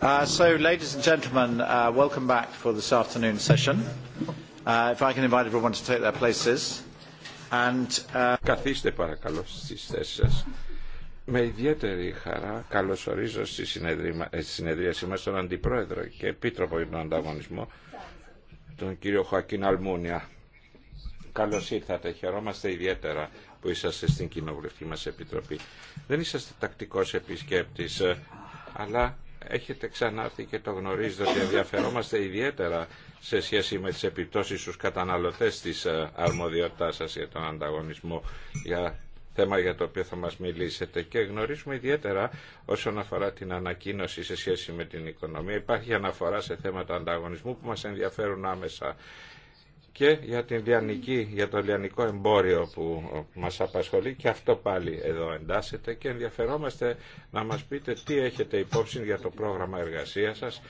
So, Καθίστε παρακαλώ στις θέσεις σας. Με ιδιαίτερη χαρά καλωσορίζω στη ε, συνεδρίαση μας τον Αντιπρόεδρο και Επίτροπο για τον Ανταγωνισμό, τον κύριο Χωακίν Αλμούνια. Καλώς ήρθατε, χαιρόμαστε ιδιαίτερα που είσαστε στην κοινοβουλευτική μας επιτροπή. Δεν είσαστε τακτικός επισκέπτης, ε, αλλά έχετε ξανάρθει και το γνωρίζετε ότι ενδιαφερόμαστε ιδιαίτερα σε σχέση με τις επιπτώσεις στους καταναλωτές της ε, αρμοδιότητάς σας για τον ανταγωνισμό για θέμα για το οποίο θα μας μιλήσετε και γνωρίζουμε ιδιαίτερα όσον αφορά την ανακοίνωση σε σχέση με την οικονομία. Υπάρχει αναφορά σε θέματα ανταγωνισμού που μας ενδιαφέρουν άμεσα και για, για το λιανικό εμπόριο που μας απασχολεί και αυτό πάλι εδώ εντάσσεται και ενδιαφερόμαστε να μας πείτε τι έχετε υπόψη για το πρόγραμμα εργασίας σας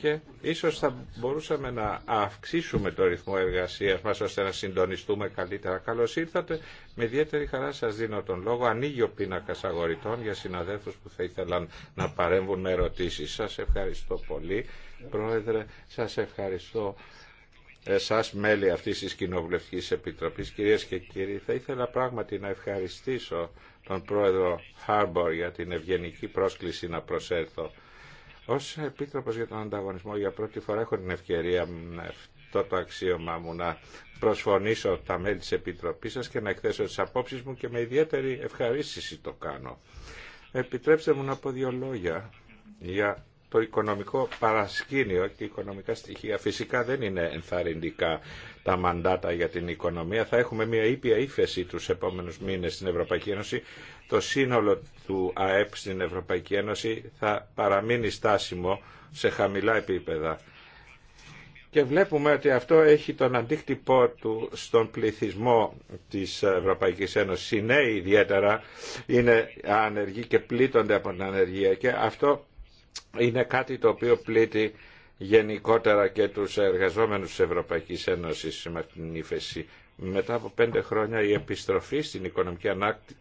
και ίσως θα μπορούσαμε να αυξήσουμε το ρυθμό εργασίας μας ώστε να συντονιστούμε καλύτερα. Καλώς ήρθατε. Με ιδιαίτερη χαρά σας δίνω τον λόγο. Ανοίγει ο πίνακας αγορητών για συναδέλφους που θα ήθελαν να παρέμβουν με ερωτήσεις. Σας ευχαριστώ πολύ. Πρόεδρε, σας ευχαριστώ εσάς μέλη αυτής της Κοινοβουλευτικής Επιτροπής. Κυρίες και κύριοι, θα ήθελα πράγματι να ευχαριστήσω τον πρόεδρο Χάρμπορ για την ευγενική πρόσκληση να προσέλθω. Ως Επίτροπος για τον Ανταγωνισμό για πρώτη φορά έχω την ευκαιρία αυτό το αξίωμα μου να προσφωνήσω τα μέλη της Επιτροπής σας και να εκθέσω τις απόψεις μου και με ιδιαίτερη ευχαρίστηση το κάνω. Επιτρέψτε μου να πω δύο λόγια για το οικονομικό παρασκήνιο και οικονομικά στοιχεία φυσικά δεν είναι ενθαρρυντικά τα μαντάτα για την οικονομία. Θα έχουμε μια ήπια ύφεση τους επόμενους μήνες στην Ευρωπαϊκή Ένωση. Το σύνολο του ΑΕΠ στην Ευρωπαϊκή Ένωση θα παραμείνει στάσιμο σε χαμηλά επίπεδα. Και βλέπουμε ότι αυτό έχει τον αντίκτυπό του στον πληθυσμό της Ευρωπαϊκής Ένωσης. Οι νέοι ιδιαίτερα είναι ανεργοί και πλήττονται από την ανεργία και αυτό είναι κάτι το οποίο πλήττει γενικότερα και τους εργαζόμενους της Ευρωπαϊκής Ένωσης με την ύφεση. Μετά από πέντε χρόνια η επιστροφή στην οικονομική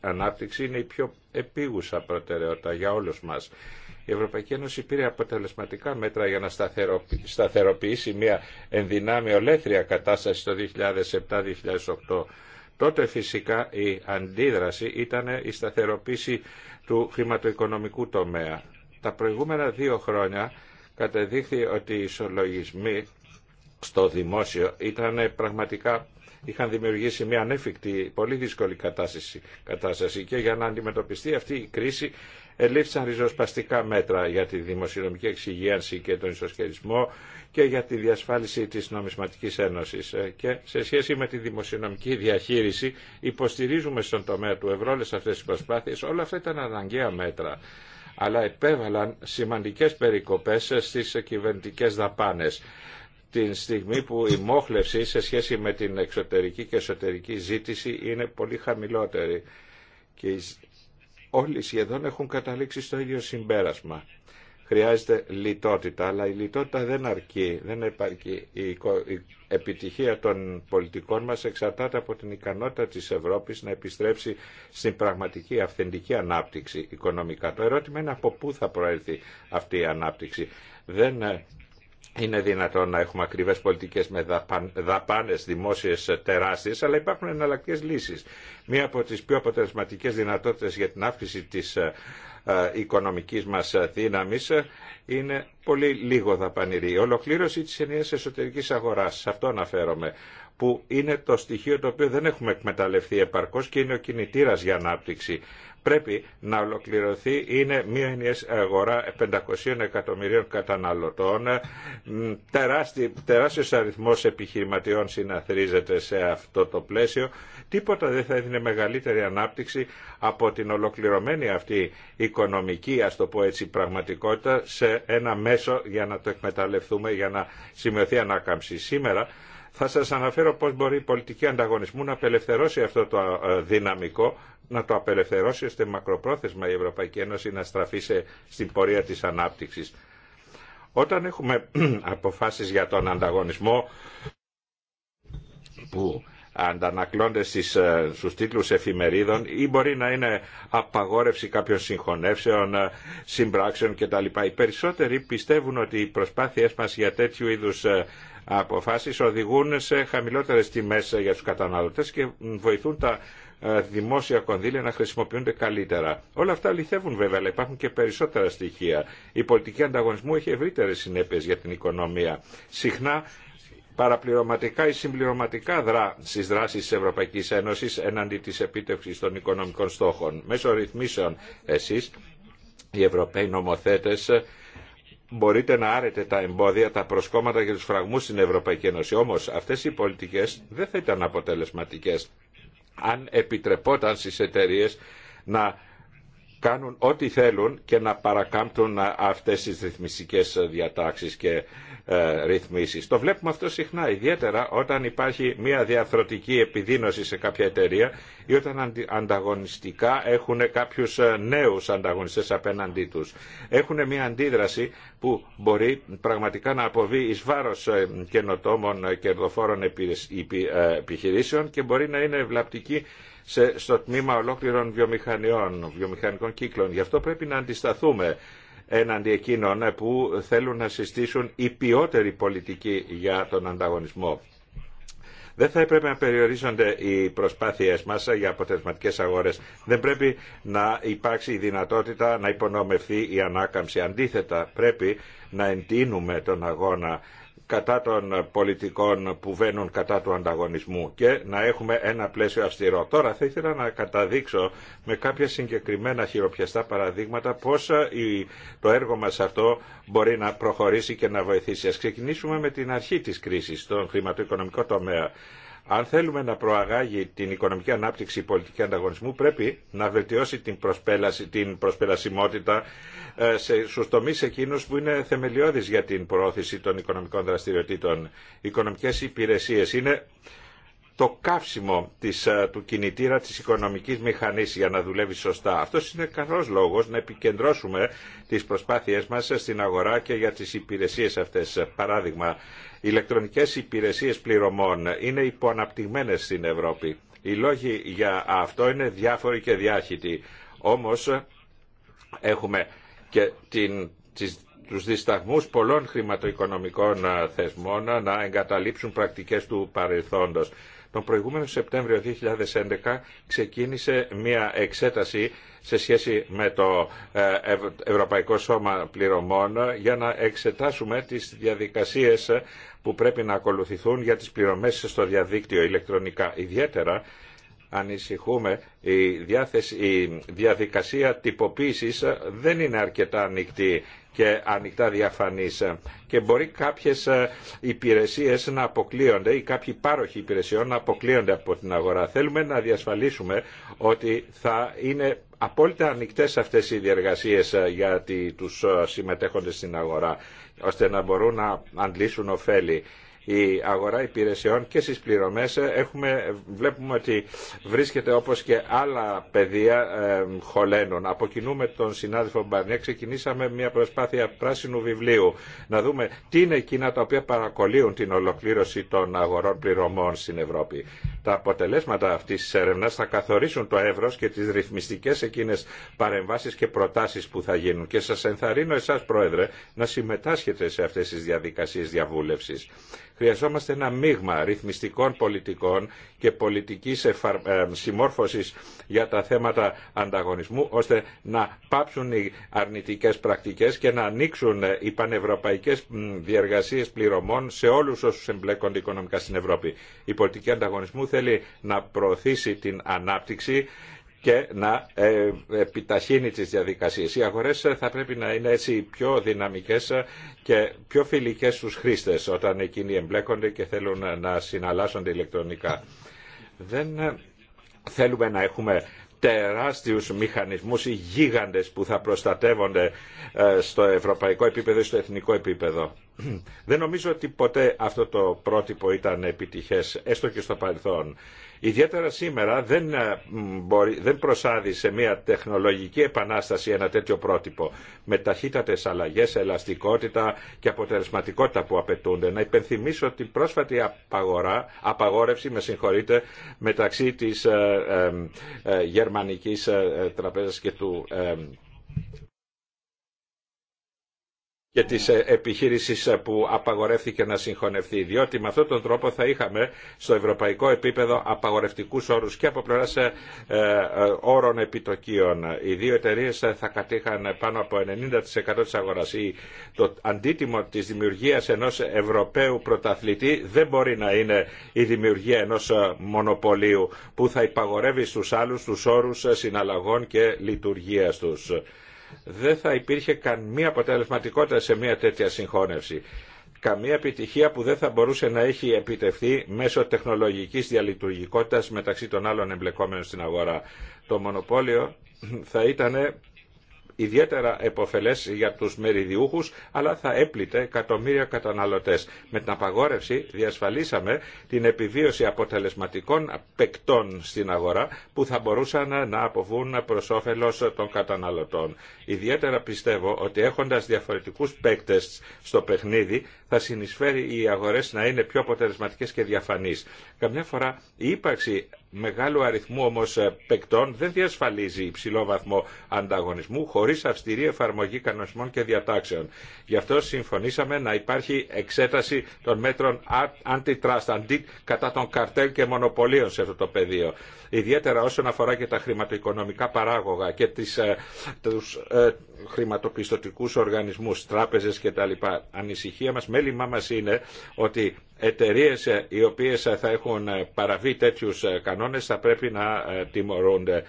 ανάπτυξη είναι η πιο επίγουσα προτεραιότητα για όλους μας. Η Ευρωπαϊκή Ένωση πήρε αποτελεσματικά μέτρα για να σταθεροποιήσει μια ενδυνάμει ολέθρια κατάσταση το 2007-2008. Τότε φυσικά η αντίδραση ήταν η σταθεροποίηση του χρηματοοικονομικού τομέα. Τα προηγούμενα δύο χρόνια κατεδείχθη ότι οι ισολογισμοί στο δημόσιο ήταν πραγματικά είχαν δημιουργήσει μια ανέφικτη, πολύ δύσκολη κατάσταση, κατάσταση και για να αντιμετωπιστεί αυτή η κρίση ελήφθησαν ριζοσπαστικά μέτρα για τη δημοσιονομική εξυγίανση και τον ισοσχερισμό και για τη διασφάλιση της νομισματικής ένωσης. Ε, και σε σχέση με τη δημοσιονομική διαχείριση υποστηρίζουμε στον τομέα του ευρώ όλες αυτές τις προσπάθειες. Όλα αυτά ήταν αναγκαία μέτρα αλλά επέβαλαν σημαντικές περικοπές στις κυβερνητικές δαπάνες την στιγμή που η μόχλευση σε σχέση με την εξωτερική και εσωτερική ζήτηση είναι πολύ χαμηλότερη και όλοι σχεδόν έχουν καταλήξει στο ίδιο συμπέρασμα χρειάζεται λιτότητα, αλλά η λιτότητα δεν αρκεί, δεν επαρκεί. Η επιτυχία των πολιτικών μας εξαρτάται από την ικανότητα της Ευρώπης να επιστρέψει στην πραγματική αυθεντική ανάπτυξη οικονομικά. Το ερώτημα είναι από πού θα προέλθει αυτή η ανάπτυξη. Δεν ε, είναι δυνατόν να έχουμε ακριβέ πολιτικέ με δαπάνε δημόσιε τεράστιε, αλλά υπάρχουν εναλλακτικέ λύσει. Μία από τι πιο αποτελεσματικέ δυνατότητε για την αύξηση τη ε, ε, οικονομικής μας ε, δύναμης ε, είναι πολύ λίγο δαπανηρή. Η ολοκλήρωση της ενιαίας εσωτερικής αγοράς, σε αυτό αναφέρομαι, που είναι το στοιχείο το οποίο δεν έχουμε εκμεταλλευτεί επαρκώς και είναι ο κινητήρας για ανάπτυξη. Πρέπει να ολοκληρωθεί, είναι μια ενιαίες αγορά 500 εκατομμυρίων καταναλωτών, Τεράστι, τεράστιος αριθμός επιχειρηματιών συναθρίζεται σε αυτό το πλαίσιο Τίποτα δεν θα έδινε μεγαλύτερη ανάπτυξη από την ολοκληρωμένη αυτή οικονομική, ας το πω έτσι, πραγματικότητα σε ένα μέσο για να το εκμεταλλευτούμε, για να σημειωθεί ανάκαμψη. Σήμερα θα σας αναφέρω πώς μπορεί η πολιτική ανταγωνισμού να απελευθερώσει αυτό το ε, δυναμικό, να το απελευθερώσει ώστε μακροπρόθεσμα η Ευρωπαϊκή Ένωση να στραφεί στην πορεία της ανάπτυξης. Όταν έχουμε αποφάσεις για τον ανταγωνισμό που αντανακλώνται στις, ε, στους τίτλους εφημερίδων ή μπορεί να είναι απαγόρευση κάποιων συγχωνεύσεων, ε, συμπράξεων κτλ. Οι περισσότεροι πιστεύουν ότι οι προσπάθειές μας για τέτοιου είδους ε, αποφάσεις οδηγούν σε χαμηλότερες τιμές για τους καταναλωτές και βοηθούν τα δημόσια κονδύλια να χρησιμοποιούνται καλύτερα. Όλα αυτά λυθεύουν βέβαια, αλλά υπάρχουν και περισσότερα στοιχεία. Η πολιτική ανταγωνισμού έχει ευρύτερε συνέπειε για την οικονομία. Συχνά παραπληρωματικά ή συμπληρωματικά δρά στις δράσεις της Ευρωπαϊκής Ένωσης εναντί της επίτευξης των οικονομικών στόχων. Μέσω ρυθμίσεων εσείς, οι Ευρωπαίοι νομοθέτες, μπορείτε να άρετε τα εμπόδια, τα προσκόμματα και τους φραγμούς στην Ευρωπαϊκή Ένωση. Όμως αυτές οι πολιτικές δεν θα ήταν αποτελεσματικές αν επιτρεπόταν στις εταιρείε να κάνουν ό,τι θέλουν και να παρακάμπτουν αυτές τις ρυθμιστικές διατάξεις και ε, ρυθμίσεις. Το βλέπουμε αυτό συχνά, ιδιαίτερα όταν υπάρχει μια διαθρωτική επιδείνωση σε κάποια εταιρεία ή όταν ανταγωνιστικά έχουν κάποιους ε, νέους ανταγωνιστές απέναντί τους. Έχουν μια αντίδραση που μπορεί πραγματικά να αποβεί εις βάρος ε, καινοτόμων ε, κερδοφόρων επιχειρήσεων και μπορεί να είναι ευλαπτική σε, στο τμήμα ολόκληρων βιομηχανιών, βιομηχανικών κύκλων. Γι' αυτό πρέπει να αντισταθούμε έναντι εκείνων που θέλουν να συστήσουν η ποιότερη πολιτική για τον ανταγωνισμό. Δεν θα έπρεπε να περιορίζονται οι προσπάθειές μας για αποτελεσματικές αγορές. Δεν πρέπει να υπάρξει η δυνατότητα να υπονομευθεί η ανάκαμψη. Αντίθετα, πρέπει να εντείνουμε τον αγώνα κατά των πολιτικών που βαίνουν κατά του ανταγωνισμού και να έχουμε ένα πλαίσιο αυστηρό. Τώρα θα ήθελα να καταδείξω με κάποια συγκεκριμένα χειροπιαστά παραδείγματα πώς ε, το έργο μας αυτό μπορεί να προχωρήσει και να βοηθήσει. Ας ξεκινήσουμε με την αρχή της κρίσης στον χρηματοοικονομικό τομέα. Αν θέλουμε να προαγάγει την οικονομική ανάπτυξη η πολιτική ανταγωνισμού, πρέπει να βελτιώσει την, προσπέλαση, την προσπελασιμότητα ε, στου τομεί εκείνου που είναι θεμελιώδει για την προώθηση των οικονομικών δραστηριοτήτων. Οι οικονομικέ υπηρεσίε είναι το καύσιμο της, ε, του κινητήρα της οικονομικής μηχανής για να δουλεύει σωστά. Αυτός είναι καθώς λόγος να επικεντρώσουμε τις προσπάθειές μας στην αγορά και για τις υπηρεσίες αυτές. Παράδειγμα, οι ηλεκτρονικές υπηρεσίες πληρωμών είναι υποαναπτυγμένες στην Ευρώπη. Οι λόγοι για αυτό είναι διάφοροι και διάχυτοι. Όμως έχουμε και την, τις, τους δισταγμούς πολλών χρηματοοικονομικών ε, θεσμών να εγκαταλείψουν πρακτικές του παρελθόντος. Τον προηγούμενο Σεπτέμβριο 2011 ξεκίνησε μια εξέταση σε σχέση με το ε, Ευρωπαϊκό Σώμα Πληρωμών για να εξετάσουμε τις διαδικασίες που πρέπει να ακολουθηθούν για τις πληρωμές στο διαδίκτυο ηλεκτρονικά. Ιδιαίτερα ανησυχούμε η, διάθεση, η διαδικασία τυποποίησης δεν είναι αρκετά ανοιχτή και ανοιχτά διαφανής και μπορεί κάποιες υπηρεσίες να αποκλείονται ή κάποιοι πάροχοι υπηρεσιών να αποκλείονται από την αγορά. Θέλουμε να διασφαλίσουμε ότι θα είναι απόλυτα ανοιχτές αυτές οι διεργασίες γιατί τους συμμετέχοντες στην αγορά ώστε να μπορούν να αντλήσουν ωφέλη η αγορά υπηρεσιών και στις πληρωμές ε, έχουμε, βλέπουμε ότι βρίσκεται όπως και άλλα πεδία ε, χωλένων. Από τον συνάδελφο Μπαρνιέ ξεκινήσαμε μια προσπάθεια πράσινου βιβλίου να δούμε τι είναι εκείνα τα οποία παρακολύουν την ολοκλήρωση των αγορών πληρωμών στην Ευρώπη. Τα αποτελέσματα αυτής της έρευνας θα καθορίσουν το εύρο και τις ρυθμιστικές εκείνες παρεμβάσεις και προτάσεις που θα γίνουν. Και σας ενθαρρύνω εσάς Πρόεδρε να συμμετάσχετε σε αυτές τις διαδικασίες διαβούλευση. Χρειαζόμαστε ένα μείγμα ρυθμιστικών πολιτικών και πολιτικής ε, συμμόρφωσης για τα θέματα ανταγωνισμού, ώστε να πάψουν οι αρνητικές πρακτικές και να ανοίξουν ε, οι πανευρωπαϊκές διεργασίες πληρωμών σε όλους όσους εμπλέκονται οικονομικά στην Ευρώπη. Η πολιτική ανταγωνισμού θέλει να προωθήσει την ανάπτυξη και να ε, επιταχύνει τις διαδικασίες. Οι αγορές ε, θα πρέπει να είναι έτσι πιο δυναμικές ε, και πιο φιλικές στους χρήστες όταν εκείνοι εμπλέκονται και θέλουν να συναλλάσσονται ηλεκτρονικά. Δεν θέλουμε να έχουμε τεράστιους μηχανισμούς ή γίγαντες που θα προστατεύονται στο ευρωπαϊκό επίπεδο ή στο εθνικό επίπεδο. Δεν νομίζω ότι ποτέ αυτό το πρότυπο ήταν επιτυχές, έστω και στο παρελθόν. Ιδιαίτερα σήμερα δεν, ε, μπορεί, δεν προσάδει σε μια τεχνολογική επανάσταση ένα τέτοιο πρότυπο με ταχύτατες αλλαγές, ελαστικότητα και αποτελεσματικότητα που απαιτούνται. Να υπενθυμίσω την πρόσφατη απαγορά, απαγόρευση με μεταξύ της ε, ε, γερμανικής τραπέζας και του και τις ε, επιχείρηση ε, που απαγορεύτηκε να συγχωνευτεί. Διότι με αυτόν τον τρόπο θα είχαμε στο ευρωπαϊκό επίπεδο απαγορευτικούς όρους και από πλευράς ε, όρων επιτοκίων. Οι δύο εταιρείε θα κατήχαν πάνω από 90% της αγοράς. Το αντίτιμο της δημιουργίας ενός ευρωπαίου πρωταθλητή δεν μπορεί να είναι η δημιουργία ενός μονοπωλίου που θα υπαγορεύει στους άλλους τους όρους συναλλαγών και λειτουργίας τους δεν θα υπήρχε καμία αποτελεσματικότητα σε μια τέτοια συγχώνευση. Καμία επιτυχία που δεν θα μπορούσε να έχει επιτευχθεί μέσω τεχνολογικής διαλειτουργικότητας μεταξύ των άλλων εμπλεκόμενων στην αγορά. Το μονοπόλιο θα ήταν ιδιαίτερα επωφελές για τους μεριδιούχους, αλλά θα έπλητε εκατομμύρια καταναλωτές. Με την απαγόρευση διασφαλίσαμε την επιβίωση αποτελεσματικών παικτών στην αγορά που θα μπορούσαν να αποβούν προς όφελος των καταναλωτών. Ιδιαίτερα πιστεύω ότι έχοντας διαφορετικούς παίκτες στο παιχνίδι θα συνεισφέρει οι αγορές να είναι πιο αποτελεσματικές και διαφανείς. Καμιά φορά η ύπαρξη Μεγάλο αριθμό, όμως ε, παικτών δεν διασφαλίζει υψηλό βαθμό ανταγωνισμού χωρίς αυστηρή εφαρμογή κανονισμών και διατάξεων. Γι' αυτό συμφωνήσαμε να υπάρχει εξέταση των μέτρων antitrust αντί κατά των καρτέλ και μονοπωλίων σε αυτό το πεδίο. Ιδιαίτερα όσον αφορά και τα χρηματοοικονομικά παράγωγα και τις, ε, τους ε, χρηματοπιστωτικούς οργανισμούς, τράπεζες κτλ. Ανησυχία μας, μέλημά μας είναι ότι εταιρείε ε, οι οποίες θα έχουν ε, παραβεί τέτοιου ε, κανόνες θα πρέπει να τιμωρούνται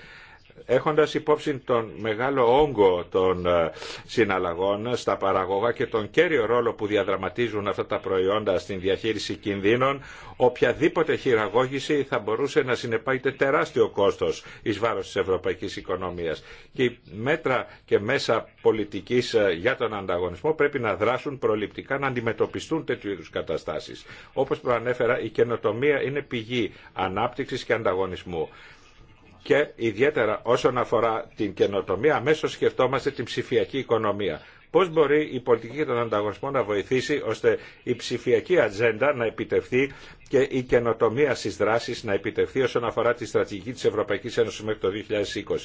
έχοντας υπόψη τον μεγάλο όγκο των ε, συναλλαγών στα παραγωγά και τον κέριο ρόλο που διαδραματίζουν αυτά τα προϊόντα στην διαχείριση κινδύνων, οποιαδήποτε χειραγώγηση θα μπορούσε να συνεπάγεται τεράστιο κόστος εις βάρος της ευρωπαϊκής οικονομίας. Και οι μέτρα και μέσα πολιτικής ε, για τον ανταγωνισμό πρέπει να δράσουν προληπτικά να αντιμετωπιστούν τέτοιου είδους καταστάσεις. Όπως προανέφερα, η καινοτομία είναι πηγή ανάπτυξης και ανταγωνισμού και ιδιαίτερα όσον αφορά την καινοτομία, αμέσω σκεφτόμαστε την ψηφιακή οικονομία. Πώς μπορεί η πολιτική των ανταγωνισμό να βοηθήσει ώστε η ψηφιακή ατζέντα να επιτευχθεί και η καινοτομία στις δράσεις να επιτευχθεί όσον αφορά τη στρατηγική της Ευρωπαϊκής Ένωσης μέχρι το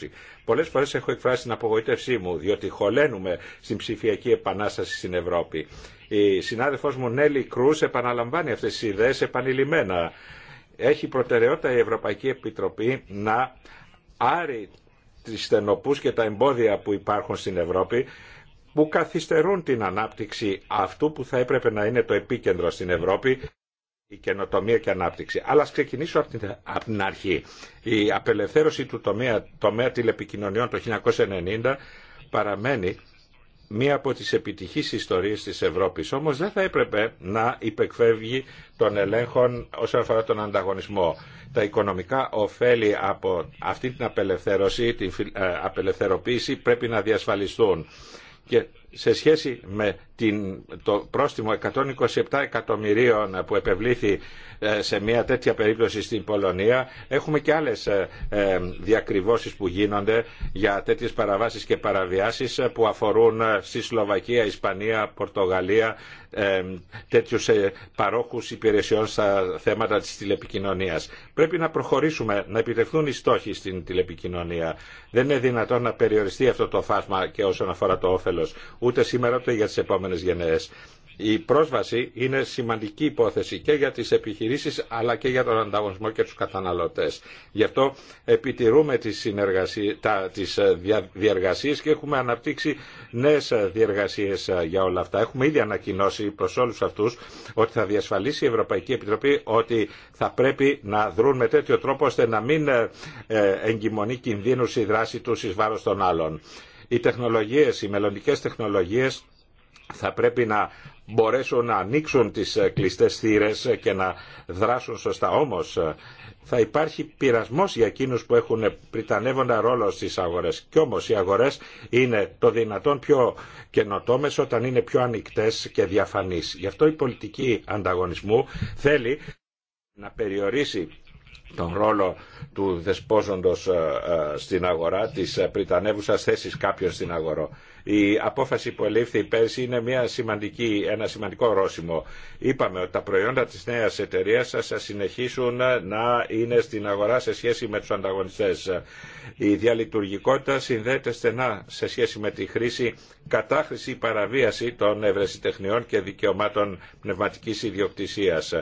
2020. Πολλές φορές έχω εκφράσει την απογοήτευσή μου, διότι χωλένουμε στην ψηφιακή επανάσταση στην Ευρώπη. Η συνάδελφός μου Νέλη Κρούς επαναλαμβάνει αυτές τις ιδέες επανειλημμένα έχει προτεραιότητα η Ευρωπαϊκή Επιτροπή να άρει τις στενοπούς και τα εμπόδια που υπάρχουν στην Ευρώπη που καθυστερούν την ανάπτυξη αυτού που θα έπρεπε να είναι το επίκεντρο στην Ευρώπη η καινοτομία και ανάπτυξη. Αλλά ας ξεκινήσω από την, από αρχή. Η απελευθέρωση του τομέα, τομέα τηλεπικοινωνιών το 1990 παραμένει μία από τις επιτυχείς ιστορίες της Ευρώπης. Όμως δεν θα έπρεπε να υπεκφεύγει των ελέγχων όσον αφορά τον ανταγωνισμό. Τα οικονομικά ωφέλη από αυτή την απελευθέρωση, την ε, απελευθεροποίηση πρέπει να διασφαλιστούν σε σχέση με την, το πρόστιμο 127 εκατομμυρίων που επευλήθη ε, σε μια τέτοια περίπτωση στην Πολωνία έχουμε και άλλες ε, ε, διακριβώσεις που γίνονται για τέτοιες παραβάσεις και παραβιάσεις που αφορούν στη Σλοβακία, Ισπανία, Πορτογαλία τέτοιους παρόχους υπηρεσιών στα θέματα της τηλεπικοινωνίας. Πρέπει να προχωρήσουμε, να επιτευχθούν οι στόχοι στην τηλεπικοινωνία. Δεν είναι δυνατόν να περιοριστεί αυτό το φάσμα και όσον αφορά το όφελος ούτε σήμερα ούτε για τις επόμενες γενναίες. Η πρόσβαση είναι σημαντική υπόθεση και για τις επιχειρήσεις αλλά και για τον ανταγωνισμό και τους καταναλωτές. Γι' αυτό επιτηρούμε τις, τα, τις ε, διεργασίες και έχουμε αναπτύξει νέες ε, διεργασίες ε, για όλα αυτά. Έχουμε ήδη ανακοινώσει προς όλους αυτούς ότι θα διασφαλίσει η Ευρωπαϊκή Επιτροπή ότι θα πρέπει να δρουν με τέτοιο τρόπο ώστε να μην εγκυμονεί κινδύνους η δράση τους εις βάρος των άλλων. Οι τεχνολογίες, οι μελλοντικές τεχνολογίες θα πρέπει να μπορέσουν να ανοίξουν τις ε, κλειστές θύρες ε, και να δράσουν σωστά. Όμως ε, θα υπάρχει πειρασμός για εκείνους που έχουν πριτανεύοντα ρόλο στις αγορές. Κι όμως οι αγορές είναι το δυνατόν πιο καινοτόμες όταν είναι πιο ανοιχτές και διαφανείς. Γι' αυτό η πολιτική ανταγωνισμού θέλει να περιορίσει τον ρόλο του δεσπόζοντος ε, ε, στην αγορά, της ε, πριτανεύουσας θέσης κάποιων στην αγορά. Η απόφαση που ελήφθη πέρσι είναι μια σημαντική, ένα σημαντικό ρώσιμο. Είπαμε ότι τα προϊόντα της νέας εταιρείας θα συνεχίσουν να είναι στην αγορά σε σχέση με τους ανταγωνιστές. Η διαλειτουργικότητα συνδέεται στενά σε σχέση με τη χρήση κατάχρηση παραβίαση των ευρεσιτεχνιών και δικαιωμάτων πνευματικής ιδιοκτησίας.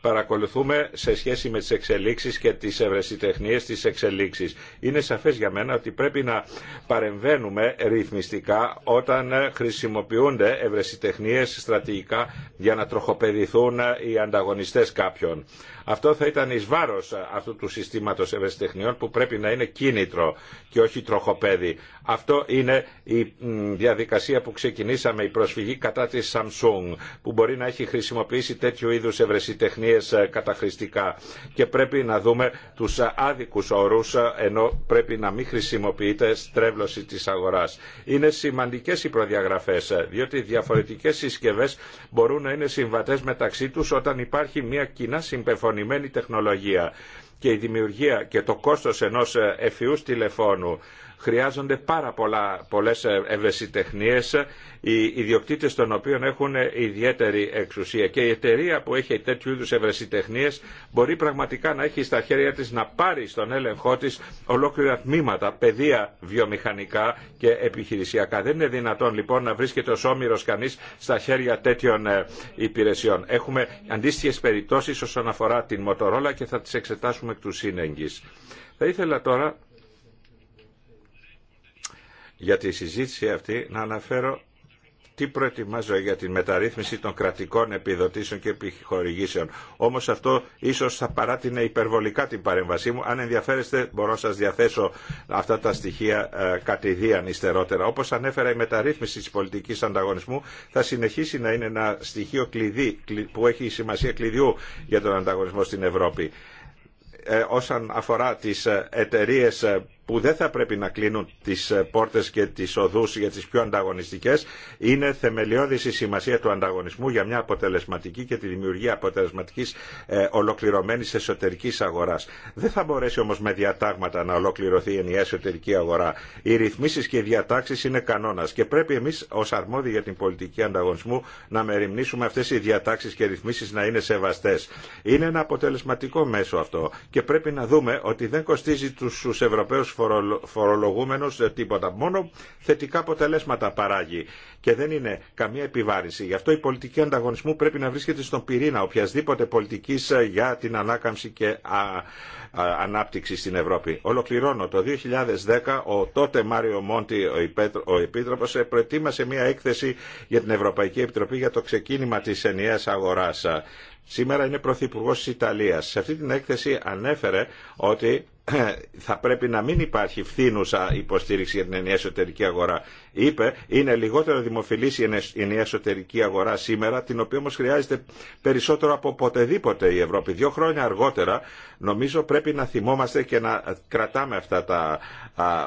Παρακολουθούμε σε σχέση με τις εξελίξεις και τις ευρεσιτεχνίες της εξελίξης. Είναι σαφές για μένα ότι πρέπει να παρεμβαίνουμε ρυθμιστικά όταν ε, χρησιμοποιούνται ευρεσιτεχνίες στρατηγικά για να τροχοπεδηθούν ε, οι ανταγωνιστές κάποιων. Αυτό θα ήταν εις βάρος αυτού του συστήματος ευαισθητεχνιών που πρέπει να είναι κίνητρο και όχι τροχοπέδι. Αυτό είναι η διαδικασία που ξεκινήσαμε, η προσφυγή κατά της Samsung που μπορεί να έχει χρησιμοποιήσει τέτοιου είδους ευρεσιτεχνίες ε, καταχρηστικά και πρέπει να δούμε τους ε, άδικους όρους ε, ενώ πρέπει να μην χρησιμοποιείται στρέβλωση της αγοράς. Είναι σημαντικές οι προδιαγραφές διότι διαφορετικές συσκευές μπορούν να είναι συμβατές μεταξύ τους όταν υπάρχει μια κοινά συμπεφωνία αποκομιδογεννημένη τεχνολογία και η δημιουργία και το κόστος ενός ε, εφιούς τηλεφώνου χρειάζονται πάρα πολλά, πολλές ευαισθητεχνίες οι ιδιοκτήτες των οποίων έχουν ιδιαίτερη εξουσία και η εταιρεία που έχει τέτοιου είδους ευρεσιτεχνίες μπορεί πραγματικά να έχει στα χέρια της να πάρει στον έλεγχό της ολόκληρα τμήματα, παιδεία βιομηχανικά και επιχειρησιακά. Δεν είναι δυνατόν λοιπόν να βρίσκεται ως όμοιρος κανείς στα χέρια τέτοιων ε, υπηρεσιών. Έχουμε αντίστοιχε περιπτώσεις όσον αφορά την Μοτορόλα και θα τις εξετάσουμε εκ του σύνεγγυς. Θα ήθελα τώρα για τη συζήτηση αυτή να αναφέρω τι προετοιμάζω για την μεταρρύθμιση των κρατικών επιδοτήσεων και επιχορηγήσεων. Όμως αυτό ίσως θα παράτηνε υπερβολικά την παρέμβασή μου. Αν ενδιαφέρεστε μπορώ να σας διαθέσω αυτά τα στοιχεία ε, κατηδίαν υστερότερα. Όπως ανέφερα η μεταρρύθμιση της πολιτικής ανταγωνισμού θα συνεχίσει να είναι ένα στοιχείο κλειδί που έχει σημασία κλειδιού για τον ανταγωνισμό στην Ευρώπη. Ε, όσον αφορά τις ε, εταιρείε. Ε, που δεν θα πρέπει να κλείνουν τις ε, πόρτες και τις οδούς για τις πιο ανταγωνιστικές είναι θεμελιώδης η σημασία του ανταγωνισμού για μια αποτελεσματική και τη δημιουργία αποτελεσματικής ε, ολοκληρωμένης εσωτερικής αγοράς. Δεν θα μπορέσει όμως με διατάγματα να ολοκληρωθεί η ενιαία εσωτερική αγορά. Οι ρυθμίσεις και οι διατάξεις είναι κανόνας και πρέπει εμείς ως αρμόδιοι για την πολιτική ανταγωνισμού να μεριμνήσουμε αυτές οι διατάξεις και ρυθμίσεις να είναι σεβαστές. Είναι ένα αποτελεσματικό μέσο αυτό και πρέπει να δούμε ότι δεν κοστίζει τους Ευρωπαίους φορολογούμενος, ε, τίποτα. Μόνο θετικά αποτελέσματα παράγει και δεν είναι καμία επιβάρηση. Γι' αυτό η πολιτική ανταγωνισμού πρέπει να βρίσκεται στον πυρήνα οποιασδήποτε πολιτικής ε, για την ανάκαμψη και ανάπτυξη στην Ευρώπη. Ολοκληρώνω. Το 2010 ο τότε Μάριο Μόντι, ο Επίτροπος, ε, προετοίμασε μια έκθεση για την Ευρωπαϊκή Επιτροπή για το ξεκίνημα της ενιαίας αγοράς. Σήμερα είναι Πρωθυπουργός τη Ιταλία. Σε αυτή την έκθεση ανέφερε ότι θα πρέπει να μην υπάρχει φθήνουσα υποστήριξη για την ενιαία εσωτερική αγορά είπε είναι λιγότερο δημοφιλής η εσωτερική αγορά σήμερα, την οποία όμως χρειάζεται περισσότερο από ποτεδήποτε η Ευρώπη. Δύο χρόνια αργότερα νομίζω πρέπει να θυμόμαστε και να κρατάμε αυτά τα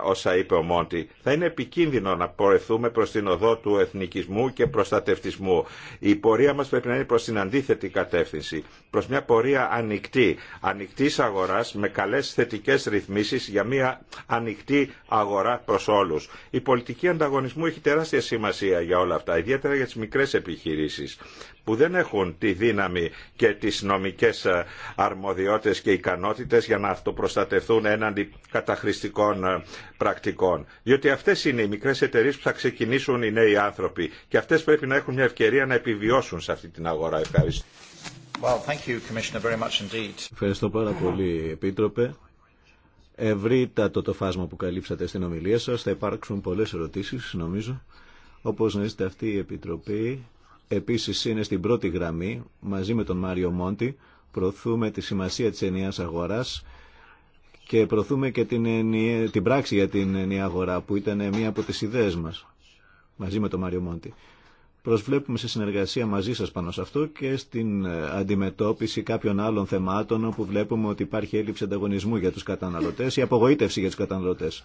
όσα είπε ο Μόντι. Θα είναι επικίνδυνο να πορευθούμε προς την οδό του εθνικισμού και προστατευτισμού. Η πορεία μας πρέπει να είναι προς την αντίθετη κατεύθυνση, προς μια πορεία ανοιχτή, ανοιχτής αγοράς με καλές θετικές ρυθμίσεις για μια ανοιχτή αγορά προς όλους. Η πολιτική διαγωνισμού έχει τεράστια σημασία για όλα αυτά, ιδιαίτερα για τις μικρές επιχειρήσεις που δεν έχουν τη δύναμη και τις νομικές ε, αρμοδιότητες και ικανότητες για να αυτοπροστατευτούν έναντι καταχρηστικών ε, πρακτικών. Διότι αυτές είναι οι μικρές εταιρείες που θα ξεκινήσουν οι νέοι άνθρωποι και αυτές πρέπει να έχουν μια ευκαιρία να επιβιώσουν σε αυτή την αγορά. Ευχαριστώ. Well, thank you, Commissioner, very much indeed. Ευχαριστώ πάρα πολύ, Επίτροπε ευρύτατο το φάσμα που καλύψατε στην ομιλία σας. Θα υπάρξουν πολλές ερωτήσεις, νομίζω. Όπως γνωρίζετε αυτή η Επιτροπή επίσης είναι στην πρώτη γραμμή μαζί με τον Μάριο Μόντι. Προωθούμε τη σημασία της ενιαίας αγοράς και προωθούμε και την, την πράξη για την ενιαία αγορά που ήταν μία από τις ιδέες μας μαζί με τον Μάριο Μόντι. Προσβλέπουμε σε συνεργασία μαζί σας πάνω σε αυτό και στην ε, αντιμετώπιση κάποιων άλλων θεμάτων όπου βλέπουμε ότι υπάρχει έλλειψη ανταγωνισμού για τους καταναλωτές ή απογοήτευση για τους καταναλωτές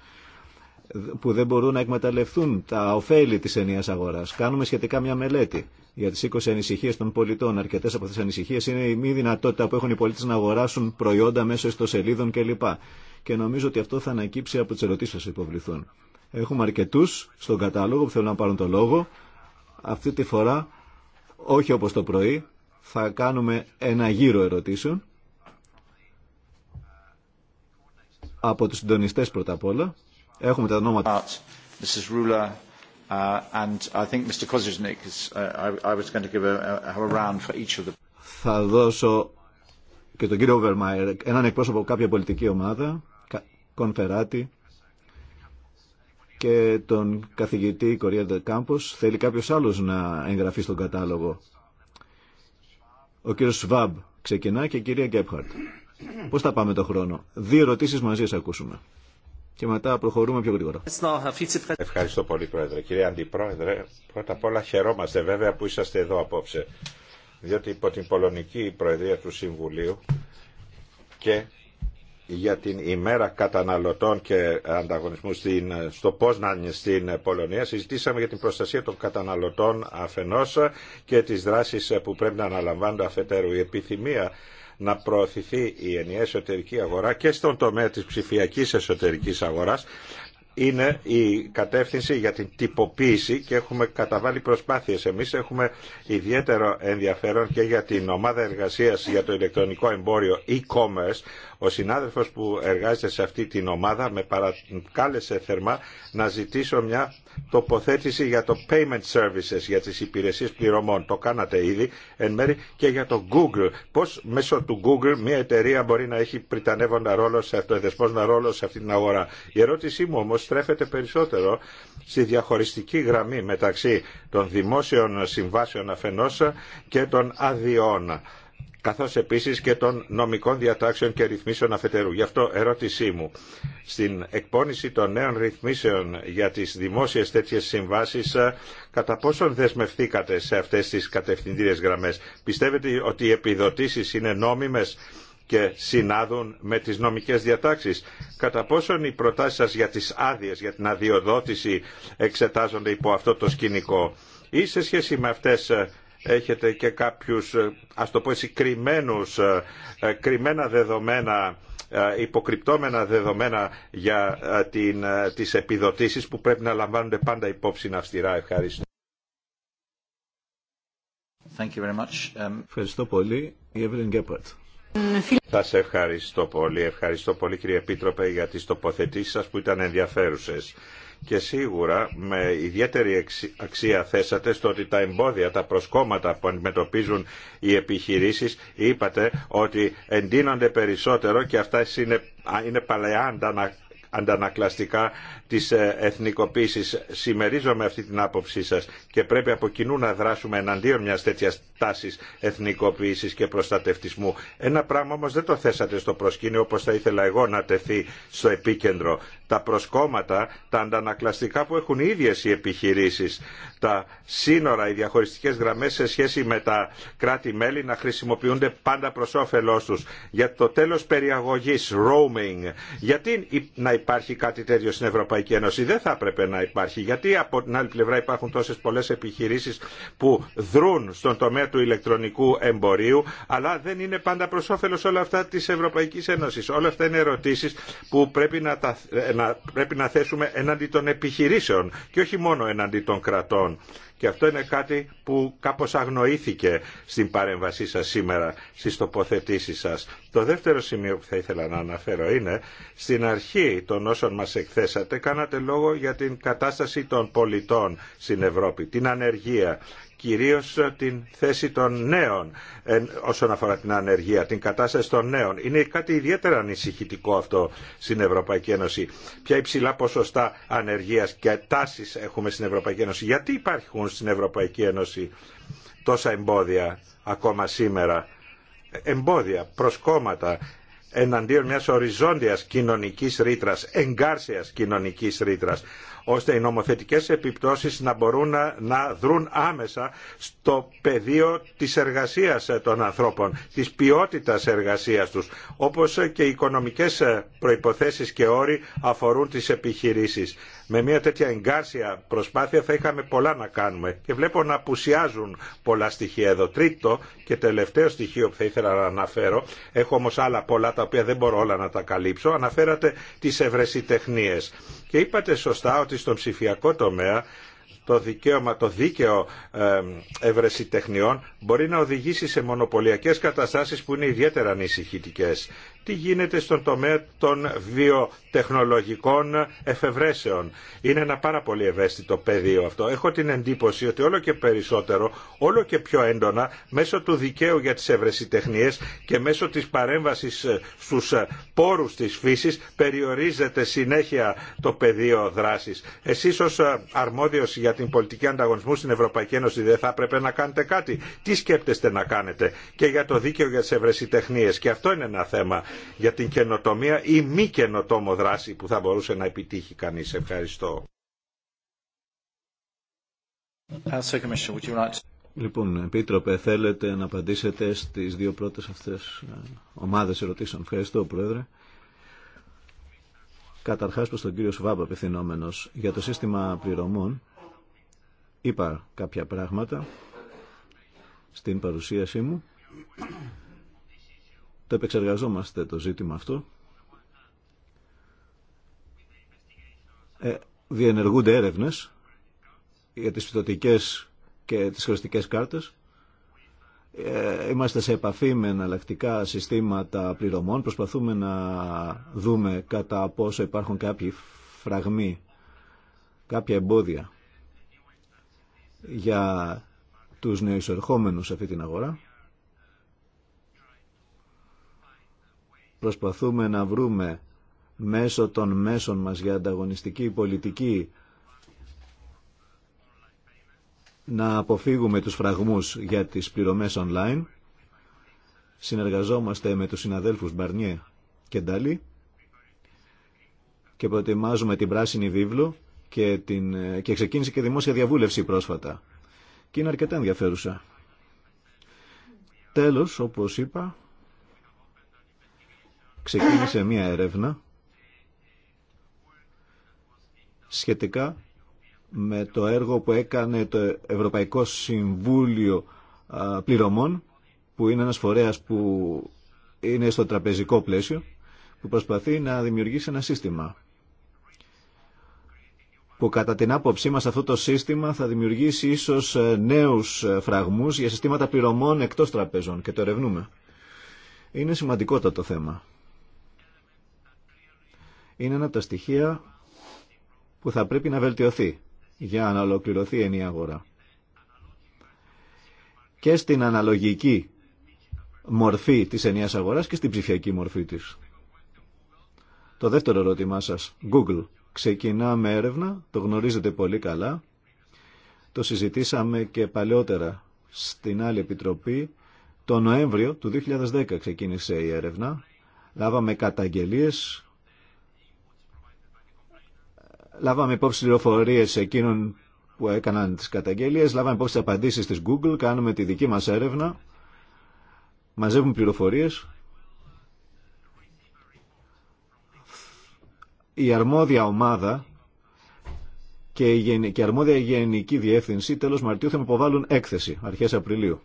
που δεν μπορούν να εκμεταλλευτούν τα ωφέλη της ενίας αγοράς. Κάνουμε σχετικά μια μελέτη για τις 20 ανησυχίε των πολιτών. Αρκετές από τις ανησυχίε είναι η μη δυνατότητα που έχουν οι πολίτες να αγοράσουν προϊόντα μέσω ιστοσελίδων κλπ. Και νομίζω ότι αυτό θα ανακύψει από τις ερωτήσεις που υποβληθούν. Έχουμε αρκετούς στον κατάλογο που θέλουν να πάρουν το λόγο. Αυτή τη φορά, όχι όπως το πρωί, θα κάνουμε ένα γύρο ερωτήσεων από τους συντονιστές πρώτα απ' όλα. Έχουμε τα ονόματα. Θα δώσω και τον κύριο Βερμάιερ, έναν εκπρόσωπο κάποια πολιτική ομάδα, Κονφεράτη, και τον καθηγητή Κορία Κάμπος. Θέλει κάποιος άλλος να εγγραφεί στον κατάλογο. Ο κύριο Σβάμπ ξεκινά και η κυρία Γκέπχαρτ. Πώς θα πάμε το χρόνο. Δύο ερωτήσεις μαζί σας ακούσουμε. Και μετά προχωρούμε πιο γρήγορα. Ευχαριστώ πολύ Πρόεδρε. Κύριε Αντιπρόεδρε, πρώτα απ' όλα χαιρόμαστε βέβαια που είσαστε εδώ απόψε. Διότι υπό την Πολωνική Προεδρία του Συμβουλίου και για την ημέρα καταναλωτών και ανταγωνισμού στην, στο Πόσναν στην Πολωνία. Συζητήσαμε για την προστασία των καταναλωτών αφενό και τι δράσει που πρέπει να αναλαμβάνονται αφετέρου. Η επιθυμία να προωθηθεί η ενιαία εσωτερική αγορά και στον τομέα της ψηφιακής εσωτερικής αγοράς είναι η κατεύθυνση για την τυποποίηση και έχουμε καταβάλει προσπάθειες. Εμείς έχουμε ιδιαίτερο ενδιαφέρον και για την ομάδα εργασίας για το ηλεκτρονικό εμπόριο e-commerce ο συνάδελφος που εργάζεται σε αυτή την ομάδα με παρακάλεσε θερμά να ζητήσω μια τοποθέτηση για το payment services, για τις υπηρεσίες πληρωμών. Το κάνατε ήδη εν μέρη και για το Google. Πώς μέσω του Google μια εταιρεία μπορεί να έχει πριτανεύοντα ρόλο, σε αυτό, δεσπόζοντα ρόλο σε αυτή την αγορά. Η ερώτησή μου όμως στρέφεται περισσότερο στη διαχωριστική γραμμή μεταξύ των δημόσιων συμβάσεων αφενός και των αδειών καθώς επίσης και των νομικών διατάξεων και ρυθμίσεων αφετέρου. Γι' αυτό ερώτησή μου, στην εκπόνηση των νέων ρυθμίσεων για τις δημόσιες τέτοιες συμβάσεις, ε, κατά πόσον δεσμευθήκατε σε αυτές τις κατευθυντήριες γραμμές. Πιστεύετε ότι οι επιδοτήσεις είναι νόμιμες και συνάδουν με τις νομικές διατάξεις. Κατά πόσον οι προτάσεις σας για τις άδειες, για την αδειοδότηση εξετάζονται υπό αυτό το σκηνικό ή σε σχέση με αυτές ε, έχετε και κάποιους, ε, ας το πω έτσι, κρυμμένους, ε, ε, κρυμμένα δεδομένα υποκρυπτόμενα δεδομένα για την, τις επιδοτήσεις που πρέπει να λαμβάνονται πάντα υπόψη αυστηρά. Ευχαριστώ. Thank you very much. Um, ευχαριστώ πολύ. Θα ευχαριστώ πολύ. Ευχαριστώ πολύ κύριε Επίτροπε για τις τοποθετήσεις σας που ήταν ενδιαφέρουσες και σίγουρα με ιδιαίτερη αξία θέσατε στο ότι τα εμπόδια, τα προσκόμματα που αντιμετωπίζουν οι επιχειρήσεις είπατε ότι εντείνονται περισσότερο και αυτά είναι, είναι παλαιά αντανακλαστικά της ε, εθνικοποίησης. Σημερίζομαι αυτή την άποψή σας και πρέπει από κοινού να δράσουμε εναντίον μιας τέτοιας τάσης εθνικοποίησης και προστατευτισμού. Ένα πράγμα όμως δεν το θέσατε στο προσκήνιο όπως θα ήθελα εγώ να τεθεί στο επίκεντρο τα προσκόμματα, τα αντανακλαστικά που έχουν οι ίδιες οι επιχειρήσεις, τα σύνορα, οι διαχωριστικές γραμμές σε σχέση με τα κράτη-μέλη να χρησιμοποιούνται πάντα προς όφελός τους. Για το τέλος περιαγωγής, roaming, γιατί να υπάρχει κάτι τέτοιο στην Ευρωπαϊκή Ένωση, δεν θα έπρεπε να υπάρχει. Γιατί από την άλλη πλευρά υπάρχουν τόσες πολλές επιχειρήσεις που δρούν στον τομέα του ηλεκτρονικού εμπορίου, αλλά δεν είναι πάντα προς όφελος όλα αυτά της Ευρωπαϊκής Ένωσης. Όλα αυτά είναι ερωτήσεις που πρέπει να τα να, πρέπει να θέσουμε εναντί των επιχειρήσεων και όχι μόνο εναντί των κρατών. Και αυτό είναι κάτι που κάπως αγνοήθηκε στην παρέμβασή σας σήμερα, στις τοποθετήσεις σας. Το δεύτερο σημείο που θα ήθελα να αναφέρω είναι, στην αρχή των όσων μας εκθέσατε, κάνατε λόγο για την κατάσταση των πολιτών στην Ευρώπη, την ανεργία κυρίως την θέση των νέων όσον αφορά την ανεργία, την κατάσταση των νέων. Είναι κάτι ιδιαίτερα ανησυχητικό αυτό στην Ευρωπαϊκή Ένωση. Ποια υψηλά ποσοστά ανεργίας και τάσεις έχουμε στην Ευρωπαϊκή Ένωση. Γιατί υπάρχουν στην Ευρωπαϊκή Ένωση τόσα εμπόδια ακόμα σήμερα. Εμπόδια, προσκόμματα, εναντίον μιας οριζόντιας κοινωνικής ρήτρας, εγκάρσιας κοινωνικής ρήτρας ώστε οι νομοθετικές επιπτώσεις να μπορούν να, να δρουν άμεσα στο πεδίο της εργασίας ε, των ανθρώπων, της ποιότητας εργασίας τους, όπως ε, και οι οικονομικές ε, προϋποθέσεις και όροι αφορούν τις επιχειρήσεις. Με μια τέτοια εγκάρσια προσπάθεια θα είχαμε πολλά να κάνουμε και βλέπω να απουσιάζουν πολλά στοιχεία εδώ. Τρίτο και τελευταίο στοιχείο που θα ήθελα να αναφέρω, έχω όμως άλλα πολλά τα οποία δεν μπορώ όλα να τα καλύψω, αναφέρατε τις ευρεσιτεχνίες. Και είπατε σωστά ότι στον ψηφιακό τομέα το δικαίωμα, το δίκαιο ευρεσιτεχνιών μπορεί να οδηγήσει σε μονοπωλιακές καταστάσεις που είναι ιδιαίτερα ανησυχητικέ τι γίνεται στον τομέα των βιοτεχνολογικών εφευρέσεων. Είναι ένα πάρα πολύ ευαίσθητο πεδίο αυτό. Έχω την εντύπωση ότι όλο και περισσότερο, όλο και πιο έντονα, μέσω του δικαίου για τις ευρεσιτεχνίες και μέσω της παρέμβασης στους πόρους της φύσης, περιορίζεται συνέχεια το πεδίο δράσης. Εσείς ως αρμόδιος για την πολιτική ανταγωνισμού στην Ευρωπαϊκή Ένωση δεν θα έπρεπε να κάνετε κάτι. Τι σκέπτεστε να κάνετε και για το δίκαιο για τις ευρεσιτεχνίες. Και αυτό είναι ένα θέμα για την καινοτομία ή μη καινοτόμο δράση που θα μπορούσε να επιτύχει κανείς. Ευχαριστώ. Λοιπόν, Επίτροπε, θέλετε να απαντήσετε στις δύο πρώτες αυτές ε, ομάδες ερωτήσεων. Ευχαριστώ, Πρόεδρε. Καταρχάς προς τον κύριο Σβάμπα απευθυνόμενος για το σύστημα πληρωμών είπα κάποια πράγματα στην παρουσίασή μου το επεξεργαζόμαστε το ζήτημα αυτό. Ε, διενεργούνται έρευνες για τις φυτοτικές και τις χρηστικές κάρτες. Ε, είμαστε σε επαφή με εναλλακτικά συστήματα πληρωμών. Προσπαθούμε να δούμε κατά πόσο υπάρχουν κάποιοι φραγμοί, κάποια εμπόδια για τους ερχόμενους σε αυτή την αγορά. Προσπαθούμε να βρούμε μέσω των μέσων μας για ανταγωνιστική πολιτική να αποφύγουμε τους φραγμούς για τις πληρωμές online. Συνεργαζόμαστε με τους συναδέλφους Μπαρνιέ και Ντάλι και προετοιμάζουμε την πράσινη βίβλο και, την, και ξεκίνησε και δημόσια διαβούλευση πρόσφατα. Και είναι αρκετά ενδιαφέρουσα. Τέλος, όπως είπα, ξεκίνησε μία έρευνα σχετικά με το έργο που έκανε το Ευρωπαϊκό Συμβούλιο Πληρωμών που είναι ένας φορέας που είναι στο τραπεζικό πλαίσιο που προσπαθεί να δημιουργήσει ένα σύστημα που κατά την άποψή μας αυτό το σύστημα θα δημιουργήσει ίσως ε, νέους ε, φραγμούς για συστήματα πληρωμών εκτός τραπεζών και το ερευνούμε. Είναι σημαντικότατο το θέμα είναι ένα από τα στοιχεία που θα πρέπει να βελτιωθεί για να ολοκληρωθεί η αγορά. Και στην αναλογική μορφή της ενιαίας αγοράς και στην ψηφιακή μορφή της. Το δεύτερο ερώτημά σας, Google. με έρευνα, το γνωρίζετε πολύ καλά. Το συζητήσαμε και παλαιότερα στην άλλη επιτροπή. Το Νοέμβριο του 2010 ξεκίνησε η έρευνα. Λάβαμε καταγγελίες Λάβαμε υπόψη πληροφορίε εκείνων που έκαναν τις καταγγελίες, λάβαμε υπόψη τι απαντήσεις της Google, κάνουμε τη δική μας έρευνα, μαζεύουμε πληροφορίε. Η αρμόδια ομάδα και η, αρμόδια γενική διεύθυνση τέλος Μαρτίου θα με υποβάλουν έκθεση αρχές Απριλίου.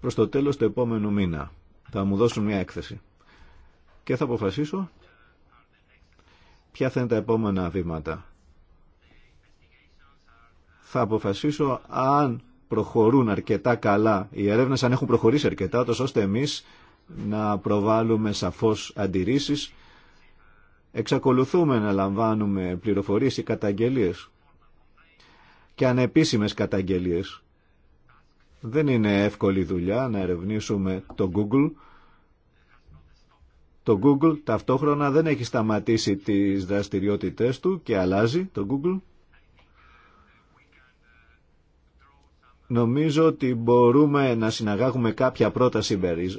Προς το τέλος του επόμενου μήνα θα μου δώσουν μια έκθεση. Και θα αποφασίσω ποια θα είναι τα επόμενα βήματα. Θα αποφασίσω αν προχωρούν αρκετά καλά οι έρευνες, αν έχουν προχωρήσει αρκετά, τόσο ώστε εμείς να προβάλλουμε σαφώς αντιρρήσεις. Εξακολουθούμε να λαμβάνουμε πληροφορίες ή καταγγελίες και ανεπίσημες καταγγελίες. Δεν είναι εύκολη δουλειά να ερευνήσουμε το Google το Google ταυτόχρονα δεν έχει σταματήσει τις δραστηριότητές του και αλλάζει το Google. Νομίζω ότι μπορούμε να συναγάγουμε κάποια πρώτα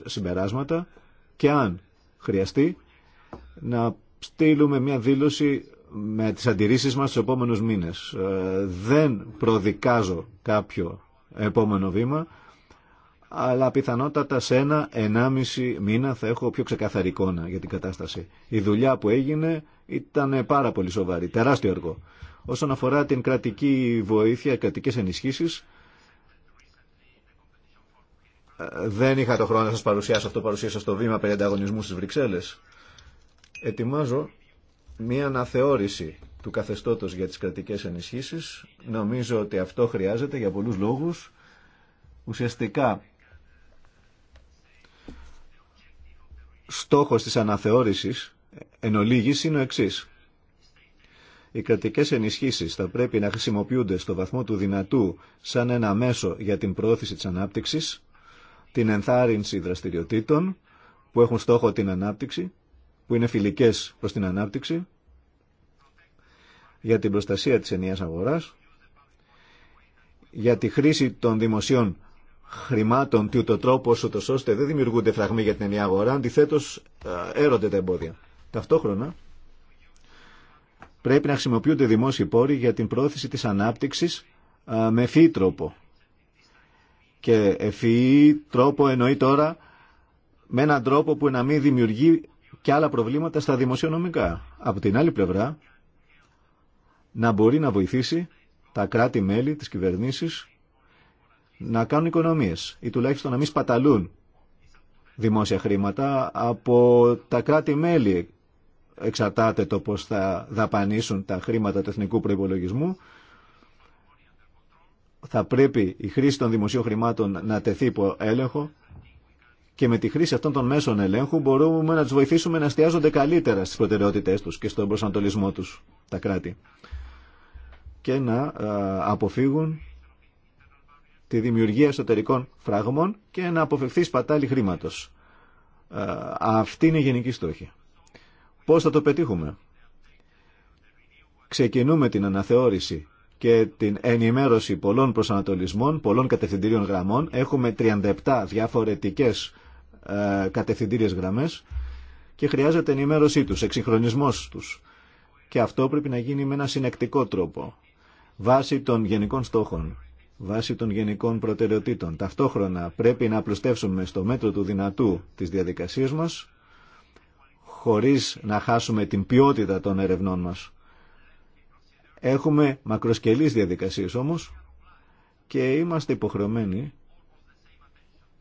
συμπεράσματα και αν χρειαστεί να στείλουμε μια δήλωση με τις αντιρρήσεις μας στους επόμενους μήνες. Ε, δεν προδικάζω κάποιο επόμενο βήμα αλλά πιθανότατα σε ένα, ενάμιση μήνα θα έχω πιο ξεκαθαρή εικόνα για την κατάσταση. Η δουλειά που έγινε ήταν πάρα πολύ σοβαρή, τεράστιο έργο. Όσον αφορά την κρατική βοήθεια, κρατικές ενισχύσεις, ε, δεν είχα το χρόνο να σας παρουσιάσω αυτό, παρουσίασα στο βήμα περί ανταγωνισμού στις Βρυξέλλες. Ετοιμάζω μία αναθεώρηση του καθεστώτος για τις κρατικές ενισχύσεις. Νομίζω ότι αυτό χρειάζεται για πολλούς λόγους. Ουσιαστικά στόχος της αναθεώρησης εν ολίγης είναι ο εξής. Οι κρατικέ ενισχύσεις θα πρέπει να χρησιμοποιούνται στο βαθμό του δυνατού σαν ένα μέσο για την προώθηση της ανάπτυξης, την ενθάρρυνση δραστηριοτήτων που έχουν στόχο την ανάπτυξη, που είναι φιλικές προς την ανάπτυξη, για την προστασία της ενιαίας αγοράς, για τη χρήση των δημοσίων χρημάτων του το τρόπο ούτω ώστε δεν δημιουργούνται φραγμοί για την ενιαία αγορά, αντιθέτως ε, έρονται τα εμπόδια. Ταυτόχρονα πρέπει να χρησιμοποιούνται δημόσιοι πόροι για την πρόθεση της ανάπτυξη ε, με ευφυή τρόπο. Και ευφυή τρόπο εννοεί τώρα με έναν τρόπο που να μην δημιουργεί και άλλα προβλήματα στα δημοσιονομικά. Από την άλλη πλευρά, να μπορεί να βοηθήσει τα κράτη-μέλη της κυβερνήσης να κάνουν οικονομίες ή τουλάχιστον να μην σπαταλούν δημόσια χρήματα από τα κράτη-μέλη εξαρτάται το πώς θα δαπανίσουν τα χρήματα του εθνικού προϋπολογισμού. Θα πρέπει η χρήση των δημοσίων χρημάτων να τεθεί υπό έλεγχο και με τη χρήση αυτών των μέσων ελέγχου μπορούμε να τους βοηθήσουμε να εστιάζονται καλύτερα στις προτεραιότητές τους και στον προσανατολισμό τους τα κράτη και να αποφύγουν τη δημιουργία εσωτερικών φράγμων και να αποφευθεί σπατάλη χρήματος. Ε, αυτή είναι η γενική στόχη. Πώς θα το πετύχουμε. Ξεκινούμε την αναθεώρηση και την ενημέρωση πολλών προσανατολισμών, πολλών κατευθυντήριων γραμμών. Έχουμε 37 διαφορετικές ε, κατευθυντήριες γραμμές και χρειάζεται ενημέρωσή τους, εξυγχρονισμός τους. Και αυτό πρέπει να γίνει με ένα συνεκτικό τρόπο, βάσει των γενικών στόχων βάσει των γενικών προτεραιοτήτων. Ταυτόχρονα πρέπει να απλουστεύσουμε στο μέτρο του δυνατού τις διαδικασίες μας, χωρίς να χάσουμε την ποιότητα των ερευνών μας. Έχουμε μακροσκελείς διαδικασίες όμως και είμαστε υποχρεωμένοι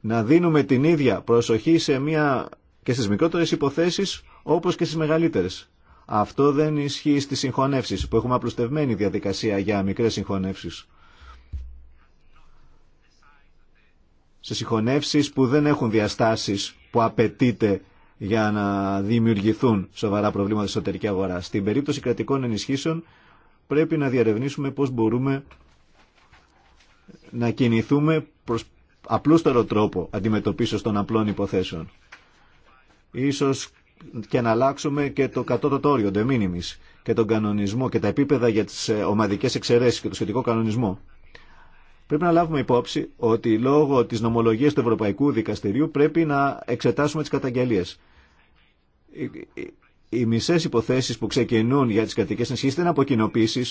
να δίνουμε την ίδια προσοχή σε μια και στις μικρότερες υποθέσεις όπως και στις μεγαλύτερες. Αυτό δεν ισχύει στις συγχωνεύσεις που έχουμε απλουστευμένη διαδικασία για μικρές συγχωνεύσεις. σε συγχωνεύσεις που δεν έχουν διαστάσεις που απαιτείται για να δημιουργηθούν σοβαρά προβλήματα στην εσωτερική αγορά. Στην περίπτωση κρατικών ενισχύσεων πρέπει να διαρευνήσουμε πώς μπορούμε να κινηθούμε προς απλούστερο τρόπο αντιμετωπίσεως των απλών υποθέσεων. Ίσως και να αλλάξουμε και το κατώτατο όριο, το και τον κανονισμό και τα επίπεδα για τις ε, ομαδικές εξαιρέσεις και το σχετικό κανονισμό. Πρέπει να λάβουμε υπόψη ότι λόγω τη νομολογία του Ευρωπαϊκού Δικαστηρίου πρέπει να εξετάσουμε τι καταγγελίε. Οι μισέ υποθέσει που ξεκινούν για τι κρατικές ενισχύσει δεν είναι από κοινοποιήσει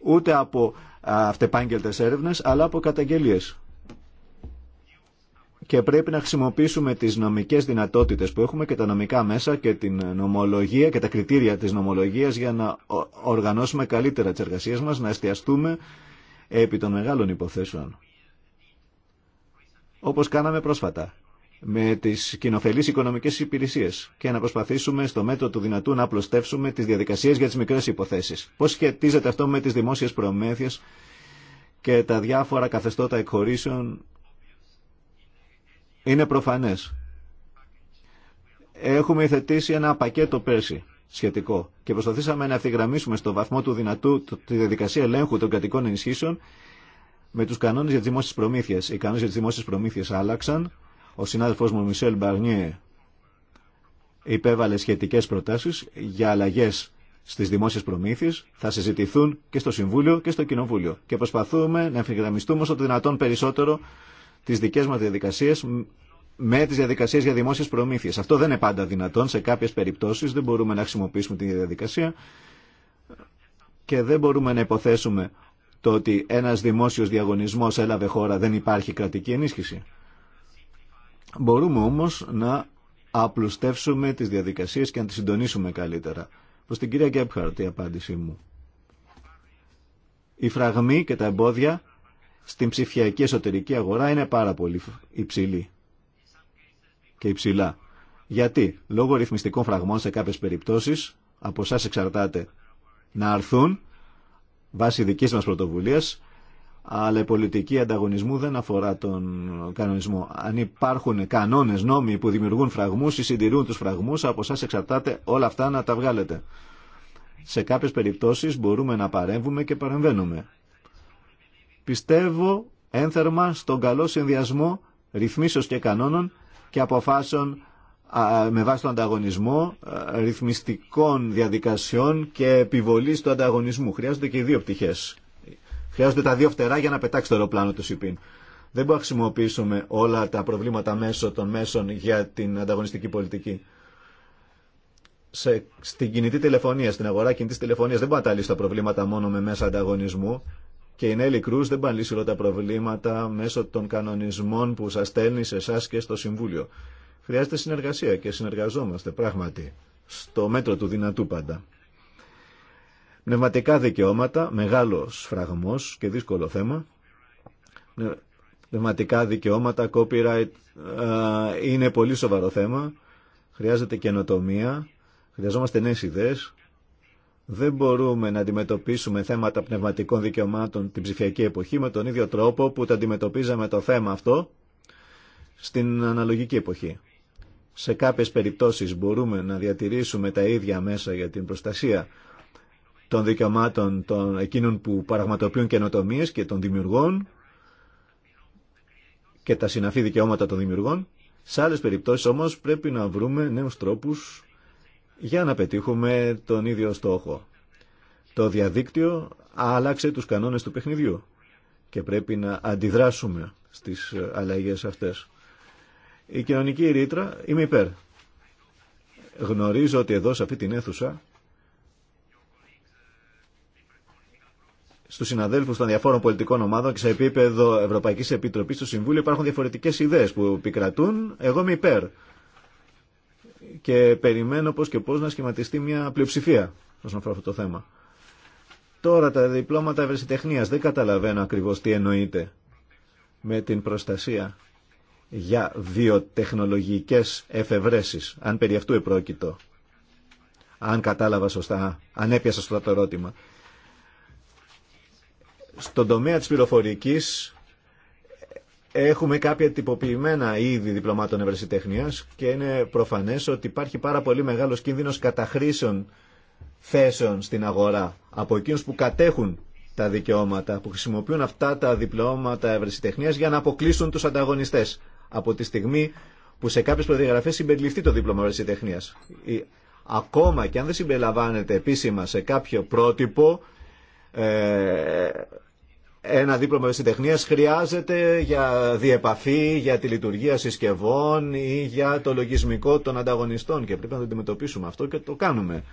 ούτε από αυτεπάγγελτε έρευνε, αλλά από καταγγελίε. Και πρέπει να χρησιμοποιήσουμε τις νομικές δυνατότητες που έχουμε και τα νομικά μέσα και την νομολογία και τα κριτήρια της νομολογίας για να οργανώσουμε καλύτερα τις εργασίες μας, να εστιαστούμε επί των μεγάλων υποθέσεων. Όπως κάναμε πρόσφατα με τις κοινοφελείς οικονομικές υπηρεσίες και να προσπαθήσουμε στο μέτρο του δυνατού να απλωστεύσουμε τις διαδικασίες για τις μικρές υποθέσεις. Πώς σχετίζεται αυτό με τις δημόσιες προμήθειες και τα διάφορα καθεστώτα εκχωρήσεων είναι προφανές. Έχουμε υθετήσει ένα πακέτο πέρσι σχετικό και προσπαθήσαμε να ευθυγραμμίσουμε στο βαθμό του δυνατού τη διαδικασία ελέγχου των κρατικών ενισχύσεων με του κανόνε για τι δημόσιε προμήθειε. Οι κανόνες για τι δημόσιε προμήθειε άλλαξαν. Ο συνάδελφό μου Μισελ Μπαρνιέ υπέβαλε σχετικές προτάσεις για αλλαγέ στι δημόσιε προμήθειε, Θα συζητηθούν και στο Συμβούλιο και στο Κοινοβούλιο. Και προσπαθούμε να ευθυγραμμιστούμε όσο το δυνατόν περισσότερο τι δικέ μα διαδικασίε με τι διαδικασίε για δημόσιε προμήθειες. Αυτό δεν είναι πάντα δυνατόν. Σε κάποιε περιπτώσει. δεν μπορούμε να χρησιμοποιήσουμε τη διαδικασία και δεν μπορούμε να υποθέσουμε το ότι ένα δημόσιο διαγωνισμό έλαβε χώρα δεν υπάρχει κρατική ενίσχυση. Μπορούμε όμω να απλουστεύσουμε τι διαδικασίε και να τι συντονίσουμε καλύτερα. Προ την κυρία Γκέπχαρτ η απάντησή μου. Η φραγμή και τα εμπόδια στην ψηφιακή εσωτερική αγορά είναι πάρα πολύ υψηλή και υψηλά. Γιατί λόγω ρυθμιστικών φραγμών σε κάποιες περιπτώσεις από εσά εξαρτάται να αρθούν βάσει δικής μας πρωτοβουλίας αλλά η πολιτική ανταγωνισμού δεν αφορά τον κανονισμό. Αν υπάρχουν κανόνες, νόμοι που δημιουργούν φραγμούς ή συντηρούν τους φραγμούς, από εσά εξαρτάται όλα αυτά να τα βγάλετε. Σε κάποιες περιπτώσεις μπορούμε να παρέμβουμε και παρεμβαίνουμε. Πιστεύω ένθερμα στον καλό συνδυασμό ρυθμίσεως και κανόνων και αποφάσεων με βάση τον ανταγωνισμό, ρυθμιστικών διαδικασιών και επιβολής του ανταγωνισμού. Χρειάζονται και οι δύο πτυχές. Χρειάζονται τα δύο φτερά για να πετάξει το αεροπλάνο του ΣΥΠΗΝ. Δεν μπορούμε να χρησιμοποιήσουμε όλα τα προβλήματα μέσω των μέσων για την ανταγωνιστική πολιτική. Σε, στην κινητή τηλεφωνία, στην αγορά κινητή τηλεφωνία δεν μπορούμε να τα τα προβλήματα μόνο με μέσα ανταγωνισμού. Και η Νέλη Κρούς δεν πάνε όλα τα προβλήματα μέσω των κανονισμών που σας στέλνει σε εσά και στο Συμβούλιο. Χρειάζεται συνεργασία και συνεργαζόμαστε πράγματι στο μέτρο του δυνατού πάντα. Πνευματικά δικαιώματα, μεγάλος φραγμός και δύσκολο θέμα. Πνευματικά δικαιώματα, copyright, ε, είναι πολύ σοβαρό θέμα. Χρειάζεται καινοτομία, χρειαζόμαστε νέες ιδέες δεν μπορούμε να αντιμετωπίσουμε θέματα πνευματικών δικαιωμάτων την ψηφιακή εποχή με τον ίδιο τρόπο που τα αντιμετωπίζαμε το θέμα αυτό στην αναλογική εποχή. Σε κάποιες περιπτώσεις μπορούμε να διατηρήσουμε τα ίδια μέσα για την προστασία των δικαιωμάτων των εκείνων που παραγματοποιούν καινοτομίε και των δημιουργών και τα συναφή δικαιώματα των δημιουργών. Σε άλλες περιπτώσεις όμως πρέπει να βρούμε νέους τρόπους για να πετύχουμε τον ίδιο στόχο. Το διαδίκτυο άλλαξε τους κανόνες του παιχνιδιού και πρέπει να αντιδράσουμε στις αλλαγές αυτές. Η κοινωνική ρήτρα είμαι υπέρ. Γνωρίζω ότι εδώ σε αυτή την αίθουσα στους συναδέλφους των διαφόρων πολιτικών ομάδων και σε επίπεδο Ευρωπαϊκής Επιτροπής στο Συμβούλιο υπάρχουν διαφορετικές ιδέες που επικρατούν. Εγώ είμαι υπέρ και περιμένω πώς και πώς να σχηματιστεί μια πλειοψηφία όσον αφορά αυτό το θέμα. Τώρα τα διπλώματα ευρεσιτεχνίας δεν καταλαβαίνω ακριβώς τι εννοείται με την προστασία για βιοτεχνολογικές εφευρέσεις, αν περί αυτού επρόκειτο. Αν κατάλαβα σωστά, αν έπιασα σωστά το ερώτημα. Στον τομέα της πληροφορικής Έχουμε κάποια τυποποιημένα είδη διπλωμάτων ευρεσιτεχνία και είναι προφανέ ότι υπάρχει πάρα πολύ μεγάλο κίνδυνο καταχρήσεων θέσεων στην αγορά από εκείνους που κατέχουν τα δικαιώματα, που χρησιμοποιούν αυτά τα διπλώματα ευρεσιτεχνία για να αποκλείσουν του ανταγωνιστέ. από τη στιγμή που σε κάποιε προδιαγραφέ συμπεριληφθεί το δίπλωμα ευρεσιτεχνία. Ακόμα και αν δεν συμπεριλαμβάνεται επίσημα σε κάποιο πρότυπο, ε, ένα δίπλωμα ευαισθητεχνία χρειάζεται για διεπαφή, για τη λειτουργία συσκευών ή για το λογισμικό των ανταγωνιστών και πρέπει να το αντιμετωπίσουμε αυτό και το κάνουμε.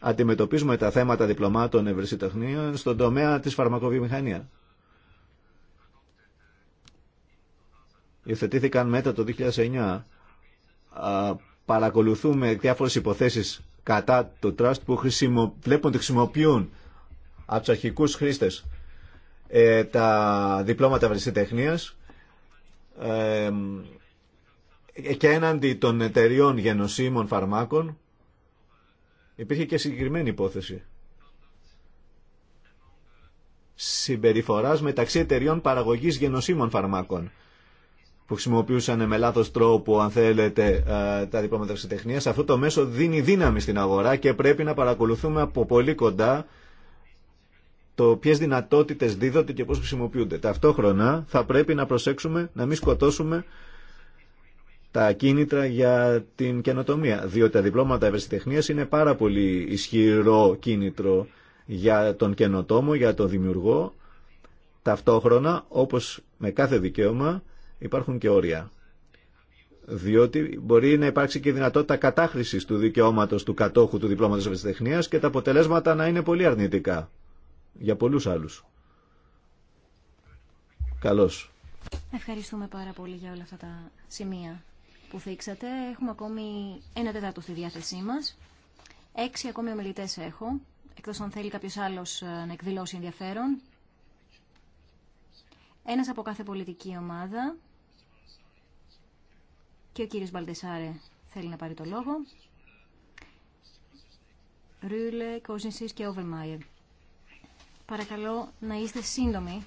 Αντιμετωπίζουμε τα θέματα διπλωμάτων ευρεσιτεχνίων στον τομέα της φαρμακοβιομηχανίας. Υιοθετήθηκαν μετά το 2009. Παρακολουθούμε διάφορες υποθέσεις κατά το trust που βλέπουν ότι χρησιμοποιούν από του αρχικού χρήστες ε, τα διπλώματα ευρεσιτεχνίας ε, και έναντι των εταιριών γενοσύμων φαρμάκων υπήρχε και συγκεκριμένη υπόθεση συμπεριφοράς μεταξύ εταιριών παραγωγής γενοσύμων φαρμάκων που χρησιμοποιούσαν με λάθο τρόπο, αν θέλετε, ε, τα διπλώματα τεχνία. Αυτό το μέσο δίνει δύναμη στην αγορά και πρέπει να παρακολουθούμε από πολύ κοντά το ποιε δυνατότητε δίδονται και πώ χρησιμοποιούνται. Ταυτόχρονα θα πρέπει να προσέξουμε να μην σκοτώσουμε τα κίνητρα για την καινοτομία. Διότι τα διπλώματα ευρεσιτεχνία είναι πάρα πολύ ισχυρό κίνητρο για τον καινοτόμο, για τον δημιουργό. Ταυτόχρονα, όπως με κάθε δικαίωμα, υπάρχουν και όρια. Διότι μπορεί να υπάρξει και δυνατότητα κατάχρησης του δικαιώματος του κατόχου του διπλώματος ευρεσιτεχνίας και τα αποτελέσματα να είναι πολύ αρνητικά για πολλούς άλλους. Καλώς. Ευχαριστούμε πάρα πολύ για όλα αυτά τα σημεία που θίξατε. Έχουμε ακόμη ένα τέταρτο στη διάθεσή μας. Έξι ακόμη ομιλητέ έχω, εκτός αν θέλει κάποιος άλλος ε, να εκδηλώσει ενδιαφέρον. Ένας από κάθε πολιτική ομάδα και ο κύριος Μπαλτεσάρε θέλει να πάρει το λόγο. Ρούλε, Κόζινσης και Μάιερ. Παρακαλώ να είστε σύντομοι.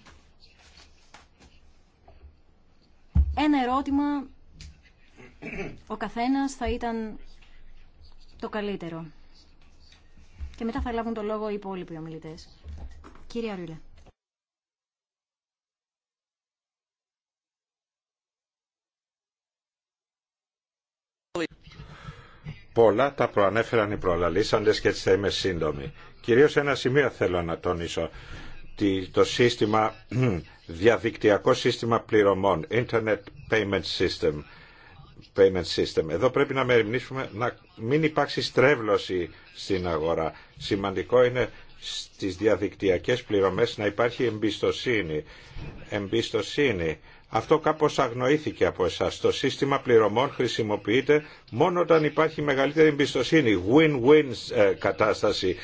Ένα ερώτημα ο καθένας θα ήταν το καλύτερο. Και μετά θα λάβουν το λόγο οι υπόλοιποι ομιλητές. Κύριε Αρούλε. Πολλά τα προανέφεραν οι προαλαλήσαντες και έτσι θα είμαι σύντομη. Κυρίως ένα σημείο θέλω να τονίσω. Το σύστημα, διαδικτυακό σύστημα πληρωμών, Internet Payment System. Payment system. Εδώ πρέπει να μεριμνήσουμε να μην υπάρξει στρέβλωση στην αγορά. Σημαντικό είναι στις διαδικτυακές πληρωμές να υπάρχει εμπιστοσύνη. Εμπιστοσύνη. Αυτό κάπως αγνοήθηκε από εσάς. Το σύστημα πληρωμών χρησιμοποιείται μόνο όταν υπάρχει μεγαλύτερη εμπιστοσύνη. Win-win ε, κατάσταση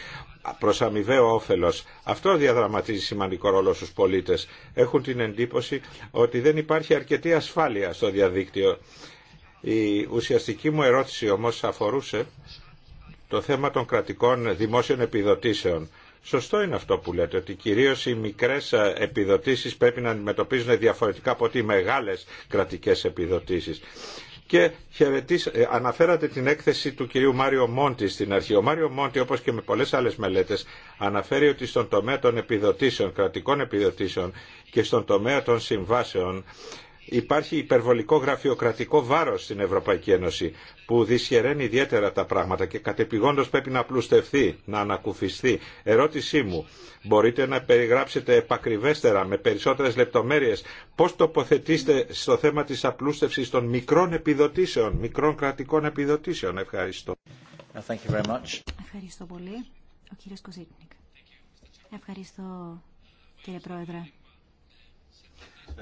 προς αμοιβαίο όφελος. Αυτό διαδραματίζει σημαντικό ρόλο στους πολίτες. Έχουν την εντύπωση ότι δεν υπάρχει αρκετή ασφάλεια στο διαδίκτυο. Η ουσιαστική μου ερώτηση όμως αφορούσε το θέμα των κρατικών δημόσιων επιδοτήσεων. Σωστό είναι αυτό που λέτε, ότι κυρίως οι μικρές επιδοτήσεις πρέπει να αντιμετωπίζουν διαφορετικά από ότι οι μεγάλε κρατικέ επιδοτήσει και ε, αναφέρατε την έκθεση του κυρίου Μάριο Μόντι στην αρχή. Ο Μάριο Μόντι, όπως και με πολλές άλλες μελέτες, αναφέρει ότι στον τομέα των επιδοτήσεων, κρατικών επιδοτήσεων και στον τομέα των συμβάσεων υπάρχει υπερβολικό γραφειοκρατικό βάρος στην Ευρωπαϊκή Ένωση που δυσχεραίνει ιδιαίτερα τα πράγματα και κατεπηγόντως πρέπει να πλουστευθεί, να ανακουφιστεί. Ερώτησή μου, μπορείτε να περιγράψετε επακριβέστερα με περισσότερες λεπτομέρειες πώς τοποθετήσετε στο θέμα της απλούστευσης των μικρών επιδοτήσεων, μικρών κρατικών επιδοτήσεων. Ευχαριστώ. Ευχαριστώ πολύ. Ο κύριος Κοζίτνικ. Ευχαριστώ κύριε Πρόεδρε.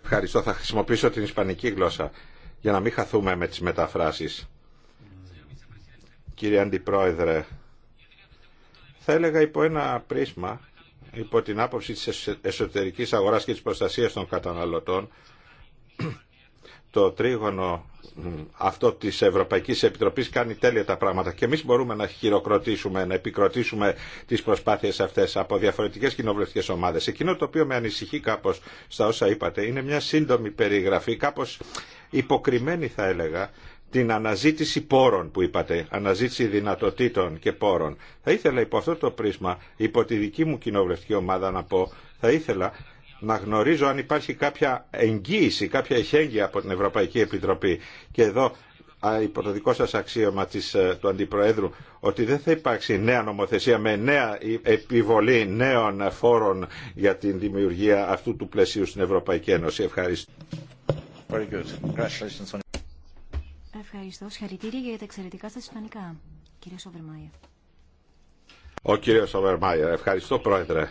Ευχαριστώ. Θα χρησιμοποιήσω την ισπανική γλώσσα για να μην χαθούμε με τις μεταφράσεις. Κύριε Αντιπρόεδρε, θα έλεγα υπό ένα πρίσμα, υπό την άποψη της εσωτερικής αγοράς και της προστασίας των καταναλωτών, το τρίγωνο αυτό της Ευρωπαϊκής Επιτροπής κάνει τέλεια τα πράγματα και εμείς μπορούμε να χειροκροτήσουμε, να επικροτήσουμε τις προσπάθειες αυτές από διαφορετικές κοινοβουλευτικέ ομάδες. Εκείνο το οποίο με ανησυχεί κάπως στα όσα είπατε είναι μια σύντομη περιγραφή, κάπως υποκριμένη θα έλεγα, την αναζήτηση πόρων που είπατε, αναζήτηση δυνατοτήτων και πόρων. Θα ήθελα υπό αυτό το πρίσμα, υπό τη δική μου κοινοβουλευτική ομάδα να πω, θα ήθελα να γνωρίζω αν υπάρχει κάποια εγγύηση, κάποια εχέγγυα από την Ευρωπαϊκή Επιτροπή. Και εδώ υπό το δικό σας αξίωμα της, ε, του Αντιπροέδρου ότι δεν θα υπάρξει νέα νομοθεσία με νέα επιβολή νέων φόρων για την δημιουργία αυτού του πλαισίου στην Ευρωπαϊκή Ένωση. Ευχαριστώ. Ευχαριστώ. Συγχαρητήρια για τα εξαιρετικά σας ισπανικά. Κύριε Σοβερμάιερ. Ο κύριος Σοβερμάιερ. Ευχαριστώ πρόεδρε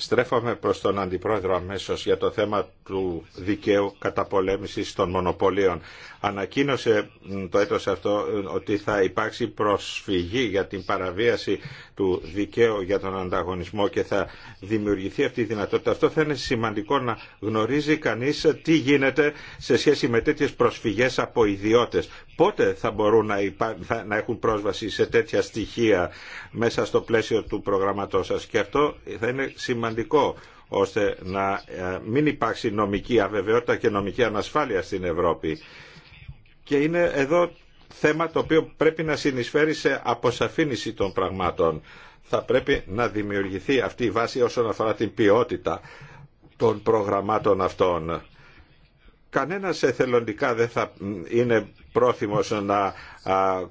στρέφομαι προς τον Αντιπρόεδρο αμέσως για το θέμα του δικαίου καταπολέμησης των μονοπωλίων. Ανακοίνωσε το έτος αυτό ότι θα υπάρξει προσφυγή για την παραβίαση του δικαίου για τον ανταγωνισμό και θα δημιουργηθεί αυτή η δυνατότητα. Αυτό θα είναι σημαντικό να γνωρίζει κανείς τι γίνεται σε σχέση με τέτοιες προσφυγές από ιδιώτες πότε θα μπορούν να, να έχουν πρόσβαση σε τέτοια στοιχεία μέσα στο πλαίσιο του προγραμματός σας. Και αυτό θα είναι σημαντικό ώστε να ε, μην υπάρξει νομική αβεβαιότητα και νομική ανασφάλεια στην Ευρώπη. Και είναι εδώ θέμα το οποίο πρέπει να συνεισφέρει σε αποσαφήνιση των πραγμάτων. Θα πρέπει να δημιουργηθεί αυτή η βάση όσον αφορά την ποιότητα των προγραμμάτων αυτών. Κανένας εθελοντικά δεν θα είναι πρόθυμος να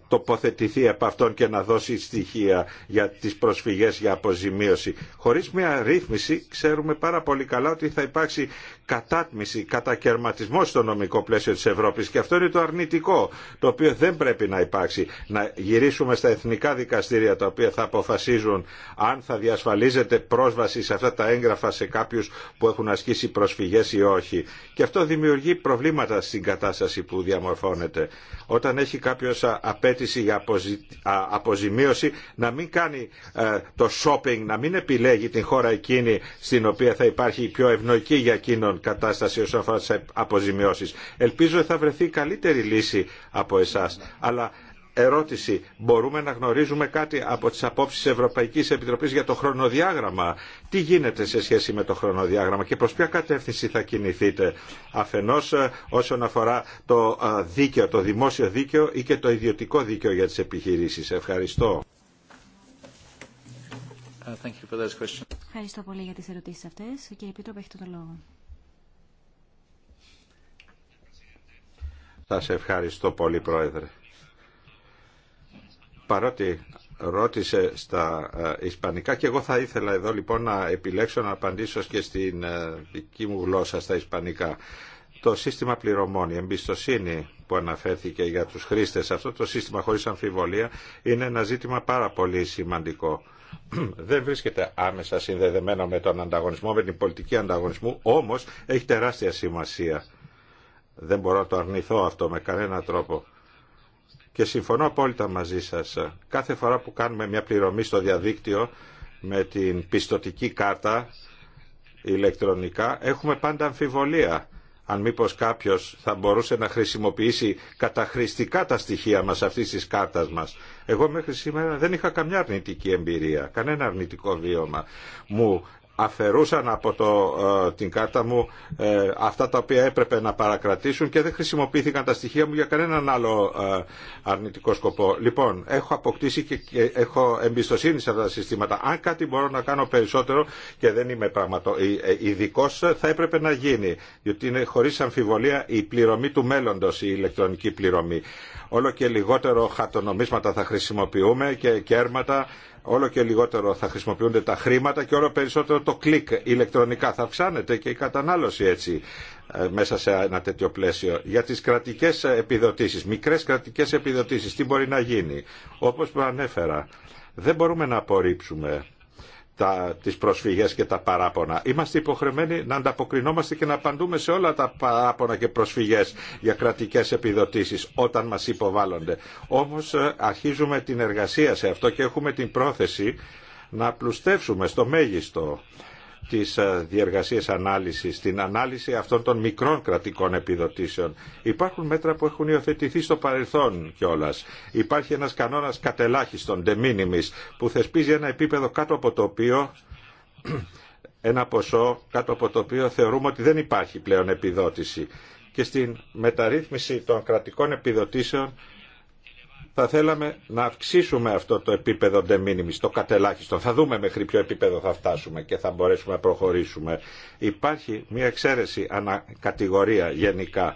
τοποθετηθεί από αυτόν και να δώσει στοιχεία για τις προσφυγές για αποζημίωση. Χωρίς μια ρύθμιση ξέρουμε πάρα πολύ καλά ότι θα υπάρξει κατάτμιση, κατακαιρματισμό στο νομικό πλαίσιο της Ευρώπης και αυτό είναι το αρνητικό το οποίο δεν πρέπει να υπάρξει. Να γυρίσουμε στα εθνικά δικαστήρια τα οποία θα αποφασίζουν αν θα διασφαλίζεται πρόσβαση σε αυτά τα έγγραφα σε κάποιους που έχουν ασκήσει προσφυγές ή όχι. Και αυτό δημιουργεί προβλήματα στην κατάσταση που διαμορφώνεται όταν έχει κάποιο απέτηση για αποζημίωση να μην κάνει ε, το shopping, να μην επιλέγει την χώρα εκείνη στην οποία θα υπάρχει η πιο ευνοϊκή για εκείνον κατάσταση όσον αφορά τι αποζημιώσει. Ελπίζω θα βρεθεί καλύτερη λύση από εσά. Αλλά ερώτηση. Μπορούμε να γνωρίζουμε κάτι από τις απόψεις της Ευρωπαϊκής Επιτροπής για το χρονοδιάγραμμα. Τι γίνεται σε σχέση με το χρονοδιάγραμμα και προς ποια κατεύθυνση θα κινηθείτε. Αφενός ε, όσον αφορά το ε, δίκαιο, το δημόσιο δίκαιο ή και το ιδιωτικό δίκαιο για τις επιχειρήσεις. Ευχαριστώ. Uh, ευχαριστώ πολύ για τις ερωτήσεις αυτές και η Επίτροπη το λόγο. Σας ευχαριστώ πολύ Πρόεδρε παρότι ρώτησε στα ε, Ισπανικά και εγώ θα ήθελα εδώ λοιπόν να επιλέξω να απαντήσω και στην ε, δική μου γλώσσα στα Ισπανικά. Το σύστημα πληρωμών, η εμπιστοσύνη που αναφέρθηκε για τους χρήστες, αυτό το σύστημα χωρίς αμφιβολία είναι ένα ζήτημα πάρα πολύ σημαντικό. Δεν βρίσκεται άμεσα συνδεδεμένο με τον ανταγωνισμό, με την πολιτική ανταγωνισμού, όμως έχει τεράστια σημασία. Δεν μπορώ να το αρνηθώ αυτό με κανένα τρόπο. Και συμφωνώ απόλυτα μαζί σας. Κάθε φορά που κάνουμε μια πληρωμή στο διαδίκτυο με την πιστοτική κάρτα ηλεκτρονικά έχουμε πάντα αμφιβολία αν μήπως κάποιος θα μπορούσε να χρησιμοποιήσει καταχρηστικά τα στοιχεία μας αυτής της κάρτας μας. Εγώ μέχρι σήμερα δεν είχα καμιά αρνητική εμπειρία, κανένα αρνητικό βίωμα. Μου αφαιρούσαν από το, ε, την κάρτα μου ε, αυτά τα οποία έπρεπε να παρακρατήσουν και δεν χρησιμοποιήθηκαν τα στοιχεία μου για κανέναν άλλο ε, αρνητικό σκοπό. Λοιπόν, έχω αποκτήσει και, έχω εμπιστοσύνη σε αυτά τα συστήματα. Αν κάτι μπορώ να κάνω περισσότερο και δεν είμαι πραγματο... ειδικό, θα έπρεπε να γίνει. Διότι είναι χωρί αμφιβολία η πληρωμή του μέλλοντο, η ηλεκτρονική πληρωμή. Όλο και λιγότερο χατονομίσματα θα χρησιμοποιούμε και κέρματα όλο και λιγότερο θα χρησιμοποιούνται τα χρήματα και όλο περισσότερο το κλικ ηλεκτρονικά. Θα αυξάνεται και η κατανάλωση έτσι ε, μέσα σε ένα τέτοιο πλαίσιο. Για τις κρατικές επιδοτήσεις, μικρές κρατικές επιδοτήσεις, τι μπορεί να γίνει. Όπως προανέφερα, δεν μπορούμε να απορρίψουμε τα, τις προσφυγές και τα παράπονα. Είμαστε υποχρεωμένοι να ανταποκρινόμαστε και να απαντούμε σε όλα τα παράπονα και προσφυγές για κρατικές επιδοτήσεις όταν μας υποβάλλονται. Όμως ε, αρχίζουμε την εργασία σε αυτό και έχουμε την πρόθεση να πλουστεύσουμε στο μέγιστο τις ε, διεργασίες ανάλυσης, την ανάλυση αυτών των μικρών κρατικών επιδοτήσεων. Υπάρχουν μέτρα που έχουν υιοθετηθεί στο παρελθόν κιόλα. Υπάρχει ένας κανόνας κατελάχιστον, de minimis, που θεσπίζει ένα επίπεδο κάτω από το οποίο ένα ποσό κάτω από το οποίο θεωρούμε ότι δεν υπάρχει πλέον επιδότηση. Και στην μεταρρύθμιση των κρατικών επιδοτήσεων θα θέλαμε να αυξήσουμε αυτό το επίπεδο de minimis, το κατελάχιστο. Θα δούμε μέχρι ποιο επίπεδο θα φτάσουμε και θα μπορέσουμε να προχωρήσουμε. Υπάρχει μια εξαίρεση ανακατηγορία γενικά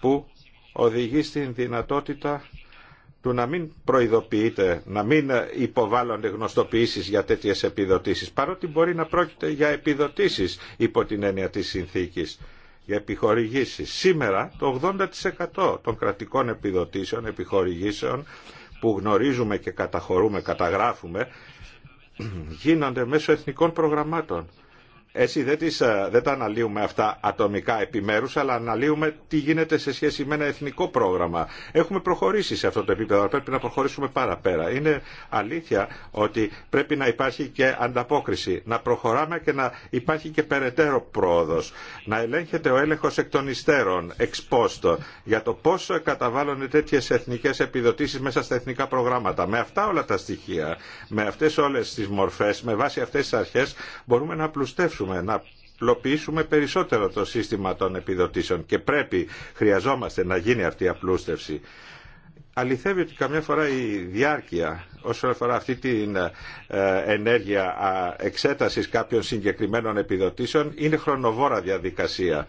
που οδηγεί στην δυνατότητα του να μην προειδοποιείται, να μην υποβάλλονται γνωστοποιήσεις για τέτοιες επιδοτήσεις, παρότι μπορεί να πρόκειται για επιδοτήσεις υπό την έννοια της συνθήκης επιχορηγήσεις. Σήμερα το 80% των κρατικών επιδοτήσεων, επιχορηγήσεων που γνωρίζουμε και καταχωρούμε, καταγράφουμε, γίνονται μέσω εθνικών προγραμμάτων έτσι δεν, τις, ε, δεν τα αναλύουμε αυτά ατομικά επιμέρους, αλλά αναλύουμε τι γίνεται σε σχέση με ένα εθνικό πρόγραμμα. Έχουμε προχωρήσει σε αυτό το επίπεδο, αλλά πρέπει να προχωρήσουμε παραπέρα. Είναι αλήθεια ότι πρέπει να υπάρχει και ανταπόκριση, να προχωράμε και να υπάρχει και περαιτέρω πρόοδος, να ελέγχεται ο έλεγχος εκ των υστέρων, εξ για το πόσο καταβάλλονται τέτοιες εθνικές επιδοτήσεις μέσα στα εθνικά προγράμματα. Με αυτά όλα τα στοιχεία, με αυτές όλες τις μορφές, με βάση αυτές τις αρχές, μπορούμε να πλουστεύσουμε να απλοποιήσουμε περισσότερο το σύστημα των επιδοτήσεων και πρέπει, χρειαζόμαστε να γίνει αυτή η απλούστευση. Αληθεύει ότι καμιά φορά η διάρκεια όσον αφορά αυτή την ε, ενέργεια εξέτασης κάποιων συγκεκριμένων επιδοτήσεων είναι χρονοβόρα διαδικασία.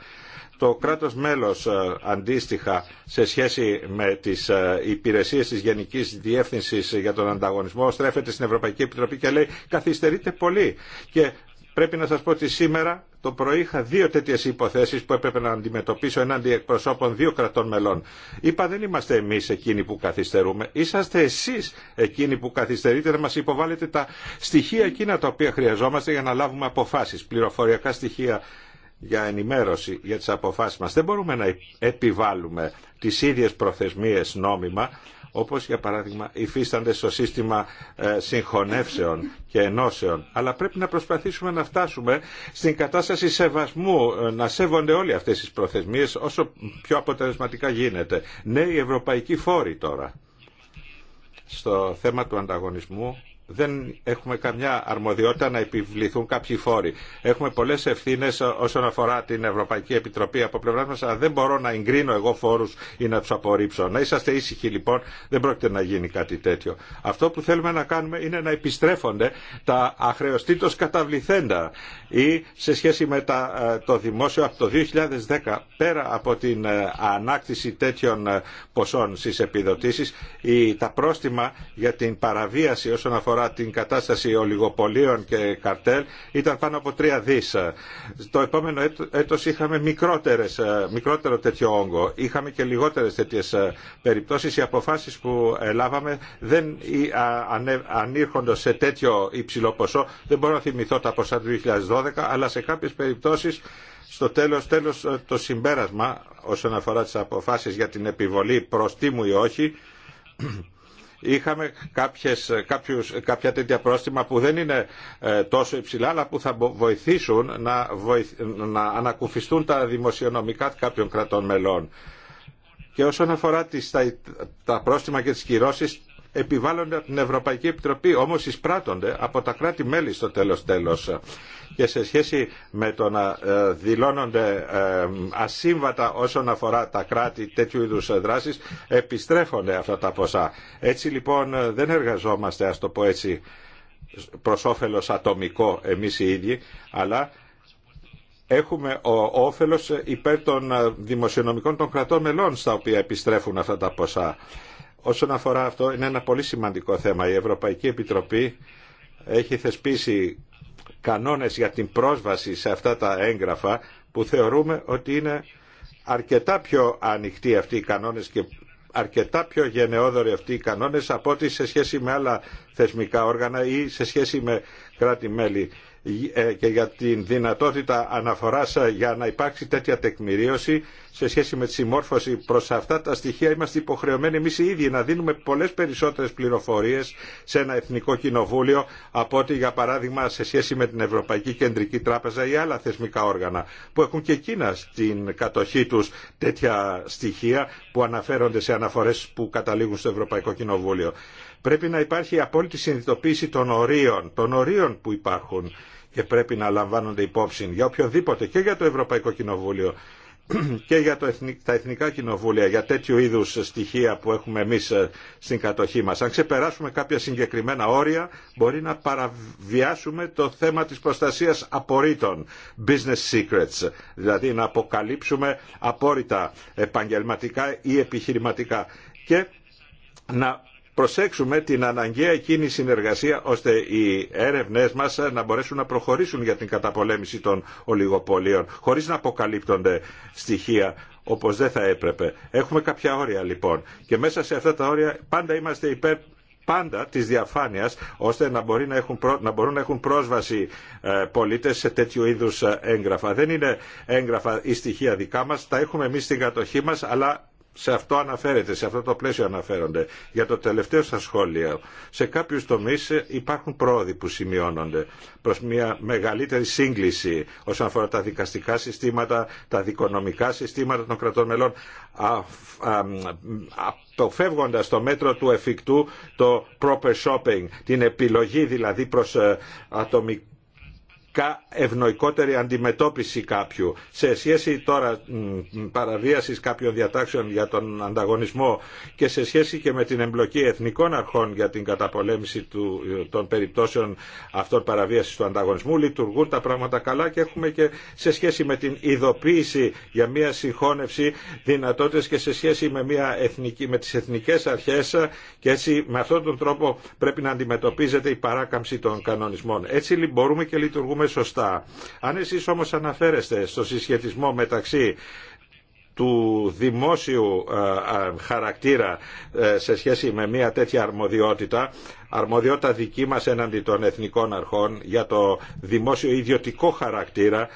Το κράτος μέλος ε, αντίστοιχα σε σχέση με τις ε, υπηρεσίες της Γενικής Διεύθυνσης για τον Ανταγωνισμό στρέφεται στην Ευρωπαϊκή Επιτροπή και λέει καθυστερείτε πολύ και Πρέπει να σας πω ότι σήμερα το πρωί είχα δύο τέτοιες υποθέσεις που έπρεπε να αντιμετωπίσω εναντί εκπροσώπων δύο κρατών μελών. Είπα δεν είμαστε εμείς εκείνοι που καθυστερούμε. Είσαστε εσείς εκείνοι που καθυστερείτε να μας υποβάλλετε τα στοιχεία εκείνα τα οποία χρειαζόμαστε για να λάβουμε αποφάσεις, πληροφοριακά στοιχεία για ενημέρωση για τις αποφάσεις μας. Δεν μπορούμε να επιβάλλουμε τις ίδιες προθεσμίες νόμιμα όπως για παράδειγμα υφίστανται στο σύστημα ε, συγχωνεύσεων και ενώσεων. Αλλά πρέπει να προσπαθήσουμε να φτάσουμε στην κατάσταση σεβασμού, ε, να σέβονται όλοι αυτές τις προθεσμίες όσο πιο αποτελεσματικά γίνεται. Νέοι ναι, ευρωπαϊκοί φόροι τώρα. Στο θέμα του ανταγωνισμού δεν έχουμε καμιά αρμοδιότητα να επιβληθούν κάποιοι φόροι. Έχουμε πολλέ ευθύνε όσον αφορά την Ευρωπαϊκή Επιτροπή από πλευρά μα, αλλά δεν μπορώ να εγκρίνω εγώ φόρου ή να του απορρίψω. Να είσαστε ήσυχοι λοιπόν, δεν πρόκειται να γίνει κάτι τέτοιο. Αυτό που θέλουμε να κάνουμε είναι να επιστρέφονται τα αχρεωστήτω καταβληθέντα ή σε σχέση με ε, το δημόσιο από το 2010, πέρα από την ε, ανάκτηση τέτοιων ε, ποσών στι επιδοτήσει, τα πρόστιμα για την παραβίαση όσον αφορά αφορά την κατάσταση ολιγοπολίων και καρτέλ ήταν πάνω από 3 δις. Το επόμενο έτος είχαμε μικρότερες, μικρότερο τέτοιο όγκο. Είχαμε και λιγότερες τέτοιες ε, περιπτώσεις. Οι αποφάσεις που ελάβαμε δεν ε, ανήρχονται σε τέτοιο υψηλό ποσό. Δεν μπορώ να θυμηθώ τα ποσά του 2012, αλλά σε κάποιες περιπτώσεις στο τέλος, τέλος ε, το συμπέρασμα όσον αφορά τις αποφάσεις για την επιβολή προστίμου ή όχι είχαμε κάποιες, κάποιους, κάποια τέτοια πρόστιμα που δεν είναι ε, τόσο υψηλά αλλά που θα βοηθήσουν να, να ανακουφιστούν τα δημοσιονομικά κάποιων κρατών μελών. Και όσον αφορά τις, τα, τα πρόστιμα και τις κυρώσεις, επιβάλλονται από την Ευρωπαϊκή Επιτροπή, όμως εισπράττονται από τα κράτη-μέλη στο τέλος τέλος. Και σε σχέση με το να ε, δηλώνονται ε, ασύμβατα όσον αφορά τα κράτη τέτοιου είδους ε, δράσεις, επιστρέφονται αυτά τα ποσά. Έτσι λοιπόν δεν εργαζόμαστε, ας το πω έτσι, προς όφελος ατομικό εμείς οι ίδιοι, αλλά έχουμε ο όφελος υπέρ των δημοσιονομικών των κρατών μελών στα οποία επιστρέφουν αυτά τα ποσά. Όσον αφορά αυτό, είναι ένα πολύ σημαντικό θέμα. Η Ευρωπαϊκή Επιτροπή έχει θεσπίσει κανόνες για την πρόσβαση σε αυτά τα έγγραφα που θεωρούμε ότι είναι αρκετά πιο ανοιχτοί αυτοί οι κανόνες και αρκετά πιο γενναιόδοροι αυτοί οι κανόνες από ό,τι σε σχέση με άλλα θεσμικά όργανα ή σε σχέση με κράτη-μέλη. Ε, και για την δυνατότητα αναφοράς ε, για να υπάρξει τέτοια τεκμηρίωση σε σχέση με τη συμμόρφωση προς αυτά τα στοιχεία είμαστε υποχρεωμένοι εμείς οι ίδιοι να δίνουμε πολλές περισσότερες πληροφορίες σε ένα Εθνικό Κοινοβούλιο από ότι για παράδειγμα σε σχέση με την Ευρωπαϊκή Κεντρική Τράπεζα ή άλλα θεσμικά όργανα που έχουν και εκείνα στην κατοχή τους τέτοια στοιχεία που αναφέρονται σε αναφορές που καταλήγουν στο Ευρωπαϊκό Κοινοβούλιο. Πρέπει να υπάρχει απόλυτη συνειδητοποίηση των ορίων, των ορίων που υπάρχουν και πρέπει να λαμβάνονται υπόψη για οποιοδήποτε και για το Ευρωπαϊκό Κοινοβούλιο και για τα εθνικά κοινοβούλια για τέτοιου είδους στοιχεία που έχουμε εμείς ε, στην κατοχή μας. Αν ξεπεράσουμε κάποια συγκεκριμένα όρια μπορεί να παραβιάσουμε το θέμα της προστασίας απορρίτων, business secrets, δηλαδή να αποκαλύψουμε απόρριτα επαγγελματικά ή επιχειρηματικά και να προσέξουμε την αναγκαία εκείνη συνεργασία ώστε οι έρευνές μας να μπορέσουν να προχωρήσουν για την καταπολέμηση των ολιγοπολίων χωρίς να αποκαλύπτονται στοιχεία όπως δεν θα έπρεπε. Έχουμε κάποια όρια λοιπόν και μέσα σε αυτά τα όρια πάντα είμαστε υπέρ πάντα της διαφάνειας ώστε να, έχουν, να μπορούν να έχουν πρόσβαση ε, πολίτες σε τέτοιου είδους ε, έγγραφα. Δεν είναι έγγραφα ή στοιχεία δικά μας, τα έχουμε εμείς στην κατοχή μας, αλλά σε αυτό αναφέρεται, σε αυτό το πλαίσιο αναφέρονται. Για το τελευταίο σας σχόλιο, σε κάποιους τομείς υπάρχουν πρόοδοι που σημειώνονται προς μια μεγαλύτερη σύγκληση όσον αφορά τα δικαστικά συστήματα, τα δικονομικά συστήματα των κρατών μελών, αποφεύγοντας το μέτρο του εφικτού το proper shopping, την επιλογή δηλαδή προς ε, ατομικό ευνοϊκότερη αντιμετώπιση κάποιου. Σε σχέση τώρα παραβίασης κάποιων διατάξεων για τον ανταγωνισμό και σε σχέση και με την εμπλοκή εθνικών αρχών για την καταπολέμηση του, ε, των περιπτώσεων αυτών παραβίασης του ανταγωνισμού λειτουργούν τα πράγματα καλά και έχουμε και σε σχέση με την ειδοποίηση για μια συγχώνευση δυνατότητες και σε σχέση με, μια εθνική, με τις εθνικές αρχές και έτσι με αυτόν τον τρόπο πρέπει να αντιμετωπίζεται η παράκαμψη των κανονισμών. Έτσι λοιπόν, μπορούμε και λειτουργούμε σωστά. Αν εσείς όμως αναφέρεστε στο συσχετισμό μεταξύ του δημόσιου ε, ε, χαρακτήρα ε, σε σχέση με μια τέτοια αρμοδιότητα, αρμοδιότητα δική μας έναντι των εθνικών αρχών για το δημόσιο ιδιωτικό χαρακτήρα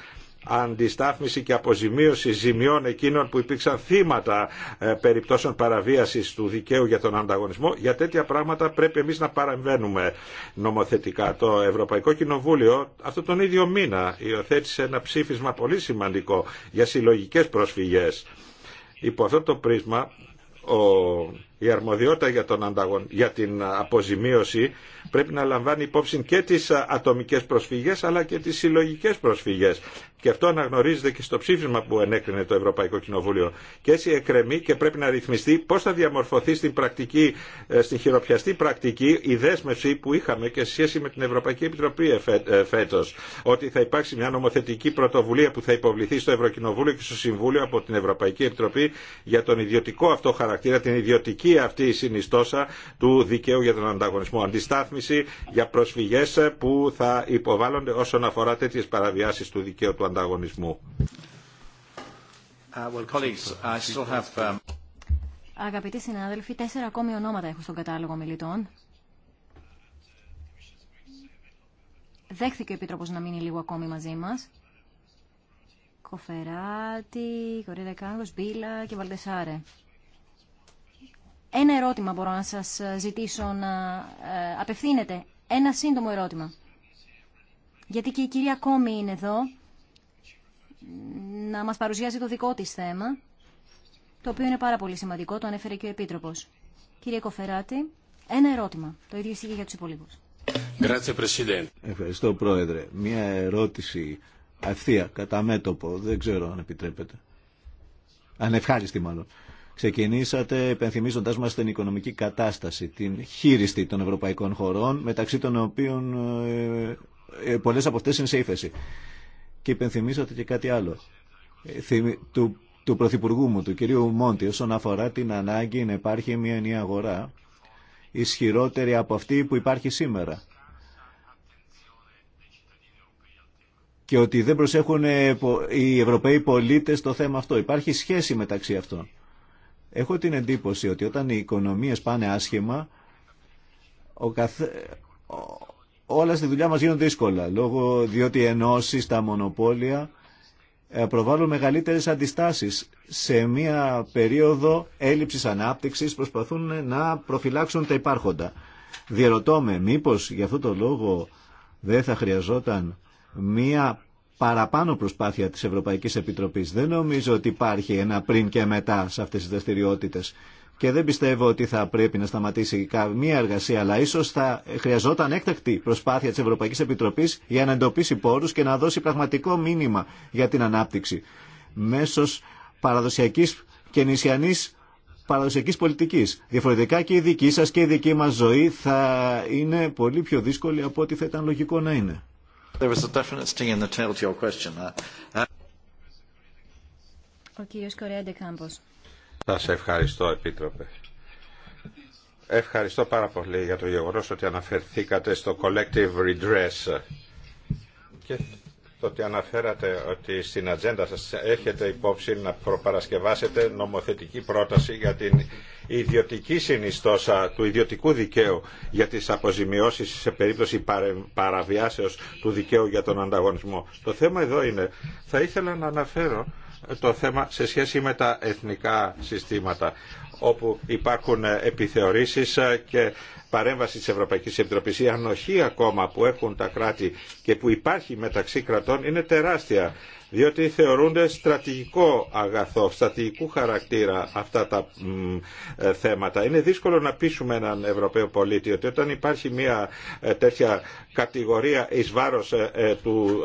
αντιστάθμιση και αποζημίωση ζημιών εκείνων που υπήρξαν θύματα ε, περιπτώσεων παραβίασης του δικαίου για τον ανταγωνισμό. Για τέτοια πράγματα πρέπει εμείς να παρεμβαίνουμε νομοθετικά. Το Ευρωπαϊκό Κοινοβούλιο αυτό τον ίδιο μήνα υιοθέτησε ένα ψήφισμα πολύ σημαντικό για συλλογικές προσφυγές. Υπό αυτό το πρίσμα ο η αρμοδιότητα για, τον ανταγων... για την αποζημίωση πρέπει να λαμβάνει υπόψη και τις ατομικές προσφυγές αλλά και τις συλλογικές προσφυγές. Και αυτό αναγνωρίζεται και στο ψήφισμα που ενέκρινε το Ευρωπαϊκό Κοινοβούλιο. Και έτσι εκρεμεί και πρέπει να ρυθμιστεί πώς θα διαμορφωθεί στην, πρακτική, ε, στην χειροπιαστή πρακτική η δέσμευση που είχαμε και σε σχέση με την Ευρωπαϊκή Επιτροπή ε, φέτος. Ότι θα υπάρξει μια νομοθετική πρωτοβουλία που θα υποβληθεί στο Ευρωκοινοβούλιο και στο Συμβούλιο από την Ευρωπαϊκή Επιτροπή για τον ιδιωτικό αυτό χαρακτήρα, την ιδιωτική ή αυτή η αυτή η συνιστόσα του δικαίου για τον ανταγωνισμό. Αντιστάθμιση για προσφυγέ που θα υποβάλλονται όσον αφορά τέτοιε παραβιάσει του δικαίου του ανταγωνισμού. Uh, um, Αγαπητοί συνάδελφοι, τέσσερα ακόμη ονόματα έχω στον κατάλογο μιλητών. Δέχθηκε ο Επίτροπος να μείνει λίγο ακόμη μαζί μας. Κοφεράτη, Κορίδα Κάγκος, Μπίλα και Βαλτεσάρε. Ένα ερώτημα μπορώ να σας ζητήσω να ε, απευθύνετε. Ένα σύντομο ερώτημα. Γιατί και η κυρία Κόμη είναι εδώ να μας παρουσιάζει το δικό της θέμα, το οποίο είναι πάρα πολύ σημαντικό, το ανέφερε και ο Επίτροπος. Κύριε Κοφεράτη, ένα ερώτημα. Το ίδιο ισχύει για τους υπολείπους. Ευχαριστώ, Πρόεδρε. Μία ερώτηση Ευθεία, κατά μέτωπο, δεν ξέρω αν επιτρέπετε. Ανευχάριστη μάλλον. Ξεκινήσατε επενθυμίζοντάς μας την οικονομική κατάσταση, την χείριστη των ευρωπαϊκών χωρών, μεταξύ των οποίων ε, ε πολλές από αυτέ είναι σε ύφεση. Και υπενθυμίσατε και κάτι άλλο. Ε, του, του Πρωθυπουργού μου, του κυρίου Μόντι, όσον αφορά την ανάγκη να υπάρχει μια νέα αγορά ισχυρότερη από αυτή που υπάρχει σήμερα. και ότι δεν προσέχουν οι Ευρωπαίοι πολίτες το θέμα αυτό. Υπάρχει σχέση μεταξύ αυτών. Έχω την εντύπωση ότι όταν οι οικονομίες πάνε άσχημα, ο όλα στη δουλειά μας γίνονται δύσκολα, λόγω διότι οι ενώσεις, τα μονοπόλια ε, προβάλλουν μεγαλύτερες αντιστάσεις. Σε μία περίοδο έλλειψης ανάπτυξης προσπαθούν να προφυλάξουν τα υπάρχοντα. Διερωτώ με μήπως για αυτό το λόγο δεν θα χρειαζόταν μία παραπάνω προσπάθεια της Ευρωπαϊκής Επιτροπής. Δεν νομίζω ότι υπάρχει ένα πριν και μετά σε αυτές τις δραστηριότητε. Και δεν πιστεύω ότι θα πρέπει να σταματήσει καμία εργασία, αλλά ίσω θα χρειαζόταν έκτακτη προσπάθεια τη Ευρωπαϊκή Επιτροπή για να εντοπίσει πόρου και να δώσει πραγματικό μήνυμα για την ανάπτυξη μέσω παραδοσιακή και νησιανή παραδοσιακή πολιτική. Διαφορετικά και η δική σα και η δική μα ζωή θα είναι πολύ πιο δύσκολη από ό,τι θα ήταν λογικό να είναι. There was a Σας ευχαριστώ, Επίτροπε. Ευχαριστώ πάρα πολύ για το γεγονός ότι αναφερθήκατε στο Collective Redress και το ότι αναφέρατε ότι στην ατζέντα σας έχετε υπόψη να προπαρασκευάσετε νομοθετική πρόταση για την ιδιωτική συνιστόσα του ιδιωτικού δικαίου για τις αποζημιώσεις σε περίπτωση παραβιάσεως του δικαίου για τον ανταγωνισμό. Το θέμα εδώ είναι, θα ήθελα να αναφέρω το θέμα σε σχέση με τα εθνικά συστήματα όπου υπάρχουν επιθεωρήσεις και παρέμβαση της Ευρωπαϊκής Επιτροπής. Η ανοχή ακόμα που έχουν τα κράτη και που υπάρχει μεταξύ κρατών είναι τεράστια διότι θεωρούνται στρατηγικό αγαθό, στρατηγικού χαρακτήρα αυτά τα ε, θέματα. Είναι δύσκολο να πείσουμε έναν Ευρωπαίο πολίτη ότι όταν υπάρχει μια ε, τέτοια κατηγορία εις βάρος ε, ε του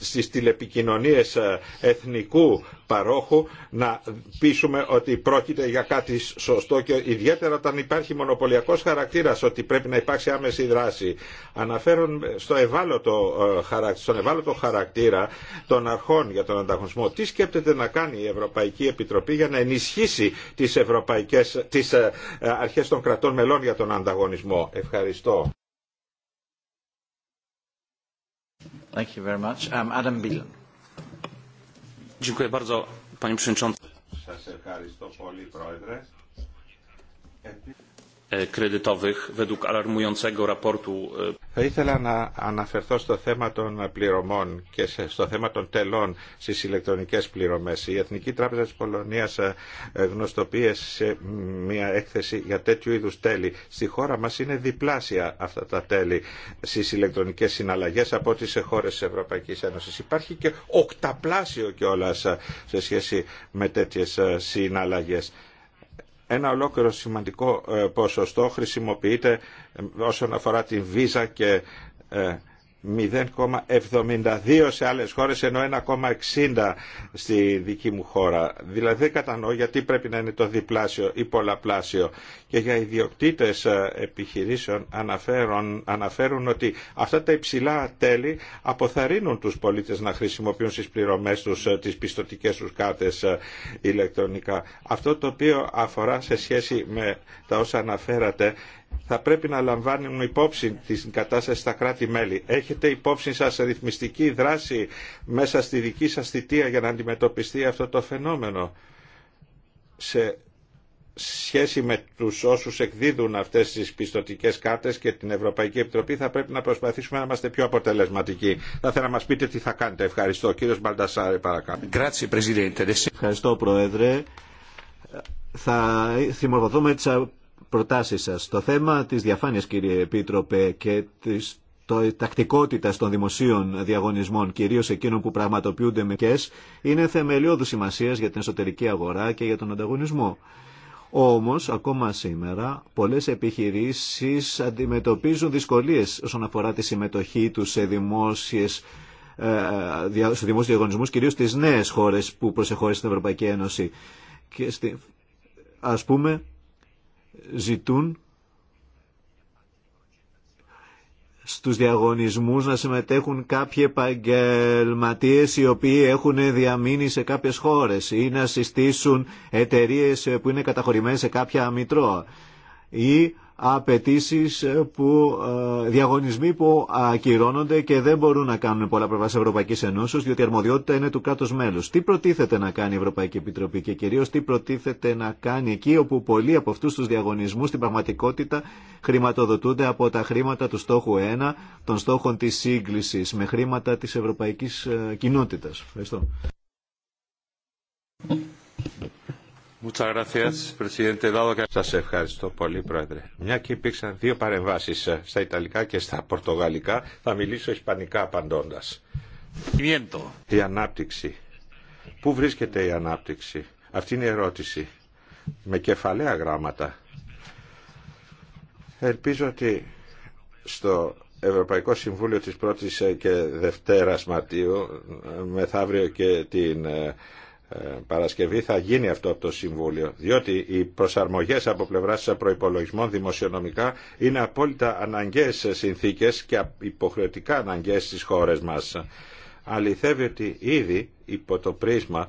στις τηλεπικοινωνίες ε, εθνικού παρόχου να πείσουμε ότι πρόκειται για κάτι σωστό και ιδιαίτερα όταν υπάρχει μονοπωλιακός χαρακτήρας ότι πρέπει να υπάρξει άμεση δράση. Αναφέρον στο ευάλωτο, ε, στον ευάλωτο χαρακτήρα των αρχών για τον ανταγωνισμό. Τι σκέπτεται να κάνει η Ευρωπαϊκή Επιτροπή για να ενισχύσει τις, ευρωπαϊκές, τις ε, αρχές των κρατών μελών για τον ανταγωνισμό. Ευχαριστώ. Ευχαριστώ πολύ. E, kredytowych według e, Θα ήθελα να αναφερθώ στο θέμα των πληρωμών και στο θέμα των τελών στις ηλεκτρονικές πληρωμές. Η Εθνική Τράπεζα της Πολωνίας ε, ε, γνωστοποίησε μια έκθεση για τέτοιου είδους τέλη. Στη χώρα μας είναι διπλάσια αυτά τα τέλη στις ηλεκτρονικές συναλλαγές από ό,τι σε χώρες της Ευρωπαϊκής Ένωσης. Υπάρχει και οκταπλάσιο κιόλας ε, σε σχέση με τέτοιες συναλλαγές ένα ολόκληρο σημαντικό ε, ποσοστό χρησιμοποιείται ε, όσον αφορά την βίζα και ε, 0,72 σε άλλες χώρες ενώ 1,60 στη δική μου χώρα. Δηλαδή δεν κατανοώ γιατί πρέπει να είναι το διπλάσιο ή πολλαπλάσιο. Και για ιδιοκτήτες ε, επιχειρήσεων αναφέρουν, αναφέρουν ότι αυτά τα υψηλά τέλη αποθαρρύνουν τους πολίτες να χρησιμοποιούν στις πληρωμές τους ε, τις πιστοτικές τους κάρτες ε, ηλεκτρονικά. Αυτό το οποίο αφορά σε σχέση με τα όσα αναφέρατε θα πρέπει να λαμβάνουν υπόψη την κατάσταση στα κράτη-μέλη. Έχετε υπόψη σας ρυθμιστική δράση μέσα στη δική σας θητεία για να αντιμετωπιστεί αυτό το φαινόμενο σε σχέση με τους όσους εκδίδουν αυτές τις πιστοτικές κάρτες και την Ευρωπαϊκή Επιτροπή θα πρέπει να προσπαθήσουμε να είμαστε πιο αποτελεσματικοί. Θα ήθελα να μας πείτε τι θα κάνετε. Ευχαριστώ. Κύριος Μπαλτασάρη παρακαλώ. Ευχαριστώ Πρόεδρε. Θα Προτάσει σα. Το θέμα τη διαφάνεια, κύριε Επίτροπε, και τη τακτικότητα των δημοσίων διαγωνισμών, κυρίω εκείνων που πραγματοποιούνται με κες, είναι θεμελιώδου σημασία για την εσωτερική αγορά και για τον ανταγωνισμό. Όμω, ακόμα σήμερα, πολλέ επιχειρήσει αντιμετωπίζουν δυσκολίε όσον αφορά τη συμμετοχή του σε δημόσιες ε, στους δημόσιους διαγωνισμούς, κυρίως στις νέες χώρες που προσεχώρησαν στην Ευρωπαϊκή Ένωση. Και στη, ας πούμε, ζητούν στους διαγωνισμούς να συμμετέχουν κάποιοι επαγγελματίε οι οποίοι έχουν διαμείνει σε κάποιες χώρες ή να συστήσουν εταιρείες που είναι καταχωρημένες σε κάποια μητρώα ή απαιτήσει ε, που ε, διαγωνισμοί που ακυρώνονται και δεν μπορούν να κάνουν πολλά προβάσει Ευρωπαϊκή Ενώσεω, διότι η αρμοδιότητα είναι του κράτου μέλου. Τι προτίθεται να κάνει η Ευρωπαϊκή Επιτροπή και κυρίω τι προτίθεται να κάνει εκεί όπου πολλοί από αυτού του διαγωνισμού στην πραγματικότητα χρηματοδοτούνται από τα χρήματα του στόχου 1, των στόχων τη σύγκληση με χρήματα τη Ευρωπαϊκή ε, Κοινότητα. Ευχαριστώ. Σας ευχαριστώ πολύ, Πρόεδρε. Μια και υπήρξαν δύο παρεμβάσεις ε, στα Ιταλικά και στα Πορτογαλικά, θα μιλήσω Ισπανικά απαντώντας. Η ανάπτυξη. Πού βρίσκεται η ανάπτυξη. Αυτή είναι η ερώτηση. Με κεφαλαία γράμματα. Ελπίζω ότι στο Ευρωπαϊκό Συμβούλιο της 1 ε, και Δευτέρας Μαρτίου ε, μεθαύριο και την ε, Παρασκευή θα γίνει αυτό από το Συμβούλιο, διότι οι προσαρμογές από πλευράς προϋπολογισμών δημοσιονομικά είναι απόλυτα αναγκαίες συνθήκες και υποχρεωτικά αναγκαίες στις χώρες μας. Αληθεύει ότι ήδη υπό το πρίσμα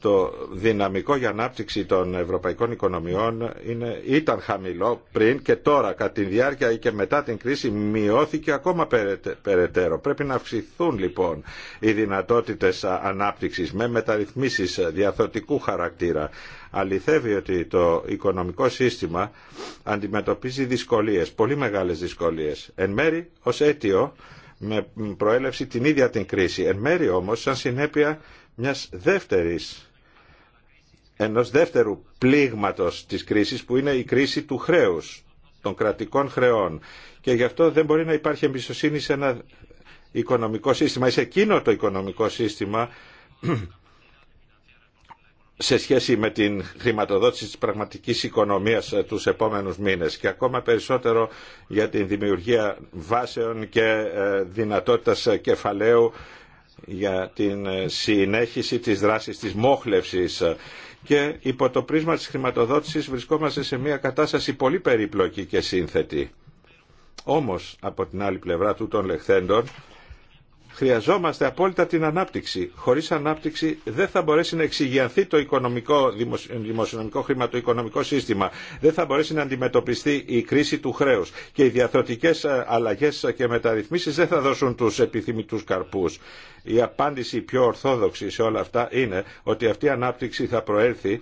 το δυναμικό για ανάπτυξη των ευρωπαϊκών οικονομιών ήταν χαμηλό πριν και τώρα κατά τη διάρκεια ή και μετά την κρίση μειώθηκε ακόμα περαιτέρω. Πρέπει να αυξηθούν λοιπόν οι δυνατότητες ανάπτυξης με μεταρρυθμίσεις διαθωτικού χαρακτήρα. Αληθεύει ότι το οικονομικό σύστημα αντιμετωπίζει δυσκολίες, πολύ μεγάλες δυσκολίες. Εν μέρη ως αίτιο με προέλευση την ίδια την κρίση. Εν μέρη όμως σαν συνέπεια μιας δεύτερης ενός δεύτερου πλήγματος της κρίσης που είναι η κρίση του χρέους, των κρατικών χρεών. Και γι' αυτό δεν μπορεί να υπάρχει εμπιστοσύνη σε ένα οικονομικό σύστημα ή σε εκείνο το οικονομικό σύστημα σε σχέση με την χρηματοδότηση της πραγματικής οικονομίας ε, τους επόμενους μήνες και ακόμα περισσότερο για την δημιουργία βάσεων και ε, δυνατότητας ε, κεφαλαίου για την συνέχιση της δράσης της μόχλευσης και υπό το πρίσμα της χρηματοδότησης βρισκόμαστε σε μια κατάσταση πολύ περίπλοκη και σύνθετη. Όμως, από την άλλη πλευρά του των λεχθέντων, Χρειαζόμαστε απόλυτα την ανάπτυξη. Χωρίς ανάπτυξη δεν θα μπορέσει να εξηγιανθεί το οικονομικό, δημοσιονομικό οικονομικό σύστημα. Δεν θα μπορέσει να αντιμετωπιστεί η κρίση του χρέους. Και οι διαθροτικές ε, αλλαγές και μεταρρυθμίσεις δεν θα δώσουν τους επιθυμητούς καρπούς. Η απάντηση πιο ορθόδοξη σε όλα αυτά είναι ότι αυτή η ανάπτυξη θα προέλθει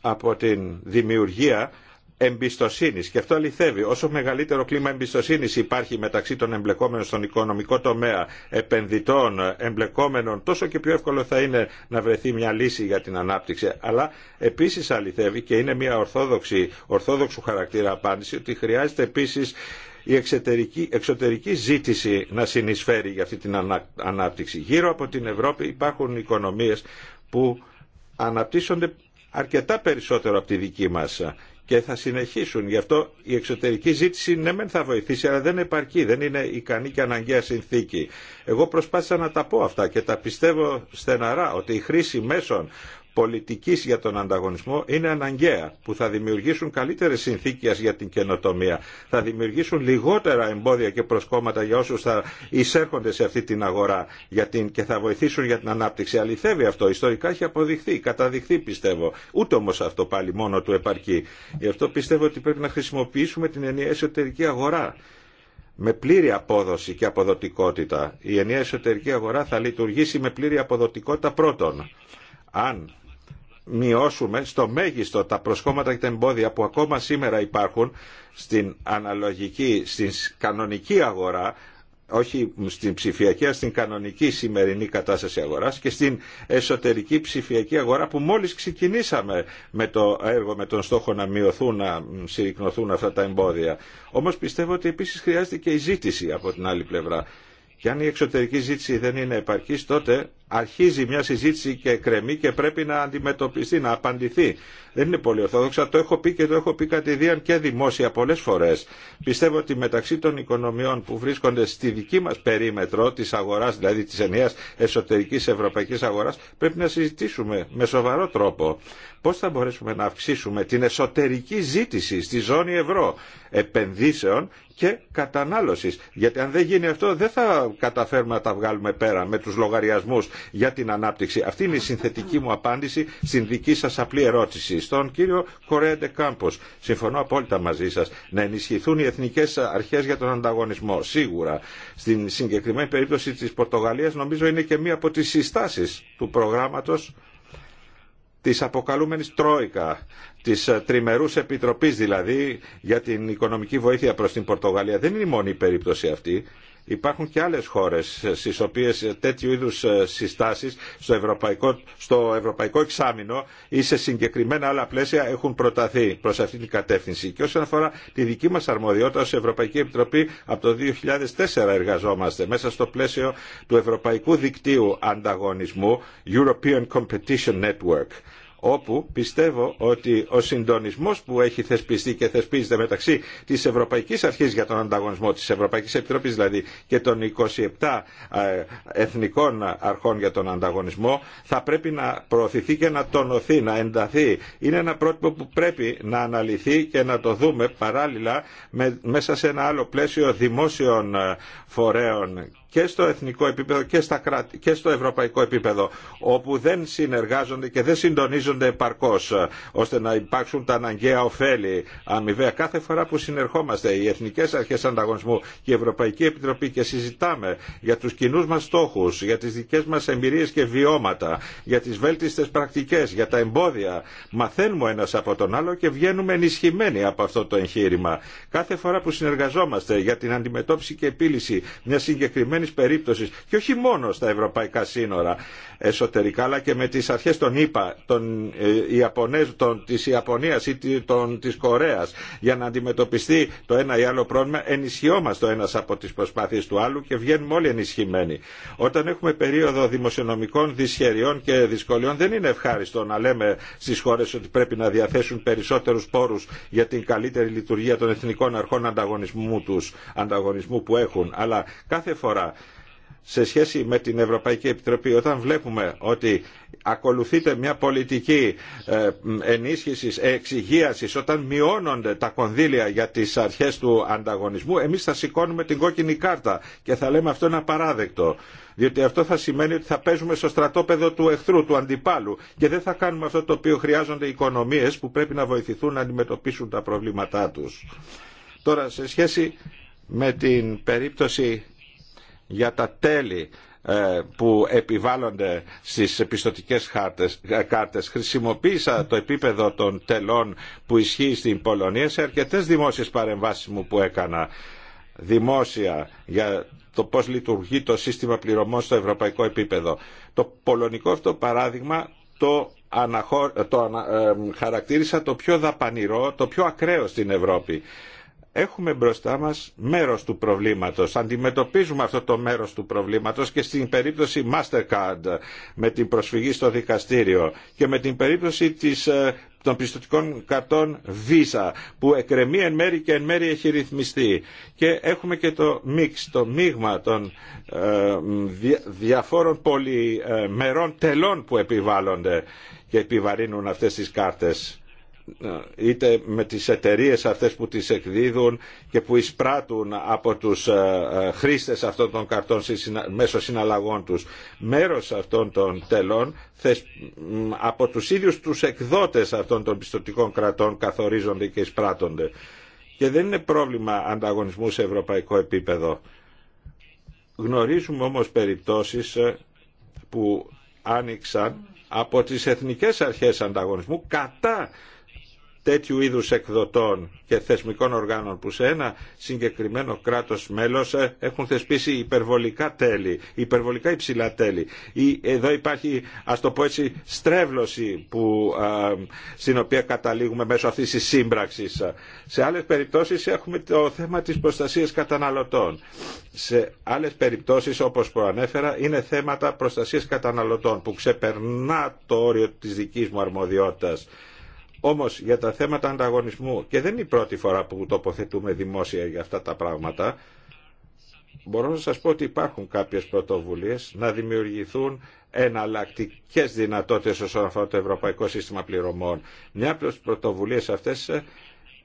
από την δημιουργία εμπιστοσύνη. Και αυτό αληθεύει. Όσο μεγαλύτερο κλίμα εμπιστοσύνη υπάρχει μεταξύ των εμπλεκόμενων στον οικονομικό τομέα, επενδυτών, εμπλεκόμενων, τόσο και πιο εύκολο θα είναι να βρεθεί μια λύση για την ανάπτυξη. Αλλά επίση αληθεύει και είναι μια ορθόδοξη, ορθόδοξου χαρακτήρα απάντηση ότι χρειάζεται επίση η εξωτερική, εξωτερική ζήτηση να συνεισφέρει για αυτή την ανάπτυξη. Γύρω από την Ευρώπη υπάρχουν οικονομίες που αναπτύσσονται αρκετά περισσότερο από τη δική μας και θα συνεχίσουν. Γι' αυτό η εξωτερική ζήτηση ναι μεν θα βοηθήσει, αλλά δεν επαρκεί, δεν είναι ικανή και αναγκαία συνθήκη. Εγώ προσπάθησα να τα πω αυτά και τα πιστεύω στεναρά ότι η χρήση μέσων πολιτικής για τον ανταγωνισμό είναι αναγκαία, που θα δημιουργήσουν καλύτερες συνθήκες για την καινοτομία. Θα δημιουργήσουν λιγότερα εμπόδια και προσκόμματα για όσους θα εισέρχονται σε αυτή την αγορά για την, και θα βοηθήσουν για την ανάπτυξη. Αληθεύει αυτό, ιστορικά έχει αποδειχθεί, καταδειχθεί πιστεύω. Ούτε όμως αυτό πάλι μόνο του επαρκεί. Γι' αυτό πιστεύω ότι πρέπει να χρησιμοποιήσουμε την ενιαία εσωτερική αγορά με πλήρη απόδοση και αποδοτικότητα. Η ενιαία εσωτερική αγορά θα λειτουργήσει με πλήρη αποδοτικότητα πρώτον. Αν μειώσουμε στο μέγιστο τα προσκόμματα και τα εμπόδια που ακόμα σήμερα υπάρχουν στην αναλογική, στην κανονική αγορά όχι στην ψηφιακή, αλλά στην κανονική σημερινή κατάσταση αγοράς και στην εσωτερική ψηφιακή αγορά που μόλις ξεκινήσαμε με το έργο, με τον στόχο να μειωθούν, να συρρυκνωθούν αυτά τα εμπόδια. Όμως πιστεύω ότι επίσης χρειάζεται και η ζήτηση από την άλλη πλευρά. Και αν η εξωτερική ζήτηση δεν είναι επαρκής, τότε αρχίζει μια συζήτηση και κρεμεί και πρέπει να αντιμετωπιστεί, να απαντηθεί. Δεν είναι πολύ ορθόδοξα, το έχω πει και το έχω πει κατηδίαν και δημόσια πολλέ φορέ. Πιστεύω ότι μεταξύ των οικονομιών που βρίσκονται στη δική μα περίμετρο τη αγορά, δηλαδή τη ενιαίας εσωτερικής ευρωπαϊκής αγοράς, πρέπει να συζητήσουμε με σοβαρό τρόπο Πώ θα μπορέσουμε να αυξήσουμε την εσωτερική ζήτηση στη ζώνη ευρώ επενδύσεων και κατανάλωση. Γιατί αν δεν γίνει αυτό δεν θα καταφέρουμε να τα βγάλουμε πέρα με τους λογαριασμού για την ανάπτυξη. Αυτή είναι η συνθετική μου απάντηση στην δική σα απλή ερώτηση. Στον κύριο Κορέντε Κάμπο. συμφωνώ απόλυτα μαζί σα, να ενισχυθούν οι εθνικές αρχές για τον ανταγωνισμό. Σίγουρα, στην συγκεκριμένη περίπτωση τη Πορτογαλίας νομίζω είναι και μία από τι συστάσει του προγράμματο της αποκαλούμενης Τρόικα, της ε, Τριμερούς Επιτροπής δηλαδή για την οικονομική βοήθεια προς την Πορτογαλία. Δεν είναι η μόνη περίπτωση αυτή. Υπάρχουν και άλλες χώρες ε, στις οποίες ε, τέτοιου είδους συστάσεις στο ευρωπαϊκό, στο ευρωπαϊκό εξάμεινο ή σε συγκεκριμένα άλλα πλαίσια έχουν προταθεί προς αυτή την κατεύθυνση. Και όσον αφορά τη δική μας αρμοδιότητα ως Ευρωπαϊκή Επιτροπή από το 2004 εργαζόμαστε μέσα στο πλαίσιο του Ευρωπαϊκού Δικτύου Ανταγωνισμού European Competition Network όπου πιστεύω ότι ο συντονισμός που έχει θεσπιστεί και θεσπίζεται μεταξύ της Ευρωπαϊκής Αρχής για τον Ανταγωνισμό, της Ευρωπαϊκής Επιτροπής δηλαδή και των 27 ε, εθνικών αρχών για τον ανταγωνισμό θα πρέπει να προωθηθεί και να τονωθεί, να ενταθεί. Είναι ένα πρότυπο που πρέπει να αναλυθεί και να το δούμε παράλληλα με, μέσα σε ένα άλλο πλαίσιο δημόσιων ε, φορέων και στο εθνικό επίπεδο και, στα κράτη, και στο ευρωπαϊκό επίπεδο όπου δεν συνεργάζονται και δεν συντονίζονται επαρκώς ώστε να υπάρξουν τα αναγκαία ωφέλη αμοιβαία κάθε φορά που συνερχόμαστε οι εθνικές αρχές ανταγωνισμού και η Ευρωπαϊκή Επιτροπή και συζητάμε για τους κοινού μας στόχους, για τις δικές μας εμπειρίες και βιώματα, για τις βέλτιστες πρακτικές, για τα εμπόδια. Μαθαίνουμε ένας από τον άλλο και βγαίνουμε ενισχυμένοι από αυτό το εγχείρημα. Κάθε φορά που συνεργαζόμαστε για την αντιμετώπιση και επίλυση μια συγκεκριμένη περίπτωσης και όχι μόνο στα ευρωπαϊκά σύνορα εσωτερικά αλλά και με τις αρχές των ΙΠΑ, των, ε, Ιαπωνές, των, της Ιαπωνίας ή των, της Κορέας για να αντιμετωπιστεί το ένα ή άλλο πρόβλημα ενισχυόμαστε ο ένας από τις προσπάθειες του άλλου και βγαίνουμε όλοι ενισχυμένοι. Όταν έχουμε περίοδο δημοσιονομικών δυσχεριών και δυσκολιών δεν είναι ευχάριστο να λέμε στις χώρες ότι πρέπει να διαθέσουν περισσότερους πόρους για την καλύτερη λειτουργία των εθνικών αρχών ανταγωνισμού τους, ανταγωνισμού που έχουν. Αλλά κάθε φορά σε σχέση με την Ευρωπαϊκή Επιτροπή όταν βλέπουμε ότι ακολουθείται μια πολιτική ε, ενίσχυσης, εξυγίασης όταν μειώνονται τα κονδύλια για τις αρχές του ανταγωνισμού εμείς θα σηκώνουμε την κόκκινη κάρτα και θα λέμε αυτό είναι απαράδεκτο διότι αυτό θα σημαίνει ότι θα παίζουμε στο στρατόπεδο του εχθρού, του αντιπάλου και δεν θα κάνουμε αυτό το οποίο χρειάζονται οι οικονομίες που πρέπει να βοηθηθούν να αντιμετωπίσουν τα προβλήματά τους. Τώρα σε σχέση με την περίπτωση για τα τέλη ε, που επιβάλλονται στις επιστοτικές χάρτες, ε, κάρτες. Χρησιμοποίησα το επίπεδο των τελών που ισχύει στην Πολωνία σε αρκετές δημόσιες παρεμβάσεις μου που έκανα δημόσια για το πώς λειτουργεί το σύστημα πληρωμών στο ευρωπαϊκό επίπεδο. Το πολωνικό αυτό παράδειγμα το, το ε, χαρακτήρισα το πιο δαπανηρό, το πιο ακραίο στην Ευρώπη έχουμε μπροστά μας μέρος του προβλήματος. Αντιμετωπίζουμε αυτό το μέρος του προβλήματος και στην περίπτωση Mastercard με την προσφυγή στο δικαστήριο και με την περίπτωση της ε, των πιστοτικών κατών Visa που εκρεμεί εν μέρη και εν μέρη έχει ρυθμιστεί. Και έχουμε και το μίξ, το μείγμα των ε, διαφόρων πολυμερών ε, τελών που επιβάλλονται και επιβαρύνουν αυτές τις κάρτες είτε με τις εταιρείες αυτές που τις εκδίδουν και που εισπράττουν από τους ε, ε, χρήστες αυτών των καρτών μέσω συναλλαγών τους. Μέρος αυτών των τελών από τους ίδιους τους εκδότες αυτών των πιστοτικών κρατών καθορίζονται και εισπράττονται. Και δεν είναι πρόβλημα ανταγωνισμού σε ευρωπαϊκό επίπεδο. Γνωρίζουμε όμως περιπτώσεις ε, που άνοιξαν από τις εθνικές αρχές ανταγωνισμού κατά τέτοιου είδους εκδοτών και θεσμικών οργάνων που σε ένα συγκεκριμένο κράτος μέλος ε, έχουν θεσπίσει υπερβολικά τέλη, υπερβολικά υψηλά τέλη. Εδώ υπάρχει, ας το πω έτσι, στρέβλωση που, στην οποία καταλήγουμε μέσω αυτής της σύμπραξης. Σε άλλες περιπτώσεις έχουμε το θέμα της προστασίας καταναλωτών. Σε άλλες περιπτώσεις, όπως προανέφερα, είναι θέματα προστασίας καταναλωτών που ξεπερνά το όριο της δικής μου αρμοδιότητας. Όμως για τα θέματα ανταγωνισμού, και δεν είναι η πρώτη φορά που τοποθετούμε δημόσια για αυτά τα πράγματα, μπορώ να σας πω ότι υπάρχουν κάποιες πρωτοβουλίες να δημιουργηθούν εναλλακτικέ δυνατότητες όσον αφορά το Ευρωπαϊκό Σύστημα Πληρωμών. Μια από τις πρωτοβουλίες αυτές ε,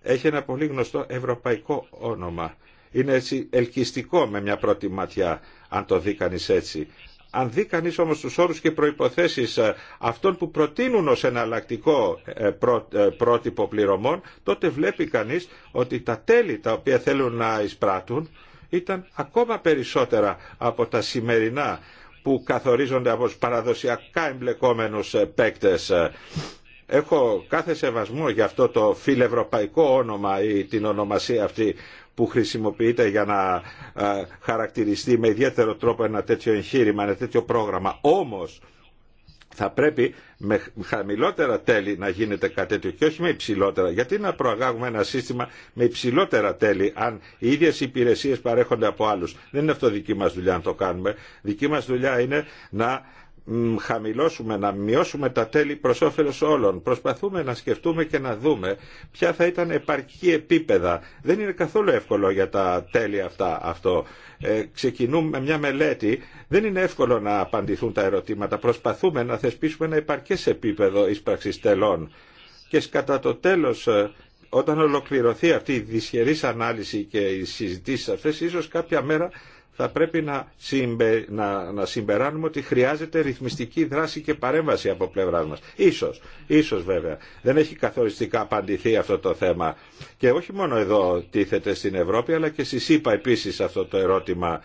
έχει ένα πολύ γνωστό ευρωπαϊκό όνομα. Είναι έτσι ελκυστικό με μια πρώτη ματιά, αν το δει έτσι. Αν δει κανείς όμως τους όρους και προϋποθέσεις ε, αυτών που προτείνουν ως εναλλακτικό ε, ε, πρότυπο πληρωμών, τότε βλέπει κανείς ότι τα τέλη τα οποία θέλουν να εισπράττουν ήταν ακόμα περισσότερα από τα σημερινά που καθορίζονται από παραδοσιακά εμπλεκόμενους παίκτες. Έχω κάθε σεβασμό για αυτό το φιλευρωπαϊκό όνομα ή την ονομασία αυτή, που χρησιμοποιείται για να ε, χαρακτηριστεί με ιδιαίτερο τρόπο ένα τέτοιο εγχείρημα, ένα τέτοιο πρόγραμμα. Όμως θα πρέπει με χαμηλότερα τέλη να γίνεται κάτι τέτοιο και όχι με υψηλότερα. Γιατί να προαγάγουμε ένα σύστημα με υψηλότερα τέλη αν οι ίδιες υπηρεσίες παρέχονται από άλλους. Δεν είναι αυτό δική μας δουλειά να το κάνουμε. Δική μας δουλειά είναι να χαμηλώσουμε, να μειώσουμε τα τέλη προς όφελος όλων. Προσπαθούμε να σκεφτούμε και να δούμε ποια θα ήταν επαρκή επίπεδα. Δεν είναι καθόλου εύκολο για τα τέλη αυτά αυτό. Ε, ξεκινούμε με μια μελέτη. Δεν είναι εύκολο να απαντηθούν τα ερωτήματα. Προσπαθούμε να θεσπίσουμε ένα επαρκές επίπεδο εισπραξης τελών. Και κατά το τέλος ε, όταν ολοκληρωθεί αυτή η δυσχερής ανάλυση και οι συζητήσει αυτέ, ίσω κάποια μέρα θα πρέπει να, να... να συμπεράνουμε ότι χρειάζεται ρυθμιστική δράση και παρέμβαση από πλευρά μα. Ίσως, ίσως βέβαια. Δεν έχει καθοριστικά απαντηθεί αυτό το θέμα. Και όχι μόνο εδώ τίθεται στην Ευρώπη, αλλά και στη ΣΥΠΑ επίση αυτό το ερώτημα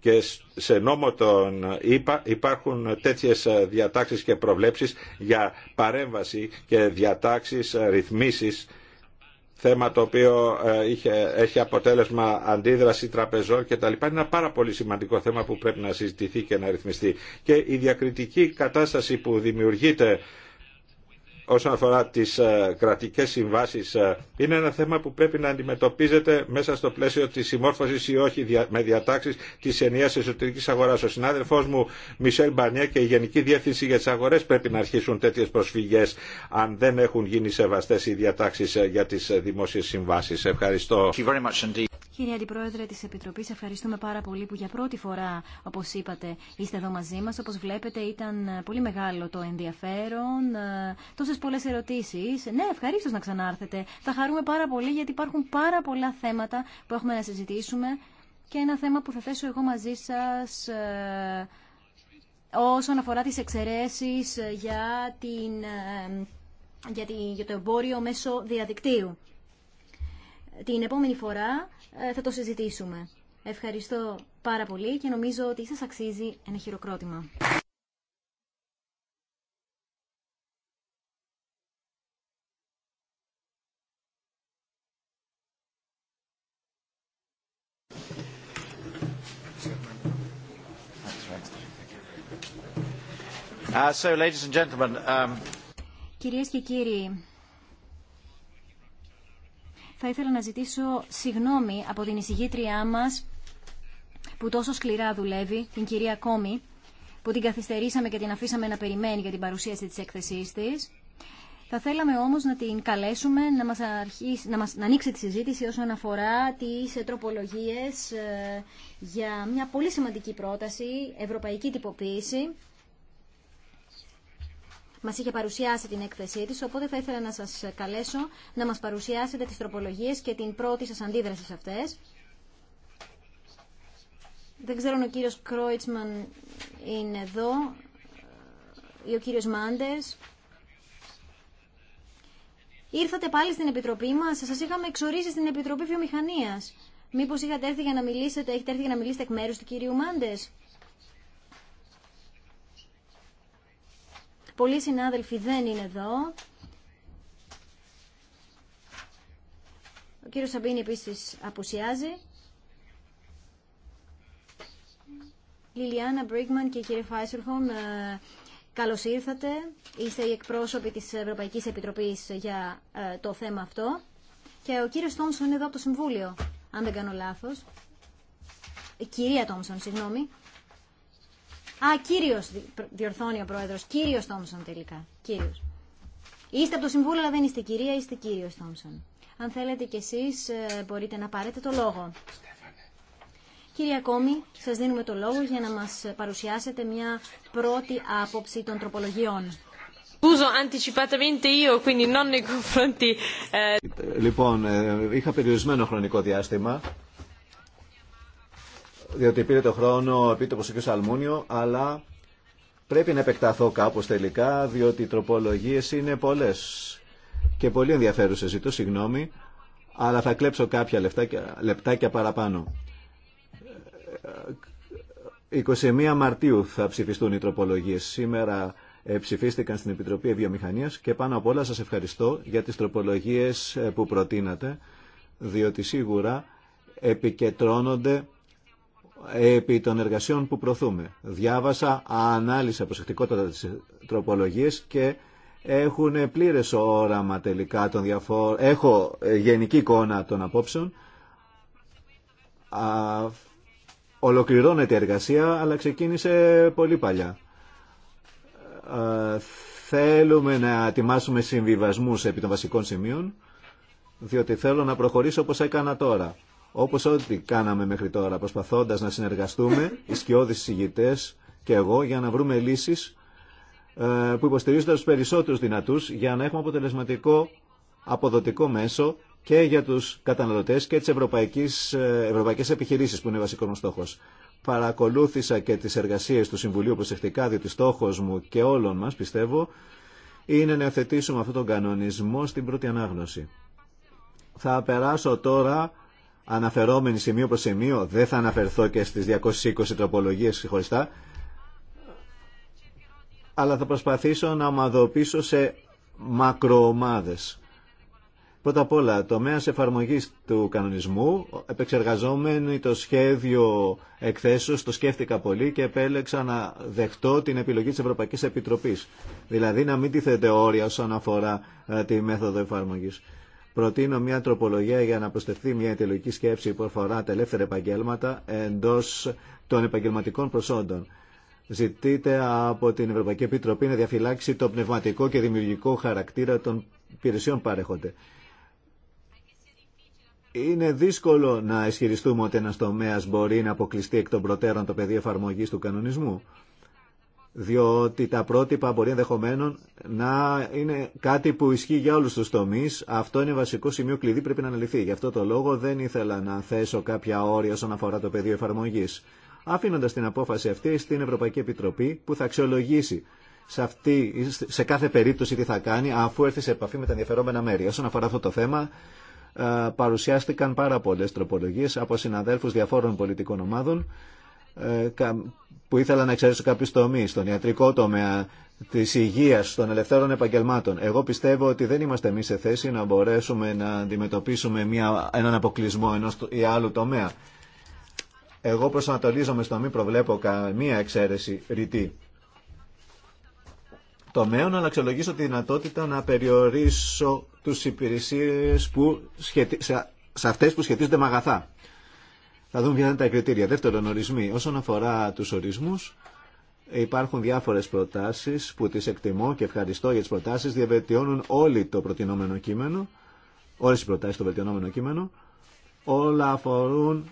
και σε νόμο των ΙΠΑ υπάρχουν τέτοιες διατάξεις και προβλέψεις για παρέμβαση και διατάξεις, ρυθμίσεις θέμα το οποίο ε, είχε, έχει αποτέλεσμα αντίδραση τραπεζών λοιπά. Είναι ένα πάρα πολύ σημαντικό θέμα που πρέπει να συζητηθεί και να ρυθμιστεί. Και η διακριτική κατάσταση που δημιουργείται όσον αφορά τις ε, κρατικές συμβάσεις ε, είναι ένα θέμα που πρέπει να αντιμετωπίζεται μέσα στο πλαίσιο της συμμόρφωσης ή όχι με διατάξεις της ενιαίας εσωτερικής αγοράς. Ο συνάδελφός μου Μισελ Μπανιέ και η Γενική Διεύθυνση για τις Αγορές πρέπει να αρχίσουν τέτοιες προσφυγές αν δεν έχουν γίνει σεβαστές οι διατάξεις ε, για τις δημόσιες συμβάσεις. Ευχαριστώ. Κύριε Αντιπρόεδρε της Επιτροπής, ευχαριστούμε πάρα πολύ που για πρώτη φορά, όπως είπατε, είστε εδώ μαζί μας. Όπως βλέπετε, ήταν πολύ μεγάλο το ενδιαφέρον πολλές ερωτήσεις. Ναι, ευχαρίστω να ξανάρθετε. Θα χαρούμε πάρα πολύ γιατί υπάρχουν πάρα πολλά θέματα που έχουμε να συζητήσουμε και ένα θέμα που θα θέσω εγώ μαζί σας ε, όσον αφορά τις εξαιρέσεις για, ε, για, για το εμπόριο μέσω διαδικτύου. Την επόμενη φορά ε, θα το συζητήσουμε. Ευχαριστώ πάρα πολύ και νομίζω ότι σας αξίζει ένα χειροκρότημα. Uh, um, Κυρίες και κύριοι, θα ήθελα να ζητήσω συγγνώμη από την εισηγήτριά μας που τόσο σκληρά δουλεύει, την κυρία Κόμη, που την καθυστερήσαμε και την αφήσαμε να περιμένει για την παρουσίαση της έκθεσής της. Θα θέλαμε όμως να την καλέσουμε να, μας αρχίσει, να, μας, να ανοίξει τη συζήτηση όσον αφορά τις ε, τροπολογίες ε, για μια πολύ σημαντική πρόταση, ευρωπαϊκή τυποποίηση, Μα είχε παρουσιάσει την έκθεσή τη, οπότε θα ήθελα να σας καλέσω να μας παρουσιάσετε τις τροπολογίες και την πρώτη σας αντίδραση σε αυτές. Δεν ξέρω αν ο κύριο Κρόιτσμαν είναι εδώ ή ο κύριος Μάντες. Ήρθατε πάλι στην Επιτροπή μας, σας είχαμε εξορίσει στην Επιτροπή Βιομηχανίας. Μήπως είχατε έρθει για να μιλήσετε, έχετε έρθει για να μιλήσετε εκ μέρους του κυρίου Μάντες. Πολλοί συνάδελφοι δεν είναι εδώ. Ο κύριος Σαμπίνη επίσης απουσιάζει. Λιλιάνα Μπρίγκμαν και κύριε Φάισερχομ, ε, καλώς ήρθατε. Είστε οι εκπρόσωποι της Ευρωπαϊκής Επιτροπής για ε, το θέμα αυτό. Και ο κύριος Τόμσον είναι εδώ από το Συμβούλιο, αν δεν κάνω λάθος. Ε, κυρία Τόμσον, συγγνώμη. Α, κύριος, διορθώνει ο πρόεδρο. Κύριος Τόμσον τελικά. Κύριος. Είστε από το Συμβούλιο, αλλά δεν είστε κυρία, είστε κύριος Τόμσον. Αν θέλετε κι εσείς ε, μπορείτε να πάρετε το λόγο. Κύριε Ακόμη, σας δίνουμε το λόγο για να μας παρουσιάσετε μια πρώτη άποψη των τροπολογιών. Λοιπόν, είχα περιορισμένο χρονικό διάστημα διότι πήρε το χρόνο επί το ο Σαλμούνιο, αλλά πρέπει να επεκταθώ κάπως τελικά, διότι οι τροπολογίες είναι πολλές και πολύ ενδιαφέρουσες, ζητώ συγγνώμη, αλλά θα κλέψω κάποια λεπτάκια, λεπτάκια παραπάνω. 21 ε, ε, Μαρτίου θα ψηφιστούν οι τροπολογίες. Σήμερα ε, ψηφίστηκαν στην Επιτροπή Βιομηχανίας και πάνω απ' όλα σας ευχαριστώ για τις τροπολογίες που προτείνατε, διότι σίγουρα επικεντρώνονται επί των εργασιών που προωθούμε. Διάβασα, ανάλυσα προσεκτικότατα τις τροπολογίες και έχουν πλήρες όραμα τελικά των διαφόρων... Έχω γενική εικόνα των απόψεων. Ολοκληρώνεται η εργασία, αλλά ξεκίνησε πολύ παλιά. Θέλουμε να ετοιμάσουμε συμβιβασμούς επί των βασικών σημείων, διότι θέλω να προχωρήσω όπως έκανα τώρα Όπω ό,τι κάναμε μέχρι τώρα, προσπαθώντα να συνεργαστούμε, οι σκιώδεις συγητές και εγώ, για να βρούμε λύσεις ε, που υποστηρίζονται του περισσότερου δυνατού για να έχουμε αποτελεσματικό αποδοτικό μέσο και για του καταναλωτέ και τι ευρωπαϊκέ ε, ευρωπαϊκές επιχειρήσεις που είναι βασικό μου στόχος. Παρακολούθησα και τι εργασίε του Συμβουλίου προσεκτικά, διότι στόχο μου και όλων μα, πιστεύω, είναι να υιοθετήσουμε αυτόν τον κανονισμό στην πρώτη ανάγνωση. Θα περάσω τώρα αναφερόμενοι σημείο προς σημείο, δεν θα αναφερθώ και στις 220 τροπολογίες χωριστά, αλλά θα προσπαθήσω να ομαδοποιήσω σε μακροομάδες. Πρώτα απ' όλα, τομέα εφαρμογή του κανονισμού. Επεξεργαζόμενοι το σχέδιο εκθέσεως το σκέφτηκα πολύ και επέλεξα να δεχτώ την επιλογή τη Ευρωπαϊκή Επιτροπή. Δηλαδή, να μην τίθεται όρια όσον αφορά ε, τη μέθοδο εφαρμογή. Προτείνω μια τροπολογία για να προστεθεί μια ιδεολογική σκέψη που αφορά τα ελεύθερα επαγγέλματα εντό των επαγγελματικών προσόντων. Ζητείται από την Ευρωπαϊκή Επιτροπή να διαφυλάξει το πνευματικό και δημιουργικό χαρακτήρα των υπηρεσιών που παρέχονται. Είναι δύσκολο να ισχυριστούμε ότι ένα τομέα μπορεί να αποκλειστεί εκ των προτέρων το πεδίο εφαρμογή του κανονισμού διότι τα πρότυπα μπορεί ενδεχομένω να είναι κάτι που ισχύει για όλους τους τομείς. Αυτό είναι βασικό σημείο κλειδί πρέπει να αναλυθεί. Γι' αυτό το λόγο δεν ήθελα να θέσω κάποια όρια όσον αφορά το πεδίο εφαρμογής. Αφήνοντας την απόφαση αυτή στην Ευρωπαϊκή Επιτροπή που θα αξιολογήσει σε, αυτή, σε κάθε περίπτωση τι θα κάνει αφού έρθει σε επαφή με τα ενδιαφερόμενα μέρη. Όσον αφορά αυτό το θέμα, ε, παρουσιάστηκαν πάρα πολλές τροπολογίες από συναδέλφους διαφόρων πολιτικών ομάδων ε, που ήθελα να εξαιρέσω κάποιου τομεί, στον ιατρικό τομέα, τη υγεία, των ελευθέρων επαγγελμάτων. Εγώ πιστεύω ότι δεν είμαστε εμεί σε θέση να μπορέσουμε να αντιμετωπίσουμε μια, έναν αποκλεισμό ενό ή άλλου τομέα. Εγώ προσανατολίζομαι στο μη προβλέπω καμία εξαίρεση ρητή τομέων, αλλά αξιολογήσω τη δυνατότητα να περιορίσω τους υπηρεσίες που σχετι... σε... σε αυτές που σχετίζονται με αγαθά. Θα δούμε ποια είναι τα κριτήρια. Δεύτερον, ορισμοί. Όσον αφορά του ορισμού, υπάρχουν διάφορε προτάσει που τι εκτιμώ και ευχαριστώ για τι προτάσει Διαβελτιώνουν όλοι το προτινόμενο κείμενο, όλε οι προτάσει στο βελτιωμένο κείμενο. Όλα αφορούν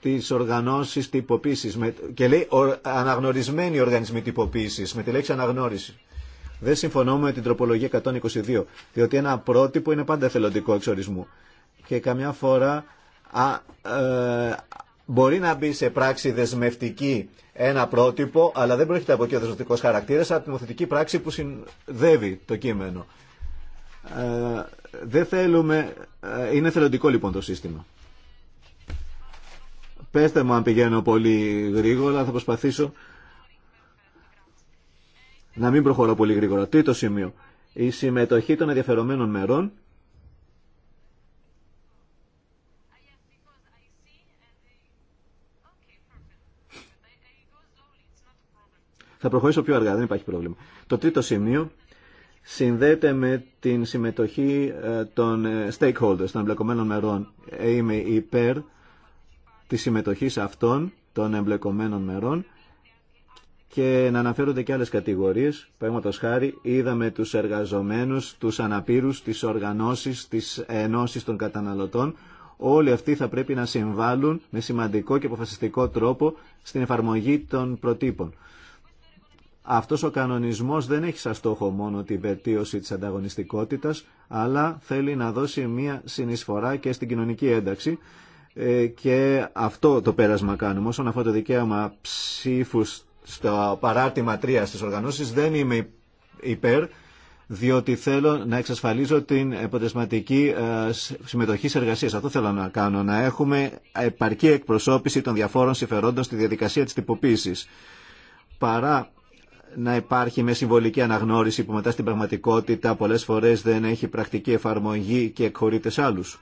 τι οργανώσει τυποποίηση. και λέει αναγνωρισμένοι οργανισμοί τυποποίηση με τη λέξη αναγνώριση. Δεν συμφωνώ με την τροπολογία 122, διότι ένα πρότυπο είναι πάντα εθελοντικό εξορισμού. Και καμιά φορά α, ε, μπορεί να μπει σε πράξη δεσμευτική ένα πρότυπο, αλλά δεν προέρχεται από εκεί ο δεσμευτικό χαρακτήρα, αλλά από την οθετική πράξη που συνδεύει το κείμενο. Ε, δεν θέλουμε. Ε, είναι θελοντικό λοιπόν το σύστημα. Πέστε μου αν πηγαίνω πολύ γρήγορα, θα προσπαθήσω να μην προχωρώ πολύ γρήγορα. Τρίτο σημείο. Η συμμετοχή των ενδιαφερομένων μερών Θα προχωρήσω πιο αργά, δεν υπάρχει πρόβλημα. Το τρίτο σημείο συνδέεται με την συμμετοχή ε, των ε, stakeholders, των εμπλεκομένων μερών. Ε, είμαι υπέρ της συμμετοχής αυτών των εμπλεκομένων μερών και να αναφέρονται και άλλες κατηγορίες. Παραδείγματο χάρη είδαμε τους εργαζομένους, τους αναπήρους, τις οργανώσεις, τις ενώσεις των καταναλωτών. Όλοι αυτοί θα πρέπει να συμβάλλουν με σημαντικό και αποφασιστικό τρόπο στην εφαρμογή των προτύπων. Αυτός ο κανονισμός δεν έχει σαν στόχο μόνο την βελτίωση της ανταγωνιστικότητας, αλλά θέλει να δώσει μία συνεισφορά και στην κοινωνική ένταξη. Ε, και αυτό το πέρασμα κάνουμε. Όσον αφορά το δικαίωμα ψήφου στο παράρτημα 3 στις οργανώσεις, δεν είμαι υπέρ, διότι θέλω να εξασφαλίζω την αποτελεσματική ε, συμμετοχή σε εργασίες. Αυτό θέλω να κάνω, να έχουμε επαρκή εκπροσώπηση των διαφόρων συμφερόντων στη διαδικασία της τυποποίησης. Παρά να υπάρχει μια συμβολική αναγνώριση που μετά στην πραγματικότητα πολλές φορές δεν έχει πρακτική εφαρμογή και εκχωρείται σε άλλους.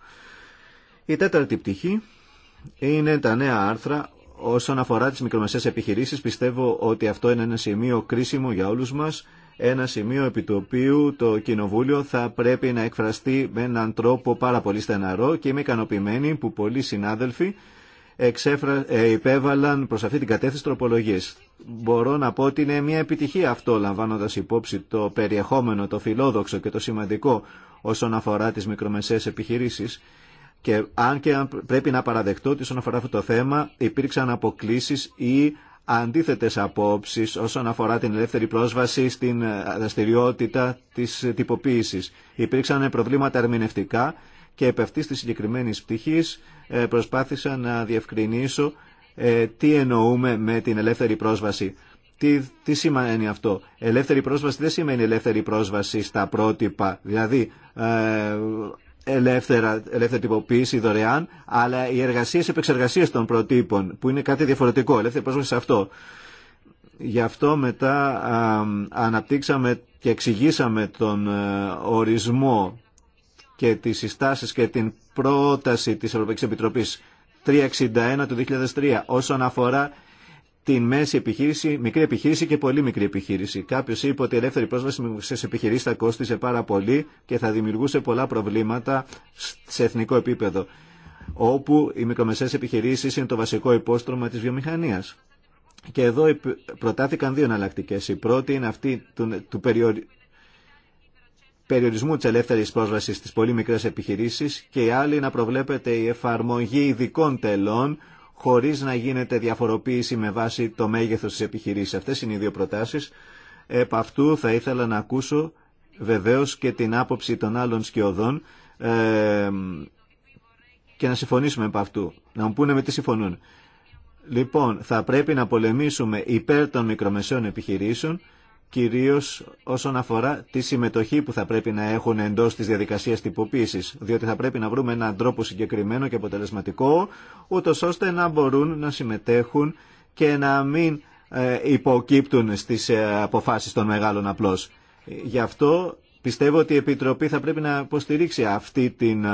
Η τέταρτη πτυχή είναι τα νέα άρθρα όσον αφορά τις μικρομεσαίες επιχειρήσεις. Πιστεύω ότι αυτό είναι ένα σημείο κρίσιμο για όλους μας, ένα σημείο επί του οποίου το Κοινοβούλιο θα πρέπει να εκφραστεί με έναν τρόπο πάρα πολύ στεναρό και είμαι ικανοποιημένη που πολλοί συνάδελφοι εξέφρα, ε, υπέβαλαν προς αυτή την κατεύθυνση τροπολογίες. Μπορώ να πω ότι είναι μια επιτυχία αυτό, λαμβάνοντας υπόψη το περιεχόμενο, το φιλόδοξο και το σημαντικό όσον αφορά τις μικρομεσαίες επιχειρήσεις. Και αν και πρέπει να παραδεχτώ ότι όσον αφορά αυτό το θέμα υπήρξαν αποκλήσεις ή αντίθετες απόψεις όσον αφορά την ελεύθερη πρόσβαση στην ε, δραστηριότητα της τυποποίησης. Υπήρξαν προβλήματα ερμηνευτικά και επ' αυτής της συγκεκριμένης πτυχής ε, προσπάθησα να διευκρινίσω ε, τι εννοούμε με την ελεύθερη πρόσβαση. Τι, τι σημαίνει αυτό. Ελεύθερη πρόσβαση δεν σημαίνει ελεύθερη πρόσβαση στα πρότυπα, δηλαδή ε, ελεύθερα, ελεύθερη τυποποίηση δωρεάν, αλλά οι εργασίες επεξεργασίες των προτύπων, που είναι κάτι διαφορετικό, ελεύθερη πρόσβαση σε αυτό. Γι' αυτό μετά αναπτύξαμε και εξηγήσαμε τον ορισμό και τις συστάσεις και την πρόταση της Ευρωπαϊκή Επιτροπής 361 του 2003 όσον αφορά την μέση επιχείρηση, μικρή επιχείρηση και πολύ μικρή επιχείρηση. Κάποιο είπε ότι η ελεύθερη πρόσβαση στι επιχειρήσει θα κόστιζε πάρα πολύ και θα δημιουργούσε πολλά προβλήματα σε εθνικό επίπεδο. Όπου οι μικρομεσαίε επιχειρήσει είναι το βασικό υπόστρωμα τη βιομηχανία. Και εδώ προτάθηκαν δύο εναλλακτικέ. Η πρώτη είναι αυτή του, του, περιορισμού της ελεύθερης πρόσβασης στις πολύ μικρές επιχειρήσεις και η άλλη να προβλέπεται η εφαρμογή ειδικών τελών χωρίς να γίνεται διαφοροποίηση με βάση το μέγεθος της επιχειρήσης. Αυτές είναι οι δύο προτάσεις. Επ' αυτού θα ήθελα να ακούσω βεβαίως και την άποψη των άλλων σκιωδών ε, και να συμφωνήσουμε επ' αυτού. Να μου πούνε με τι συμφωνούν. Λοιπόν, θα πρέπει να πολεμήσουμε υπέρ των μικρομεσαίων επιχειρήσεων κυρίως όσον αφορά τη συμμετοχή που θα πρέπει να έχουν εντός της διαδικασίας τυποποίησης, διότι θα πρέπει να βρούμε έναν τρόπο συγκεκριμένο και αποτελεσματικό, ούτω ώστε να μπορούν να συμμετέχουν και να μην ε, υποκύπτουν στις ε, αποφάσεις των μεγάλων απλώς. Γι' αυτό πιστεύω ότι η Επιτροπή θα πρέπει να υποστηρίξει αυτή την ε,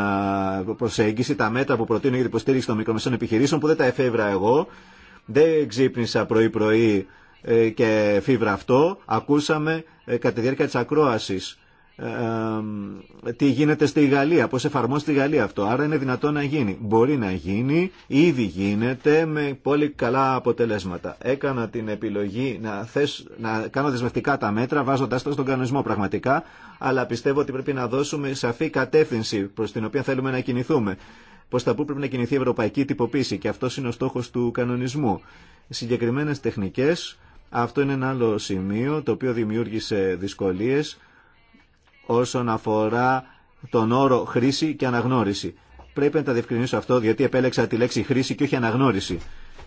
προσέγγιση, τα μέτρα που προτείνω για την υποστήριξη των μικρομεσαίων επιχειρήσεων που δεν τα εφεύρα εγώ, δεν ξύπνησα πρωί-πρωί ε, και φίβρα αυτό. Ακούσαμε ε, κατά τη διάρκεια της ακρόασης ε, τι γίνεται στη Γαλλία, πώς εφαρμόζεται στη Γαλλία αυτό. Άρα είναι δυνατό να γίνει. Μπορεί να γίνει, ήδη γίνεται με πολύ καλά αποτελέσματα. Έκανα την επιλογή να, θες, να κάνω δεσμευτικά τα μέτρα βάζοντας το στον κανονισμό πραγματικά, αλλά πιστεύω ότι πρέπει να δώσουμε σαφή κατεύθυνση προς την οποία θέλουμε να κινηθούμε. πώ τα που πρέπει να κινηθεί η ευρωπαϊκή τυποποίηση και αυτό είναι ο στόχο του κανονισμού. Συγκεκριμένε τεχνικέ. Αυτό είναι ένα άλλο σημείο το οποίο δημιούργησε δυσκολίες όσον αφορά τον όρο χρήση και αναγνώριση. Πρέπει να τα διευκρινίσω αυτό, διότι επέλεξα τη λέξη χρήση και όχι αναγνώριση.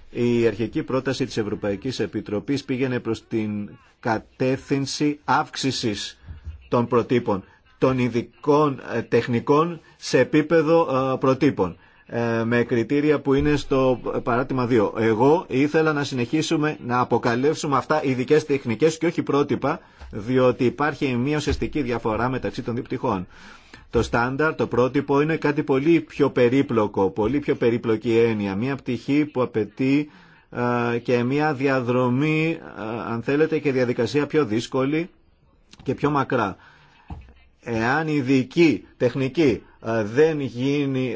Η αρχική πρόταση της Ευρωπαϊκής Επιτροπής πήγαινε προς την κατεύθυνση αύξησης των προτύπων, των ειδικών ε, τεχνικών σε επίπεδο ε, προτύπων. Ε, με κριτήρια που είναι στο παράδειγμα 2. Εγώ ήθελα να συνεχίσουμε να αποκαλέψουμε αυτά ειδικέ τεχνικέ και όχι πρότυπα, διότι υπάρχει μια ουσιαστική διαφορά μεταξύ των πτυχών. Το στάνταρ, το πρότυπο είναι κάτι πολύ πιο περίπλοκο, πολύ πιο περίπλοκη έννοια. Μια πτυχή που απαιτεί ε, και μια διαδρομή, ε, αν θέλετε, και διαδικασία πιο δύσκολη και πιο μακρά. Εάν οι τεχνική. Ε, δεν γίνει,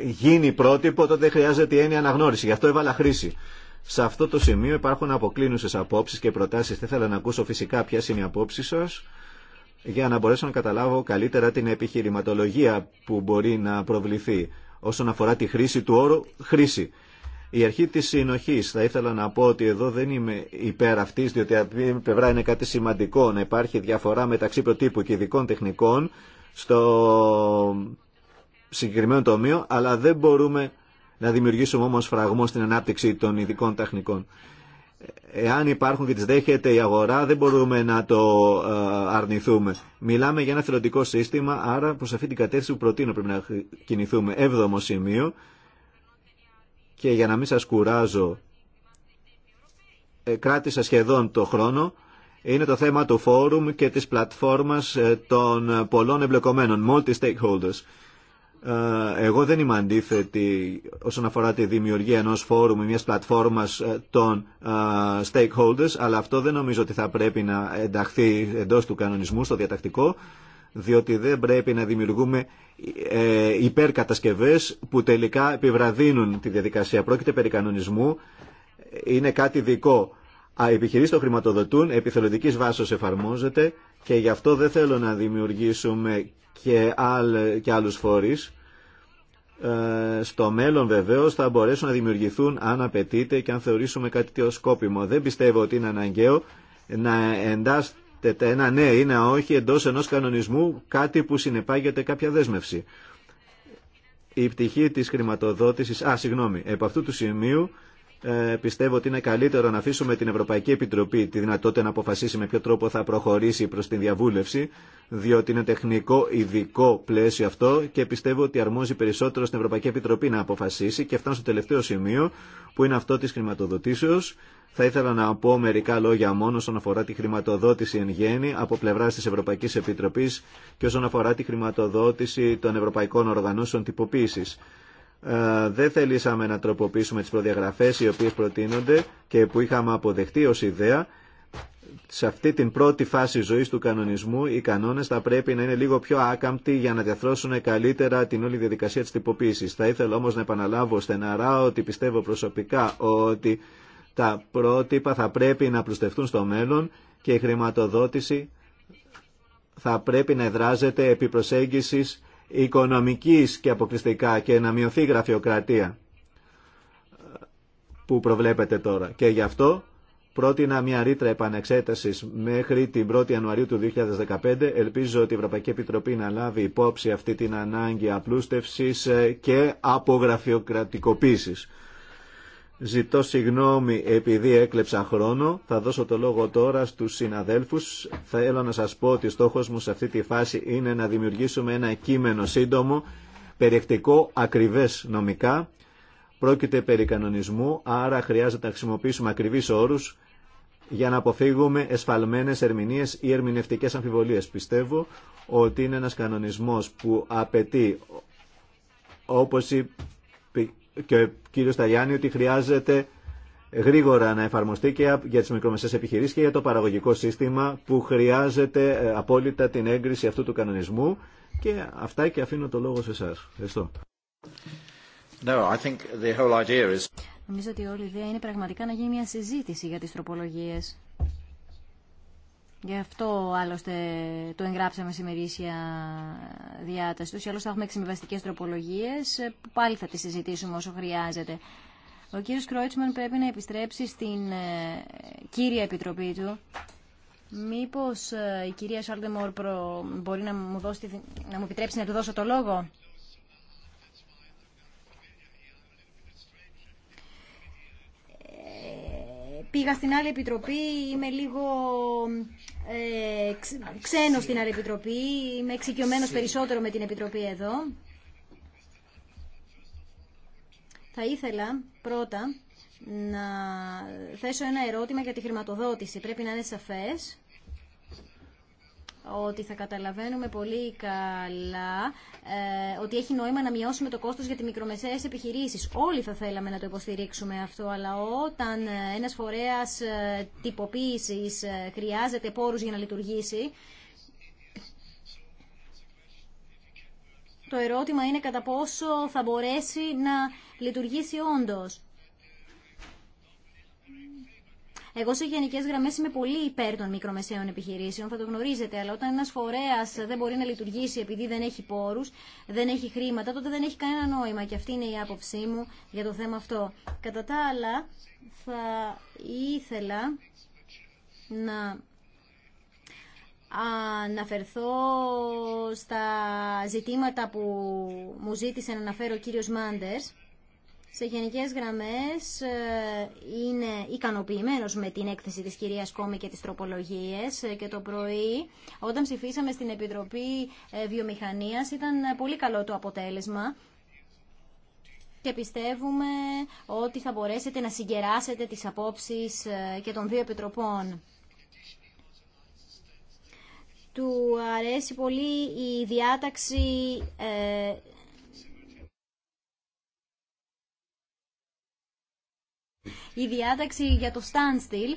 ε, γίνει πρότυπο, τότε δεν χρειάζεται η έννοια αναγνώριση. Γι' αυτό έβαλα χρήση. Σε αυτό το σημείο υπάρχουν αποκλίνουσες απόψεις και προτάσεις. Θα ήθελα να ακούσω φυσικά ποιε είναι οι απόψη σας για να μπορέσω να καταλάβω καλύτερα την επιχειρηματολογία που μπορεί να προβληθεί όσον αφορά τη χρήση του όρου χρήση. Η αρχή τη συνοχή θα ήθελα να πω ότι εδώ δεν είμαι υπέρ αυτή, διότι από την πλευρά είναι κάτι σημαντικό να υπάρχει διαφορά μεταξύ προτύπου και ειδικών τεχνικών στο συγκεκριμένο τομείο, αλλά δεν μπορούμε να δημιουργήσουμε όμω φραγμό στην ανάπτυξη των ειδικών τεχνικών. Εάν υπάρχουν και τις δέχεται η αγορά, δεν μπορούμε να το ε, αρνηθούμε. Μιλάμε για ένα θελοντικό σύστημα, άρα προς αυτή την κατεύθυνση που προτείνω πρέπει να κινηθούμε. Έβδομο σημείο, και για να μην σας κουράζω ε, κράτησα σχεδόν το χρόνο είναι το θέμα του φόρουμ και της πλατφόρμας ε, των πολλών εμπλεκομένων, multi-stakeholders. Ε, εγώ δεν είμαι αντίθετη όσον αφορά τη δημιουργία ενός φόρουμ ή μιας πλατφόρμας των stakeholders, αλλά αυτό δεν νομίζω ότι θα πρέπει να ενταχθεί εντός του κανονισμού στο διατακτικό διότι δεν πρέπει να δημιουργούμε ε, υπερκατασκευές που τελικά επιβραδύνουν τη διαδικασία. Πρόκειται περί κανονισμού, είναι κάτι δικό. Οι επιχειρήσεις το χρηματοδοτούν, επιθελοντικής βάσης εφαρμόζεται και γι' αυτό δεν θέλω να δημιουργήσουμε και, άλλ, και άλλους φορείς. Ε, στο μέλλον βεβαίως θα μπορέσουν να δημιουργηθούν αν απαιτείται και αν θεωρήσουμε κάτι σκόπιμο. Δεν πιστεύω ότι είναι αναγκαίο να εντάσσεται Σκέφτεται ένα ναι ή ένα όχι εντός ενός κανονισμού κάτι που συνεπάγεται κάποια δέσμευση. Η πτυχή της χρηματοδότησης, α, συγγνώμη, επ' αυτού του σημείου ε, πιστεύω ότι είναι καλύτερο να αφήσουμε την Ευρωπαϊκή Επιτροπή τη δυνατότητα να αποφασίσει με ποιο τρόπο θα προχωρήσει προς την διαβούλευση, διότι είναι τεχνικό ειδικό πλαίσιο αυτό και πιστεύω ότι αρμόζει περισσότερο στην Ευρωπαϊκή Επιτροπή να αποφασίσει και φτάνω στο τελευταίο σημείο που είναι αυτό της χρηματοδοτήσεως. Θα ήθελα να πω μερικά λόγια μόνο όσον αφορά τη χρηματοδότηση εν γέννη από πλευρά τη Ευρωπαϊκή Επιτροπή και όσον αφορά τη χρηματοδότηση των Ευρωπαϊκών Οργανώσεων Τυποποίηση. Ε, δεν θελήσαμε να τροποποιήσουμε τις προδιαγραφές οι οποίες προτείνονται και που είχαμε αποδεχτεί ως ιδέα. Σε αυτή την πρώτη φάση ζωής του κανονισμού οι κανόνες θα πρέπει να είναι λίγο πιο άκαμπτοι για να διαθρώσουν καλύτερα την όλη διαδικασία της τυποποίησης. Θα ήθελα όμως να επαναλάβω στεναρά ότι πιστεύω προσωπικά ότι τα πρότυπα θα πρέπει να πλουστευτούν στο μέλλον και η χρηματοδότηση θα πρέπει να εδράζεται επί προσέγγισης οικονομικής και αποκλειστικά και να μειωθεί η γραφειοκρατία που προβλέπεται τώρα. Και γι' αυτό πρότεινα μια ρήτρα επανεξέτασης μέχρι την 1η Ιανουαρίου του 2015. Ελπίζω ότι η Ευρωπαϊκή Επιτροπή να λάβει υπόψη αυτή την ανάγκη απλούστευσης και απογραφειοκρατικοποίησης. Ζητώ συγγνώμη επειδή έκλεψα χρόνο. Θα δώσω το λόγο τώρα στους συναδέλφους. Θα να σας πω ότι στόχος μου σε αυτή τη φάση είναι να δημιουργήσουμε ένα κείμενο σύντομο, περιεκτικό, ακριβές νομικά. Πρόκειται περί κανονισμού, άρα χρειάζεται να χρησιμοποιήσουμε ακριβείς όρους για να αποφύγουμε εσφαλμένες ερμηνείες ή ερμηνευτικές αμφιβολίες. Πιστεύω ότι είναι ένας κανονισμός που απαιτεί, όπως και ο κύριο Ταλιάνη ότι χρειάζεται γρήγορα να εφαρμοστεί και για τι μικρομεσαίες επιχειρήσει και για το παραγωγικό σύστημα που χρειάζεται ε, απόλυτα την έγκριση αυτού του κανονισμού και αυτά και αφήνω το λόγο σε εσά. Ευχαριστώ. No, I think the whole idea is... Νομίζω ότι η ιδέα είναι πραγματικά να γίνει μια συζήτηση για τις τροπολογίες. Γι' αυτό άλλωστε το εγγράψαμε σε μερίσια διάταση του. Άλλωστε θα έχουμε εξυμβαστικέ τροπολογίε ε, που πάλι θα τι συζητήσουμε όσο χρειάζεται. Ο κύριος Κρόιτσμαν πρέπει να επιστρέψει στην ε, κύρια επιτροπή του. Μήπως ε, η κυρία Σάλτεμορ μπορεί να μου, δώσει, να μου επιτρέψει να του δώσω το λόγο. πήγα στην άλλη επιτροπή, είμαι λίγο ε, ξένος στην άλλη επιτροπή, είμαι εξοικειωμένος περισσότερο με την επιτροπή εδώ. Θα ήθελα πρώτα να θέσω ένα ερώτημα για τη χρηματοδότηση. Πρέπει να είναι σαφές ότι θα καταλαβαίνουμε πολύ καλά ε, ότι έχει νόημα να μειώσουμε το κόστος για τις μικρομεσαίες επιχειρήσεις. Όλοι θα θέλαμε να το υποστηρίξουμε αυτό, αλλά όταν ε, ένας φορέας ε, τυποποίησης χρειάζεται πόρους για να λειτουργήσει, το ερώτημα είναι κατά πόσο θα μπορέσει να λειτουργήσει όντως. Εγώ σε γενικέ γραμμέ είμαι πολύ υπέρ των μικρομεσαίων επιχειρήσεων, θα το γνωρίζετε, αλλά όταν ένα φορέα δεν μπορεί να λειτουργήσει επειδή δεν έχει πόρου, δεν έχει χρήματα, τότε δεν έχει κανένα νόημα. Και αυτή είναι η άποψή μου για το θέμα αυτό. Κατά τα άλλα, θα ήθελα να αναφερθώ στα ζητήματα που μου ζήτησε να αναφέρω ο κύριος Μάντερς σε γενικές γραμμές ε, είναι ικανοποιημένος με την έκθεση της κυρίας Κόμη και τις τροπολογίες ε, και το πρωί όταν ψηφίσαμε στην Επιτροπή ε, Βιομηχανίας ήταν πολύ καλό το αποτέλεσμα και πιστεύουμε ότι θα μπορέσετε να συγκεράσετε τις απόψεις και των δύο επιτροπών. Του αρέσει πολύ η διάταξη η διάταξη για το standstill.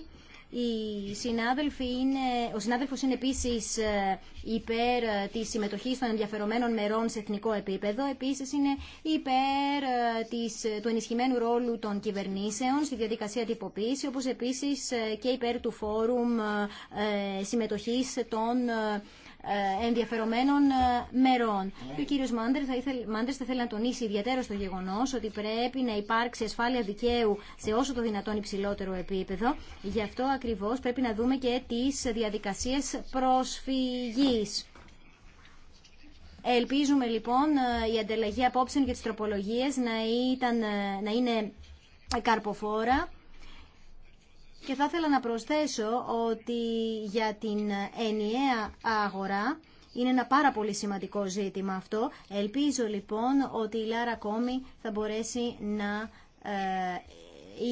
ο συνάδελφος είναι επίσης ε, υπέρ ε, της συμμετοχής των ενδιαφερομένων μερών σε εθνικό επίπεδο. Επίσης είναι υπέρ ε, της, του ενισχυμένου ρόλου των κυβερνήσεων στη διαδικασία τυποποίηση, όπως επίσης και υπέρ του φόρουμ συμμετοχής των ε, ενδιαφερομένων ε, μερών. Ο κύριος Μάντερ θα, ήθελε, Μάντερ θα θέλει να τονίσει ιδιαίτερο στο γεγονό ότι πρέπει να υπάρξει ασφάλεια δικαίου σε όσο το δυνατόν υψηλότερο επίπεδο. Γι' αυτό ακριβώς πρέπει να δούμε και τι διαδικασίες προσφυγής. Ελπίζουμε λοιπόν ε, η ανταλλαγή απόψεων για τις τροπολογίες να, να είναι καρποφόρα και θα ήθελα να προσθέσω ότι για την ενιαία αγορά είναι ένα πάρα πολύ σημαντικό ζήτημα αυτό. Ελπίζω λοιπόν ότι η Λάρα Κόμη θα μπορέσει να ε,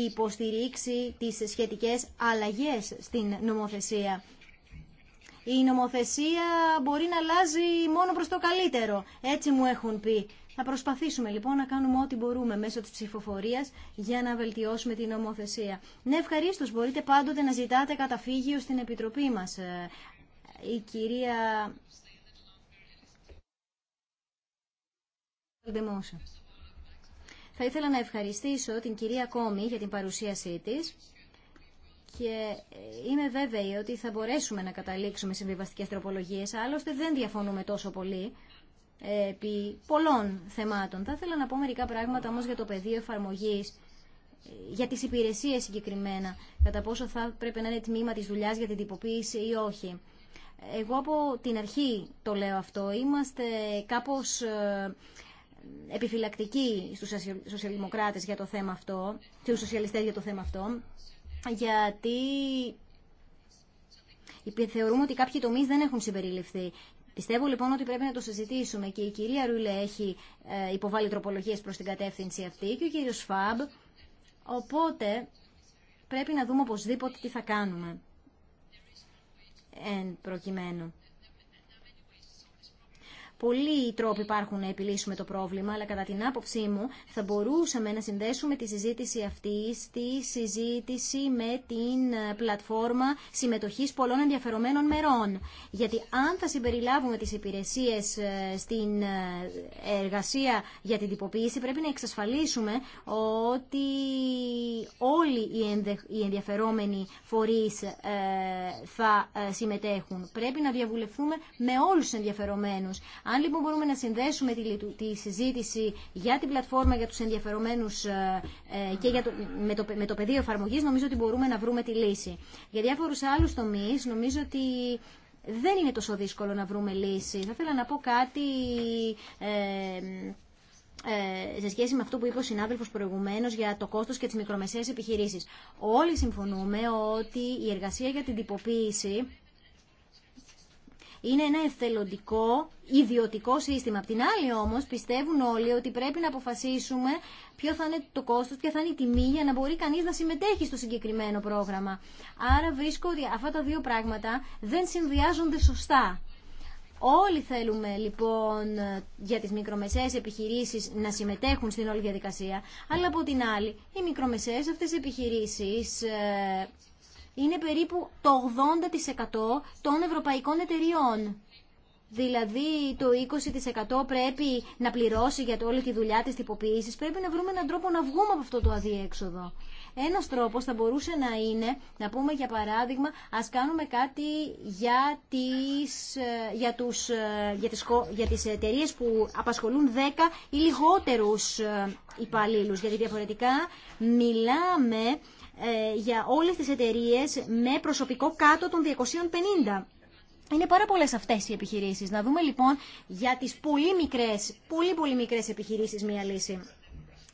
υποστηρίξει τις σχετικές αλλαγές στην νομοθεσία. Η νομοθεσία μπορεί να αλλάζει μόνο προς το καλύτερο. Έτσι μου έχουν πει θα προσπαθήσουμε λοιπόν να κάνουμε ό,τι μπορούμε μέσω τη ψηφοφορία για να βελτιώσουμε την νομοθεσία. Ναι, ευχαρίστω μπορείτε πάντοτε να ζητάτε καταφύγιο στην Επιτροπή μας. Ε, η κυρία... Θα ήθελα να ευχαριστήσω την κυρία Κόμη για την παρουσίασή της και ε, είμαι βέβαιη ότι θα μπορέσουμε να καταλήξουμε συμβιβαστικές τροπολογίες, άλλωστε δεν διαφωνούμε τόσο πολύ επί πολλών θεμάτων. Θα ήθελα να πω μερικά πράγματα όμως για το πεδίο εφαρμογής, για τις υπηρεσίες συγκεκριμένα, κατά πόσο θα πρέπει να είναι τμήμα της δουλειάς για την τυποποίηση ή όχι. Εγώ από την αρχή το λέω αυτό. Είμαστε κάπως ε, επιφυλακτικοί στους σοσιαλδημοκράτες για το θέμα αυτό, στους σοσιαλιστές για το θέμα αυτό, γιατί θεωρούμε ότι κάποιοι τομείς δεν έχουν συμπεριληφθεί. Πιστεύω λοιπόν ότι πρέπει να το συζητήσουμε και η κυρία Ρούλε έχει ε, υποβάλει τροπολογίες προς την κατεύθυνση αυτή και ο κύριος Φαμπ. Οπότε πρέπει να δούμε οπωσδήποτε τι θα κάνουμε εν προκειμένου. Πολλοί τρόποι υπάρχουν να επιλύσουμε το πρόβλημα, αλλά κατά την άποψή μου θα μπορούσαμε να συνδέσουμε τη συζήτηση αυτή στη συζήτηση με την ε, πλατφόρμα συμμετοχής πολλών ενδιαφερομένων μερών. Γιατί αν θα συμπεριλάβουμε τις υπηρεσίες ε, στην ε, εργασία για την τυποποίηση, πρέπει να εξασφαλίσουμε ότι όλοι οι ενδιαφερόμενοι φορείς θα συμμετέχουν. Πρέπει να διαβουλευτούμε με όλους του ενδιαφερομένους. Αν λοιπόν μπορούμε να συνδέσουμε τη, συζήτηση για την πλατφόρμα για τους ενδιαφερομένους ε, ε, και για το, με, το, με το πεδίο εφαρμογής, νομίζω ότι μπορούμε να βρούμε τη λύση. Για διάφορους άλλους τομείς, νομίζω ότι δεν είναι τόσο δύσκολο να βρούμε λύση. Θα ήθελα να πω κάτι ε, σε σχέση με αυτό που είπε ο συνάδελφο προηγουμένω για το κόστο και τι μικρομεσαίε επιχειρήσει. Όλοι συμφωνούμε ότι η εργασία για την τυποποίηση είναι ένα εθελοντικό, ιδιωτικό σύστημα. Απ' την άλλη όμως πιστεύουν όλοι ότι πρέπει να αποφασίσουμε ποιο θα είναι το κόστος, ποια θα είναι η τιμή για να μπορεί κανείς να συμμετέχει στο συγκεκριμένο πρόγραμμα. Άρα βρίσκω ότι αυτά τα δύο πράγματα δεν συνδυάζονται σωστά. Όλοι θέλουμε λοιπόν για τις μικρομεσαίες επιχειρήσεις να συμμετέχουν στην όλη διαδικασία, αλλά από την άλλη οι μικρομεσαίες αυτές επιχειρήσεις ε, είναι περίπου το 80% των ευρωπαϊκών εταιριών. Δηλαδή το 20% πρέπει να πληρώσει για όλη τη δουλειά της τυποποίησης. Πρέπει να βρούμε έναν τρόπο να βγούμε από αυτό το αδίέξοδο. Ένας τρόπος θα μπορούσε να είναι, να πούμε για παράδειγμα, ας κάνουμε κάτι για τις, ε, για τους, ε, για τις, για τις εταιρείες που απασχολούν 10 ή λιγότερους ε, υπαλλήλους. Γιατί διαφορετικά μιλάμε ε, για όλες τις εταιρείες με προσωπικό κάτω των 250. Είναι πάρα πολλές αυτές οι επιχειρήσεις. Να δούμε λοιπόν για τις πολύ μικρές, πολύ πολύ μικρές επιχειρήσεις μια λύση.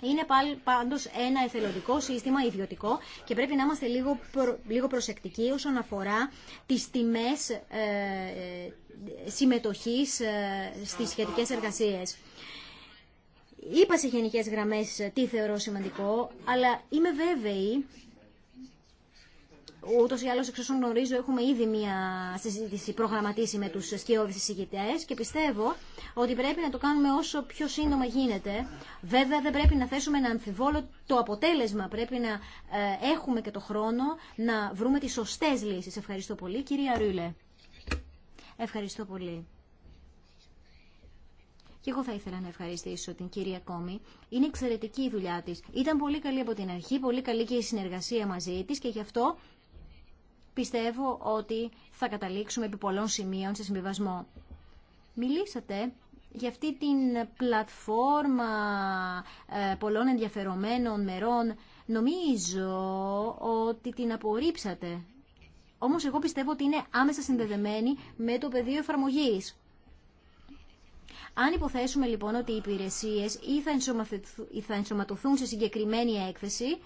Είναι πάντως ένα εθελοντικό σύστημα, ιδιωτικό και πρέπει να είμαστε λίγο, λίγο προσεκτικοί όσον αφορά τις τιμές ε, συμμετοχή ε, στι σχετικέ εργασίε. Είπα σε γενικέ γραμμέ τι θεωρώ σημαντικό, αλλά είμαι βέβαιη Ούτω ή άλλω, εξ όσων γνωρίζω, έχουμε ήδη μια συζήτηση προγραμματίσει με του σκιώδει εισηγητές και πιστεύω ότι πρέπει να το κάνουμε όσο πιο σύντομα γίνεται. Βέβαια, δεν πρέπει να θέσουμε ένα αμφιβόλο το αποτέλεσμα. Πρέπει να ε, έχουμε και το χρόνο να βρούμε τι σωστέ λύσει. Ευχαριστώ πολύ, κυρία Ρούλε. Ευχαριστώ πολύ. Και εγώ θα ήθελα να ευχαριστήσω την κυρία Κόμη. Είναι εξαιρετική η δουλειά της. Ήταν πολύ καλή από την αρχή, πολύ καλή και η συνεργασία μαζί της και γι' αυτό πιστεύω ότι θα καταλήξουμε επί πολλών σημείων σε συμβιβασμό. Μιλήσατε για αυτή την πλατφόρμα ε, πολλών ενδιαφερομένων μερών. Νομίζω ότι την απορρίψατε. Όμως εγώ πιστεύω ότι είναι άμεσα συνδεδεμένη με το πεδίο εφαρμογής. Αν υποθέσουμε λοιπόν ότι οι υπηρεσίες ή θα ενσωματωθούν σε συγκεκριμένη έκθεση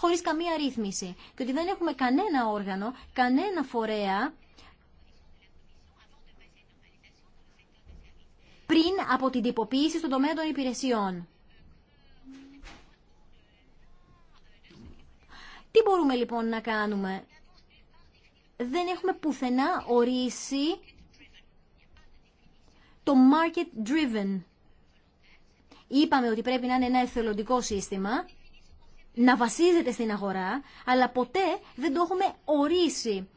χωρίς καμία ρύθμιση και ότι δεν έχουμε κανένα όργανο, κανένα φορέα πριν από την τυποποίηση στον τομέα των υπηρεσιών. Τι μπορούμε λοιπόν να κάνουμε. Δεν έχουμε πουθενά ορίσει το market driven. Είπαμε ότι πρέπει να είναι ένα εθελοντικό σύστημα να βασίζεται στην αγορά, αλλά ποτέ δεν το έχουμε ορίσει.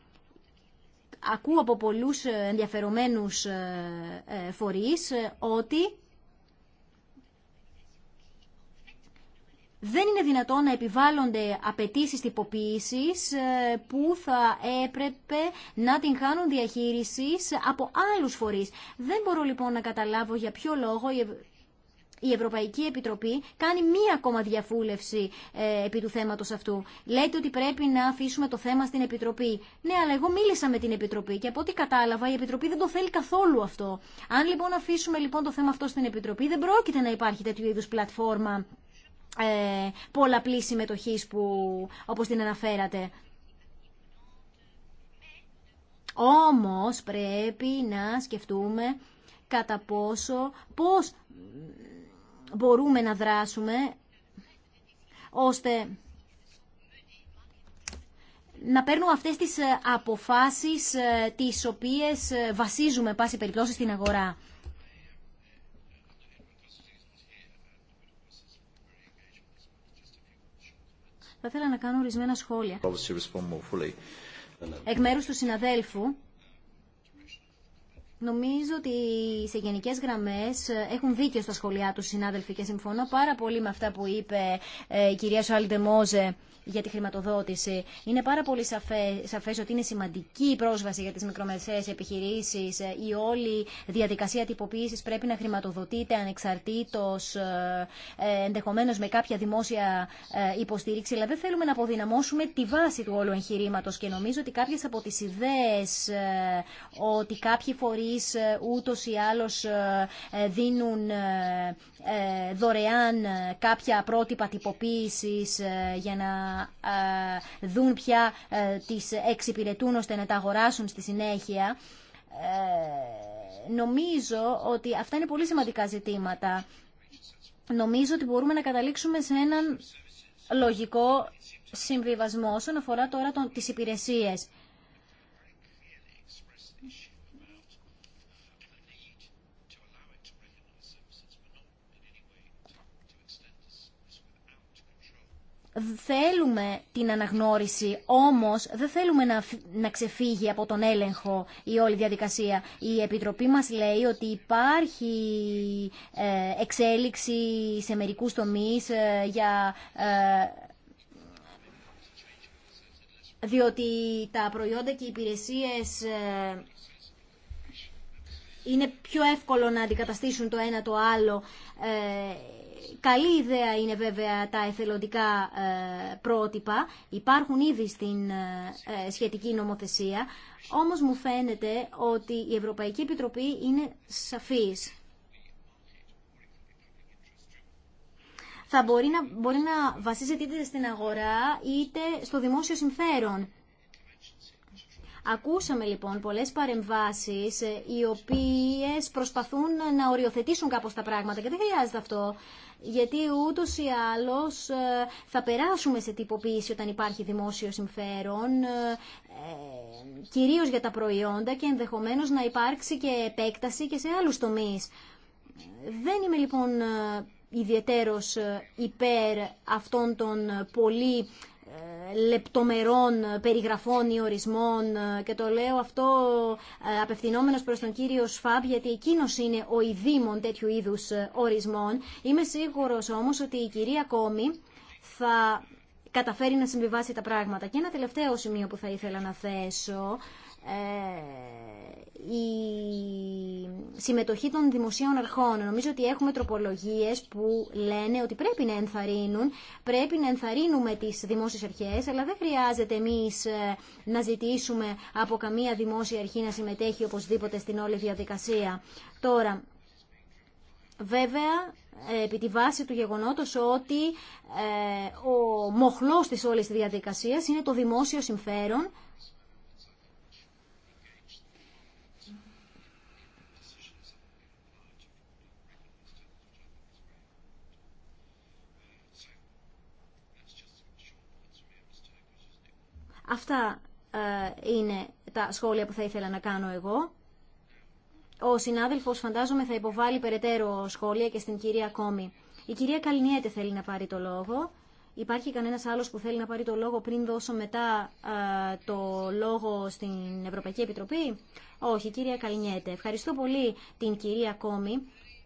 Ακούω από πολλούς ε, ενδιαφερομένους ε, ε, φορείς ότι δεν είναι δυνατόν να επιβάλλονται απαιτήσει τυποποίησης που θα έπρεπε να την κάνουν διαχείρισης από άλλους φορείς. Δεν μπορώ λοιπόν να καταλάβω για ποιο λόγο η Ευρωπαϊκή Επιτροπή κάνει μία ακόμα διαφούλευση ε, επί του θέματος αυτού. Λέτε ότι πρέπει να αφήσουμε το θέμα στην Επιτροπή. Ναι, αλλά εγώ μίλησα με την Επιτροπή και από ό,τι κατάλαβα η Επιτροπή δεν το θέλει καθόλου αυτό. Αν λοιπόν αφήσουμε λοιπόν το θέμα αυτό στην Επιτροπή δεν πρόκειται να υπάρχει τέτοιου είδους πλατφόρμα ε, πολλαπλή συμμετοχή που όπως την αναφέρατε. Όμως πρέπει να σκεφτούμε κατά πόσο, πώς μπορούμε να δράσουμε ώστε να παίρνουμε αυτές τις ε, αποφάσεις ε, τις οποίες ε, βασίζουμε πάση περιπτώσει στην αγορά. Θα ήθελα να κάνω ορισμένα σχόλια. Εκ μέρους του συναδέλφου, Νομίζω ότι σε γενικέ γραμμέ ε, έχουν δίκιο στα σχολιά του συνάδελφοι και συμφωνώ πάρα πολύ με αυτά που είπε ε, η κυρία Σουάλντε Μόζε για τη χρηματοδότηση. Είναι πάρα πολύ σαφέ ότι είναι σημαντική η πρόσβαση για τι μικρομεσαίες επιχειρήσει ε, Η όλη διαδικασία τυποποίηση πρέπει να χρηματοδοτείται ανεξαρτήτως, ενδεχομένω με κάποια δημόσια υποστήριξη. Αλλά δεν θέλουμε να αποδυναμώσουμε τη βάση του όλου εγχειρήματο και νομίζω ότι κάποιε από τι ιδέε ότι κάποιοι φορεί ε, ούτως ή άλλως ε, ε, δίνουν δωρεάν κάποια πρότυπα τυποποίησης για να δουν πια τις εξυπηρετούν ώστε να τα αγοράσουν στη συνέχεια. Νομίζω ότι αυτά είναι πολύ σημαντικά ζητήματα. Νομίζω ότι μπορούμε να καταλήξουμε σε έναν λογικό συμβιβασμό όσον αφορά τώρα τις υπηρεσίες. Θέλουμε την αναγνώριση, όμως δεν θέλουμε να, να ξεφύγει από τον έλεγχο η όλη διαδικασία. Η Επιτροπή μας λέει ότι υπάρχει ε, εξέλιξη σε μερικούς τομείς ε, για... Ε, διότι τα προϊόντα και οι υπηρεσίες είναι πιο εύκολο να αντικαταστήσουν το ένα το άλλο Καλή ιδέα είναι βέβαια τα εθελοντικά ε, πρότυπα, υπάρχουν ήδη στην ε, ε, σχετική νομοθεσία, όμως μου φαίνεται ότι η Ευρωπαϊκή Επιτροπή είναι σαφής. Θα μπορεί να, μπορεί να βασίζεται είτε στην αγορά είτε στο δημόσιο συμφέρον. Ακούσαμε λοιπόν πολλές παρεμβάσεις ε, οι οποίες προσπαθούν να οριοθετήσουν κάπως τα πράγματα και δεν χρειάζεται αυτό γιατί ούτως ή άλλως ε, θα περάσουμε σε τυποποίηση όταν υπάρχει δημόσιο συμφέρον, ε, κυρίως για τα προϊόντα και ενδεχομένως να υπάρξει και επέκταση και σε άλλους τομείς. Δεν είμαι λοιπόν ιδιαιτέρως υπέρ αυτών των πολύ λεπτομερών περιγραφών ή ορισμών και το λέω αυτό ε, απευθυνόμενος προς τον κύριο Σφάμπ γιατί εκείνος είναι ο ειδήμων τέτοιου είδους ε, ορισμών. Είμαι σίγουρος όμως ότι η κυρία Κόμη θα καταφέρει να συμβιβάσει τα πράγματα. Και ένα τελευταίο σημείο που θα ήθελα να θέσω ε, η συμμετοχή των δημοσίων αρχών. Νομίζω ότι έχουμε τροπολογίες που λένε ότι πρέπει να ενθαρρύνουν, πρέπει να ενθαρρύνουμε τις δημόσιες αρχές, αλλά δεν χρειάζεται εμείς ε, να ζητήσουμε από καμία δημόσια αρχή να συμμετέχει οπωσδήποτε στην όλη διαδικασία. Τώρα, βέβαια, ε, επί τη βάση του γεγονότος ότι ε, ο μοχλός της όλης διαδικασίας είναι το δημόσιο συμφέρον Αυτά ε, είναι τα σχόλια που θα ήθελα να κάνω εγώ. Ο συνάδελφος φαντάζομαι θα υποβάλει περαιτέρω σχόλια και στην κυρία Κόμη. Η κυρία Καλινιέτε θέλει να πάρει το λόγο. Υπάρχει κανένας άλλος που θέλει να πάρει το λόγο πριν δώσω μετά ε, το λόγο στην Ευρωπαϊκή Επιτροπή. Όχι, κυρία Καλινιέτε. Ευχαριστώ πολύ την κυρία Κόμη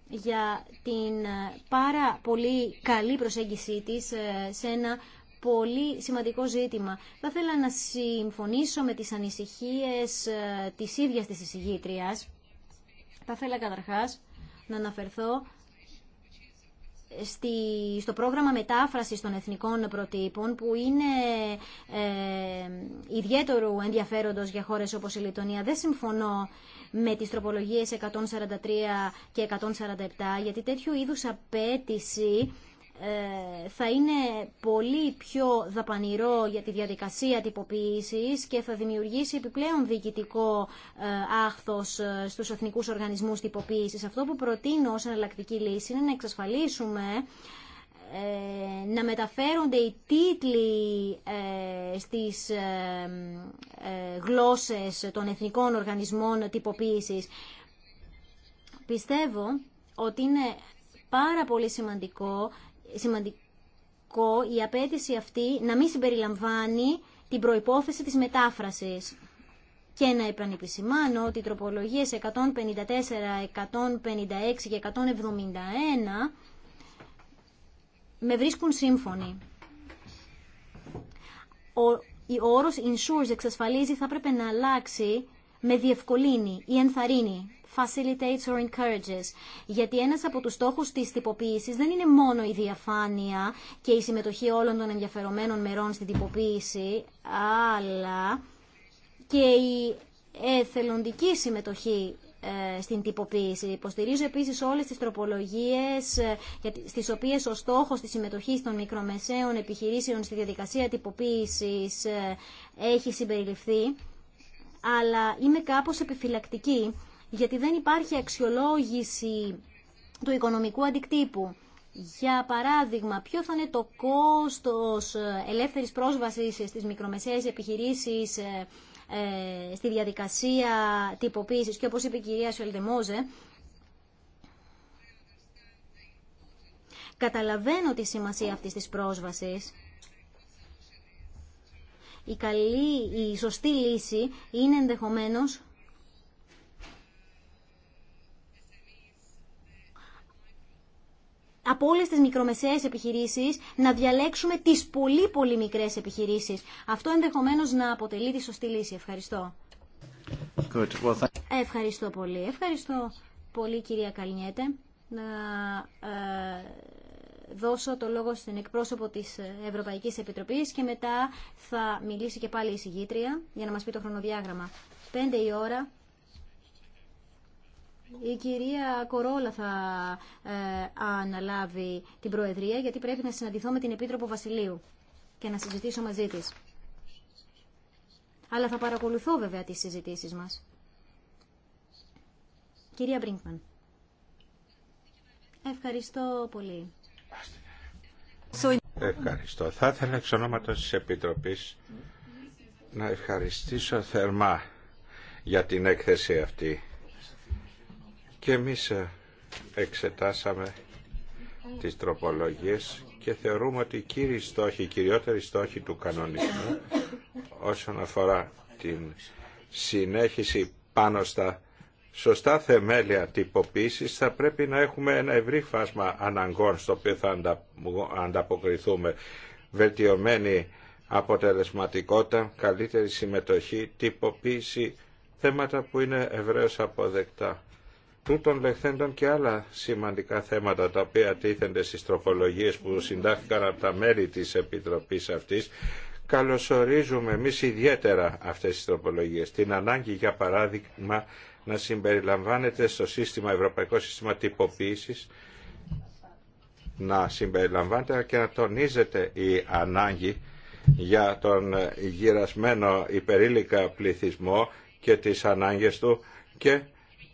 για την ε, πάρα πολύ καλή προσέγγιση της σε ένα πολύ σημαντικό ζήτημα. Θα ήθελα να συμφωνήσω με τις ανησυχίες ε, της ίδιας της εισηγήτριας. Θα ήθελα καταρχάς να αναφερθώ στη, στο πρόγραμμα μετάφρασης των εθνικών προτύπων που είναι ε, ιδιαίτερου ενδιαφέροντος για χώρες όπως η Λιτωνία. Δεν συμφωνώ με τις τροπολογίες 143 και 147 γιατί τέτοιου είδους απέτηση ε, θα είναι πολύ πιο δαπανηρό για τη διαδικασία τυποποίησης και θα δημιουργήσει επιπλέον διοικητικό ε, άχθος ε, στους εθνικούς οργανισμούς τυποποίησης. Αυτό που προτείνω ως εναλλακτική λύση είναι να εξασφαλίσουμε να μεταφέρονται οι τίτλοι στις γλώσσες των εθνικών οργανισμών τυποποίησης. Πιστεύω ότι είναι πάρα πολύ σημαντικό σημαντικό η απέτηση αυτή να μην συμπεριλαμβάνει την προϋπόθεση της μετάφρασης. Και να επανεπισημάνω ότι οι τροπολογίες 154, 156 και 171 με βρίσκουν σύμφωνοι. Ο, ο όρος «insures» εξασφαλίζει θα πρέπει να αλλάξει με διευκολύνει ή ενθαρρύνει facilitates or encourages. Γιατί ένας από τους στόχους της τυποποίηση δεν είναι μόνο η διαφάνεια και η συμμετοχή όλων των ενδιαφερομένων μερών στην τυποποίηση, αλλά και η εθελοντική συμμετοχή ε, στην τυποποίηση. Υποστηρίζω επίση όλε τι τροπολογίε ε, στι οποίε ο στόχο τη συμμετοχή των μικρομεσαίων επιχειρήσεων στη διαδικασία τυποποίηση ε, έχει συμπεριληφθεί. Αλλά είμαι κάπως επιφυλακτική γιατί δεν υπάρχει αξιολόγηση του οικονομικού αντικτύπου. Για παράδειγμα, ποιο θα είναι το κόστος ε, ελεύθερης πρόσβασης στις μικρομεσαίες επιχειρήσεις ε, ε, στη διαδικασία τυποποίησης και όπως είπε η κυρία Σιολδεμόζε, Καταλαβαίνω τη σημασία αυτής της πρόσβασης. Η καλή, η σωστή λύση είναι ενδεχομένως από όλε τι μικρομεσαίε επιχειρήσει να διαλέξουμε τι πολύ πολύ μικρέ επιχειρήσει. Αυτό ενδεχομένω να αποτελεί τη σωστή λύση. Ευχαριστώ. Ευχαριστώ πολύ. Ευχαριστώ πολύ κυρία Καλνιέτε. Να ε, δώσω το λόγο στην εκπρόσωπο της Ευρωπαϊκής Επιτροπής και μετά θα μιλήσει και πάλι η συγγήτρια για να μας πει το χρονοδιάγραμμα. Πέντε η ώρα η κυρία Κορόλα θα ε, αναλάβει την Προεδρία γιατί πρέπει να συναντηθώ με την Επίτροπο Βασιλείου και να συζητήσω μαζί της. Αλλά θα παρακολουθώ βέβαια τις συζητήσεις μας. Κυρία Μπρίγκμαν. Ευχαριστώ πολύ. Ευχαριστώ. Θα ήθελα εξ ονόματος της Επιτροπής να ευχαριστήσω θερμά για την έκθεση αυτή και εμείς ε, εξετάσαμε τις τροπολογίες και θεωρούμε ότι οι κύριοι στόχοι, οι κυριότεροι στόχοι του κανονισμού όσον αφορά την συνέχιση πάνω στα σωστά θεμέλια τυποποίησης θα πρέπει να έχουμε ένα ευρύ φάσμα αναγκών στο οποίο θα ανταποκριθούμε βελτιωμένη αποτελεσματικότητα, καλύτερη συμμετοχή, τυποποίηση, θέματα που είναι ευρέως αποδεκτά τούτων λεχθέντων και άλλα σημαντικά θέματα τα οποία τίθενται στις τροπολογίες που συντάχθηκαν από τα μέλη της Επιτροπής αυτής καλωσορίζουμε εμεί ιδιαίτερα αυτές τις τροπολογίες. Την ανάγκη για παράδειγμα να συμπεριλαμβάνεται στο σύστημα, Ευρωπαϊκό Σύστημα Τυποποίησης να συμπεριλαμβάνεται και να τονίζεται η ανάγκη για τον γυρασμένο υπερήλικα πληθυσμό και τις ανάγκες του και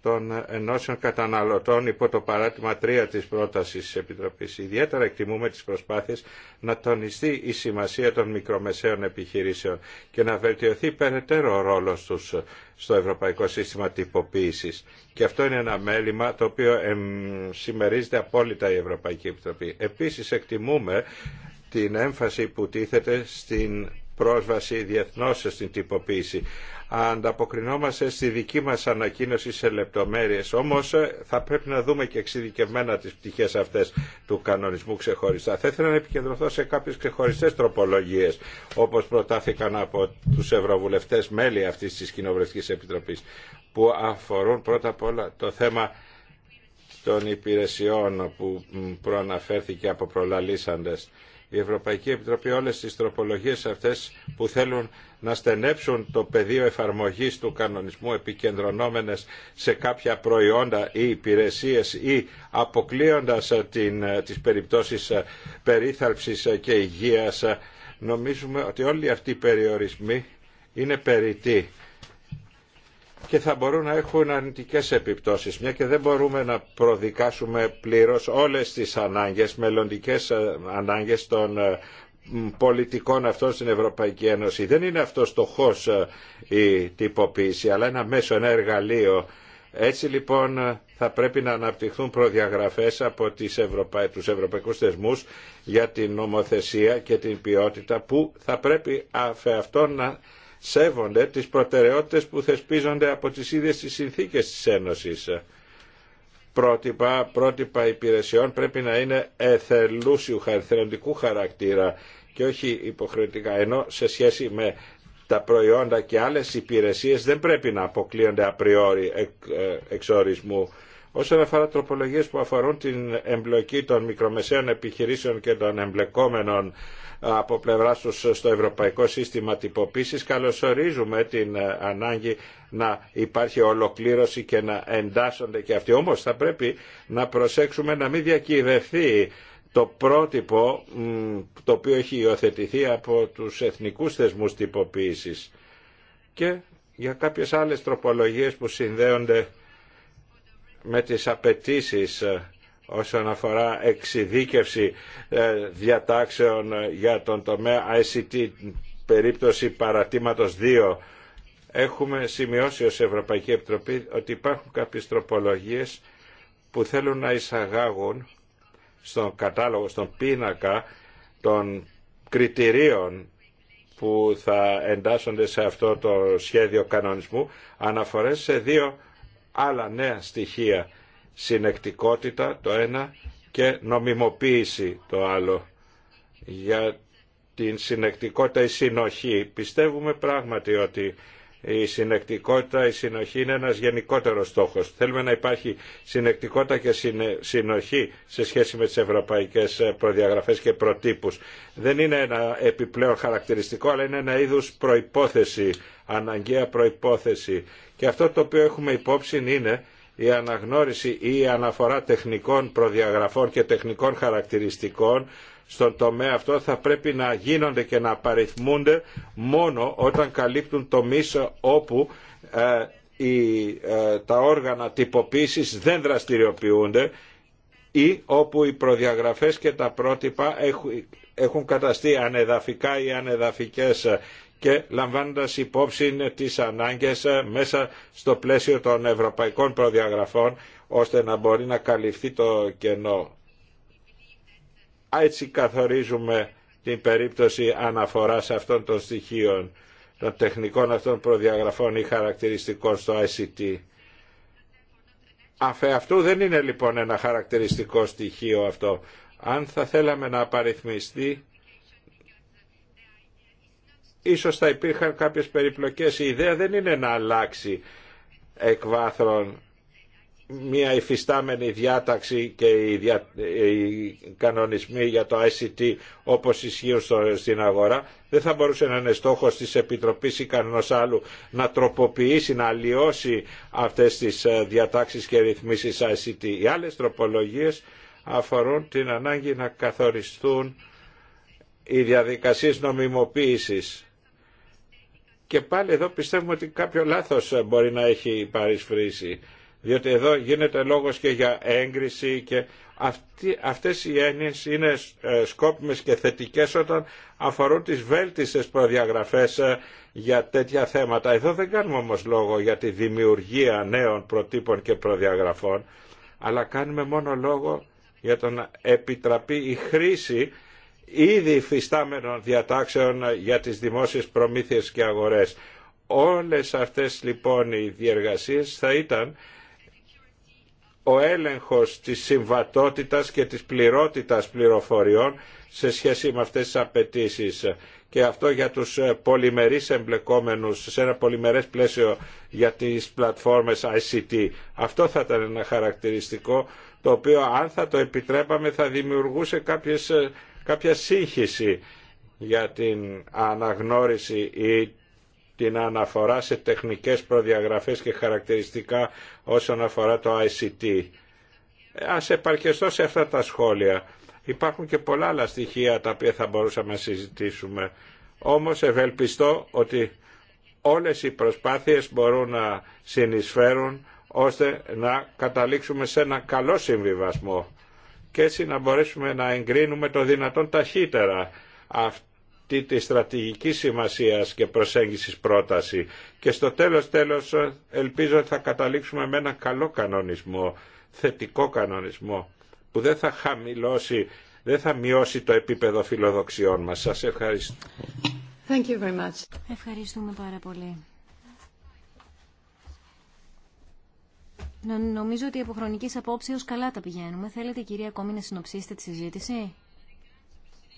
των ενώσεων καταναλωτών υπό το παράτημα 3 της πρότασης της Επιτροπής. Ιδιαίτερα εκτιμούμε τις προσπάθειες να τονιστεί η σημασία των μικρομεσαίων επιχειρήσεων και να βελτιωθεί περαιτέρω ο ρόλος τους στο Ευρωπαϊκό Σύστημα Τυποποίησης. Και αυτό είναι ένα μέλημα το οποίο συμμερίζεται απόλυτα η Ευρωπαϊκή Επιτροπή. Επίσης εκτιμούμε την έμφαση που τίθεται στην πρόσβαση διεθνώς στην τυποποίηση. Ανταποκρινόμαστε στη δική μας ανακοίνωση σε λεπτομέρειες, όμως ε, θα πρέπει να δούμε και εξειδικευμένα τις πτυχές αυτές του κανονισμού ξεχωριστά. Θα ήθελα να επικεντρωθώ σε κάποιες ξεχωριστές τροπολογίες, όπως προτάθηκαν από τους ευρωβουλευτές μέλη αυτής της Κοινοβουλευτικής Επιτροπής, που αφορούν πρώτα απ' όλα το θέμα των υπηρεσιών που προαναφέρθηκε από προλαλήσαντες η Ευρωπαϊκή Επιτροπή όλες τις τροπολογίες αυτές που θέλουν να στενέψουν το πεδίο εφαρμογής του κανονισμού επικεντρωνόμενες σε κάποια προϊόντα ή υπηρεσίες ή αποκλείοντας ε, την, ε, τις περιπτώσεις ε, περίθαλψης και υγείας. Νομίζουμε ότι όλοι αυτοί οι περιορισμοί είναι περιττοί και θα μπορούν να έχουν αρνητικές επιπτώσεις. Μια και δεν μπορούμε να προδικάσουμε πλήρως όλες τις ανάγκες, μελλοντικές ε, ανάγκες των ε, πολιτικών αυτών στην Ευρωπαϊκή Ένωση. Δεν είναι αυτό στοχός ε, η τυποποίηση, αλλά ένα μέσο, ένα εργαλείο. Έτσι λοιπόν θα πρέπει να αναπτυχθούν προδιαγραφές από τις Ευρωπα... τους ευρωπαϊκούς θεσμούς για την νομοθεσία και την ποιότητα που θα πρέπει αφ' αυτό να σέβονται τις προτεραιότητες που θεσπίζονται από τις ίδιες τις συνθήκες της Ένωσης. Πρότυπα, πρότυπα υπηρεσιών πρέπει να είναι εθελούσιου, εθελοντικού χαρακτήρα και όχι υποχρεωτικά, ενώ σε σχέση με τα προϊόντα και άλλες υπηρεσίες δεν πρέπει να αποκλείονται απριόρι ε, εξορισμού. Όσον αφορά τροπολογίες που αφορούν την εμπλοκή των μικρομεσαίων επιχειρήσεων και των εμπλεκόμενων από πλευρά του στο Ευρωπαϊκό Σύστημα Τυποποίησης. Καλωσορίζουμε την ε, ανάγκη να υπάρχει ολοκλήρωση και να εντάσσονται και αυτοί. Όμως θα πρέπει να προσέξουμε να μην διακυβευθεί το πρότυπο το οποίο έχει υιοθετηθεί από τους εθνικούς θεσμούς τυποποίησης και για κάποιες άλλες τροπολογίες που συνδέονται με τις απαιτήσει ε, όσον αφορά εξειδίκευση ε, διατάξεων για τον τομέα ICT περίπτωση παρατήματος 2 έχουμε σημειώσει ως Ευρωπαϊκή Επιτροπή ότι υπάρχουν κάποιες τροπολογίες που θέλουν να εισαγάγουν στον κατάλογο, στον πίνακα των κριτηρίων που θα εντάσσονται σε αυτό το σχέδιο κανονισμού αναφορές σε δύο άλλα νέα στοιχεία συνεκτικότητα το ένα και νομιμοποίηση το άλλο. Για την συνεκτικότητα η συνοχή. Πιστεύουμε πράγματι ότι η συνεκτικότητα, η συνοχή είναι ένας γενικότερος στόχος. Θέλουμε να υπάρχει συνεκτικότητα και συνοχή σε σχέση με τις ευρωπαϊκές προδιαγραφές και προτύπους. Δεν είναι ένα επιπλέον χαρακτηριστικό, αλλά είναι ένα είδους προϋπόθεση, αναγκαία προϋπόθεση. Και αυτό το οποίο έχουμε υπόψη είναι η αναγνώριση ή η αναφορά τεχνικών προδιαγραφών και τεχνικών χαρακτηριστικών στον τομέα αυτό θα πρέπει να γίνονται και να απαριθμούνται μόνο όταν καλύπτουν το μίσο όπου ε, ε, τα όργανα τυποποίησης δεν δραστηριοποιούνται ή όπου οι προδιαγραφές και τα πρότυπα έχουν καταστεί ανεδαφικά ή ανεδαφικές και λαμβάνοντας υπόψη τις ανάγκες ε, μέσα στο πλαίσιο των ευρωπαϊκών προδιαγραφών ώστε να μπορεί να καλυφθεί το κενό. Έτσι καθορίζουμε την περίπτωση αναφοράς αυτών των στοιχείων, των τεχνικών αυτών προδιαγραφών ή χαρακτηριστικών στο ICT. Αφ' αυτού δεν είναι λοιπόν ένα χαρακτηριστικό στοιχείο αυτό. Αν θα θέλαμε να απαριθμιστεί Ίσως θα υπήρχαν κάποιες περιπλοκές. Η ιδέα δεν είναι να αλλάξει εκ βάθρων μια υφιστάμενη διάταξη και οι, δια... κανονισμοί για το ICT όπως ισχύουν στο... στην αγορά δεν θα μπορούσε να είναι στόχος της Επιτροπής ή κανένας άλλου να τροποποιήσει, να αλλοιώσει αυτές τις ε, διατάξεις και ρυθμίσεις ICT. Οι άλλες τροπολογίες αφορούν την ανάγκη να καθοριστούν οι διαδικασίες νομιμοποίησης και πάλι εδώ πιστεύουμε ότι κάποιο λάθος μπορεί να έχει παρισφρήσει. Διότι εδώ γίνεται λόγος και για έγκριση και αυτοί, αυτές οι έννοιες είναι ε, σκόπιμες και θετικές όταν αφορούν τις βέλτιστες προδιαγραφές ε, για τέτοια θέματα. Εδώ δεν κάνουμε όμως λόγο για τη δημιουργία νέων προτύπων και προδιαγραφών, αλλά κάνουμε μόνο λόγο για το να επιτραπεί η χρήση ήδη υφιστάμενων διατάξεων για τις δημόσιες προμήθειες και αγορές. Όλες αυτές λοιπόν οι διεργασίες θα ήταν ο έλεγχος της συμβατότητας και της πληρότητας πληροφοριών σε σχέση με αυτές τις απαιτήσει. Και αυτό για τους ε, πολυμερείς εμπλεκόμενους σε ένα πολυμερές πλαίσιο για τις πλατφόρμες ICT. Αυτό θα ήταν ένα χαρακτηριστικό το οποίο αν θα το επιτρέπαμε θα δημιουργούσε κάποιες ε, κάποια σύγχυση για την αναγνώριση ή την αναφορά σε τεχνικές προδιαγραφές και χαρακτηριστικά όσον αφορά το ICT. Ας επαρκεστώ σε αυτά τα σχόλια. Υπάρχουν και πολλά άλλα στοιχεία τα οποία θα μπορούσαμε να συζητήσουμε. Όμως ευελπιστώ ότι όλες οι προσπάθειες μπορούν να συνεισφέρουν ώστε να καταλήξουμε σε ένα καλό συμβιβασμό και έτσι να μπορέσουμε να εγκρίνουμε το δυνατόν ταχύτερα αυτή τη στρατηγική σημασία και προσέγγιση πρόταση. Και στο τέλος τέλος ελπίζω ότι θα καταλήξουμε με ένα καλό κανονισμό, θετικό κανονισμό, που δεν θα χαμηλώσει, δεν θα μειώσει το επίπεδο φιλοδοξιών μας. Σας ευχαριστώ. Thank you very much. Ευχαριστούμε πάρα πολύ. Νομίζω ότι από χρονική απόψεω καλά τα πηγαίνουμε. Θέλετε, κυρία, Κόμη, να συνοψίσετε τη συζήτηση.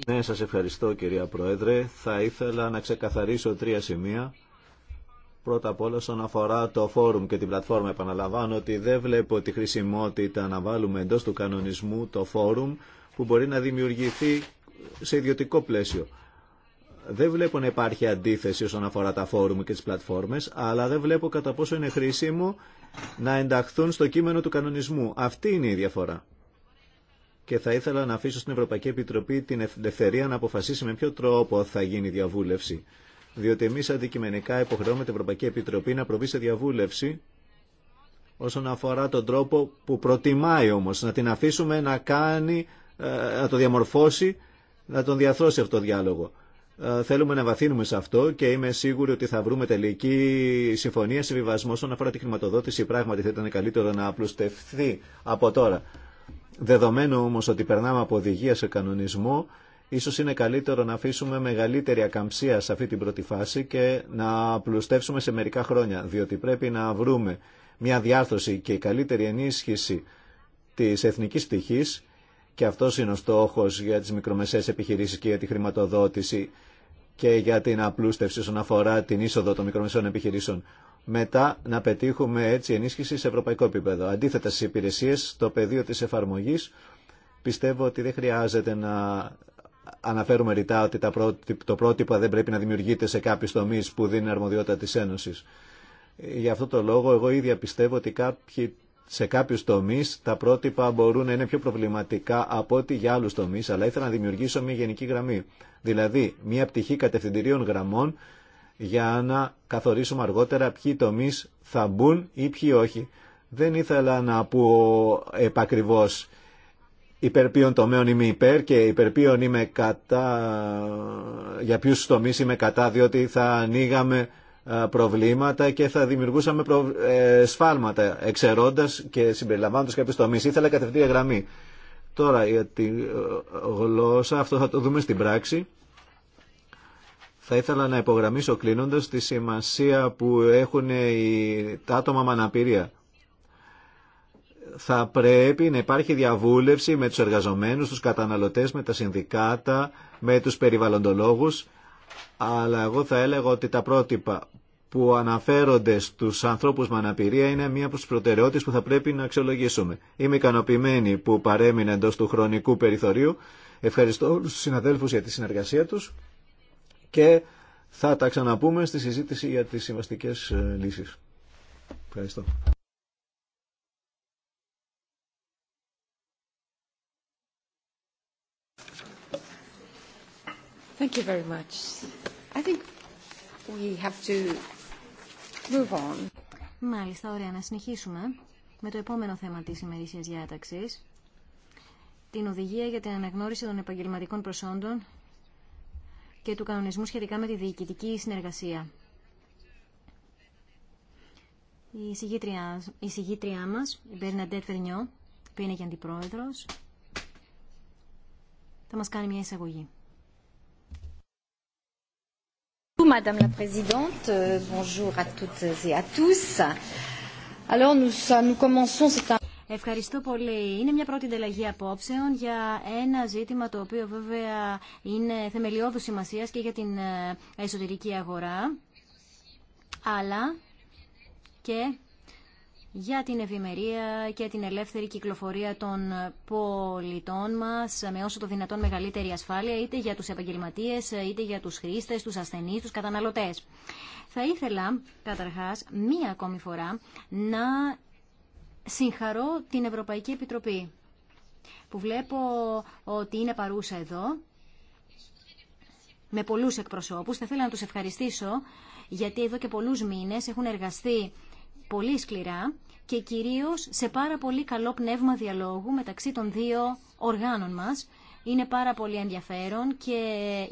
Ναι, σας ευχαριστώ, κυρία Πρόεδρε. Θα ήθελα να ξεκαθαρίσω τρία σημεία. Πρώτα απ' όλα, όσον αφορά το φόρουμ και την πλατφόρμα, επαναλαμβάνω ότι δεν βλέπω τη χρησιμότητα να βάλουμε εντός του κανονισμού το φόρουμ που μπορεί να δημιουργηθεί σε ιδιωτικό πλαίσιο. Δεν βλέπω να υπάρχει αντίθεση όσον αφορά τα φόρουμ και τις πλατφόρμες, αλλά δεν βλέπω κατά πόσο είναι χρήσιμο να ενταχθούν στο κείμενο του κανονισμού. Αυτή είναι η διαφορά. Και θα ήθελα να αφήσω στην Ευρωπαϊκή Επιτροπή την ελευθερία να αποφασίσει με ποιο τρόπο θα γίνει η διαβούλευση. Διότι εμεί αντικειμενικά υποχρεώμε την Ευρωπαϊκή Επιτροπή να προβεί σε διαβούλευση όσον αφορά τον τρόπο που προτιμάει όμω να την αφήσουμε να κάνει, ε, να το διαμορφώσει, να τον διαθρώσει αυτό το διάλογο. Ε, θέλουμε να βαθύνουμε σε αυτό και είμαι σίγουρη ότι θα βρούμε τελική συμφωνία, συμβιβασμό όσον αφορά τη χρηματοδότηση. Πράγματι θα ήταν καλύτερο να απλουστευθεί από τώρα. Δεδομένου όμω ότι περνάμε από οδηγία σε κανονισμό, ίσω είναι καλύτερο να αφήσουμε μεγαλύτερη ακαμψία σε αυτή την πρώτη φάση και να απλουστεύσουμε σε μερικά χρόνια. Διότι πρέπει να βρούμε μια διάρθρωση και καλύτερη ενίσχυση τη εθνική πτυχή και αυτό είναι ο στόχο για τι μικρομεσαίε επιχειρήσει και για τη χρηματοδότηση και για την απλούστευση όσον αφορά την είσοδο των μικρομεσαίων επιχειρήσεων. Μετά να πετύχουμε έτσι ενίσχυση σε ευρωπαϊκό επίπεδο. Αντίθετα στι υπηρεσίε, στο πεδίο τη εφαρμογή, πιστεύω ότι δεν χρειάζεται να αναφέρουμε ρητά ότι τα το πρότυπα δεν πρέπει να δημιουργείται σε κάποιου τομεί που δίνει αρμοδιότητα τη Ένωση. Γι' αυτό το λόγο εγώ ίδια πιστεύω ότι κάποιοι σε κάποιους τομείς τα πρότυπα μπορούν να είναι πιο προβληματικά από ό,τι για άλλους τομείς, αλλά ήθελα να δημιουργήσω μια γενική γραμμή. Δηλαδή, μια πτυχή κατευθυντηρίων γραμμών για να καθορίσουμε αργότερα ποιοι τομείς θα μπουν ή ποιοι όχι. Δεν ήθελα να πω επακριβώς υπέρ ποιων τομέων είμαι υπέρ και υπέρ είμαι κατά, για ποιους τομείς είμαι κατά, διότι θα ανοίγαμε ε, προβλήματα και θα δημιουργούσαμε ε, σφάλματα, εξαιρώντας και συμπεριλαμβάνοντας κάποιες τομείς. Ήθελα κατευθείαν γραμμή. Τώρα για τη ε, γλώσσα, αυτό θα το δούμε στην πράξη. Θα ήθελα να υπογραμμίσω κλείνοντας τη σημασία που έχουν οι... τα άτομα με αναπηρία. Θα πρέπει να υπάρχει διαβούλευση με τους εργαζομένους, τους καταναλωτές, με τα συνδικάτα, με τους περιβαλλοντολόγους αλλά εγώ θα έλεγα ότι τα πρότυπα που αναφέρονται στους ανθρώπους με αναπηρία είναι μία από τις προτεραιότητες που θα πρέπει να αξιολογήσουμε. Είμαι ικανοποιημένη που παρέμεινε εντό του χρονικού περιθωρίου. Ευχαριστώ όλου τους συναδέλφους για τη συνεργασία τους και θα τα ξαναπούμε στη συζήτηση για τις συμβαστικές ε, λύσεις. Ευχαριστώ. Thank you very much. I think we have to move on. Μάλιστα, ωραία. Να συνεχίσουμε με το επόμενο θέμα της ημερήσιας διάταξης. Την οδηγία για την αναγνώριση των επαγγελματικών προσόντων και του κανονισμού σχετικά με τη διοικητική συνεργασία. Η συγγήτριά, η συγγήτριά μας, η Μπερναντέτ Φερνιό, που είναι και αντιπρόεδρος, θα μας κάνει μια εισαγωγή. Madame la Présidente. Euh, bonjour à toutes et à tous. Alors, nous, nous commençons Ευχαριστώ πολύ. Είναι μια πρώτη ανταλλαγή απόψεων για ένα ζήτημα το οποίο βέβαια είναι θεμελιώδου σημασίας και για την ε, εσωτερική αγορά, αλλά και για την ευημερία και την ελεύθερη κυκλοφορία των πολιτών μας με όσο το δυνατόν μεγαλύτερη ασφάλεια είτε για τους επαγγελματίες, είτε για τους χρήστες, τους ασθενείς, τους καταναλωτές. Θα ήθελα καταρχάς μία ακόμη φορά να συγχαρώ την Ευρωπαϊκή Επιτροπή που βλέπω ότι είναι παρούσα εδώ με πολλούς εκπροσώπους. Θα ήθελα να τους ευχαριστήσω γιατί εδώ και πολλούς μήνες έχουν εργαστεί πολύ σκληρά και κυρίως σε πάρα πολύ καλό πνεύμα διαλόγου μεταξύ των δύο οργάνων μας. Είναι πάρα πολύ ενδιαφέρον και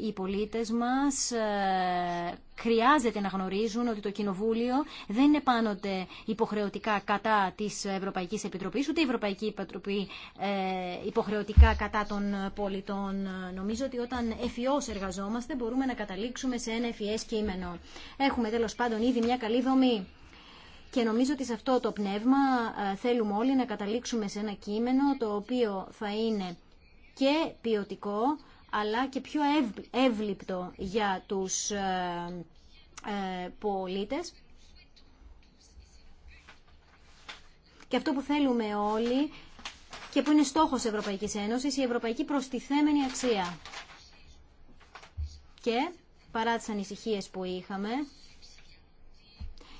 οι πολίτες μας ε, χρειάζεται να γνωρίζουν ότι το Κοινοβούλιο δεν είναι πάντοτε υποχρεωτικά κατά της Ευρωπαϊκής Επιτροπής, ούτε η Ευρωπαϊκή Επιτροπή ε, υποχρεωτικά κατά των πολιτών. Νομίζω ότι όταν εφιώς εργαζόμαστε μπορούμε να καταλήξουμε σε ένα εφιές κείμενο. Έχουμε τέλος πάντων ήδη μια καλή δομή. Και νομίζω ότι σε αυτό το πνεύμα ε, θέλουμε όλοι να καταλήξουμε σε ένα κείμενο το οποίο θα είναι και ποιοτικό αλλά και πιο εύληπτο για τους ε, ε, πολίτες. Και αυτό που θέλουμε όλοι και που είναι στόχος Ευρωπαϊκής Ένωσης, η ευρωπαϊκή προστιθέμενη αξία. Και παρά τις ανησυχίες που είχαμε,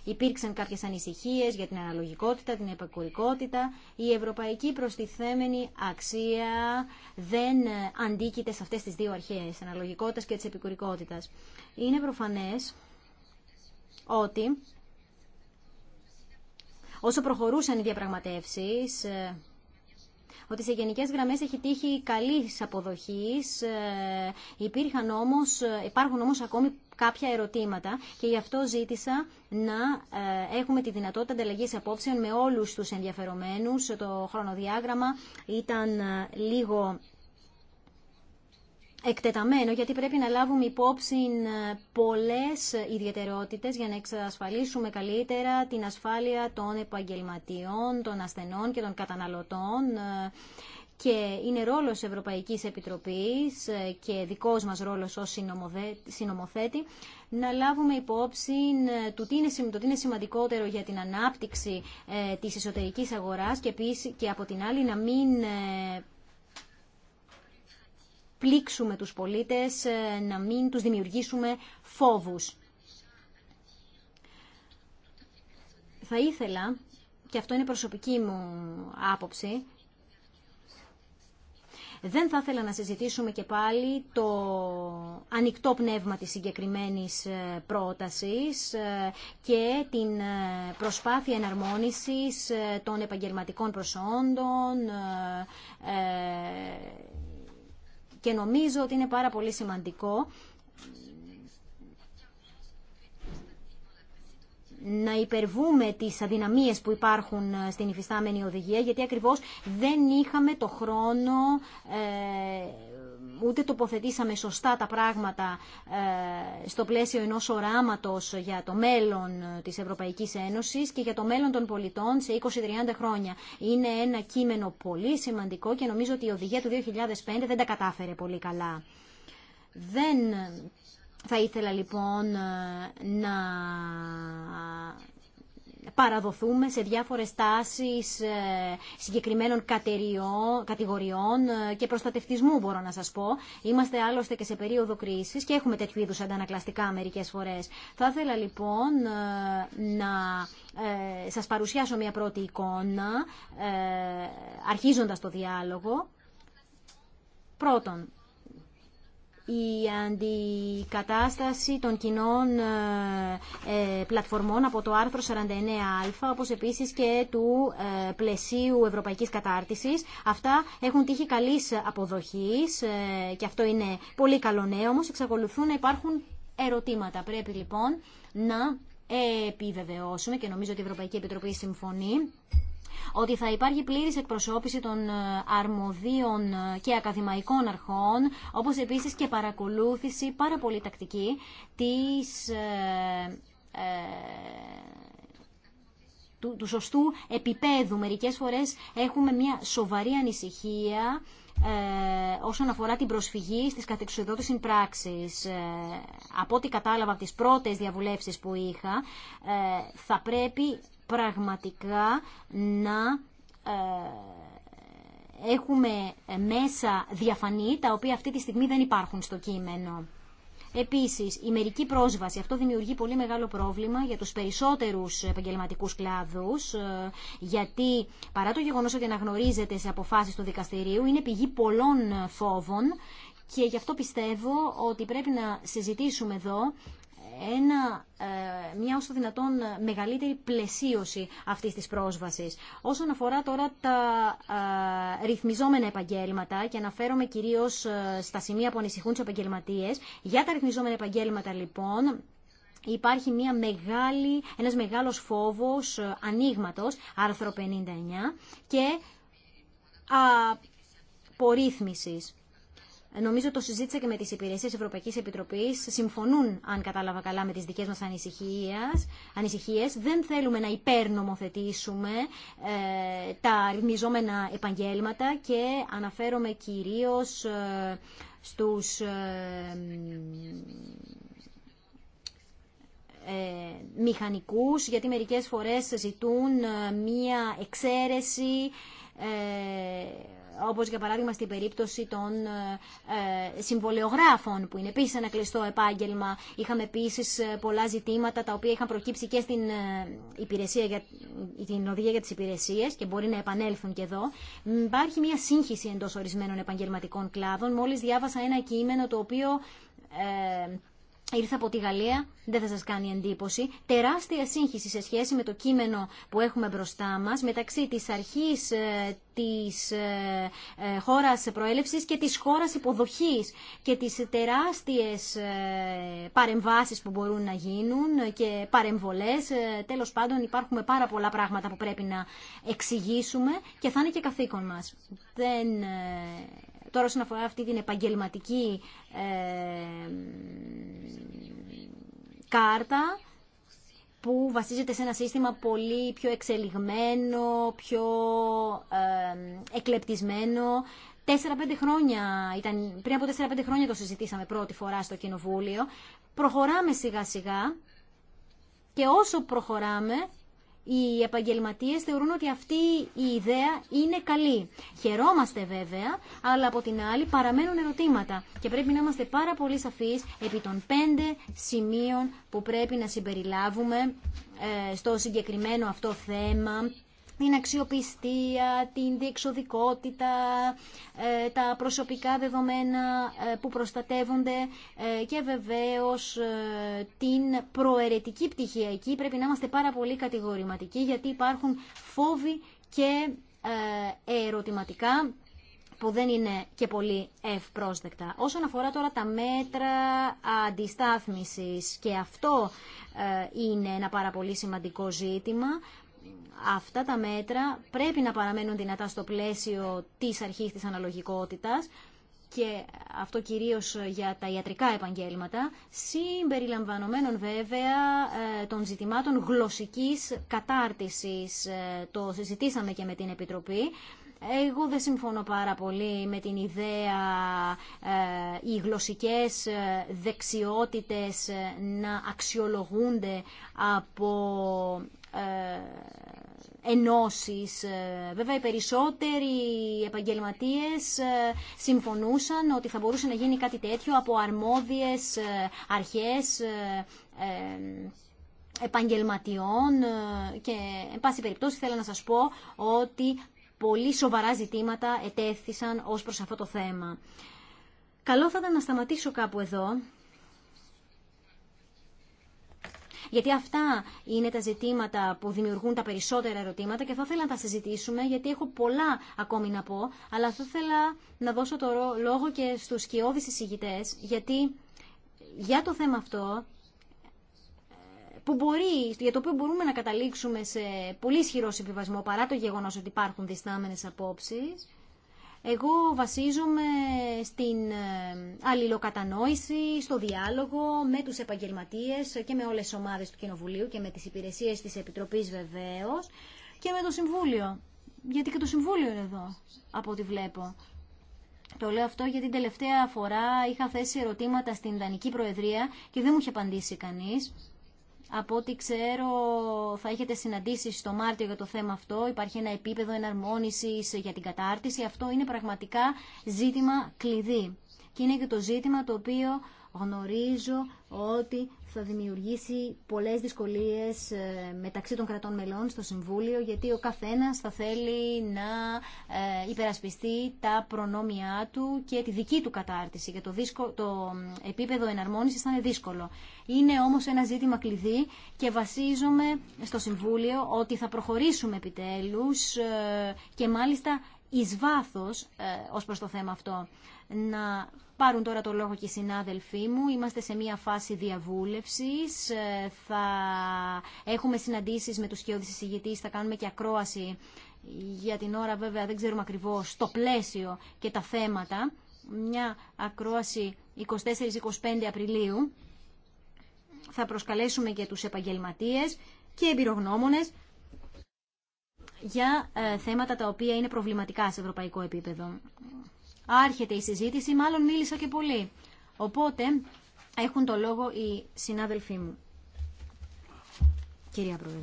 Υπήρξαν κάποιες ανησυχίες για την αναλογικότητα, την επικουρικότητα. Η ευρωπαϊκή προστιθέμενη αξία δεν αντίκειται σε αυτές τις δύο αρχές, αναλογικότητας και της επικουρικότητας. Είναι προφανές ότι όσο προχωρούσαν οι διαπραγματεύσεις, ε, ότι σε γενικές γραμμές έχει τύχει καλής αποδοχής, ε, υπήρχαν όμως, ε, υπάρχουν όμως ακόμη κάποια ερωτήματα και γι' αυτό ζήτησα να ε, έχουμε τη δυνατότητα ανταλλαγής απόψεων με όλους τους ενδιαφερομένους. Το χρονοδιάγραμμα ήταν ε, λίγο εκτεταμένο, γιατί πρέπει να λάβουμε υπόψη ε, πολλές ιδιαιτερότητες για να εξασφαλίσουμε καλύτερα την ασφάλεια των επαγγελματιών, των ασθενών και των καταναλωτών και είναι ρόλος Ευρωπαϊκής Επιτροπής ε, και δικός μας ρόλος ως συνομοθέτη να λάβουμε υπόψη ε, του τι είναι, το τι είναι σημαντικότερο για την ανάπτυξη ε, της εσωτερικής αγοράς και, επίσης, και από την άλλη να μην πλήξουμε τους πολίτες, να μην τους δημιουργήσουμε φόβους. Θα ήθελα, και αυτό είναι προσωπική μου άποψη, δεν θα ήθελα να συζητήσουμε και πάλι το ανοιχτό πνεύμα της συγκεκριμένης ε, πρότασης ε, και την ε, προσπάθεια εναρμόνισης των επαγγελματικών προσόντων και νομίζω ότι είναι πάρα πολύ σημαντικό να υπερβούμε τις αδυναμίες που υπάρχουν ε, στην υφιστάμενη οδηγία, γιατί ακριβώς δεν είχαμε το χρόνο, ε, ούτε τοποθετήσαμε σωστά τα πράγματα ε, στο πλαίσιο ενός οράματος για το μέλλον της Ευρωπαϊκής Ένωσης και για το μέλλον των πολιτών σε 20-30 χρόνια. Είναι ένα κείμενο πολύ σημαντικό και νομίζω ότι η οδηγία του 2005 δεν τα κατάφερε πολύ καλά. Δεν θα ήθελα λοιπόν ε, να παραδοθούμε σε διάφορες τάσεις ε, συγκεκριμένων κατηγοριών ε, και προστατευτισμού μπορώ να σας πω. Είμαστε άλλωστε και σε περίοδο κρίσης και έχουμε τέτοιου είδους αντανακλαστικά μερικές φορές. Θα ήθελα λοιπόν να σας παρουσιάσω μια πρώτη εικόνα αρχίζοντας το διάλογο. Πρώτον, η αντικατάσταση των κοινών ε, ε, πλατφορμών από το άρθρο 49α, όπως επίσης και του ε, πλαισίου ευρωπαϊκής κατάρτισης. Αυτά έχουν τύχει καλής αποδοχής και αυτό είναι πολύ καλό νέο, όμως εξακολουθούν να υπάρχουν ερωτήματα. Πρέπει λοιπόν να επιβεβαιώσουμε και νομίζω ότι η Ευρωπαϊκή Επιτροπή συμφωνεί ότι θα υπάρχει πλήρη εκπροσώπηση των ε, αρμοδίων ε, και ακαδημαϊκών αρχών, όπως επίσης και παρακολούθηση πάρα πολύ τακτική της ε, του, σωστού επίπεδου. Μερικές φορές έχουμε μια σοβαρή ανησυχία ε, όσον αφορά την προσφυγή στις κατεξουδότες πράξεις. από ό,τι κατάλαβα από τις πρώτες διαβουλεύσεις που είχα, θα πρέπει πραγματικά να ε, έχουμε μέσα διαφανή, τα οποία αυτή τη στιγμή δεν υπάρχουν στο κείμενο. Επίσης, η μερική πρόσβαση, αυτό δημιουργεί πολύ μεγάλο πρόβλημα για τους περισσότερους επαγγελματικούς κλάδους, ε, γιατί παρά το γεγονός ότι αναγνωρίζεται σε αποφάσεις του δικαστηρίου, είναι πηγή πολλών φόβων και γι' αυτό πιστεύω ότι πρέπει να συζητήσουμε εδώ ένα, ε, μια όσο δυνατόν μεγαλύτερη πλαισίωση αυτής της πρόσβασης. Όσον αφορά τώρα τα ε, ρυθμιζόμενα επαγγέλματα και αναφέρομαι κυρίως ε, στα σημεία που ανησυχούν τους επαγγελματίε, για τα ρυθμιζόμενα επαγγέλματα λοιπόν υπάρχει μια μεγάλη, ένας μεγάλος φόβος ανοίγματο, άρθρο 59 και απορρίθμισης. Ε, νομίζω το συζήτησα και με τις υπηρεσίε Ευρωπαϊκής Επιτροπής, συμφωνούν αν κατάλαβα καλά με τις δικές μας ανησυχίες. Δεν θέλουμε να υπερνομοθετήσουμε ε, τα ρυθμιζόμενα επαγγέλματα και αναφέρομαι κυρίως ε, στους... Ε, ε μηχανικούς, γιατί μερικές φορές ζητούν μία εξαίρεση όπως για παράδειγμα στην περίπτωση των ε, ε, συμβολεογράφων, που είναι επίσης ένα κλειστό επάγγελμα. Είχαμε επίσης ε, πολλά ζητήματα τα οποία είχαν προκύψει και στην υπηρεσία για, την οδηγία για τις υπηρεσίες και μπορεί να επανέλθουν και εδώ. Υπάρχει μια σύγχυση εντός ορισμένων επαγγελματικών κλάδων. Μόλις διάβασα ένα κείμενο το οποίο Ήρθα από τη Γαλλία, δεν θα σας κάνει εντύπωση, τεράστια σύγχυση σε σχέση με το κείμενο που έχουμε μπροστά μας μεταξύ της αρχής ε, της ε, ε, χώρας προέλευσης και της χώρας υποδοχής και τις τεράστιες παρεμβάσεις που μπορούν να γίνουν και παρεμβολές. Τέλος πάντων υπάρχουν πάρα πολλά πράγματα που πρέπει να εξηγήσουμε και θα είναι και καθήκον μας. Δεν Τώρα όσον αφορά αυτή την επαγγελματική ε, κάρτα που βασίζεται σε ένα σύστημα πολύ πιο εξελιγμένο, πιο ε, εκλεπτισμένο. Τέσσερα-πέντε χρόνια, ήταν, πριν από τέσσερα-πέντε χρόνια το συζητήσαμε πρώτη φορά στο Κοινοβούλιο. Προχωράμε σιγά-σιγά και όσο προχωράμε οι επαγγελματίες θεωρούν ότι αυτή η ιδέα είναι καλή. Χαιρόμαστε βέβαια, αλλά από την άλλη παραμένουν ερωτήματα και πρέπει να είμαστε πάρα πολύ σαφείς επί των πέντε σημείων που πρέπει να συμπεριλάβουμε ε, στο συγκεκριμένο αυτό θέμα την αξιοπιστία, την διεξοδικότητα, ε, τα προσωπικά δεδομένα ε, που προστατεύονται ε, και βεβαίως την προαιρετική πτυχία. Εκεί πρέπει να είμαστε πάρα πολύ κατηγορηματικοί γιατί υπάρχουν φόβοι και ερωτηματικά που δεν είναι και πολύ ευπρόσδεκτα. Όσον αφορά τώρα τα μέτρα αντιστάθμισης και αυτό είναι ένα πάρα πολύ σημαντικό ζήτημα αυτά τα μέτρα πρέπει να παραμένουν δυνατά στο πλαίσιο της αρχής της αναλογικότητας και αυτό κυρίως για τα ιατρικά επαγγέλματα, συμπεριλαμβανομένων βέβαια ε, των ζητημάτων γλωσσικής κατάρτισης. Ε, το συζητήσαμε και με την Επιτροπή. Εγώ δεν συμφωνώ πάρα πολύ με την ιδέα ε, οι γλωσσικές ε, δεξιότητες να αξιολογούνται από ε, βέβαια, οι περισσότεροι επαγγελματίες ε, συμφωνούσαν ότι θα μπορούσε να γίνει κάτι τέτοιο από αρμόδιες ε, αρχές επαγγελματιών και, εν πάση περιπτώσει, θέλω να σας πω ότι πολύ σοβαρά ζητήματα ετέθησαν ως προς αυτό το θέμα. Καλό θα ήταν να σταματήσω κάπου εδώ Γιατί αυτά είναι τα ζητήματα που δημιουργούν τα περισσότερα ερωτήματα και θα ήθελα να τα συζητήσουμε γιατί έχω πολλά ακόμη να πω, αλλά θα ήθελα να δώσω το λόγο και στους σκιώδεις εισηγητές γιατί για το θέμα αυτό που μπορεί, για το οποίο μπορούμε να καταλήξουμε σε πολύ ισχυρό συμβιβασμό παρά το γεγονός ότι υπάρχουν διστάμενες απόψεις εγώ βασίζομαι στην ε, αλληλοκατανόηση, στο διάλογο με τους επαγγελματίες και με όλες τις ομάδες του Κοινοβουλίου και με τις υπηρεσίες της Επιτροπής βεβαίως και με το Συμβούλιο. Γιατί και το Συμβούλιο είναι εδώ, από ό,τι βλέπω. Το λέω αυτό γιατί την τελευταία φορά είχα θέσει ερωτήματα στην Δανική Προεδρία και δεν μου είχε απαντήσει κανείς. Από ό,τι ξέρω θα έχετε συναντήσει στο Μάρτιο για το θέμα αυτό. Υπάρχει ένα επίπεδο εναρμόνισης για την κατάρτιση. Αυτό είναι πραγματικά ζήτημα κλειδί. Και είναι και το ζήτημα το οποίο Γνωρίζω ότι θα δημιουργήσει πολλές δυσκολίες ε, μεταξύ των κρατών μελών στο Συμβούλιο, γιατί ο καθένας θα θέλει να ε, υπερασπιστεί τα προνόμια του και τη δική του κατάρτιση. Και το, δίσκο, το επίπεδο εναρμόνισης θα είναι δύσκολο. Είναι όμως ένα ζήτημα κλειδί και βασίζομαι στο Συμβούλιο ότι θα προχωρήσουμε επιτέλους ε, και μάλιστα εις βάθος ως προς το θέμα αυτό. Να πάρουν τώρα το λόγο και οι συνάδελφοί μου. Είμαστε σε μια φάση διαβούλευσης. Ε, θα έχουμε συναντήσεις με τους σκιώδεις εισηγητής, θα κάνουμε και ακρόαση. Για την ώρα βέβαια δεν ξέρουμε ακριβώς το πλαίσιο και τα θέματα. Μια ακρόαση 24-25 Απριλίου. Θα προσκαλέσουμε και τους επαγγελματίες και εμπειρογνώμονες για ε, θέματα τα οποία είναι προβληματικά σε ευρωπαϊκό επίπεδο. Άρχεται η συζήτηση, μάλλον μίλησα και πολύ. Οπότε έχουν το λόγο οι συνάδελφοί μου. Κυρία Πρόεδρε.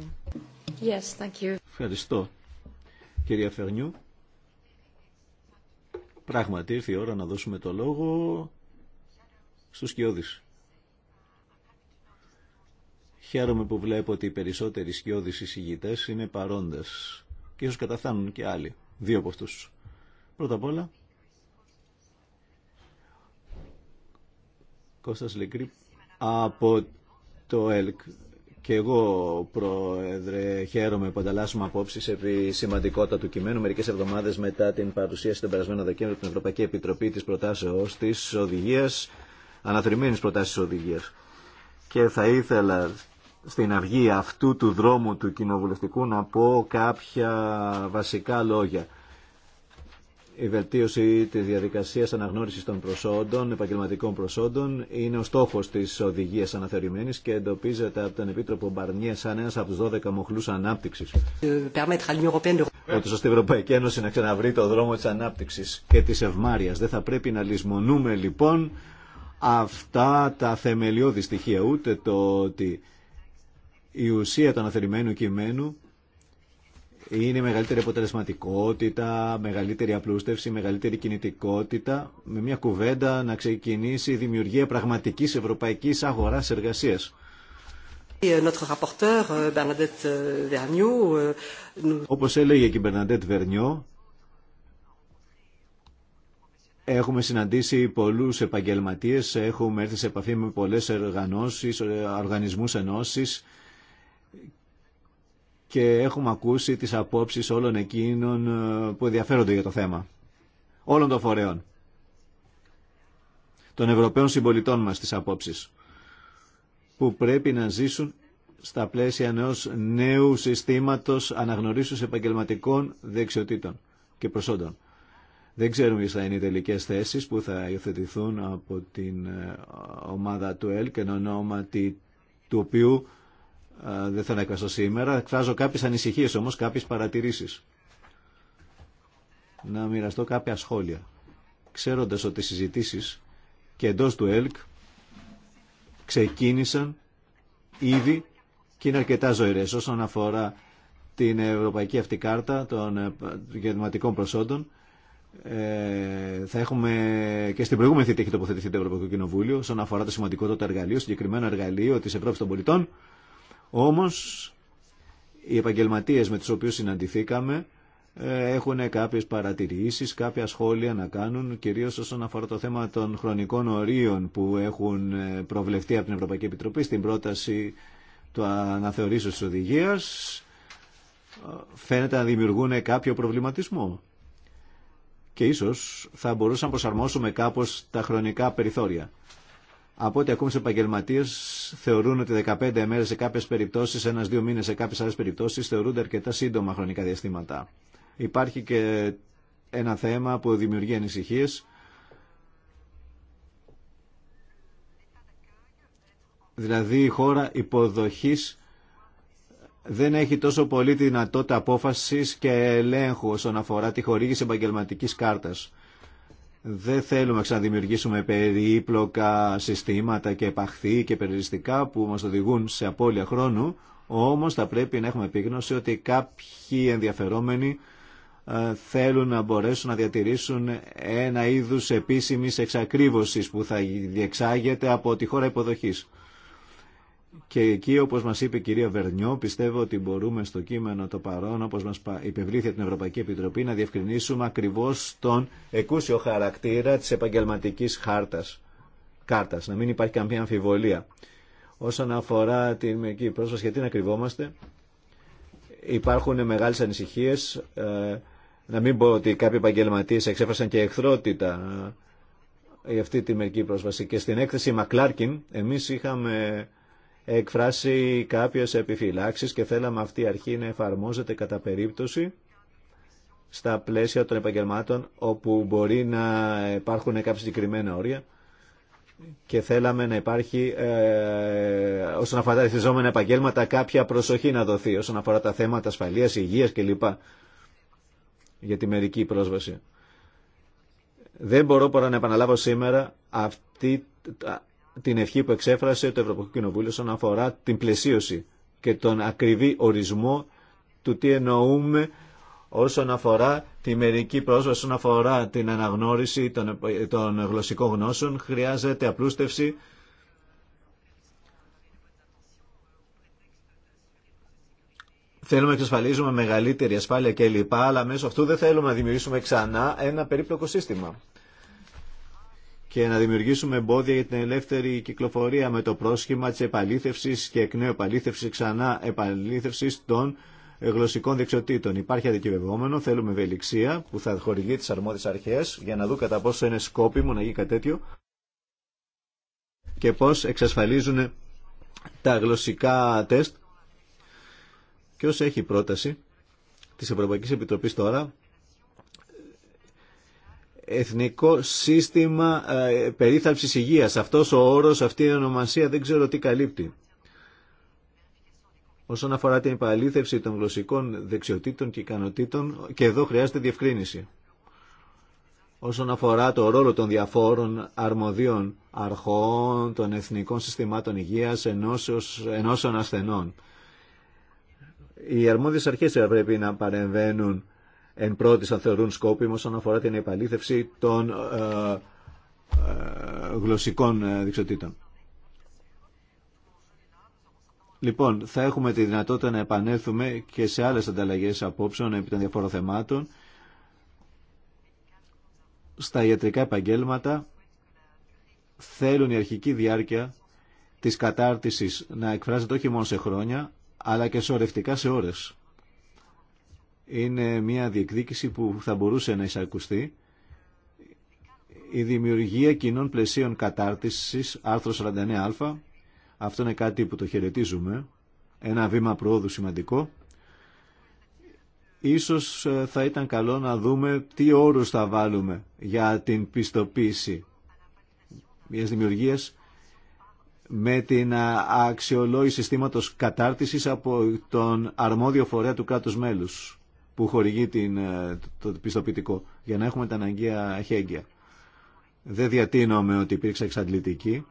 Yes, thank you. Ευχαριστώ. Κυρία Φερνιού. Πράγματι ήρθε η ώρα να δώσουμε το λόγο στους Κιώδης. Χαίρομαι που βλέπω ότι οι περισσότεροι σκιώδεις εισηγητές είναι παρόντες. Και ίσως καταφθάνουν και άλλοι, δύο από αυτούς. Πρώτα απ' όλα, Κώστας Λεκρή από το ΕΛΚ. Και εγώ, Πρόεδρε, χαίρομαι που ανταλλάσσουμε απόψεις επί σημαντικότητα του κειμένου. Μερικές εβδομάδες μετά την παρουσίαση τον περασμένο Δεκέμβριο την Ευρωπαϊκή Επιτροπή της προτάσεως της οδηγίας, αναθρημένης προτάσης οδηγίας. Και θα ήθελα στην αυγή αυτού του δρόμου του κοινοβουλευτικού να πω κάποια βασικά λόγια. Η βελτίωση τη διαδικασία αναγνώριση των προσόντων, επαγγελματικών προσόντων, είναι ο στόχο τη οδηγία αναθεωρημένης και εντοπίζεται από τον Επίτροπο Μπαρνιέ σαν ένα από του 12 μοχλού ανάπτυξη. Ότι ώστε η Ευρωπαϊκή Ένωση να ξαναβρει το δρόμο τη ανάπτυξη και τη ευμάρεια. Δεν θα πρέπει να λησμονούμε λοιπόν αυτά τα θεμελιώδη στοιχεία, ούτε το ότι η ουσία του αναθεωρημένου κειμένου είναι μεγαλύτερη αποτελεσματικότητα, μεγαλύτερη απλούστευση, μεγαλύτερη κινητικότητα, με μια κουβέντα να ξεκινήσει η δημιουργία πραγματικής ευρωπαϊκής αγοράς εργασίας. Euh, euh, euh, Όπως έλεγε και η Μπερναντέτ Βερνιό, Έχουμε συναντήσει πολλούς επαγγελματίες, έχουμε έρθει σε επαφή με πολλές οργανώσεις, οργανισμούς ενώσεις και έχουμε ακούσει τις απόψεις όλων εκείνων ε, που ενδιαφέρονται για το θέμα. Όλων των φορέων. Των Ευρωπαίων συμπολιτών μας τις απόψεις. Που πρέπει να ζήσουν στα πλαίσια ενό νέου συστήματος αναγνωρίσεως επαγγελματικών δεξιοτήτων και προσόντων. Δεν ξέρουμε ποιες θα είναι οι τελικές θέσεις που θα υιοθετηθούν από την ε, ομάδα του ΕΛ και ονόματι του οποίου δεν θέλω να σήμερα. Εκφράζω κάποιε ανησυχίε όμω κάποιε παρατηρήσει. Να μοιραστώ κάποια σχόλια. Ξέροντα ότι οι συζητήσει και εντό του ΕΛΚ ξεκίνησαν ήδη και είναι αρκετά ζωηρέ όσον αφορά την Ευρωπαϊκή Αυτή Κάρτα των ε, Γερματικών Προσόντων. Ε, θα έχουμε και στην προηγούμενη θητή έχει τοποθετηθεί το Ευρωπαϊκό Κοινοβούλιο όσον αφορά το σημαντικότερο εργαλείο, συγκεκριμένο εργαλείο τη Ευρώπη των Πολιτών όμως οι επαγγελματίες με τους οποίους συναντηθήκαμε ε, έχουν κάποιες παρατηρήσεις, κάποια σχόλια να κάνουν, κυρίως όσον αφορά το θέμα των χρονικών ορίων που έχουν ε, προβλεφτεί από την Ευρωπαϊκή Επιτροπή στην πρόταση του αναθεωρήσεως της οδηγίας, φαίνεται να δημιουργούν κάποιο προβληματισμό. Και ίσως θα μπορούσαν να προσαρμόσουμε κάπως τα χρονικά περιθώρια. Από ό,τι ακούμε στου επαγγελματίε, θεωρούν ότι 15 μέρε σε κάποιε περιπτώσει, ένα-δύο μήνε σε κάποιε άλλε περιπτώσει, θεωρούνται αρκετά σύντομα χρονικά διαστήματα. Υπάρχει και ένα θέμα που δημιουργεί ανησυχίε. Δηλαδή η χώρα υποδοχής δεν έχει τόσο πολύ δυνατότητα απόφασης και ελέγχου όσον αφορά τη χορήγηση επαγγελματική κάρτας. Δεν θέλουμε να ξαναδημιουργήσουμε περίπλοκα συστήματα και επαχθή και περιοριστικά που μας οδηγούν σε απώλεια χρόνου, όμως θα πρέπει να έχουμε επίγνωση ότι κάποιοι ενδιαφερόμενοι ε, θέλουν να μπορέσουν να διατηρήσουν ένα είδους επίσημης εξακρίβωσης που θα διεξάγεται από τη χώρα υποδοχής. Και εκεί, όπω μα είπε η κυρία Βερνιό, πιστεύω ότι μπορούμε στο κείμενο το παρόν, όπω μα υπευλήθη την Ευρωπαϊκή Επιτροπή, να διευκρινίσουμε ακριβώ τον εκούσιο χαρακτήρα τη επαγγελματική χάρτας, κάρτας, να μην υπάρχει καμία αμφιβολία. Όσον αφορά την μερική πρόσβαση, γιατί να κρυβόμαστε, υπάρχουν μεγάλες ανησυχίες, ε, να μην πω ότι κάποιοι επαγγελματίε εξέφρασαν και εχθρότητα ε, για αυτή τη μερική πρόσβαση. Και στην έκθεση Μακλάρκιν εμεί είχαμε εκφράσει κάποιες επιφυλάξεις και θέλαμε αυτή η αρχή να εφαρμόζεται κατά περίπτωση στα πλαίσια των επαγγελμάτων όπου μπορεί να υπάρχουν κάποια συγκεκριμένα όρια και θέλαμε να υπάρχει ε, όσον αφορά τα εθιζόμενα επαγγέλματα κάποια προσοχή να δοθεί όσον αφορά τα θέματα ασφαλείας, υγείας κλπ. για τη μερική πρόσβαση. Δεν μπορώ παρά να επαναλάβω σήμερα αυτή, την ευχή που εξέφρασε το Ευρωπαϊκό Κοινοβούλιο όσον αφορά την πλαισίωση και τον ακριβή ορισμό του τι εννοούμε όσον αφορά τη μερική πρόσβαση, όσον αφορά την αναγνώριση των, γλωσσικών γνώσεων, χρειάζεται απλούστευση Θέλουμε να εξασφαλίζουμε μεγαλύτερη ασφάλεια κλπ. Αλλά μέσω αυτού δεν θέλουμε να δημιουργήσουμε ξανά ένα περίπλοκο σύστημα και να δημιουργήσουμε εμπόδια για την ελεύθερη κυκλοφορία με το πρόσχημα της επαλήθευσης και εκ νέου επαλήθευσης ξανά επαλήθευσης των γλωσσικών δεξιοτήτων. Υπάρχει αντικειμενόμενο. θέλουμε ευελιξία που θα χορηγεί τις αρμόδιες αρχές για να δούμε κατά πόσο είναι σκόπιμο να γίνει κάτι τέτοιο και πώς εξασφαλίζουν τα γλωσσικά τεστ. Και έχει πρόταση της Ευρωπαϊκής Επιτροπής τώρα Εθνικό Σύστημα ε, Περίθαλψης Υγείας. Αυτός ο όρος, αυτή η ονομασία δεν ξέρω τι καλύπτει. Όσον αφορά την επαλήθευση των γλωσσικών δεξιοτήτων και ικανοτήτων, και εδώ χρειάζεται διευκρίνηση. Όσον αφορά το ρόλο των διαφόρων αρμοδίων αρχών των εθνικών συστημάτων υγείας ενώσεων ασθενών. Οι αρμόδιες αρχές πρέπει να παρεμβαίνουν εν πρώτη θα θεωρούν σκόπιμο όσον αφορά την επαλήθευση των ε, ε, γλωσσικών ε, δεξιοτήτων. Λοιπόν, θα έχουμε τη δυνατότητα να επανέλθουμε και σε άλλες ανταλλαγές απόψεων επί των διαφόρων θεμάτων στα ιατρικά επαγγέλματα θέλουν η αρχική διάρκεια της κατάρτισης να εκφράζεται όχι μόνο σε χρόνια αλλά και σωρευτικά σε ώρες είναι μια διεκδίκηση που θα μπορούσε να εισακουστεί. Η δημιουργία κοινών πλαισίων κατάρτισης, άρθρο 49α, αυτό είναι κάτι που το χαιρετίζουμε, ένα βήμα προόδου σημαντικό. Ίσως ε, θα ήταν καλό να δούμε τι όρους θα βάλουμε για την πιστοποίηση μιας δημιουργίας με την ε, αξιολόγηση συστήματος κατάρτισης από τον αρμόδιο φορέα του κράτους μέλους που χορηγεί την, ε, το πιστοποιητικό για να έχουμε τα αναγκαία αχέγγυα. Δεν διατείνομαι ότι υπήρξε εξαντλητική.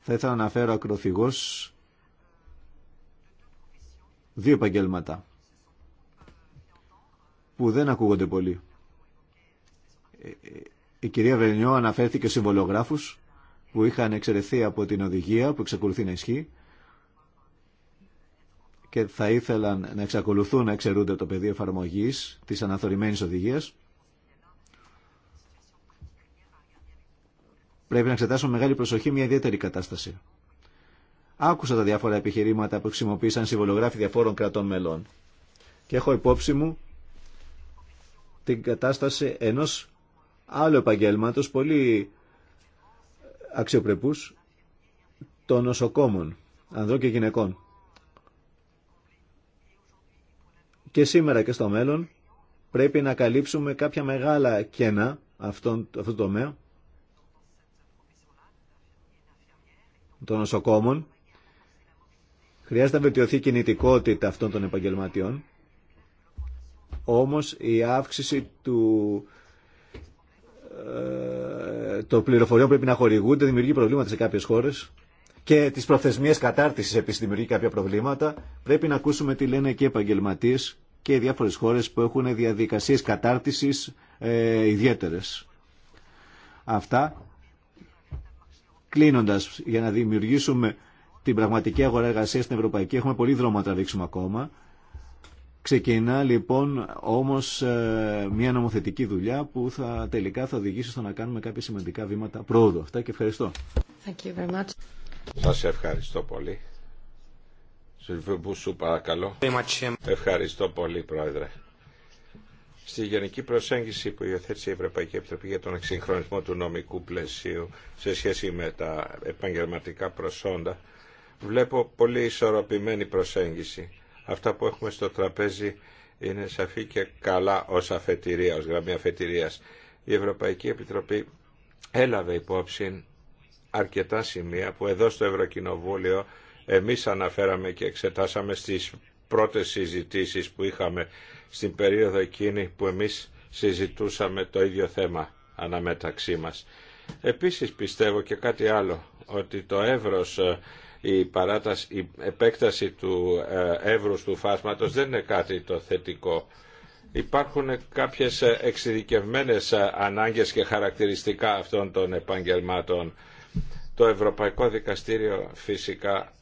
Θα ήθελα να αναφέρω ακροθυγός δύο επαγγέλματα που δεν ακούγονται πολύ. Ε, ε, η κυρία Βερνιό αναφέρθηκε σε βολογράφους που είχαν εξαιρεθεί από την οδηγία που εξακολουθεί να ισχύει και θα ήθελαν να εξακολουθούν να εξαιρούνται το πεδίο εφαρμογή τη αναθωρημένη οδηγία. Πρέπει να εξετάσουμε μεγάλη προσοχή μια ιδιαίτερη κατάσταση. Άκουσα τα διάφορα επιχειρήματα που χρησιμοποίησαν συμβολογράφοι διαφόρων κρατών μελών και έχω υπόψη μου την κατάσταση ενός άλλου επαγγελματό, πολύ αξιοπρεπούς των νοσοκόμων, ανδρών και γυναικών. και σήμερα και στο μέλλον πρέπει να καλύψουμε κάποια μεγάλα κένα αυτόν, αυτού του τομέα των νοσοκόμων. Χρειάζεται να βελτιωθεί η κινητικότητα αυτών των επαγγελματιών. Όμως η αύξηση του, ε, των πληροφοριών πρέπει να χορηγούνται δημιουργεί προβλήματα σε κάποιες χώρες και τις προθεσμίες κατάρτισης επίσης δημιουργεί κάποια προβλήματα. Πρέπει να ακούσουμε τι λένε και οι επαγγελματίες και οι διάφορες χώρες που έχουν διαδικασίες κατάρτισης ε, ιδιαίτερες. Αυτά κλείνοντας για να δημιουργήσουμε την πραγματική αγορά εργασίας στην Ευρωπαϊκή έχουμε πολύ δρόμο να τραβήξουμε ακόμα. Ξεκινά λοιπόν όμως ε, μια νομοθετική δουλειά που θα, τελικά θα οδηγήσει στο να κάνουμε κάποια σημαντικά βήματα πρόοδο. Αυτά και ευχαριστώ. Thank Σας ευχαριστώ πολύ. Ευχαριστώ πολύ, Πρόεδρε. Στη γενική προσέγγιση που υιοθέτησε η Ευρωπαϊκή Επιτροπή για τον εξυγχρονισμό του νομικού πλαισίου σε σχέση με τα επαγγελματικά προσόντα, βλέπω πολύ ισορροπημένη προσέγγιση. Αυτά που έχουμε στο τραπέζι είναι σαφή και καλά ως αφετηρία, ως γραμμή αφετηρίας. Η Ευρωπαϊκή Επιτροπή έλαβε υπόψη αρκετά σημεία που εδώ στο Ευρωκοινοβούλιο εμείς αναφέραμε και εξετάσαμε στις πρώτες συζητήσεις που είχαμε στην περίοδο εκείνη που εμείς συζητούσαμε το ίδιο θέμα αναμέταξύ μας. Επίσης πιστεύω και κάτι άλλο, ότι το εύρος, ε, η, παράταση, η επέκταση του ε, εύρους του φάσματος δεν είναι κάτι το θετικό. Υπάρχουν κάποιες ε, εξειδικευμένες ανάγκες και χαρακτηριστικά αυτών των επαγγελμάτων. Το Ευρωπαϊκό Δικαστήριο φυσικά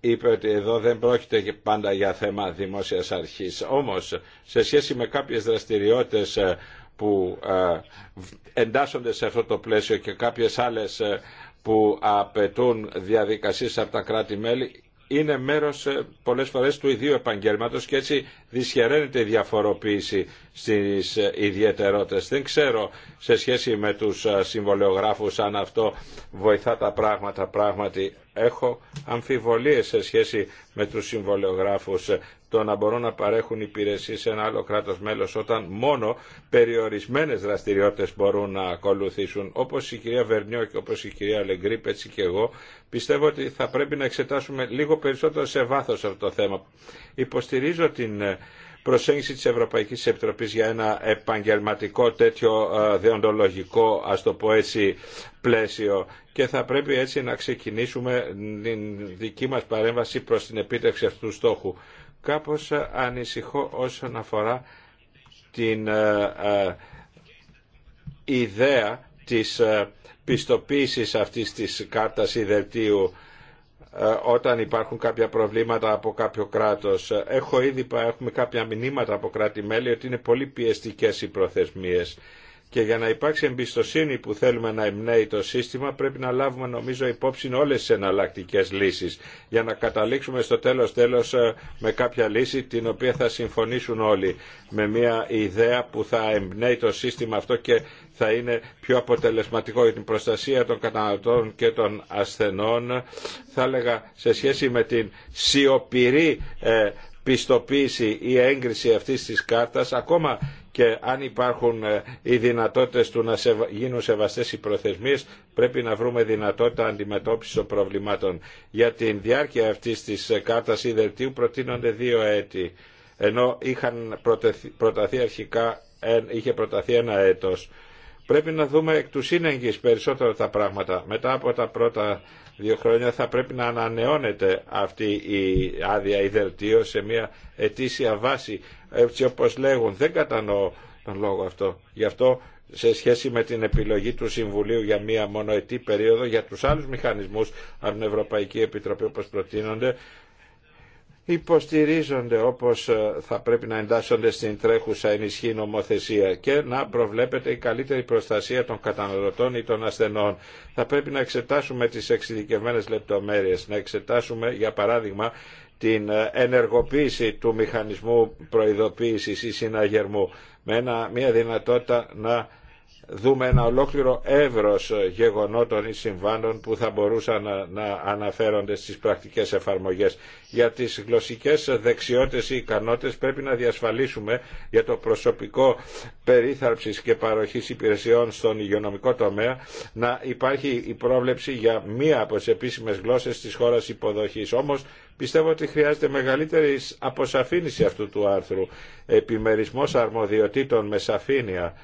είπε ότι εδώ δεν πρόκειται πάντα για θέμα δημόσιας αρχής. Όμως, σε σχέση με κάποιες δραστηριότητες ε, που ε, εντάσσονται σε αυτό το πλαίσιο και κάποιες άλλες ε, που απαιτούν διαδικασίες από τα κράτη-μέλη, είναι μέρος πολλές φορές του ιδίου επαγγέλματος και έτσι δυσχεραίνεται η διαφοροποίηση στις ιδιαιτερότητες. Δεν ξέρω σε σχέση με τους συμβολεογράφους αν αυτό βοηθά τα πράγματα πράγματι. Έχω αμφιβολίες σε σχέση με τους συμβολεογράφους το να μπορούν να παρέχουν υπηρεσίες σε ένα άλλο κράτος μέλος όταν μόνο περιορισμένες δραστηριότητες μπορούν να ακολουθήσουν. Όπως η κυρία Βερνιό και όπως η κυρία Λεγκρίπ, έτσι και εγώ, πιστεύω ότι θα πρέπει να εξετάσουμε λίγο περισσότερο σε βάθος αυτό το θέμα. Υποστηρίζω την ε, προσέγγιση της Ευρωπαϊκής Επιτροπής για ένα επαγγελματικό τέτοιο ε, διοντολογικό ας το πω έτσι, πλαίσιο και θα πρέπει έτσι να ξεκινήσουμε την δική μας παρέμβαση προς την επίτευξη αυτού του στόχου. Κάπως ε, ανησυχώ όσον αφορά την ιδέα της πιστοποίησης αυτής της κάρτας ιδερτίου ε, όταν υπάρχουν κάποια προβλήματα από κάποιο κράτος. Έχω ήδη, έχουμε κάποια μηνύματα από κράτη-μέλη ότι είναι πολύ πιεστικές οι προθεσμίες και για να υπάρξει εμπιστοσύνη που θέλουμε να εμπνέει το σύστημα πρέπει να λάβουμε νομίζω υπόψη όλες τις εναλλακτικέ λύσεις για να καταλήξουμε στο τέλος τέλος ε, με κάποια λύση την οποία θα συμφωνήσουν όλοι με μια ιδέα που θα εμπνέει το σύστημα αυτό και θα είναι πιο αποτελεσματικό για την προστασία των καταναλωτών και των ασθενών θα έλεγα σε σχέση με την σιωπηρή ε, πιστοποίηση ή έγκριση αυτής της κάρτας ακόμα και αν υπάρχουν ε, οι δυνατότητες του να γίνουν σεβαστές οι προθεσμίες πρέπει να βρούμε δυνατότητα αντιμετώπισης των προβλημάτων. Για την διάρκεια αυτής της ε, κάρτας ιδερτίου προτείνονται δύο έτη ενώ είχαν προταθεί αρχικά, είχε προταθεί ένα έτος. Πρέπει να δούμε εκ του σύνεγγυς περισσότερο τα πράγματα. Μετά από τα πρώτα δύο χρόνια θα πρέπει να ανανεώνεται αυτή η άδεια ή δελτίο σε μια ετήσια βάση έτσι όπως λέγουν. Δεν κατανοώ τον λόγο αυτό. Γι' αυτό σε σχέση με την επιλογή του Συμβουλίου για μία μονοετή περίοδο για τους άλλους μηχανισμούς από την Ευρωπαϊκή Επιτροπή όπως προτείνονται υποστηρίζονται όπως ε, θα πρέπει να εντάσσονται στην τρέχουσα ενισχύ νομοθεσία και να προβλέπεται η καλύτερη προστασία των καταναλωτών ή των ασθενών. Θα πρέπει να εξετάσουμε τις εξειδικευμένες λεπτομέρειες, να εξετάσουμε για παράδειγμα την ε, ενεργοποίηση του μηχανισμού προειδοποίησης ή συναγερμού με μια δυνατότητα να δούμε ένα ολόκληρο εύρος γεγονότων ή συμβάντων που θα μπορούσαν να, αναφέρονται στις πρακτικές εφαρμογές. Για τις γλωσσικές δεξιότητες ή ικανότητες πρέπει να διασφαλίσουμε για το προσωπικό περίθαρψης... και παροχής υπηρεσιών στον υγειονομικό τομέα να υπάρχει η πρόβλεψη για μία από τις επίσημες γλώσσες της χώρας υποδοχής. Όμως Πιστεύω ότι χρειάζεται μεγαλύτερη αποσαφήνιση αυτού του άρθρου, επιμερισμός αρμοδιοτήτων με σαφήνεια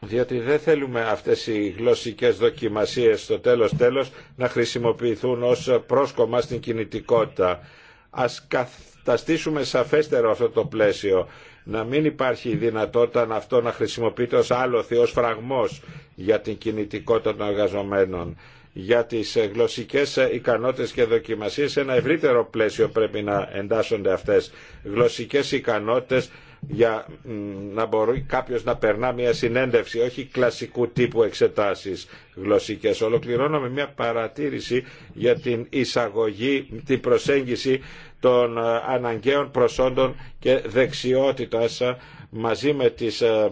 διότι δεν θέλουμε αυτές οι γλωσσικές δοκιμασίες στο τέλος τέλος να χρησιμοποιηθούν ως πρόσκομα στην κινητικότητα. Ας καταστήσουμε σαφέστερο αυτό το πλαίσιο, να μην υπάρχει δυνατότητα να αυτό να χρησιμοποιείται ως άλοθη, ως φραγμός για την κινητικότητα των εργαζομένων. Για τις γλωσσικές ικανότητες και δοκιμασίες ένα ευρύτερο πλαίσιο πρέπει να εντάσσονται αυτές. Γλωσσικές ικανότητες για να μπορεί κάποιος να περνά μια συνέντευξη, όχι κλασικού τύπου εξετάσεις γλωσσικές. Ολοκληρώνω με μια παρατήρηση για την εισαγωγή, την προσέγγιση των ε, αναγκαίων προσόντων και δεξιότητας ε, μαζί με τις ε,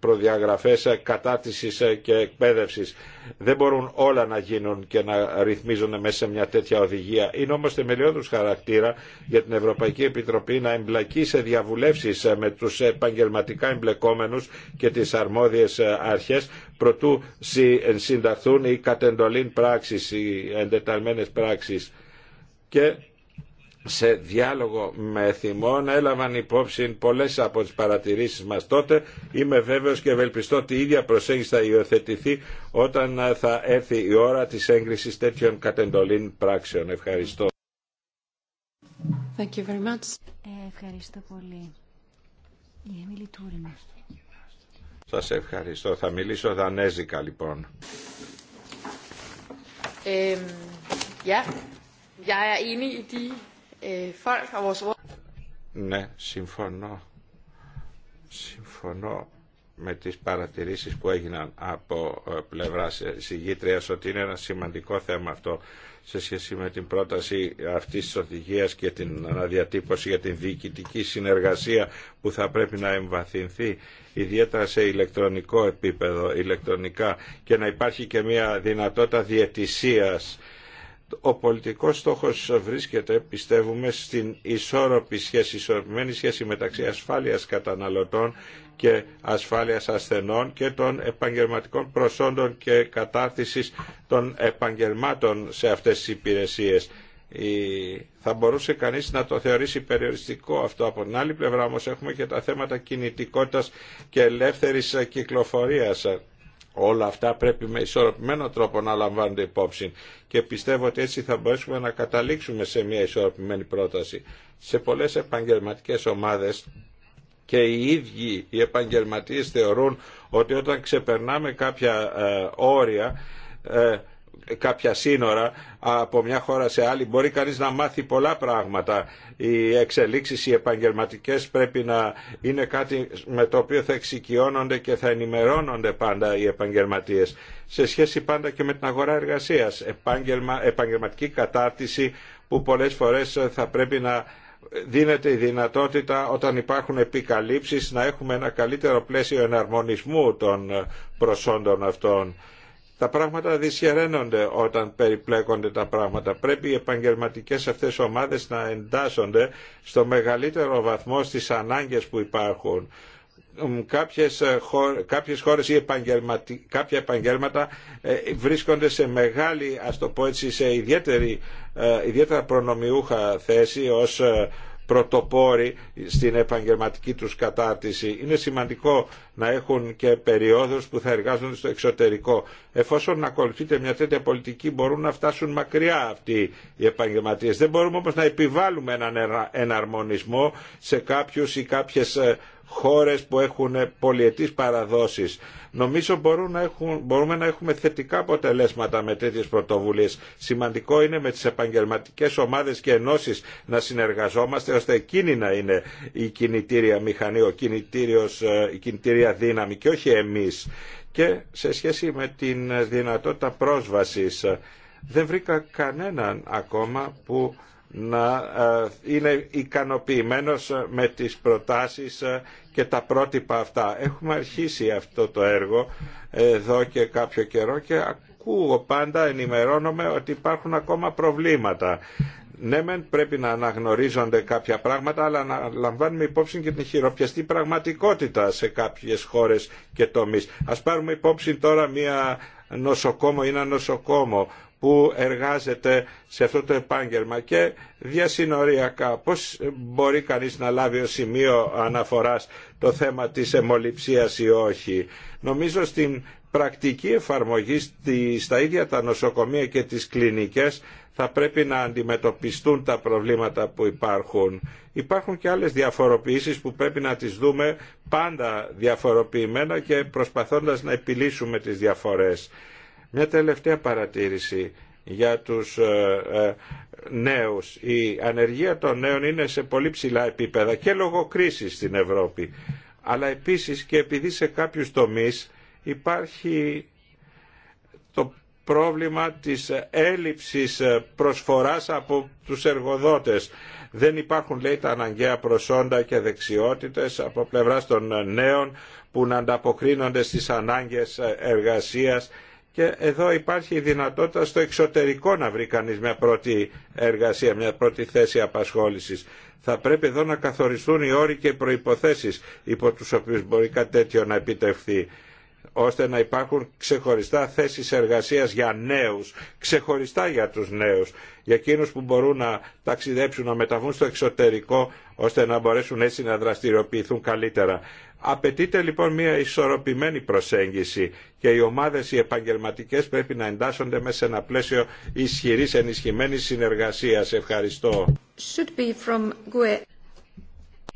προδιαγραφές ε, κατάρτισης ε, και εκπαίδευσης. Δεν μπορούν όλα να γίνουν και να ρυθμίζονται μέσα σε μια τέτοια οδηγία. Είναι όμως θεμελιώδους χαρακτήρα για την Ευρωπαϊκή Επιτροπή να εμπλακεί σε διαβουλεύσεις με τους επαγγελματικά εμπλεκόμενους και τις αρμόδιες αρχές προτού συνταχθούν οι κατεντολήν πράξεις, οι εντεταλμένες πράξεις. Και σε διάλογο με θυμόν έλαβαν υπόψη πολλές από τις παρατηρήσεις μας τότε. Είμαι βέβαιος και ευελπιστώ ότι η ίδια προσέγγιση θα υιοθετηθεί όταν θα έρθει η ώρα της έγκρισης τέτοιων κατεντολήν πράξεων. Ευχαριστώ. Thank you very ευχαριστώ πολύ. Η Εμίλη Σας ευχαριστώ. Θα μιλήσω δανέζικα λοιπόν. ja, jeg er enig ναι, συμφωνώ. Συμφωνώ με τις παρατηρήσεις που έγιναν από ε, πλευρά συγγήτριας ότι είναι ένα σημαντικό θέμα αυτό σε σχέση με την πρόταση αυτής της οδηγίας και την αναδιατύπωση για την διοικητική συνεργασία που θα πρέπει να εμβαθυνθεί ιδιαίτερα σε ηλεκτρονικό επίπεδο, ηλεκτρονικά και να υπάρχει και μια δυνατότητα διαιτησίας ο πολιτικός στόχος βρίσκεται, πιστεύουμε, στην ισόρροπη σχέση, ισορροπημένη σχέση μεταξύ ασφάλειας καταναλωτών και ασφάλειας ασθενών και των επαγγελματικών προσόντων και κατάρτισης των επαγγελμάτων σε αυτές τις υπηρεσίες. Θα μπορούσε κανείς να το θεωρήσει περιοριστικό αυτό. Από την άλλη πλευρά όμως έχουμε και τα θέματα κινητικότητας και ελεύθερης κυκλοφορίας Όλα αυτά πρέπει με ισορροπημένο τρόπο να λαμβάνονται υπόψη και πιστεύω ότι έτσι θα μπορέσουμε να καταλήξουμε σε μια ισορροπημένη πρόταση. Σε πολλές επαγγελματικές ομάδες και οι ίδιοι οι επαγγελματίες θεωρούν ότι όταν ξεπερνάμε κάποια ε, όρια ε, κάποια σύνορα από μια χώρα σε άλλη μπορεί κανείς να μάθει πολλά πράγματα. Οι εξελίξεις οι επαγγελματικές πρέπει να είναι κάτι με το οποίο θα εξοικειώνονται και θα ενημερώνονται πάντα οι επαγγελματίες. Σε σχέση πάντα και με την αγορά εργασίας, επάγγελμα, επαγγελματική κατάρτιση που πολλές φορές θα πρέπει να δίνεται η δυνατότητα όταν υπάρχουν επικαλύψεις να έχουμε ένα καλύτερο πλαίσιο εναρμονισμού των προσόντων αυτών τα πράγματα δυσχεραίνονται όταν περιπλέκονται τα πράγματα. Πρέπει οι επαγγελματικές αυτές ομάδες να εντάσσονται στο μεγαλύτερο βαθμό στις ανάγκες που υπάρχουν. Κάποιες, ε, κάποιες χώρες ή κάποια επαγγέλματα ε, βρίσκονται σε μεγάλη, ας το πω έτσι, σε ιδιαίτερη, ε, ιδιαίτερα προνομιούχα θέση ως πρωτοπόροι στην επαγγελματική τους κατάρτιση. Είναι σημαντικό να έχουν και περιόδους που θα εργάζονται στο εξωτερικό. Εφόσον ακολουθείται μια τέτοια πολιτική μπορούν να φτάσουν μακριά αυτοί οι επαγγελματίες. Δεν μπορούμε όμως να επιβάλλουμε έναν εναρμονισμό σε κάποιους ή κάποιες ε, χώρες που έχουν πολιετής παραδόσεις. Νομίζω μπορούν να έχουν, μπορούμε να έχουμε θετικά αποτελέσματα με τέτοιες πρωτοβουλίες. Σημαντικό είναι με τις επαγγελματικές ομάδες και ενώσεις να συνεργαζόμαστε ώστε εκείνη να είναι η κινητήρια μηχανή, ο κινητήριος, ε, η κινητήρια δύναμη και όχι εμείς. Και σε σχέση με την δυνατότητα πρόσβασης ε, δεν βρήκα κανέναν ακόμα που να ε, είναι ικανοποιημένος με τις προτάσεις ε, και τα πρότυπα αυτά. Έχουμε αρχίσει αυτό το έργο ε, εδώ και κάποιο καιρό και ακούω πάντα, ενημερώνομαι ότι υπάρχουν ακόμα προβλήματα. Ναι, μεν πρέπει να αναγνωρίζονται κάποια πράγματα, αλλά να λαμβάνουμε υπόψη και την χειροπιαστή πραγματικότητα σε κάποιες χώρες και τομείς. Ας πάρουμε υπόψη τώρα μία νοσοκόμο ή ένα νοσοκόμο που εργάζεται σε αυτό το επάγγελμα και διασυνοριακά πώς μπορεί κανείς να λάβει ως σημείο αναφοράς το θέμα της αιμοληψίας ή όχι. Νομίζω στην πρακτική εφαρμογή στα ίδια τα νοσοκομεία και τις κλινικές θα πρέπει να αντιμετωπιστούν τα προβλήματα που υπάρχουν. Υπάρχουν και άλλες διαφοροποιήσεις που πρέπει να τις δούμε πάντα διαφοροποιημένα και προσπαθώντας να επιλύσουμε τις διαφορές. Μια τελευταία παρατήρηση για τους ε, ε, νέους. Η ανεργία των νέων είναι σε πολύ ψηλά επίπεδα και λόγω κρίσης στην Ευρώπη. Αλλά επίσης και επειδή σε κάποιους τομείς υπάρχει το πρόβλημα της έλλειψης προσφοράς από τους εργοδότες. Δεν υπάρχουν λέει τα αναγκαία προσόντα και δεξιότητες από πλευράς των νέων που να ανταποκρίνονται στις ανάγκες εργασίας και εδώ υπάρχει η δυνατότητα στο εξωτερικό να βρει κανείς μια πρώτη εργασία, μια πρώτη θέση απασχόλησης. Θα πρέπει εδώ να καθοριστούν οι όροι και οι προϋποθέσεις υπό τους οποίους μπορεί κάτι τέτοιο να επιτευχθεί ώστε να υπάρχουν ξεχωριστά θέσεις εργασίας για νέους, ξεχωριστά για τους νέους, για εκείνους που μπορούν να ταξιδέψουν, να μεταβούν στο εξωτερικό, ώστε να μπορέσουν έτσι να δραστηριοποιηθούν καλύτερα. Απαιτείται λοιπόν μια ισορροπημένη προσέγγιση και οι ομάδες οι επαγγελματικές πρέπει να εντάσσονται μέσα σε ένα πλαίσιο ισχυρής ενισχυμένης συνεργασίας. Ευχαριστώ.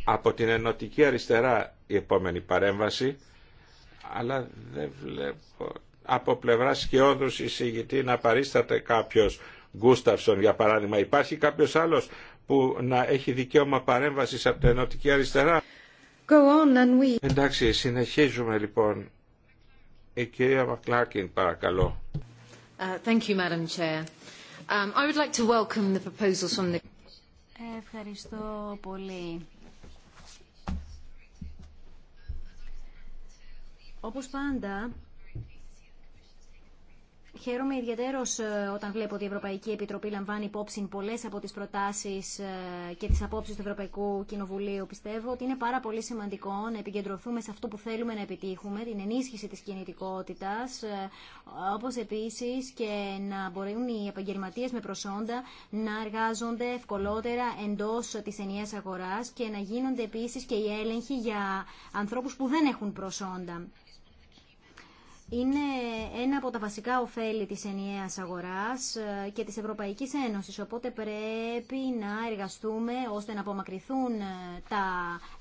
Από την Ενωτική Αριστερά η επόμενη παρέμβαση αλλά δεν βλέπω από πλευρά σκιώδους εισηγητή να παρίσταται κάποιος Γκούσταυσον για παράδειγμα. Υπάρχει κάποιος άλλος που να έχει δικαίωμα παρέμβασης από την Ενωτική Αριστερά. we... Εντάξει, συνεχίζουμε λοιπόν. Η κυρία Μακλάκιν παρακαλώ. Ευχαριστώ πολύ. Όπως πάντα, Χαίρομαι ιδιαίτερω ε, όταν βλέπω ότι η Ευρωπαϊκή Επιτροπή λαμβάνει υπόψη πολλές από τις προτάσεις ε, και τις απόψει του Ευρωπαϊκού Κοινοβουλίου. Πιστεύω ότι είναι πάρα πολύ σημαντικό να επικεντρωθούμε σε αυτό που θέλουμε να επιτύχουμε, την ενίσχυση της κινητικότητας, ε, όπως επίσης και να μπορούν οι επαγγελματίε με προσόντα να εργάζονται ευκολότερα εντός της ενιαίας αγοράς και να γίνονται επίση και οι έλεγχοι για ανθρώπους που δεν έχουν προσόντα είναι ένα από τα βασικά ωφέλη της ενιαίας αγοράς ε, και της Ευρωπαϊκής Ένωσης, οπότε πρέπει να εργαστούμε ώστε να απομακρυνθούν ε, τα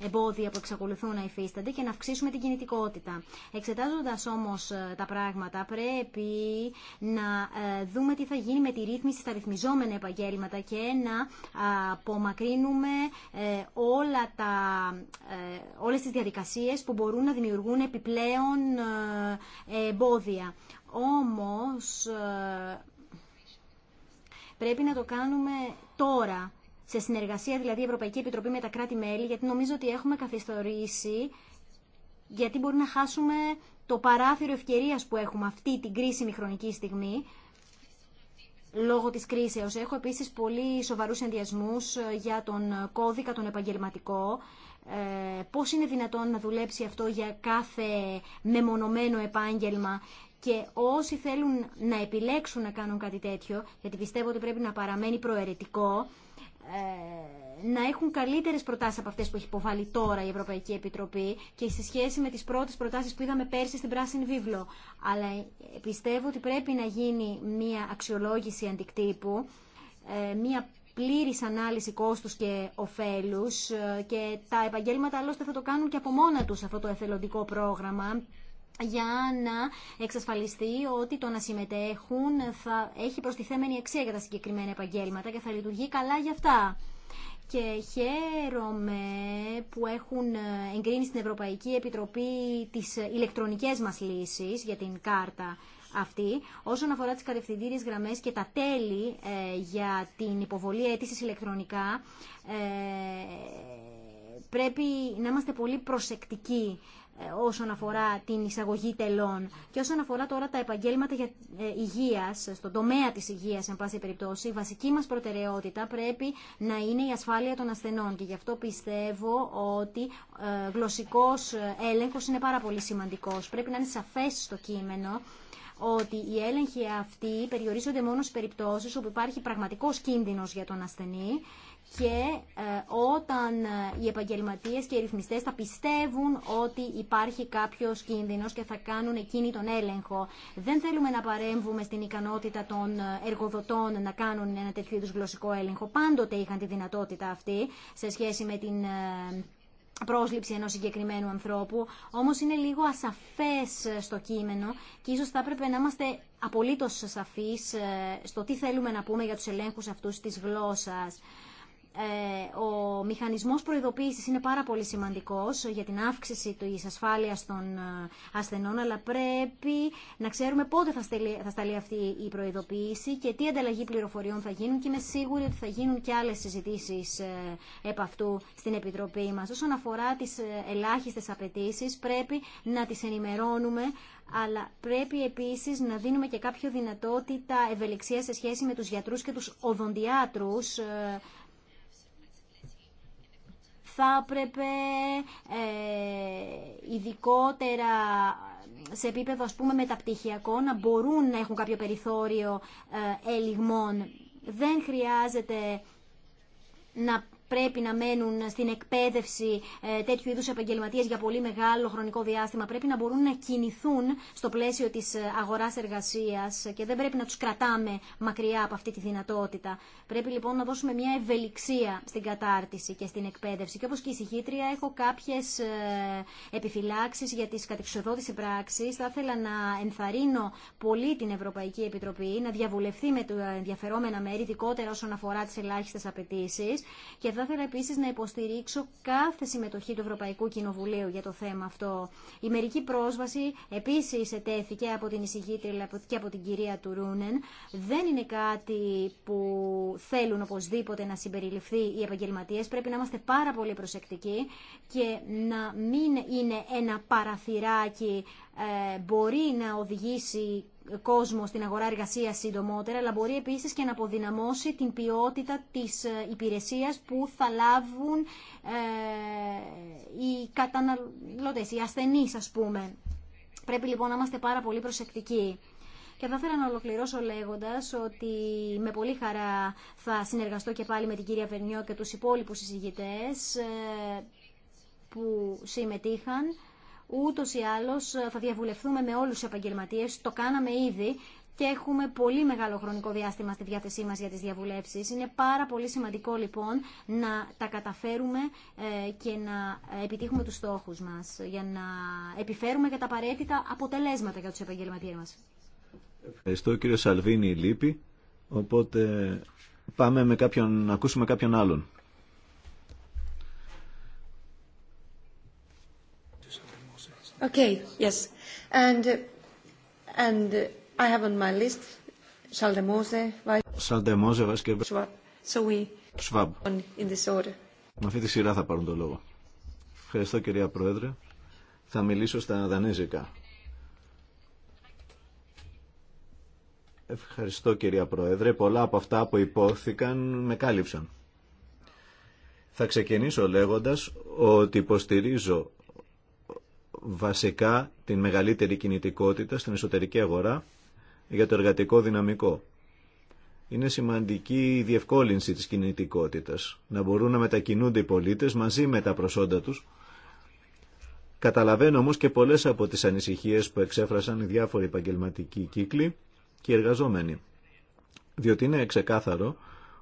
εμπόδια που εξακολουθούν να υφίστανται και να αυξήσουμε την κινητικότητα. Εξετάζοντας όμως ε, τα πράγματα, πρέπει να δούμε τι θα γίνει με τη ρύθμιση στα ρυθμιζόμενα επαγγέλματα και να απομακρύνουμε όλα τα, όλες τις διαδικασίες που μπορούν να δημιουργούν επιπλέον εμπόδια. Όμως ε, πρέπει να το κάνουμε τώρα, σε συνεργασία δηλαδή Ευρωπαϊκή Επιτροπή με τα κράτη-μέλη, γιατί νομίζω ότι έχουμε καθιστορήσει, γιατί μπορεί να χάσουμε το παράθυρο ευκαιρίας που έχουμε αυτή την κρίσιμη χρονική στιγμή λόγω της κρίσεως. Έχω επίσης πολύ σοβαρούς ενδιασμούς ε, για τον κώδικα τον επαγγελματικό, ε, πώς είναι δυνατόν να δουλέψει αυτό για κάθε μεμονωμένο επάγγελμα και όσοι θέλουν να επιλέξουν να κάνουν κάτι τέτοιο, γιατί πιστεύω ότι πρέπει να παραμένει προαιρετικό, ε, να έχουν καλύτερες προτάσεις από αυτές που έχει υποβάλει τώρα η Ευρωπαϊκή Επιτροπή και σε σχέση με τις πρώτες προτάσεις που είδαμε πέρσι στην Πράσινη Βίβλο. Αλλά ε, πιστεύω ότι πρέπει να γίνει μία αξιολόγηση αντικτύπου, ε, μία πλήρης ανάλυση κόστους και ωφέλους και τα επαγγέλματα άλλωστε θα το κάνουν και από μόνα τους αυτό το εθελοντικό πρόγραμμα για να εξασφαλιστεί ότι το να συμμετέχουν θα έχει προστιθέμενη αξία για τα συγκεκριμένα επαγγέλματα και θα λειτουργεί καλά για αυτά. Και χαίρομαι που έχουν εγκρίνει στην Ευρωπαϊκή Επιτροπή τις ηλεκτρονικές μας λύσεις για την κάρτα αυτή. Όσον αφορά τις κατευθυντήριες γραμμές και τα τέλη ε, για την υποβολή αίτησης ηλεκτρονικά, ε, πρέπει να είμαστε πολύ προσεκτικοί ε, όσον αφορά την εισαγωγή τελών και όσον αφορά τώρα τα επαγγέλματα για, ε, υγείας, στον τομέα της υγείας, εν πάση περιπτώσει, η βασική μας προτεραιότητα πρέπει να είναι η ασφάλεια των ασθενών και γι' αυτό πιστεύω ότι ε, γλωσσικός ε, έλεγχος είναι πάρα πολύ σημαντικός. Πρέπει να είναι σαφές στο κείμενο ότι οι έλεγχοι αυτοί περιορίζονται μόνο σε περιπτώσεις όπου υπάρχει πραγματικός κίνδυνος για τον ασθενή και ε, όταν ε, οι επαγγελματίες και οι ρυθμιστές θα πιστεύουν ότι υπάρχει κάποιος κίνδυνος και θα κάνουν εκείνη τον έλεγχο. Δεν θέλουμε να παρέμβουμε στην ικανότητα των ε, εργοδοτών να κάνουν ένα τέτοιο είδους γλωσσικό έλεγχο. Πάντοτε είχαν τη δυνατότητα αυτή σε σχέση με την πρόσληψη ενός συγκεκριμένου ανθρώπου, όμως είναι λίγο ασαφές στο κείμενο και ίσως θα έπρεπε να είμαστε απολύτως σαφείς στο τι θέλουμε να πούμε για τους ελέγχους αυτούς της γλώσσας. Ε, ο μηχανισμός προειδοποίησης είναι πάρα πολύ σημαντικός για την αύξηση της ασφάλειας των ε, ασθενών, αλλά πρέπει να ξέρουμε πότε θα σταλεί, θα αυτή η προειδοποίηση και τι ανταλλαγή πληροφοριών θα γίνουν και είμαι σίγουρη ότι θα γίνουν και άλλες συζητήσεις ε, επ' αυτού στην Επιτροπή μας. Όσον αφορά τις ελάχιστες απαιτήσει, πρέπει να τις ενημερώνουμε αλλά πρέπει επίσης να δίνουμε και κάποιο δυνατότητα ευελιξία σε σχέση με τους γιατρούς και τους οδοντιάτρους θα έπρεπε ε, ειδικότερα σε επίπεδο ας πούμε μεταπτυχιακό να μπορούν να έχουν κάποιο περιθώριο ε, ελιγμών. Δεν χρειάζεται να πρέπει να μένουν στην εκπαίδευση ε, τέτοιου είδου επαγγελματίε για πολύ μεγάλο χρονικό διάστημα. Πρέπει να μπορούν να κινηθούν στο πλαίσιο τη ε, αγορά εργασία και δεν πρέπει να του κρατάμε μακριά από αυτή τη δυνατότητα. Πρέπει λοιπόν να δώσουμε μια ευελιξία στην κατάρτιση και στην εκπαίδευση. Και όπω και η συγχύτρια έχω κάποιες ε, επιφυλάξει για τι κατεξοδότηση πράξεις. Θα ήθελα να ενθαρρύνω πολύ την Ευρωπαϊκή Επιτροπή να διαβουλευτεί με τα ενδιαφερόμενα μέρη, ειδικότερα όσον αφορά τι ελάχιστε απαιτήσει. Και θα ήθελα επίσης να υποστηρίξω κάθε συμμετοχή του Ευρωπαϊκού Κοινοβουλίου για το θέμα αυτό. Η μερική πρόσβαση επίσης ετέθηκε από την εισηγήτρια και από την κυρία Τουρούνεν. Δεν είναι κάτι που θέλουν οπωσδήποτε να συμπεριληφθεί οι επαγγελματίε. Πρέπει να είμαστε πάρα πολύ προσεκτικοί και να μην είναι ένα παραθυράκι ε, μπορεί να οδηγήσει κόσμο στην αγορά εργασία συντομότερα, αλλά μπορεί επίση και να αποδυναμώσει την ποιότητα τη ε, υπηρεσία που θα λάβουν ε, οι καταναλωτές, οι ασθενεί, ας πούμε. Πρέπει λοιπόν να είμαστε πάρα πολύ προσεκτικοί. Και θα ήθελα να ολοκληρώσω λέγοντα ότι με πολύ χαρά θα συνεργαστώ και πάλι με την κυρία Βερνιό και του υπόλοιπου συζητητέ ε, που συμμετείχαν Ούτως ή άλλω ε, θα διαβουλευτούμε με όλους του επαγγελματίε, το κάναμε ήδη και έχουμε πολύ μεγάλο χρονικό διάστημα στη διάθεσή μας για τις διαβουλεύσεις. Είναι πάρα πολύ σημαντικό λοιπόν να τα καταφέρουμε ε, και να επιτύχουμε τους στόχους μας για να επιφέρουμε και τα απαραίτητα αποτελέσματα για τους επαγγελματίες μας. Ευχαριστώ κύριο Σαλβίνη Λύπη. Οπότε πάμε με κάποιον, να ακούσουμε κάποιον άλλον. Okay, yes. And, uh, and uh, I have on my list Schaldemose, Schaldemose, αυτή τη σειρά θα πάρουν το λόγο. Ευχαριστώ κυρία Πρόεδρε. Θα μιλήσω στα δανέζικα. Ευχαριστώ κυρία Πρόεδρε. Πολλά από αυτά που υπόθηκαν με κάλυψαν. Θα ξεκινήσω λέγοντας ότι υποστηρίζω βασικά την μεγαλύτερη κινητικότητα στην εσωτερική αγορά για το εργατικό δυναμικό. Είναι σημαντική η διευκόλυνση της κινητικότητας, να μπορούν να μετακινούνται οι πολίτες μαζί με τα προσόντα τους. Καταλαβαίνω όμως και πολλές από τις ανησυχίες που εξέφρασαν οι διάφοροι επαγγελματικοί κύκλοι και οι εργαζόμενοι. Διότι είναι ξεκάθαρο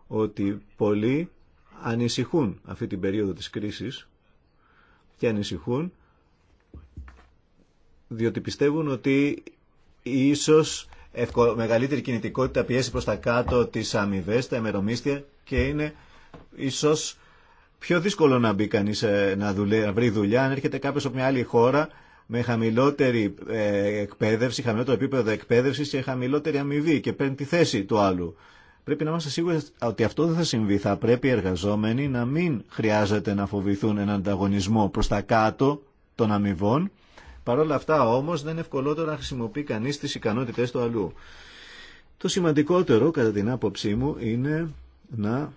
ότι πολλοί ανησυχούν αυτή την περίοδο της κρίσης και ανησυχούν διότι πιστεύουν ότι ίσως μεγαλύτερη κινητικότητα πιέσει προς τα κάτω τις αμοιβέ, τα εμερομίστια και είναι ίσως πιο δύσκολο να μπει κανείς να, δουλε, να βρει δουλειά αν έρχεται κάποιο από μια άλλη χώρα με χαμηλότερη ε, εκπαίδευση, χαμηλότερο επίπεδο εκπαίδευση και χαμηλότερη αμοιβή και παίρνει τη θέση του άλλου. Πρέπει να είμαστε σίγουροι ότι αυτό δεν θα συμβεί. Θα πρέπει οι εργαζόμενοι να μην χρειάζεται να φοβηθούν έναν ανταγωνισμό προ τα κάτω των αμοιβών Παρ' όλα αυτά όμως δεν είναι ευκολότερο να χρησιμοποιεί κανείς τις ικανότητες του αλλού. Το σημαντικότερο κατά την άποψή μου είναι να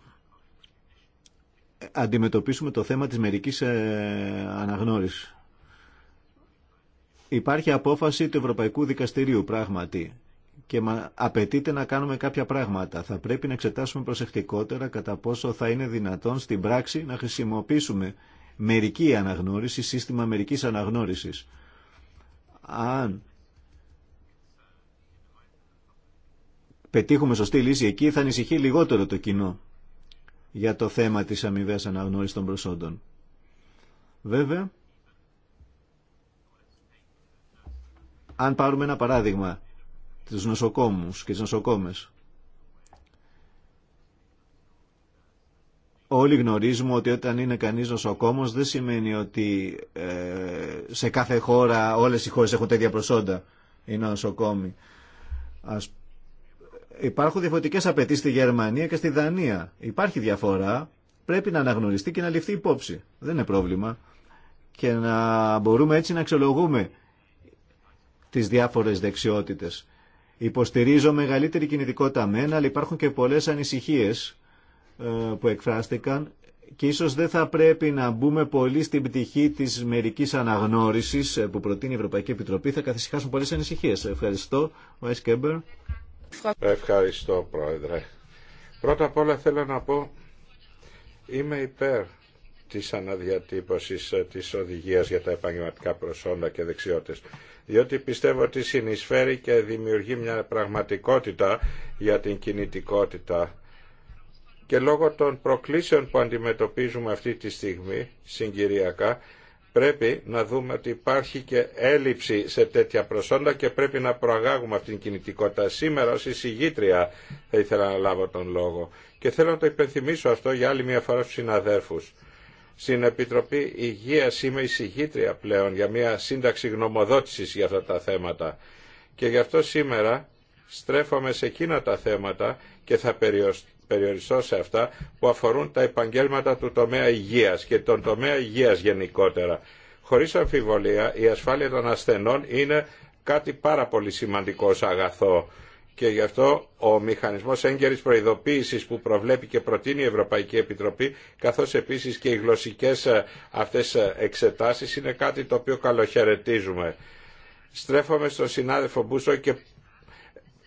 αντιμετωπίσουμε το θέμα της μερικής ε, αναγνώρισης. Υπάρχει απόφαση του Ευρωπαϊκού Δικαστηρίου πράγματι και απαιτείται να κάνουμε κάποια πράγματα. Θα πρέπει να εξετάσουμε προσεκτικότερα κατά πόσο θα είναι δυνατόν στην πράξη να χρησιμοποιήσουμε μερική αναγνώριση, σύστημα μερικής αναγνώρισης αν πετύχουμε σωστή λύση εκεί θα ανησυχεί λιγότερο το κοινό για το θέμα της αμοιβέ αναγνώρισης των προσόντων. Βέβαια, αν πάρουμε ένα παράδειγμα, τους νοσοκόμους και τις νοσοκόμες, Όλοι γνωρίζουμε ότι όταν είναι κανείς νοσοκόμος δεν σημαίνει ότι ε, σε κάθε χώρα όλες οι χώρες έχουν τέτοια προσόντα. Είναι νοσοκόμοι. Ας... Υπάρχουν διαφορετικές απαιτήσεις στη Γερμανία και στη Δανία. Υπάρχει διαφορά, πρέπει να αναγνωριστεί και να ληφθεί υπόψη. Δεν είναι πρόβλημα. Και να μπορούμε έτσι να αξιολογούμε τις διάφορες δεξιότητες. Υποστηρίζω μεγαλύτερη κινητικότητα μένα, αλλά υπάρχουν και πολλές ανησυχίες ε, που εκφράστηκαν και ίσως δεν θα πρέπει να μπούμε πολύ στην πτυχή της μερικής αναγνώρισης ε, που προτείνει η Ευρωπαϊκή Επιτροπή. Θα καθησυχάσουν πολλές ανησυχίες. Ευχαριστώ. Κέμπερ. Ευχαριστώ Πρόεδρε. Πρώτα απ' όλα θέλω να πω είμαι υπέρ της αναδιατύπωσης ε, της οδηγίας για τα επαγγελματικά προσόντα και δεξιότητες διότι πιστεύω ότι συνεισφέρει και δημιουργεί μια πραγματικότητα για την κινητικότητα και λόγω των προκλήσεων που αντιμετωπίζουμε αυτή τη στιγμή συγκυριακά πρέπει να δούμε ότι υπάρχει και έλλειψη σε τέτοια προσόντα και πρέπει να προαγάγουμε αυτήν την κινητικότητα. Σήμερα ως εισηγήτρια θα ήθελα να λάβω τον λόγο και θέλω να το υπενθυμίσω αυτό για άλλη μια φορά στους συναδέρφους. Στην Επιτροπή Υγείας είμαι εισηγήτρια πλέον για μια σύνταξη γνωμοδότησης για αυτά τα θέματα και γι' αυτό σήμερα στρέφομαι σε εκείνα τα θέματα και θα περιοριστώ περιοριστώ σε αυτά που αφορούν τα επαγγέλματα του τομέα υγείας και τον τομέα υγείας γενικότερα. Χωρίς αμφιβολία η ασφάλεια των ασθενών είναι κάτι πάρα πολύ σημαντικό ως αγαθό και γι' αυτό ο μηχανισμός έγκαιρης προειδοποίησης που προβλέπει και προτείνει η Ευρωπαϊκή Επιτροπή καθώς επίσης και οι γλωσσικές ε, αυτές ε, εξετάσεις είναι κάτι το οποίο καλοχαιρετίζουμε. Στρέφομαι στον συνάδελφο Μπούσο και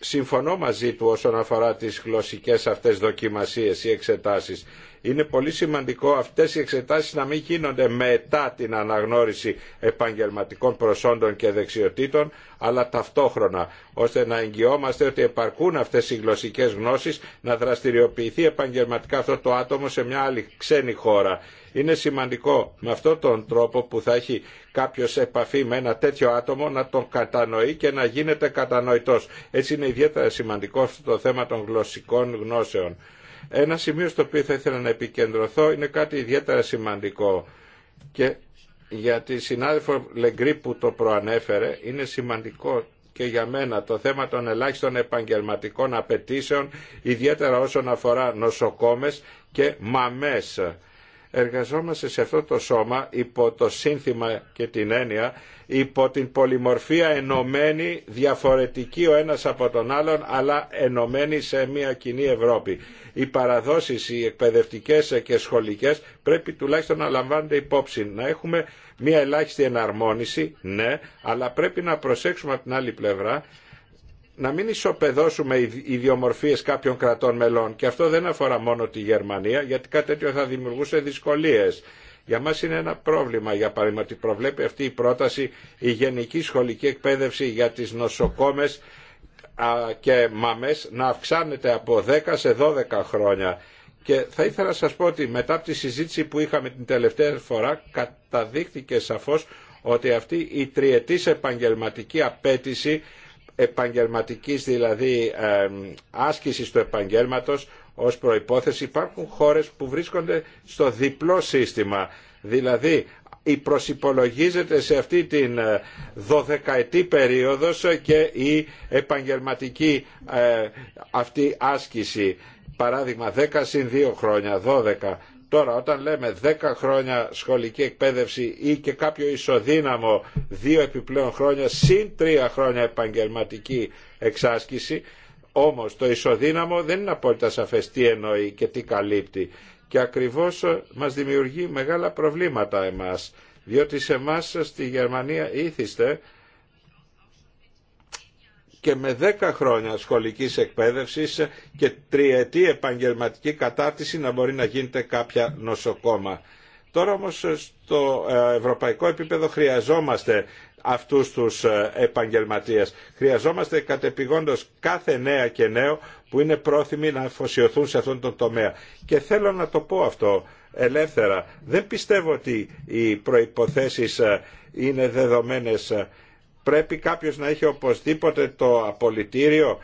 συμφωνώ μαζί του όσον αφορά τις γλωσσικές αυτές δοκιμασίες ή εξετάσεις. Είναι πολύ σημαντικό αυτές οι εξετάσεις να μην γίνονται μετά την αναγνώριση επαγγελματικών προσόντων και δεξιοτήτων, αλλά ταυτόχρονα, ώστε να εγγυόμαστε ότι επαρκούν αυτές οι γλωσσικές γνώσεις να δραστηριοποιηθεί επαγγελματικά αυτό το άτομο σε μια άλλη ξένη χώρα είναι σημαντικό με αυτόν τον τρόπο που θα έχει κάποιο επαφή με ένα τέτοιο άτομο να τον κατανοεί και να γίνεται κατανοητός. Έτσι είναι ιδιαίτερα σημαντικό αυτό το θέμα των γλωσσικών γνώσεων. Ένα σημείο στο οποίο θα ήθελα να επικεντρωθώ είναι κάτι ιδιαίτερα σημαντικό και για τη συνάδελφο Λεγκρή που το προανέφερε είναι σημαντικό και για μένα το θέμα των ελάχιστων επαγγελματικών απαιτήσεων ιδιαίτερα όσον αφορά νοσοκόμες και μαμές εργαζόμαστε σε αυτό το σώμα υπό το σύνθημα και την έννοια υπό την πολυμορφία ενωμένη, διαφορετική ο ένας από τον άλλον, αλλά ενωμένη σε μια κοινή Ευρώπη. Οι παραδόσεις, οι εκπαιδευτικές και σχολικές πρέπει τουλάχιστον να λαμβάνονται υπόψη. Να έχουμε μια ελάχιστη εναρμόνιση, ναι, αλλά πρέπει να προσέξουμε από την άλλη πλευρά να μην ισοπεδώσουμε οι ιδιομορφίες κάποιων κρατών μελών και αυτό δεν αφορά μόνο τη Γερμανία γιατί κάτι τέτοιο θα δημιουργούσε δυσκολίες. Για μας είναι ένα πρόβλημα για παράδειγμα ότι προβλέπει αυτή η πρόταση η γενική σχολική εκπαίδευση για τις νοσοκόμες και μαμές να αυξάνεται από 10 σε 12 χρόνια. Και θα ήθελα να σας πω ότι μετά από τη συζήτηση που είχαμε την τελευταία φορά καταδείχθηκε σαφώς ότι αυτή η τριετής επαγγελματική απέτηση επαγγελματικής δηλαδή άσκησης του επαγγέλματος ως προϋπόθεση υπάρχουν χώρες που βρίσκονται στο διπλό σύστημα. Δηλαδή η προσυπολογίζεται σε αυτή την ε, δωδεκαετή ετη περίοδος και η επαγγελματική ε, αυτή άσκηση. Παράδειγμα 10 συν 2 χρόνια, 12 Τώρα όταν λέμε 10 χρόνια σχολική εκπαίδευση ή και κάποιο ισοδύναμο 2 επιπλέον χρόνια συν 3 χρόνια επαγγελματική εξάσκηση όμως το ισοδύναμο δεν είναι απόλυτα σαφές τι εννοεί και τι καλύπτει και ακριβώς ε, μας δημιουργεί μεγάλα προβλήματα εμάς διότι σε εμάς στη Γερμανία ήθιστε και με 10 χρόνια σχολικής εκπαίδευσης και τριετή επαγγελματική κατάρτιση να μπορεί να γίνεται κάποια νοσοκόμα. Τώρα όμως στο ε, ευρωπαϊκό επίπεδο χρειαζόμαστε αυτούς τους ε, επαγγελματίες. Χρειαζόμαστε κατεπηγόντως κάθε νέα και νέο που είναι πρόθυμοι να αφοσιωθούν σε αυτόν τον τομέα. Και θέλω να το πω αυτό ελεύθερα. Δεν πιστεύω ότι οι προϋποθέσεις ε, είναι δεδομένες πρέπει κάποιος να έχει οπωσδήποτε το απολυτήριο,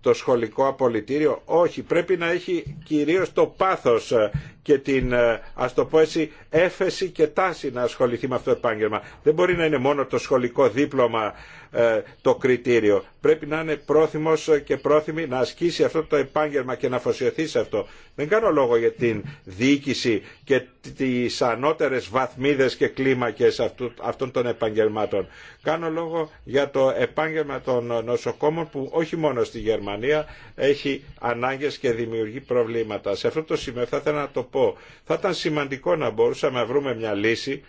το σχολικό απολυτήριο. Όχι, πρέπει να έχει κυρίως το πάθος ε, και την ε, ας το πω έτσι έφεση και τάση να ασχοληθεί με αυτό το επάγγελμα. Δεν μπορεί να είναι μόνο το σχολικό δίπλωμα ε, το κριτήριο. Πρέπει να είναι πρόθυμος και πρόθυμη να ασκήσει αυτό το επάγγελμα και να αφοσιωθεί σε αυτό. Δεν κάνω λόγο για την διοίκηση και τις ανώτερες βαθμίδες και κλίμακες αυτών των επαγγελμάτων. Κάνω λόγο για το επάγγελμα των νοσοκόμων που όχι μόνο στη Γερμανία έχει ανάγκες και δημιουργεί προβλήματα. Σε αυτό το σημείο θα να το πω. Θα ήταν σημαντικό να μπορούσαμε να βρούμε μια λύση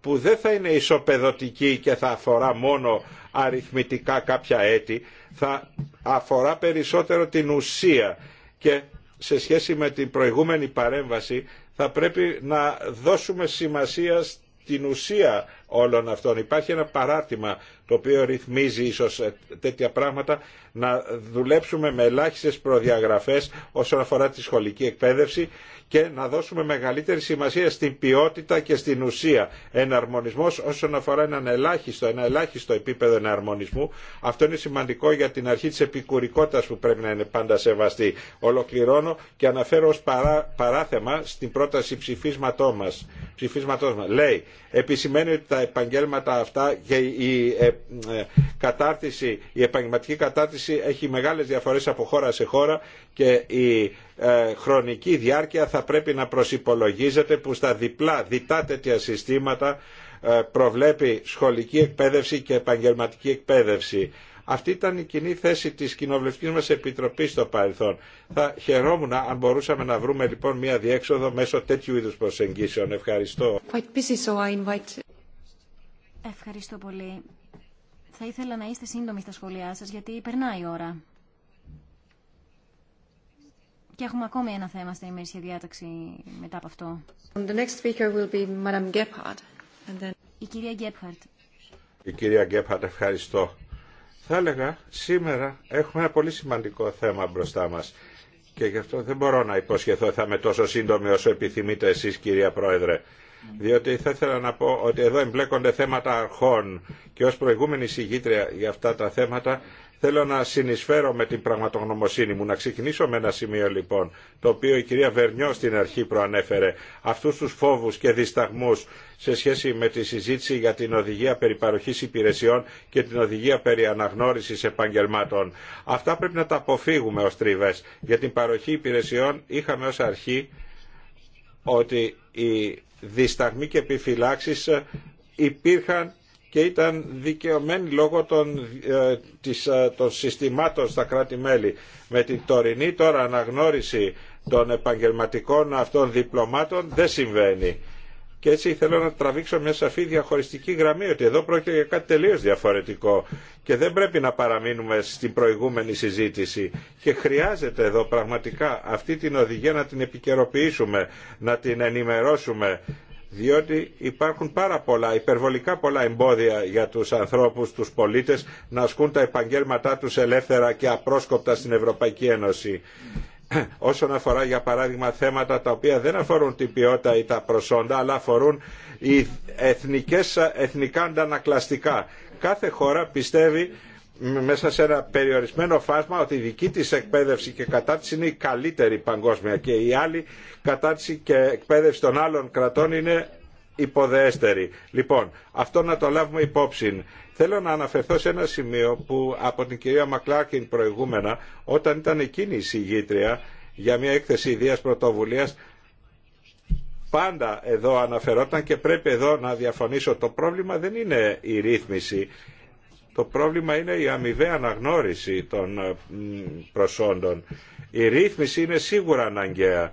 που δεν θα είναι ισοπεδωτική και θα αφορά μόνο αριθμητικά κάποια έτη, θα αφορά περισσότερο την ουσία και σε σχέση με την προηγούμενη παρέμβαση θα πρέπει να δώσουμε σημασία στην ουσία όλων αυτών. Υπάρχει ένα παράρτημα το οποίο ρυθμίζει ίσως ε, τέτοια πράγματα να δουλέψουμε με ελάχιστες προδιαγραφές όσον αφορά τη σχολική εκπαίδευση και να δώσουμε μεγαλύτερη σημασία στην ποιότητα και στην ουσία. Εναρμονισμός όσον αφορά έναν ελάχιστο, ένα ελάχιστο επίπεδο εναρμονισμού. Αυτό είναι σημαντικό για την αρχή της επικουρικότητας που πρέπει να είναι πάντα σεβαστή. Ολοκληρώνω και αναφέρω ως παράθεμα στην πρόταση ψηφίσματό μας. Ψηφίσματός μας. Λέει, επισημαίνει ότι τα επαγγέλματα αυτά και η ε, ε, κατάρτιση, η επαγγελματική κατάρτιση έχει μεγάλες διαφορές από χώρα σε χώρα και η ε, χρονική διάρκεια θα πρέπει να προσυπολογίζεται που στα διπλά διτά τέτοια συστήματα προβλέπει σχολική εκπαίδευση και επαγγελματική εκπαίδευση. Αυτή ήταν η κοινή θέση της κοινοβουλευτικής μας επιτροπής στο παρελθόν. Θα χαιρόμουν αν μπορούσαμε να βρούμε λοιπόν μια διέξοδο μέσω τέτοιου είδους προσεγγίσεων. Ευχαριστώ. Ευχαριστώ πολύ. Θα ήθελα να είστε σύντομοι στα σχόλιά σας, γιατί περνάει η ώρα. Και έχουμε ακόμη ένα θέμα στην ημερήσια διάταξη μετά από αυτό. The next speaker will be and then... Η κυρία Γκέπχαρτ. Η κυρία Γκέπχαρτ, ευχαριστώ. Θα έλεγα, σήμερα έχουμε ένα πολύ σημαντικό θέμα μπροστά μας. Και γι' αυτό δεν μπορώ να υποσχεθώ θα είμαι τόσο σύντομη όσο επιθυμείτε εσείς κυρία Πρόεδρε διότι θα ήθελα να πω ότι εδώ εμπλέκονται θέματα αρχών και ως προηγούμενη συγγήτρια για αυτά τα θέματα θέλω να συνεισφέρω με την πραγματογνωμοσύνη μου. Να ξεκινήσω με ένα σημείο λοιπόν, το οποίο η κυρία Βερνιό στην αρχή προανέφερε. Αυτούς τους φόβους και δισταγμούς σε σχέση με τη συζήτηση για την οδηγία περί παροχής υπηρεσιών και την οδηγία περί αναγνώρισης επαγγελμάτων. Αυτά πρέπει να τα αποφύγουμε ως τρίβες. Για την παροχή υπηρεσιών είχαμε ως αρχή ότι η δισταγμοί και επιφυλάξεις ε, υπήρχαν και ήταν δικαιωμένοι λόγω των, ε, της, ε, των συστημάτων στα κράτη-μέλη. Με την τωρινή τώρα αναγνώριση των επαγγελματικών αυτών διπλωμάτων δεν συμβαίνει. Και έτσι θέλω να τραβήξω μια σαφή διαχωριστική γραμμή ότι εδώ πρόκειται για κάτι τελείως διαφορετικό και δεν πρέπει να παραμείνουμε στην προηγούμενη συζήτηση. Και χρειάζεται εδώ πραγματικά αυτή την οδηγία να την επικαιροποιήσουμε, να την ενημερώσουμε διότι υπάρχουν πάρα πολλά, υπερβολικά πολλά εμπόδια για τους ανθρώπους, τους πολίτες να ασκούν τα επαγγέλματά τους ελεύθερα και απρόσκοπτα στην Ευρωπαϊκή Ένωση. όσον αφορά για παράδειγμα θέματα τα οποία δεν αφορούν την ποιότητα ή τα προσόντα αλλά αφορούν οι εθνικές, εθνικά αντανακλαστικά. Κάθε χώρα πιστεύει μέσα σε ένα περιορισμένο φάσμα ότι η δική της εκπαίδευση και κατάρτιση είναι η καλύτερη παγκόσμια και η άλλη κατάρτιση και εκπαίδευση των άλλων κρατών είναι υποδεέστερη. Λοιπόν, αυτό να το λάβουμε υπόψη Θέλω να αναφερθώ σε ένα σημείο που από την κυρία Μακλάκιν προηγούμενα, όταν ήταν εκείνη η συγγήτρια για μια έκθεση ιδίας πρωτοβουλίας, πάντα εδώ αναφερόταν και πρέπει εδώ να διαφωνήσω. Το πρόβλημα δεν είναι η ρύθμιση. Το πρόβλημα είναι η αμοιβαία αναγνώριση των ε, προσόντων. Η ρύθμιση είναι σίγουρα αναγκαία,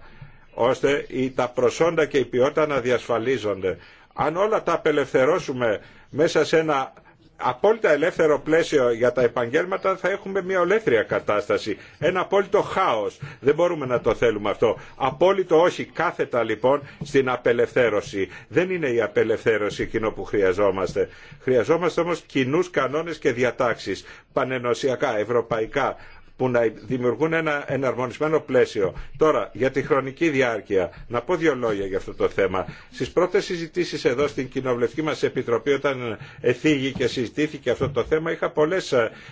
ώστε τα προσόντα και η ποιότητα να διασφαλίζονται. Αν όλα τα απελευθερώσουμε μέσα σε ένα απόλυτα ελεύθερο πλαίσιο για τα επαγγέλματα θα έχουμε μια ολέθρια κατάσταση. Ένα απόλυτο χάος. Δεν μπορούμε να το θέλουμε αυτό. Απόλυτο όχι κάθετα λοιπόν στην απελευθέρωση. Δεν είναι η απελευθέρωση εκείνο που χρειαζόμαστε. Χρειαζόμαστε όμως κοινού κανόνες και διατάξεις πανενοσιακά, ευρωπαϊκά που να δημιουργούν ένα εναρμονισμένο πλαίσιο. Τώρα, για τη χρονική διάρκεια, να πω δύο λόγια για αυτό το θέμα. Στι πρώτε συζητήσει εδώ στην κοινοβουλευτική μα επιτροπή, όταν εθίγει και συζητήθηκε αυτό το θέμα, είχα πολλέ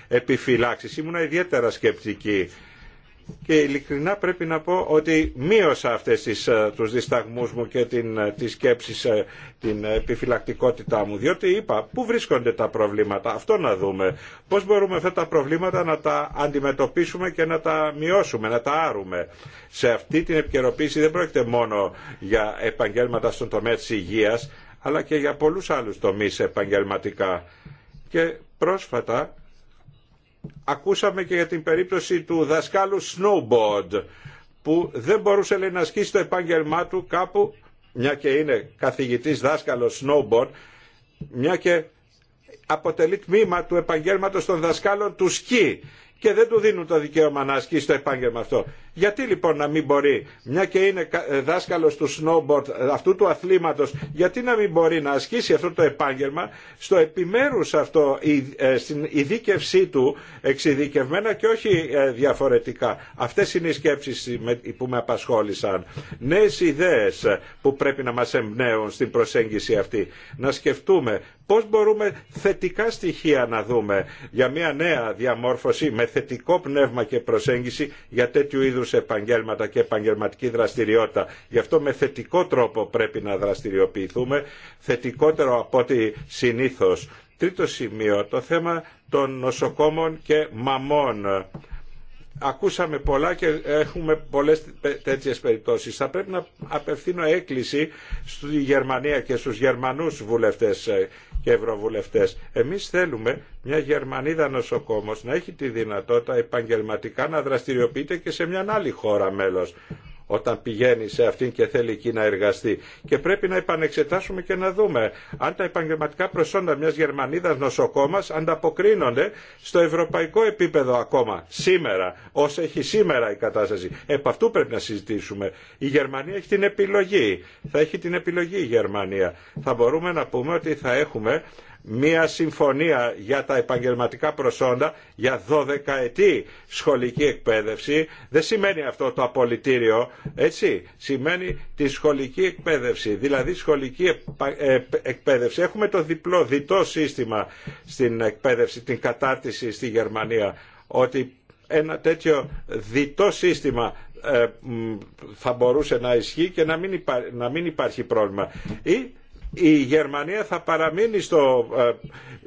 επιφυλάξει. Ήμουνα ιδιαίτερα σκεπτική και ειλικρινά πρέπει να πω ότι μείωσα αυτές τις, ε, τους δισταγμούς μου και την, ε, τις σκέψεις, ε, την επιφυλακτικότητά μου, διότι είπα πού βρίσκονται τα προβλήματα, αυτό να δούμε, πώς μπορούμε αυτά τα προβλήματα να τα αντιμετωπίσουμε και να τα μειώσουμε, να τα άρουμε. Σε αυτή την επικαιροποίηση δεν πρόκειται μόνο για επαγγέλματα στον τομέα της υγείας, αλλά και για πολλούς άλλους τομείς επαγγελματικά. Και πρόσφατα Ακούσαμε και για την περίπτωση του δασκάλου snowboard που δεν μπορούσε να ασκήσει το επάγγελμά του κάπου, μια και είναι καθηγητής δάσκαλος snowboard, μια και αποτελεί τμήμα του επαγγέλματος των δασκάλων του σκι και δεν του δίνουν το δικαίωμα να ασκήσει το επάγγελμα αυτό. Γιατί λοιπόν να μην μπορεί, μια και είναι ε, δάσκαλος του snowboard ε, αυτού του αθλήματος, γιατί να μην μπορεί να ασκήσει αυτό το επάγγελμα στο επιμέρους αυτό, ε, στην ειδίκευσή του εξειδικευμένα και όχι διαφορετικά. Αυτές είναι οι σκέψεις που με απασχόλησαν. Νέες ιδέες που πρέπει να μας εμπνέουν στην προσέγγιση αυτή. Να σκεφτούμε πώ μπορούμε θετικά στοιχεία να δούμε για μια νέα διαμόρφωση με θετικό πνεύμα και προσέγγιση για τέτοιου σε επαγγέλματα και επαγγελματική δραστηριότητα. Γι' αυτό με θετικό τρόπο πρέπει να δραστηριοποιηθούμε, θετικότερο από ό,τι συνήθως. Τρίτο σημείο, το θέμα των νοσοκόμων και μαμών ακούσαμε πολλά και έχουμε πολλές τέτοιες περιπτώσεις. Θα πρέπει να απευθύνω έκκληση στη Γερμανία και στους Γερμανούς βουλευτές ε, και ευρωβουλευτές. Εμείς θέλουμε μια Γερμανίδα νοσοκόμος να έχει τη δυνατότητα επαγγελματικά να δραστηριοποιείται και σε μια άλλη χώρα μέλος όταν πηγαίνει σε αυτήν και θέλει εκεί να εργαστεί. Και πρέπει να επανεξετάσουμε και να δούμε αν τα επαγγελματικά προσόντα μιας Γερμανίδας νοσοκόμας ανταποκρίνονται στο ευρωπαϊκό επίπεδο ακόμα σήμερα, όσο έχει σήμερα η κατάσταση. Επ' αυτού πρέπει να συζητήσουμε. Η Γερμανία έχει την επιλογή. Θα έχει την επιλογή η Γερμανία. Θα μπορούμε να πούμε ότι θα έχουμε μία συμφωνία για τα επαγγελματικά προσόντα για 12 ετή σχολική εκπαίδευση. Δεν σημαίνει αυτό το απολυτήριο, έτσι. Σημαίνει τη σχολική εκπαίδευση, δηλαδή σχολική ε, εκπαίδευση. Έχουμε το διπλό, διτό σύστημα στην εκπαίδευση, την κατάρτιση στη Γερμανία, ότι ένα τέτοιο διτό σύστημα ε, θα μπορούσε να ισχύει και να μην, να μην υπάρχει πρόβλημα. Ή η Γερμανία θα παραμείνει στο,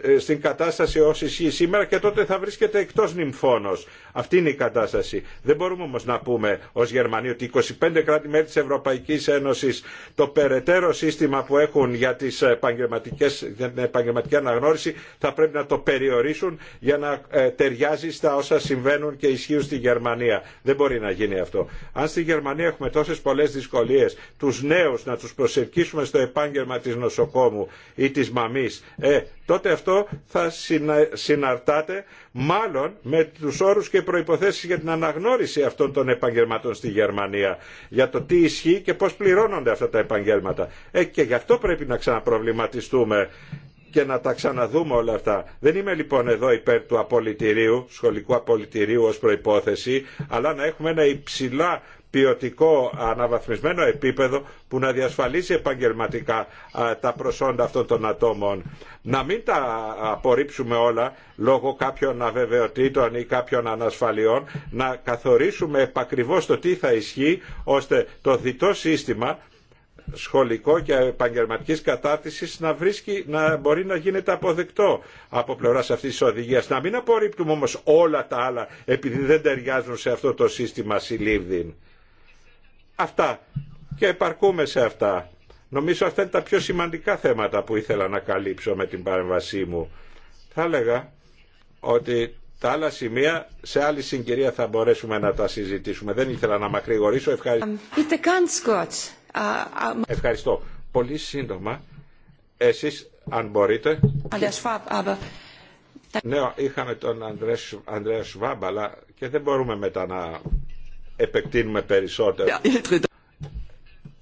ε, ε, στην κατάσταση ως ισχύει σήμερα και τότε θα βρίσκεται εκτός νυμφώνος. Αυτή είναι η κατάσταση. Δεν μπορούμε όμως να πούμε ως Γερμανία ότι 25 κράτη μέλη της Ευρωπαϊκής Ένωσης το περαιτέρω σύστημα που έχουν για, τις επαγγελματικές, την επαγγελματική αναγνώριση θα πρέπει να το περιορίσουν για να ε, ταιριάζει στα όσα συμβαίνουν και ισχύουν στη Γερμανία. Δεν μπορεί να γίνει αυτό. Αν στη Γερμανία έχουμε τόσες πολλές δυσκολίες τους νέους να τους προσελκύσουμε στο επάγγελμα της νοσοκόμου ή της μαμής, ε, τότε αυτό θα συναρτάται μάλλον με τους όρους και προϋποθέσεις για την αναγνώριση αυτών των επαγγελματών στη Γερμανία, για το τι ισχύει και πώς πληρώνονται αυτά τα επαγγέλματα. Ε, και γι' αυτό πρέπει να ξαναπροβληματιστούμε και να τα ξαναδούμε όλα αυτά. Δεν είμαι λοιπόν εδώ υπέρ του απολυτηρίου, σχολικού απολυτηρίου ως προϋπόθεση, αλλά να έχουμε ένα υψηλά ποιοτικό αναβαθμισμένο επίπεδο που να διασφαλίσει επαγγελματικά τα προσόντα αυτών των ατόμων. Να μην τα απορρίψουμε όλα λόγω κάποιων αβεβαιοτήτων ή κάποιων ανασφαλιών, να καθορίσουμε επακριβώς το τι θα ισχύει ώστε το διτό σύστημα σχολικό και επαγγελματικής κατάρτισης να, βρίσκει, να μπορεί να γίνεται αποδεκτό από πλευρά αυτής της οδηγίας. Να μην απορρίπτουμε όμως όλα τα άλλα επειδή δεν ταιριάζουν σε αυτό το σύστημα συλλήβδιν. Αυτά. Και επαρκούμε σε αυτά. Νομίζω αυτά είναι τα πιο σημαντικά θέματα που ήθελα να καλύψω με την παρέμβασή μου. Θα έλεγα ότι τα άλλα σημεία σε άλλη συγκυρία θα μπορέσουμε να τα συζητήσουμε. Δεν ήθελα να μακρηγορήσω. Ευχαριστώ. Um, uh, um, Ευχαριστώ. Πολύ σύντομα, εσείς αν μπορείτε. Ναι, είχαμε τον Ανδρέα Σβάμπ, αλλά και δεν μπορούμε μετά να επεκτείνουμε περισσότερο.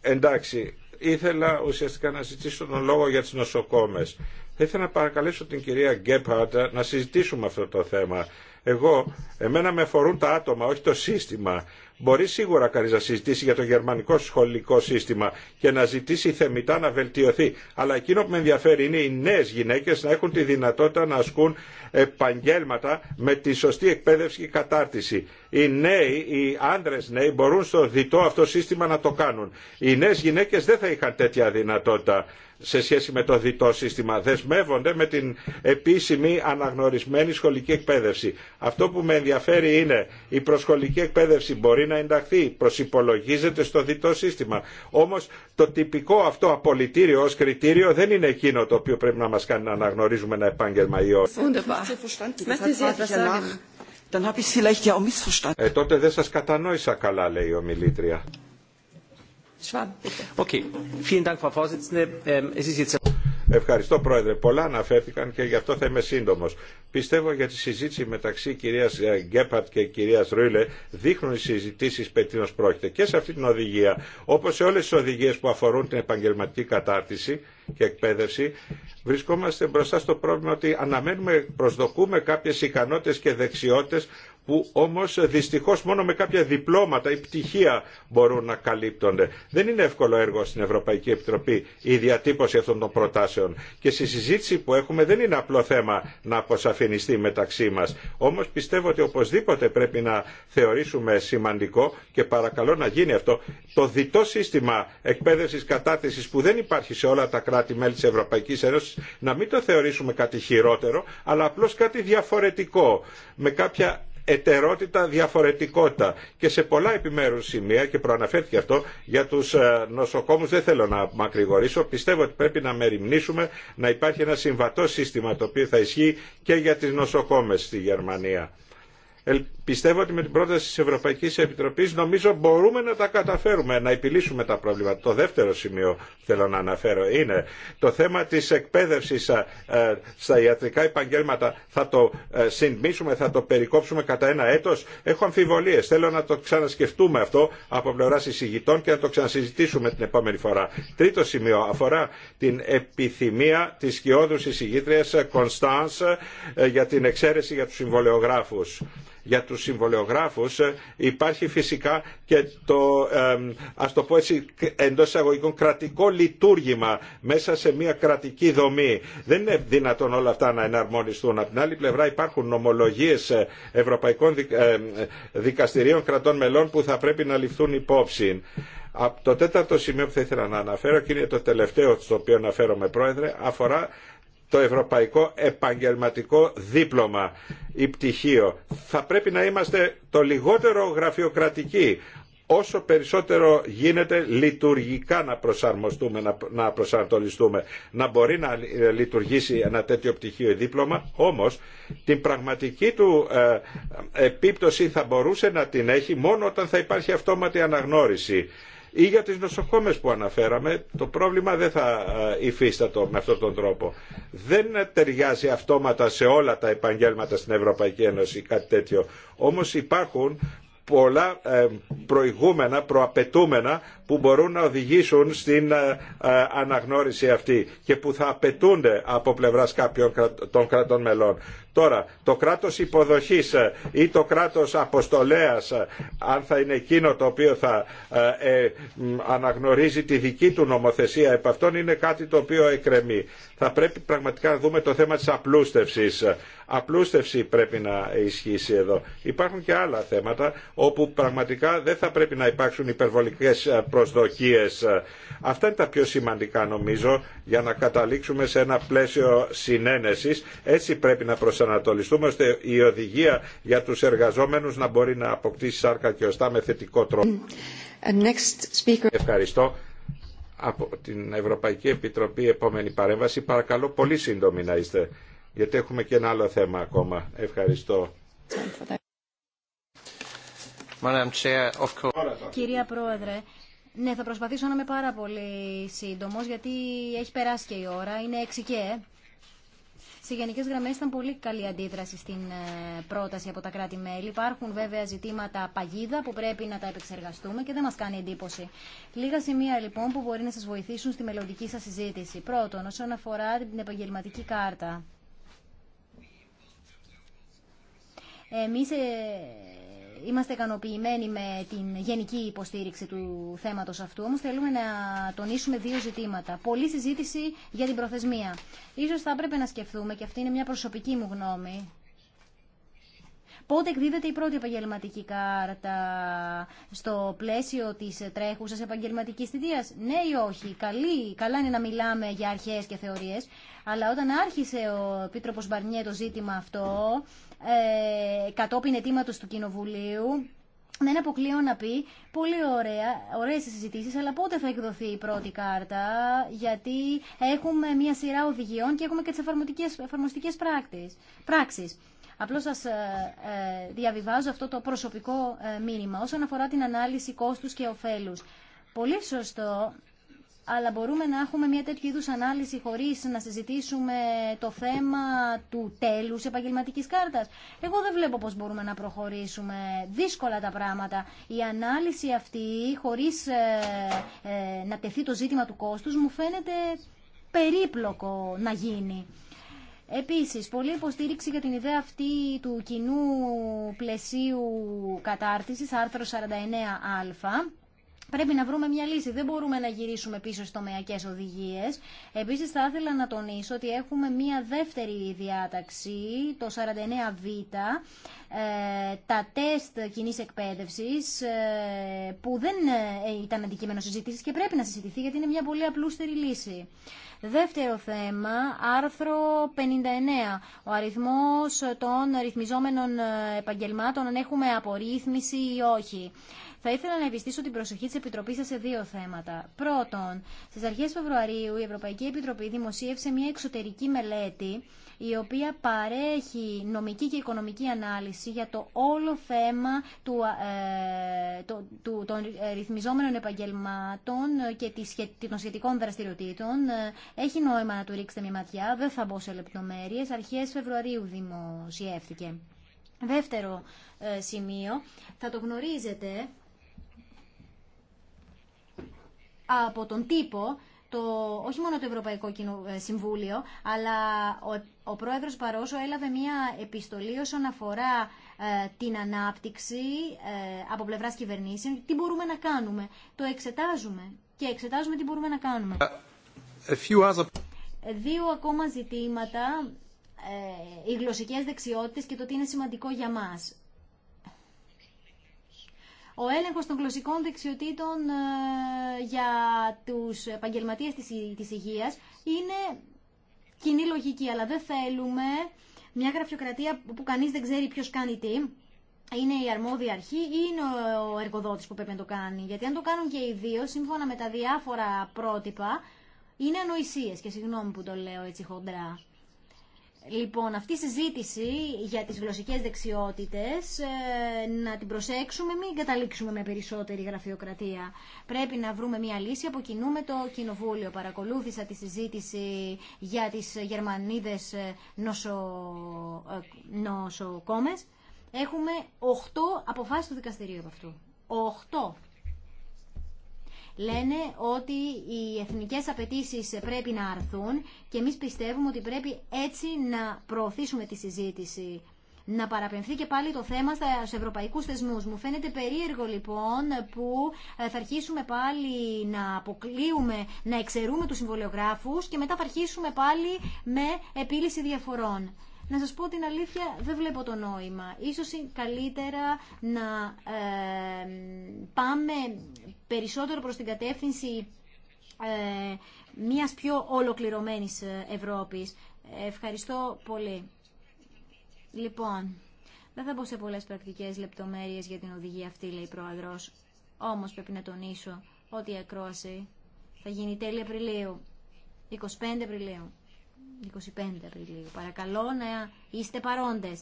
Εντάξει, ήθελα ουσιαστικά να ζητήσω τον λόγο για τις νοσοκόμες. Θα ήθελα να παρακαλέσω την κυρία Γκέπαρτα να συζητήσουμε αυτό το θέμα. Εγώ, εμένα με αφορούν τα άτομα, όχι το σύστημα. Μπορεί σίγουρα κανεί να συζητήσει για το γερμανικό σχολικό σύστημα και να ζητήσει θεμητά να βελτιωθεί. Αλλά εκείνο που με ενδιαφέρει είναι οι νέε γυναίκε να έχουν τη δυνατότητα να ασκούν επαγγέλματα με τη σωστή εκπαίδευση και κατάρτιση. Οι νέοι, οι άντρε νέοι μπορούν στο διτό αυτό σύστημα να το κάνουν. Οι νέε γυναίκε δεν θα είχαν τέτοια δυνατότητα σε σχέση με το διτό σύστημα δεσμεύονται με την επίσημη αναγνωρισμένη σχολική εκπαίδευση. Αυτό που με ενδιαφέρει είναι η προσχολική εκπαίδευση μπορεί να ενταχθεί, προσυπολογίζεται στο διτό σύστημα. Όμως το τυπικό αυτό απολυτήριο ως κριτήριο δεν είναι εκείνο το οποίο πρέπει να μας κάνει να αναγνωρίζουμε ένα επάγγελμα ή όχι. Ε, τότε δεν σας κατανόησα καλά, λέει η ομιλήτρια. Ευχαριστώ Πρόεδρε. Πολλά αναφέρθηκαν και γι' αυτό θα είμαι σύντομο. Πιστεύω για τη συζήτηση μεταξύ κυρία ε, Γκέπαρτ και κυρία Ρούιλε δείχνουν οι συζητήσει τίνο πρόκειται και σε αυτή την οδηγία. Όπω σε όλε τι οδηγίε που αφορούν την επαγγελματική κατάρτιση και εκπαίδευση, βρισκόμαστε μπροστά στο πρόβλημα ότι αναμένουμε, προσδοκούμε κάποιε ικανότητε και δεξιότητε που όμως ε, δυστυχώς μόνο με κάποια διπλώματα ή πτυχία μπορούν να καλύπτονται. Δεν είναι εύκολο έργο στην Ευρωπαϊκή Επιτροπή η διατύπωση αυτών των προτάσεων και στη συζήτηση που έχουμε δεν είναι απλό θέμα να αποσαφινιστεί μεταξύ μας. Όμως πιστεύω ότι οπωσδήποτε πρέπει να θεωρήσουμε σημαντικό και παρακαλώ να γίνει αυτό το διτό σύστημα εκπαίδευσης κατάθεσης που δεν υπάρχει σε όλα τα κράτη-μέλη της Ευρωπαϊκής Ένωσης να μην το θεωρήσουμε κάτι χειρότερο αλλά απλώς κάτι διαφορετικό με κάποια ετερότητα, διαφορετικότητα. Και σε πολλά επιμέρους σημεία, και προαναφέρθηκε αυτό, για τους ε, νοσοκόμους δεν θέλω να μακρηγορήσω, πιστεύω ότι πρέπει να μεριμνήσουμε να υπάρχει ένα συμβατό σύστημα το οποίο θα ισχύει και για τις νοσοκόμες στη Γερμανία Πιστεύω ότι με την πρόταση της Ευρωπαϊκής Επιτροπής νομίζω μπορούμε να τα καταφέρουμε, να επιλύσουμε τα πρόβλημα. Το δεύτερο σημείο θέλω να αναφέρω είναι το θέμα της εκπαίδευσης ε, ε, στα ιατρικά επαγγέλματα. Θα το ε, συντμίσουμε, θα το περικόψουμε κατά ένα έτος. Έχω αμφιβολίες. Θέλω να το ξανασκεφτούμε αυτό από πλευρά εισηγητών και να το ξανασυζητήσουμε την επόμενη φορά. Τρίτο σημείο αφορά την επιθυμία της κοιόδου εισηγήτριας Κωνσταν για την εξαίρεση για τους συμβολεογράφους για τους συμβολεογράφους ε, υπάρχει φυσικά και το ας το πω έτσι εντός εισαγωγικών κρατικό λειτουργήμα μέσα σε μια κρατική δομή. Δεν είναι δυνατόν όλα αυτά να εναρμονιστούν. Από την άλλη πλευρά υπάρχουν νομολογίες ε, ευρωπαϊκών ε, δικαστηρίων κρατών μελών που θα πρέπει να ληφθούν υπόψη. Από το τέταρτο σημείο που θα ήθελα να αναφέρω και είναι το τελευταίο στο οποίο αναφέρομαι πρόεδρε αφορά το Ευρωπαϊκό Επαγγελματικό Δίπλωμα ή πτυχίο. Θα πρέπει να είμαστε το λιγότερο γραφειοκρατικοί όσο περισσότερο γίνεται λειτουργικά να προσαρμοστούμε, να προσανατολιστούμε, να μπορεί να λειτουργήσει ένα τέτοιο πτυχίο ή δίπλωμα, όμως την πραγματική του ε, επίπτωση θα μπορούσε να την έχει μόνο όταν θα υπάρχει αυτόματη αναγνώριση ή για τις νοσοκόμες που αναφέραμε, το πρόβλημα δεν θα ε, υφίστατο με αυτόν τον τρόπο. Δεν ταιριάζει αυτόματα σε όλα τα επαγγέλματα στην Ευρωπαϊκή Ένωση κάτι τέτοιο. Όμως υπάρχουν πολλά ε, προηγούμενα, προαπαιτούμενα που μπορούν να οδηγήσουν στην ε, ε, αναγνώριση αυτή και που θα απαιτούνται από πλευράς κάποιων των κρατών μελών. Τώρα, το κράτος υποδοχής ε, ή το κράτος αποστολέας, αν θα είναι εκείνο το οποίο θα ε, αναγνωρίζει τη δική του νομοθεσία επ' αυτόν, είναι κάτι το οποίο εκρεμεί. Θα πρέπει πραγματικά να δούμε το θέμα της απλούστευσης. Απλούστευση πρέπει να ισχύσει εδώ. Υπάρχουν και άλλα θέματα όπου πραγματικά δεν θα πρέπει να υπάρξουν υπερβολικές προ Αυτά είναι τα πιο σημαντικά νομίζω για να καταλήξουμε σε ένα πλαίσιο συνένεσης. Έτσι πρέπει να προσανατολιστούμε ώστε η οδηγία για τους εργαζόμενους να μπορεί να αποκτήσει σάρκα και οστά με θετικό τρόπο. speaker. Ευχαριστώ. Από την Ευρωπαϊκή Επιτροπή επόμενη παρέμβαση. Παρακαλώ πολύ σύντομη να είστε γιατί έχουμε και ένα άλλο θέμα ακόμα. Ευχαριστώ. Κυρία Πρόεδρε, ναι, θα προσπαθήσω να είμαι πάρα πολύ σύντομο, γιατί έχει περάσει και η ώρα. Είναι 6 και. Σε γενικέ γραμμέ ήταν πολύ καλή αντίδραση στην ε, πρόταση από τα κράτη-μέλη. Υπάρχουν βέβαια ζητήματα παγίδα που πρέπει να τα επεξεργαστούμε και δεν μα κάνει εντύπωση. Λίγα σημεία λοιπόν που μπορεί να σα βοηθήσουν στη μελλοντική σα συζήτηση. Πρώτον, όσον αφορά την επαγγελματική κάρτα. Εμείς ε, είμαστε ικανοποιημένοι με την γενική υποστήριξη του θέματος αυτού, όμως θέλουμε να τονίσουμε δύο ζητήματα. Πολύ συζήτηση για την προθεσμία. Ίσως θα έπρεπε να σκεφτούμε, και αυτή είναι μια προσωπική μου γνώμη, Πότε εκδίδεται η πρώτη επαγγελματική κάρτα στο πλαίσιο τη τρέχουσα επαγγελματική θητεία. Ναι ή όχι. Καλή, καλά είναι να μιλάμε για αρχέ και θεωρίε. Αλλά όταν άρχισε ο Επίτροπο Μπαρνιέ το ζήτημα αυτό, ε, κατόπιν αιτήματο του Κοινοβουλίου, δεν αποκλείω να πει πολύ ωραία, ωραίες οι συζητήσεις, αλλά πότε θα εκδοθεί η πρώτη κάρτα, γιατί έχουμε μια σειρά οδηγιών και έχουμε και τις εφαρμοστικές πράξεις. Απλώς σας ε, ε, διαβιβάζω αυτό το προσωπικό ε, μήνυμα. Όσον αφορά την ανάλυση κόστους και ωφέλου. Πολύ σωστό αλλά μπορούμε να έχουμε μια τέτοιου είδου ανάλυση χωρίς να συζητήσουμε το θέμα του τέλους επαγγελματικής κάρτας. Εγώ δεν βλέπω πώς μπορούμε να προχωρήσουμε δύσκολα τα πράγματα. Η ανάλυση αυτή χωρίς να τεθεί το ζήτημα του κόστου, μου φαίνεται περίπλοκο να γίνει. Επίσης, πολλή υποστήριξη για την ιδέα αυτή του κοινού πλαισίου κατάρτισης, άρθρο 49α, Πρέπει να βρούμε μια λύση. Δεν μπορούμε να γυρίσουμε πίσω στι τομεακέ οδηγίε. Επίση, θα ήθελα να τονίσω ότι έχουμε μια δεύτερη διάταξη, το 49β, ε, τα τεστ κοινή εκπαίδευση, ε, που δεν ε, ήταν αντικείμενο συζήτηση και πρέπει να συζητηθεί γιατί είναι μια πολύ απλούστερη λύση. Δεύτερο θέμα, άρθρο 59. Ο αριθμός των ρυθμιζόμενων επαγγελμάτων, αν έχουμε απορρίθμιση ή όχι. Θα ήθελα να επιστήσω την προσοχή τη Επιτροπή σα σε δύο θέματα. Πρώτον, στι αρχέ Φεβρουαρίου η Ευρωπαϊκή Επιτροπή δημοσίευσε μια εξωτερική μελέτη η οποία παρέχει νομική και οικονομική ανάλυση για το όλο θέμα του, ε, του, των ρυθμιζόμενων επαγγελμάτων και των σχετικών δραστηριοτήτων. Ε, έχει νόημα να του ρίξετε μια ματιά, δεν θα μπω σε λεπτομέρειες. Αρχές Φεβρουαρίου δημοσιεύτηκε. Δεύτερο ε, σημείο, θα το γνωρίζετε από τον τύπο, το, όχι μόνο το Ευρωπαϊκό ε, Συμβούλιο, αλλά ο, ο πρόεδρος Παρόσο έλαβε μία επιστολή όσον αφορά ε, την ανάπτυξη ε, από πλευράς κυβερνήσεων. Τι μπορούμε να κάνουμε. Το εξετάζουμε και εξετάζουμε τι μπορούμε να κάνουμε. Δύο ακόμα ζητήματα, ε, οι γλωσσικές δεξιότητες και το τι είναι σημαντικό για μας. Ο έλεγχο των γλωσσικών δεξιοτήτων ε, για του επαγγελματίε της υγείας είναι κοινή λογική, αλλά δεν θέλουμε μια γραφειοκρατία που κανείς δεν ξέρει ποιο κάνει τι. Είναι η αρμόδια αρχή ή είναι ο εργοδότης που πρέπει να το κάνει. Γιατί αν το κάνουν και οι δύο, σύμφωνα με τα διάφορα πρότυπα, είναι ανοησίε και συγγνώμη που το λέω έτσι χοντρά. Λοιπόν, αυτή η συζήτηση για τις γλωσσικές δεξιότητες, ε, να την προσέξουμε, μην καταλήξουμε με περισσότερη γραφειοκρατία. Πρέπει να βρούμε μια λύση, Αποκινούμε το Κοινοβούλιο. Παρακολούθησα τη συζήτηση για τις Γερμανίδες ε, νοσο... Ε, νοσοκόμες. Έχουμε 8 αποφάσεις του δικαστηρίου από αυτού. 8 λένε ότι οι εθνικές απαιτήσει πρέπει να αρθούν και εμείς πιστεύουμε ότι πρέπει έτσι να προωθήσουμε τη συζήτηση. Να παραπενθεί και πάλι το θέμα στους ευρωπαϊκούς θεσμούς. Μου φαίνεται περίεργο λοιπόν που ε, θα αρχίσουμε πάλι να αποκλείουμε, να εξαιρούμε τους συμβολιογράφους και μετά θα αρχίσουμε πάλι με επίλυση διαφορών να σας πω την αλήθεια, δεν βλέπω το νόημα. Ίσως καλύτερα να πάμε περισσότερο προς την κατεύθυνση ε, μιας πιο ολοκληρωμένης ε, Ευρώπης. Ευχαριστώ πολύ. Λοιπόν, δεν θα πω σε πολλές πρακτικές λεπτομέρειες για την οδηγία αυτή, λέει η Πρόεδρος. Όμως πρέπει να τονίσω ότι η ακρόαση θα γίνει τέλη Απριλίου, 25 Απριλίου. 25 Απριλίου. Παρακαλώ να είστε παρόντες.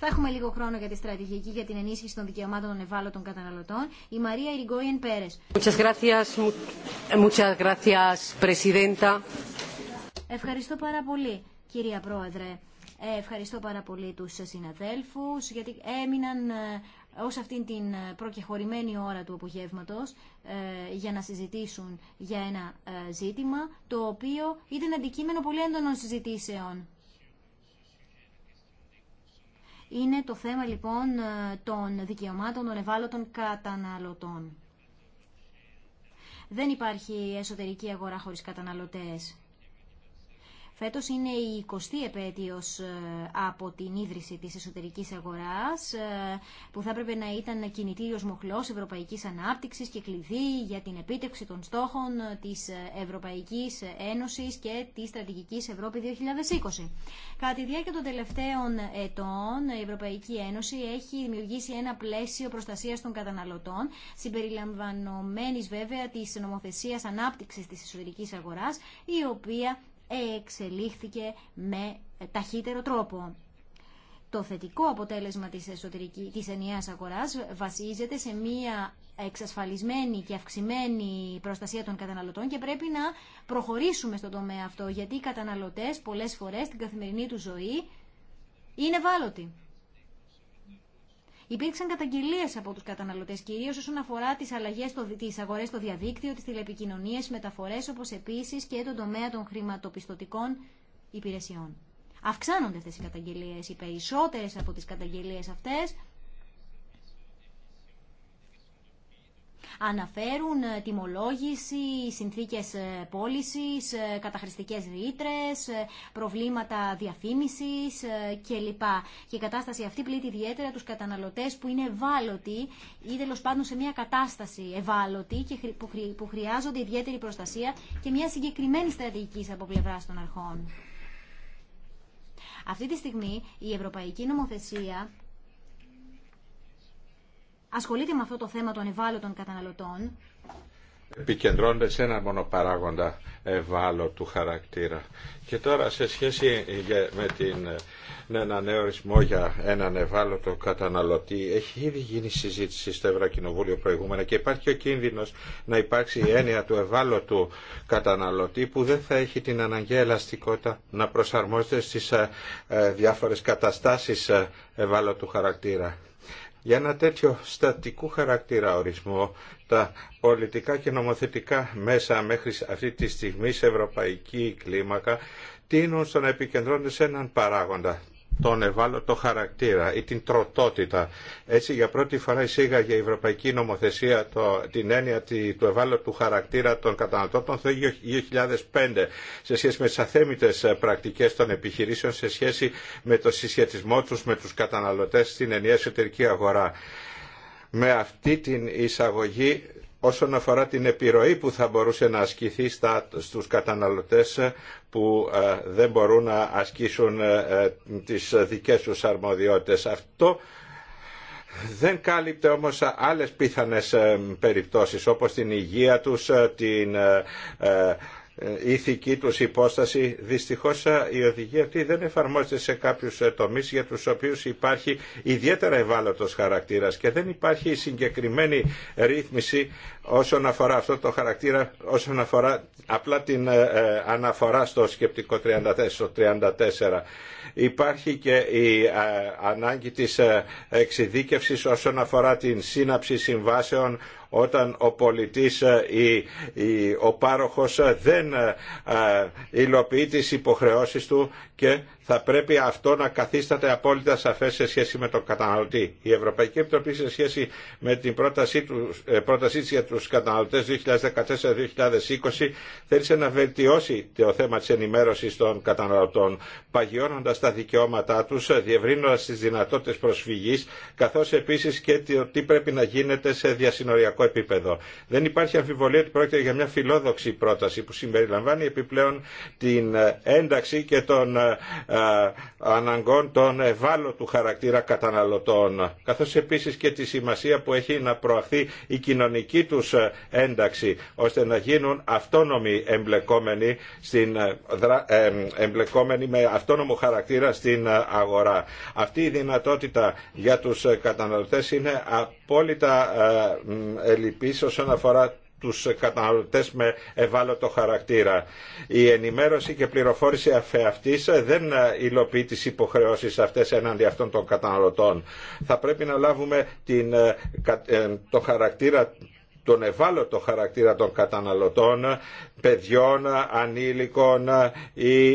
Θα έχουμε λίγο χρόνο για τη στρατηγική για την ενίσχυση των δικαιωμάτων των ευάλωτων καταναλωτών. Η Μαρία Ιριγκόιεν PRESIDENTA. Ευχαριστώ πάρα πολύ, κυρία Πρόεδρε. Ε, ευχαριστώ πάρα πολύ τους συναδέλφους γιατί έμειναν ε, ως αυτήν την ε, προκεχωρημένη ώρα του απογεύματος ε, για να συζητήσουν για ένα ε, ζήτημα το οποίο ήταν αντικείμενο πολύ έντονων συζητήσεων. Είναι το θέμα λοιπόν των δικαιωμάτων των ευάλωτων καταναλωτών. Δεν υπάρχει εσωτερική αγορά χωρίς καταναλωτές. Φέτος είναι η 20η επέτειος ε, από την ίδρυση της εσωτερικής αγοράς ε, που θα έπρεπε να ήταν κινητήριος μοχλός ευρωπαϊκής ανάπτυξης και κλειδί για την επίτευξη των στόχων ε, της Ευρωπαϊκής Ένωσης και της Στρατηγικής Ευρώπη 2020. Κατά τη διάρκεια των τελευταίων ετών η Ευρωπαϊκή Ένωση έχει δημιουργήσει ένα πλαίσιο προστασίας των καταναλωτών συμπεριλαμβανομένης βέβαια της νομοθεσίας ανάπτυξης της εσωτερικής αγοράς η οποία εξελίχθηκε με ταχύτερο τρόπο. Το θετικό αποτέλεσμα της, εσωτερικής, της ενιαίας αγοράς βασίζεται σε μία εξασφαλισμένη και αυξημένη προστασία των καταναλωτών και πρέπει να προχωρήσουμε στον τομέα αυτό γιατί οι καταναλωτές πολλές φορές στην καθημερινή του ζωή είναι βάλωτοι. Υπήρξαν καταγγελίε από του καταναλωτέ, κυρίω όσον αφορά τι αλλαγέ, τι αγορέ στο διαδίκτυο, τι τηλεπικοινωνίε, μεταφορέ, όπω επίση και τον τομέα των χρηματοπιστωτικών υπηρεσιών. Αυξάνονται αυτέ οι καταγγελίε. Οι περισσότερε από τι καταγγελίε αυτέ αναφέρουν ε, τιμολόγηση, συνθήκες ε, πώλησης, ε, καταχρηστικές ρήτρε, προβλήματα διαφήμισης κλπ. Και η κατάσταση αυτή πλήττει ιδιαίτερα τους καταναλωτές που είναι ευάλωτοι ή τέλο πάντων σε μια κατάσταση ευάλωτη και που χρειάζονται ιδιαίτερη προστασία και μια συγκεκριμένη στρατηγική από πλευρά των αρχών. Αυτή τη στιγμή η ευρωπαϊκή νομοθεσία ασχολείται με αυτό το θέμα των ευάλωτων καταναλωτών. Επικεντρώνεται σε ένα μόνο παράγοντα ευάλωτου χαρακτήρα. Και τώρα σε σχέση με την ε, ένα νέο ρυθμό για έναν ευάλωτο καταναλωτή. Έχει ήδη γίνει συζήτηση στο Ευρωκοινοβούλιο προηγούμενα και υπάρχει ο κίνδυνο να υπάρξει η έννοια του ευάλωτου καταναλωτή που δεν θα έχει την αναγκαία ελαστικότητα να προσαρμόζεται στι ε, ε, διάφορε καταστάσει ευάλωτου χαρακτήρα για ένα τέτοιο στατικού χαρακτήρα ορισμό τα πολιτικά και νομοθετικά μέσα μέχρι αυτή τη στιγμή σε ευρωπαϊκή κλίμακα τείνουν στο να επικεντρώνεται σε έναν παράγοντα, τον ευάλωτο χαρακτήρα ή την τροτότητα. Έτσι για πρώτη φορά εισήγαγε η Ευρωπαϊκή Νομοθεσία το, την έννοια του ευάλωτου χαρακτήρα των καταναλωτών το 2005 σε σχέση με τις αθέμητες ε, πρακτικές των επιχειρήσεων σε σχέση με το συσχετισμό τους με τους καταναλωτές στην ενιαία εσωτερική αγορά. Με αυτή την εισαγωγή όσον αφορά την επιρροή που θα μπορούσε να ασκηθεί στα, στους καταναλωτές ε, που ε, δεν μπορούν να ασκήσουν ε, τις δικές τους αρμοδιότητες. Αυτό δεν κάλυπτε όμως άλλες πιθανές περιπτώσεις όπως την υγεία τους, την ε, η ηθική τους υπόσταση. Δυστυχώς ε, η οδηγία αυτή δεν εφαρμόζεται σε κάποιους ε, τομείς για τους οποίους υπάρχει ιδιαίτερα ευάλωτος χαρακτήρας και δεν υπάρχει συγκεκριμένη ρύθμιση όσον αφορά αυτό το χαρακτήρα, όσον αφορά απλά την αναφορά στο σκεπτικό 34. 34. Υπάρχει και η ανάγκη της εξειδίκευσης όσον αφορά την σύναψη συμβάσεων όταν ο πολιτής ή ε, ο πάροχος ε, δεν ε, υλοποιεί τις υποχρεώσεις του και θα πρέπει αυτό να καθίσταται απόλυτα σαφές σε σχέση με τον καταναλωτή. Η Ευρωπαϊκή Επιτροπή σε σχέση με την πρότασή, του, ε, πρότασή της για τους καταναλωτές 2014-2020 θέλησε να βελτιώσει το θέμα της ενημέρωσης των καταναλωτών, παγιώνοντας τα δικαιώματά τους, διευρύνοντας τις δυνατότητες προσφυγής, καθώς επίσης και τι πρέπει να γίνεται σε διασυνοριακό επίπεδο. Δεν υπάρχει αμφιβολία ότι πρόκειται για μια φιλόδοξη πρόταση που συμπεριλαμβάνει επιπλέον την ε, ένταξη και τον ε, ε, ε, αναγκών των ευάλωτου χαρακτήρα καταναλωτών, καθώς επίσης και τη σημασία που έχει να προαχθεί η κοινωνική τους ένταξη, ώστε να γίνουν αυτόνομοι εμπλεκόμενοι, στην, ε, εμπλεκόμενοι με αυτόνομο χαρακτήρα στην αγορά. Αυτή η δυνατότητα για τους καταναλωτές είναι απόλυτα ελλειπής όσον αφορά τους καταναλωτές με ευάλωτο χαρακτήρα. Η ενημέρωση και πληροφόρηση αυτής δεν υλοποιεί τις υποχρεώσεις αυτές έναντι αυτών των καταναλωτών. Θα πρέπει να λάβουμε την, ε, ε, το χαρακτήρα τον ευάλωτο χαρακτήρα των καταναλωτών, παιδιών, ανήλικων ή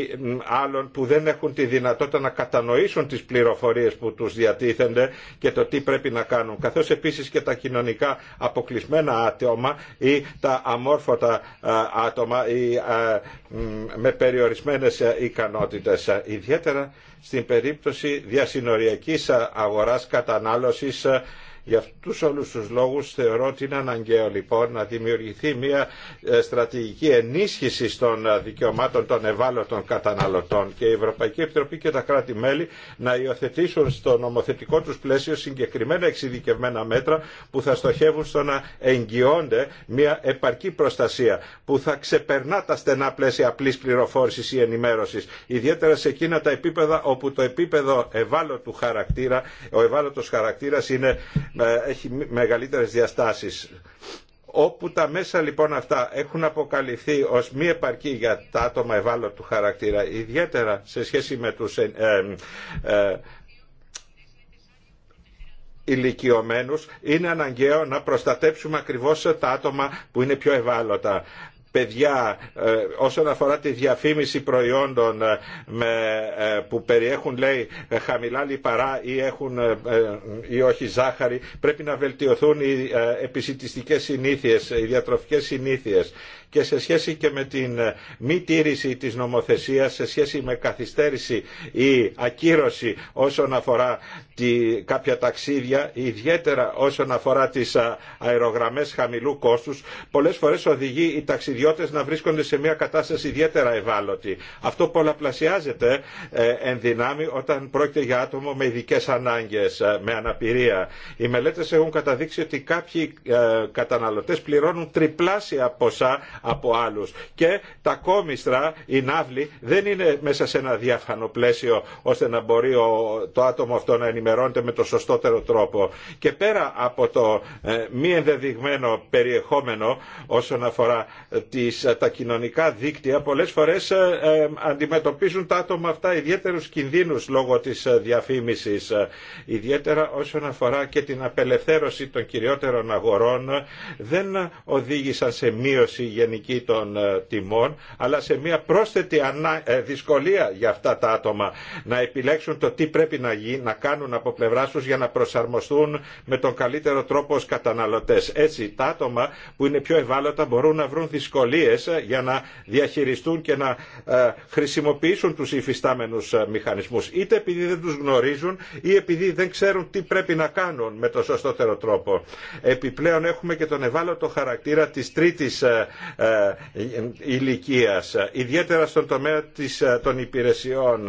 άλλων που δεν έχουν τη δυνατότητα να κατανοήσουν τις πληροφορίες που τους διατίθενται και το τι πρέπει να κάνουν. Καθώς επίσης και τα κοινωνικά αποκλεισμένα άτομα ή τα αμόρφωτα ε, άτομα ή ε, με περιορισμένες ε, ικανότητες. Ιδιαίτερα στην περίπτωση διασυνοριακής αγοράς κατανάλωσης για αυτούς όλους τους λόγους θεωρώ ότι είναι αναγκαίο λοιπόν να δημιουργηθεί μια ε, στρατηγική ενίσχυση των ε, δικαιωμάτων των ευάλωτων καταναλωτών και η Ευρωπαϊκή Επιτροπή και τα κράτη-μέλη να υιοθετήσουν στο νομοθετικό τους πλαίσιο συγκεκριμένα εξειδικευμένα μέτρα που θα στοχεύουν στο να εγγυώνται μια επαρκή προστασία που θα ξεπερνά τα στενά πλαίσια απλής πληροφόρησης ή ενημέρωσης ιδιαίτερα σε εκείνα τα επίπεδα όπου το επίπεδο ευάλωτου χαρακτήρα, ο ευάλωτος χαρακτήρα είναι έχει μεγαλύτερες διαστάσεις. Όπου τα μέσα λοιπόν αυτά έχουν αποκαλυφθεί ως μη επαρκή για τα άτομα ευάλωτου χαρακτήρα, ιδιαίτερα σε σχέση με τους ε, ε, ε είναι αναγκαίο να προστατέψουμε ακριβώς τα άτομα που είναι πιο ευάλωτα παιδιά ε, όσον αφορά τη διαφήμιση προϊόντων ε, με, ε, που περιέχουν λέει χαμηλά λιπαρά ή, έχουν, ή όχι ζάχαρη πρέπει να βελτιωθούν οι επισητιστικές συνήθειες, οι διατροφικές συνήθειες και σε σχέση και με την μη τήρηση της νομοθεσίας, σε σχέση με καθυστέρηση ή ακύρωση όσον αφορά τη, κάποια ταξίδια, ιδιαίτερα όσον αφορά τις αερογραμμές χαμηλού κόστους, πολλές φορές οδηγεί η ιδιώτες να βρίσκονται σε μια κατάσταση ιδιαίτερα ευάλωτη. Αυτό πολλαπλασιάζεται ε, εν δυνάμει όταν πρόκειται για άτομο με ειδικέ ανάγκες, ε, με αναπηρία. Οι μελέτες έχουν καταδείξει ότι κάποιοι ε, καταναλωτές πληρώνουν τριπλάσια ποσά από άλλους και τα κόμιστρα, οι ναύλοι δεν είναι μέσα σε ένα διάφανο πλαίσιο ώστε να μπορεί το άτομο αυτό να ενημερώνεται με το σωστότερο τρόπο. Και πέρα από το μη περιεχόμενο όσον αφορά τις, ε, τα κοινωνικά δίκτυα πολλές φορές ε, ε, αντιμετωπίζουν τα άτομα αυτά ιδιαίτερους κινδύνους λόγω της διαφήμισης, ιδιαίτερα όσον αφορά και την απελευθέρωση των κυριότερων αγορών δεν οδήγησαν σε μείωση γενική των τιμών αλλά σε μια πρόσθετη δυσκολία για αυτά τα άτομα να επιλέξουν το τι πρέπει να, γίνει, να κάνουν από πλευρά του για να προσαρμοστούν με τον καλύτερο τρόπο ως καταναλωτές. Έτσι τα άτομα που είναι πιο ευάλωτα μπορούν να βρουν δυσκολία ε, για να διαχειριστούν και να ε, χρησιμοποιήσουν τους υφιστάμενους ε, μηχανισμούς. Είτε επειδή δεν τους γνωρίζουν ή επειδή δεν ξέρουν τι πρέπει να κάνουν με το σωστότερο τρόπο. Επιπλέον έχουμε και τον ευάλωτο χαρακτήρα της τρίτης ηλικίας, ιδιαίτερα στον τομέα των υπηρεσιών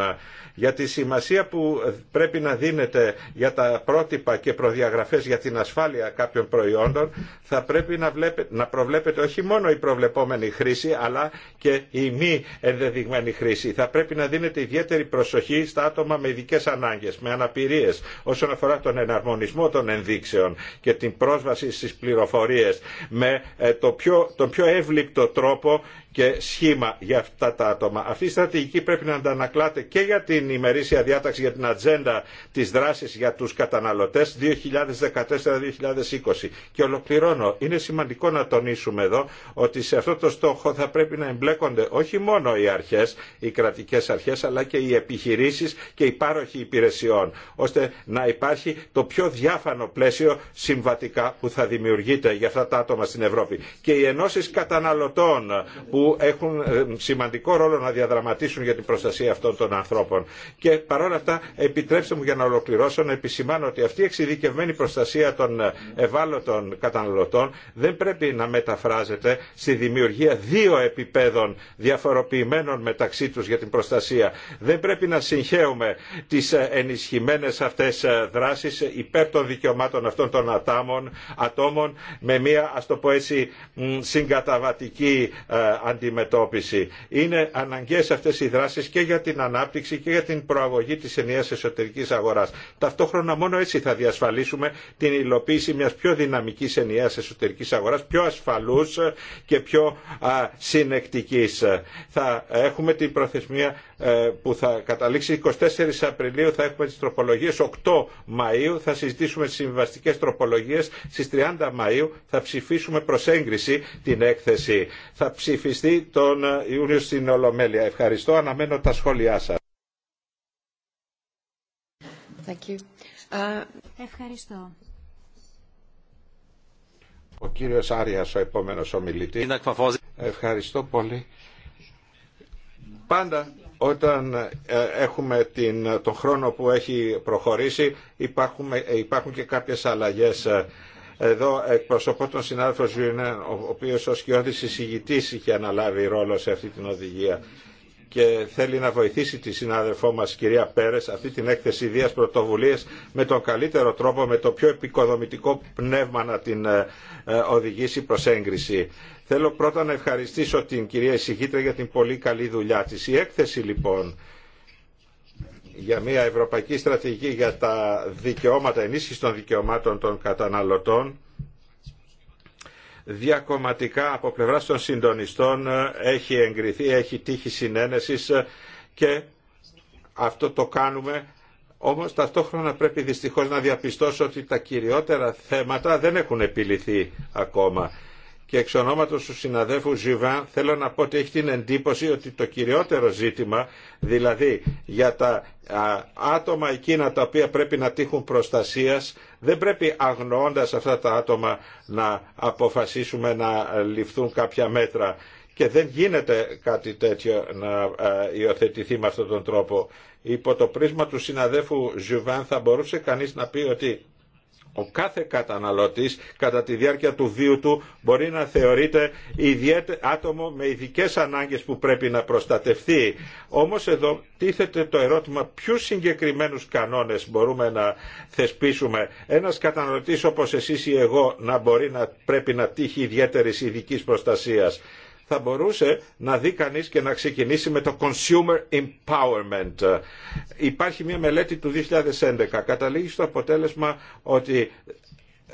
για τη σημασία που πρέπει να δίνεται για τα πρότυπα και προδιαγραφές για την ασφάλεια κάποιων προϊόντων θα πρέπει να, να προβλέπεται όχι μόνο η προβλεπόμενη χρήση αλλά και η μη ενδεδειγμένη χρήση. Θα πρέπει να δίνεται ιδιαίτερη προσοχή στα άτομα με ειδικέ ανάγκε, με αναπηρίε όσον αφορά τον εναρμονισμό των ενδείξεων και την πρόσβαση στι πληροφορίε με ε, το πιο, τον πιο εύληπτο τρόπο και σχήμα για αυτά τα άτομα. Αυτή η στρατηγική πρέπει να αντανακλάται και για την ημερήσια διάταξη για την ατζέντα της δράσης για τους καταναλωτές 2014-2020. Και ολοκληρώνω. Είναι σημαντικό να τονίσουμε εδώ ότι σε αυτό το στόχο θα πρέπει να εμπλέκονται όχι μόνο οι αρχές, οι κρατικές αρχές, αλλά και οι επιχειρήσεις και οι πάροχοι υπηρεσιών, ώστε να υπάρχει το πιο διάφανο πλαίσιο συμβατικά που θα δημιουργείται για αυτά τα άτομα στην Ευρώπη. Και οι ενώσεις καταναλωτών που που έχουν ε, σημαντικό ρόλο να διαδραματίσουν για την προστασία αυτών των ανθρώπων. Και παρόλα αυτά επιτρέψτε μου για να ολοκληρώσω να επισημάνω ότι αυτή η εξειδικευμένη προστασία των ευάλωτων καταναλωτών δεν πρέπει να μεταφράζεται στη δημιουργία δύο επιπέδων διαφοροποιημένων μεταξύ του για την προστασία. Δεν πρέπει να συγχαίουμε τι ε, ενισχυμένε αυτέ ε, δράσει υπέρ των δικαιωμάτων αυτών των ατόμων με μια α το πω έτσι συγκαταβατική αντιμετώπιση. Είναι αναγκαίε αυτέ οι δράσει και για την ανάπτυξη και για την προαγωγή τη ενιαίας εσωτερική αγορά. Ταυτόχρονα μόνο έτσι θα διασφαλίσουμε την υλοποίηση μια πιο δυναμική ενιαίας εσωτερική αγορά, πιο ασφαλούς και πιο συνεκτική. Θα έχουμε την προθεσμία ε, που θα καταλήξει 24 Απριλίου, θα έχουμε τις τροπολογίες 8 Μαΐου, θα συζητήσουμε τις συμβαστικές τροπολογίες, στις 30 Μαΐου θα ψηφίσουμε προς έγκριση την έκθεση. Θα ψηφίσουμε ψηφιστεί τον ε, Ιούνιο στην Ολομέλεια. Ευχαριστώ. Αναμένω τα σχόλιά σας. Thank you. Ε, Ευχαριστώ. Ο κύριος Άριας, ο επόμενος ομιλητής. Ευχαριστώ πολύ. Πάντα όταν ε, έχουμε την, τον χρόνο που έχει προχωρήσει υπάρχουν, υπάρχουν και κάποιες αλλαγές εδώ εκπροσωπώ τον συνάδελφο Ζουινέν, ο οποίος ως κοιόδης εισηγητής είχε αναλάβει ρόλο σε αυτή την οδηγία και θέλει να βοηθήσει τη συνάδελφό μας κυρία Πέρες αυτή την έκθεση ιδίας πρωτοβουλίες με τον καλύτερο τρόπο, με το πιο επικοδομητικό πνεύμα να την ε, ε, οδηγήσει προς έγκριση. Θέλω πρώτα να ευχαριστήσω την κυρία εισηγήτρια για την πολύ καλή δουλειά της. Η έκθεση λοιπόν για μια ευρωπαϊκή στρατηγική για τα δικαιώματα, ενίσχυση των δικαιωμάτων των καταναλωτών. Διακομματικά από πλευρά των συντονιστών ε, έχει εγκριθεί, έχει τύχει συνένεση ε, και αυτό το κάνουμε. Όμως ταυτόχρονα πρέπει δυστυχώς να διαπιστώσω ότι τα κυριότερα θέματα δεν έχουν επιληθεί ακόμα και εξ ονόματος του συναδέφου Ζιβάν θέλω να πω ότι έχει την εντύπωση ότι το κυριότερο ζήτημα, δηλαδή για τα άτομα εκείνα τα οποία πρέπει να τύχουν προστασίας, δεν πρέπει αγνοώντας αυτά τα άτομα να αποφασίσουμε να ληφθούν κάποια μέτρα. Και δεν γίνεται κάτι τέτοιο να υιοθετηθεί με αυτόν τον τρόπο. Υπό το πρίσμα του συναδέφου Ζιβάν θα μπορούσε κανείς να πει ότι ο κάθε καταναλωτής κατά τη διάρκεια του βίου του μπορεί να θεωρείται άτομο με ειδικές ανάγκες που πρέπει να προστατευτεί. Όμως εδώ τίθεται το ερώτημα ποιους συγκεκριμένους κανόνες μπορούμε να θεσπίσουμε. Ένας καταναλωτής όπως εσείς ή εγώ να μπορεί να πρέπει να τύχει ιδιαίτερης ειδική προστασίας θα μπορούσε να δει κανεί και να ξεκινήσει με το Consumer Empowerment. Υπάρχει μια μελέτη του 2011. Καταλήγει στο αποτέλεσμα ότι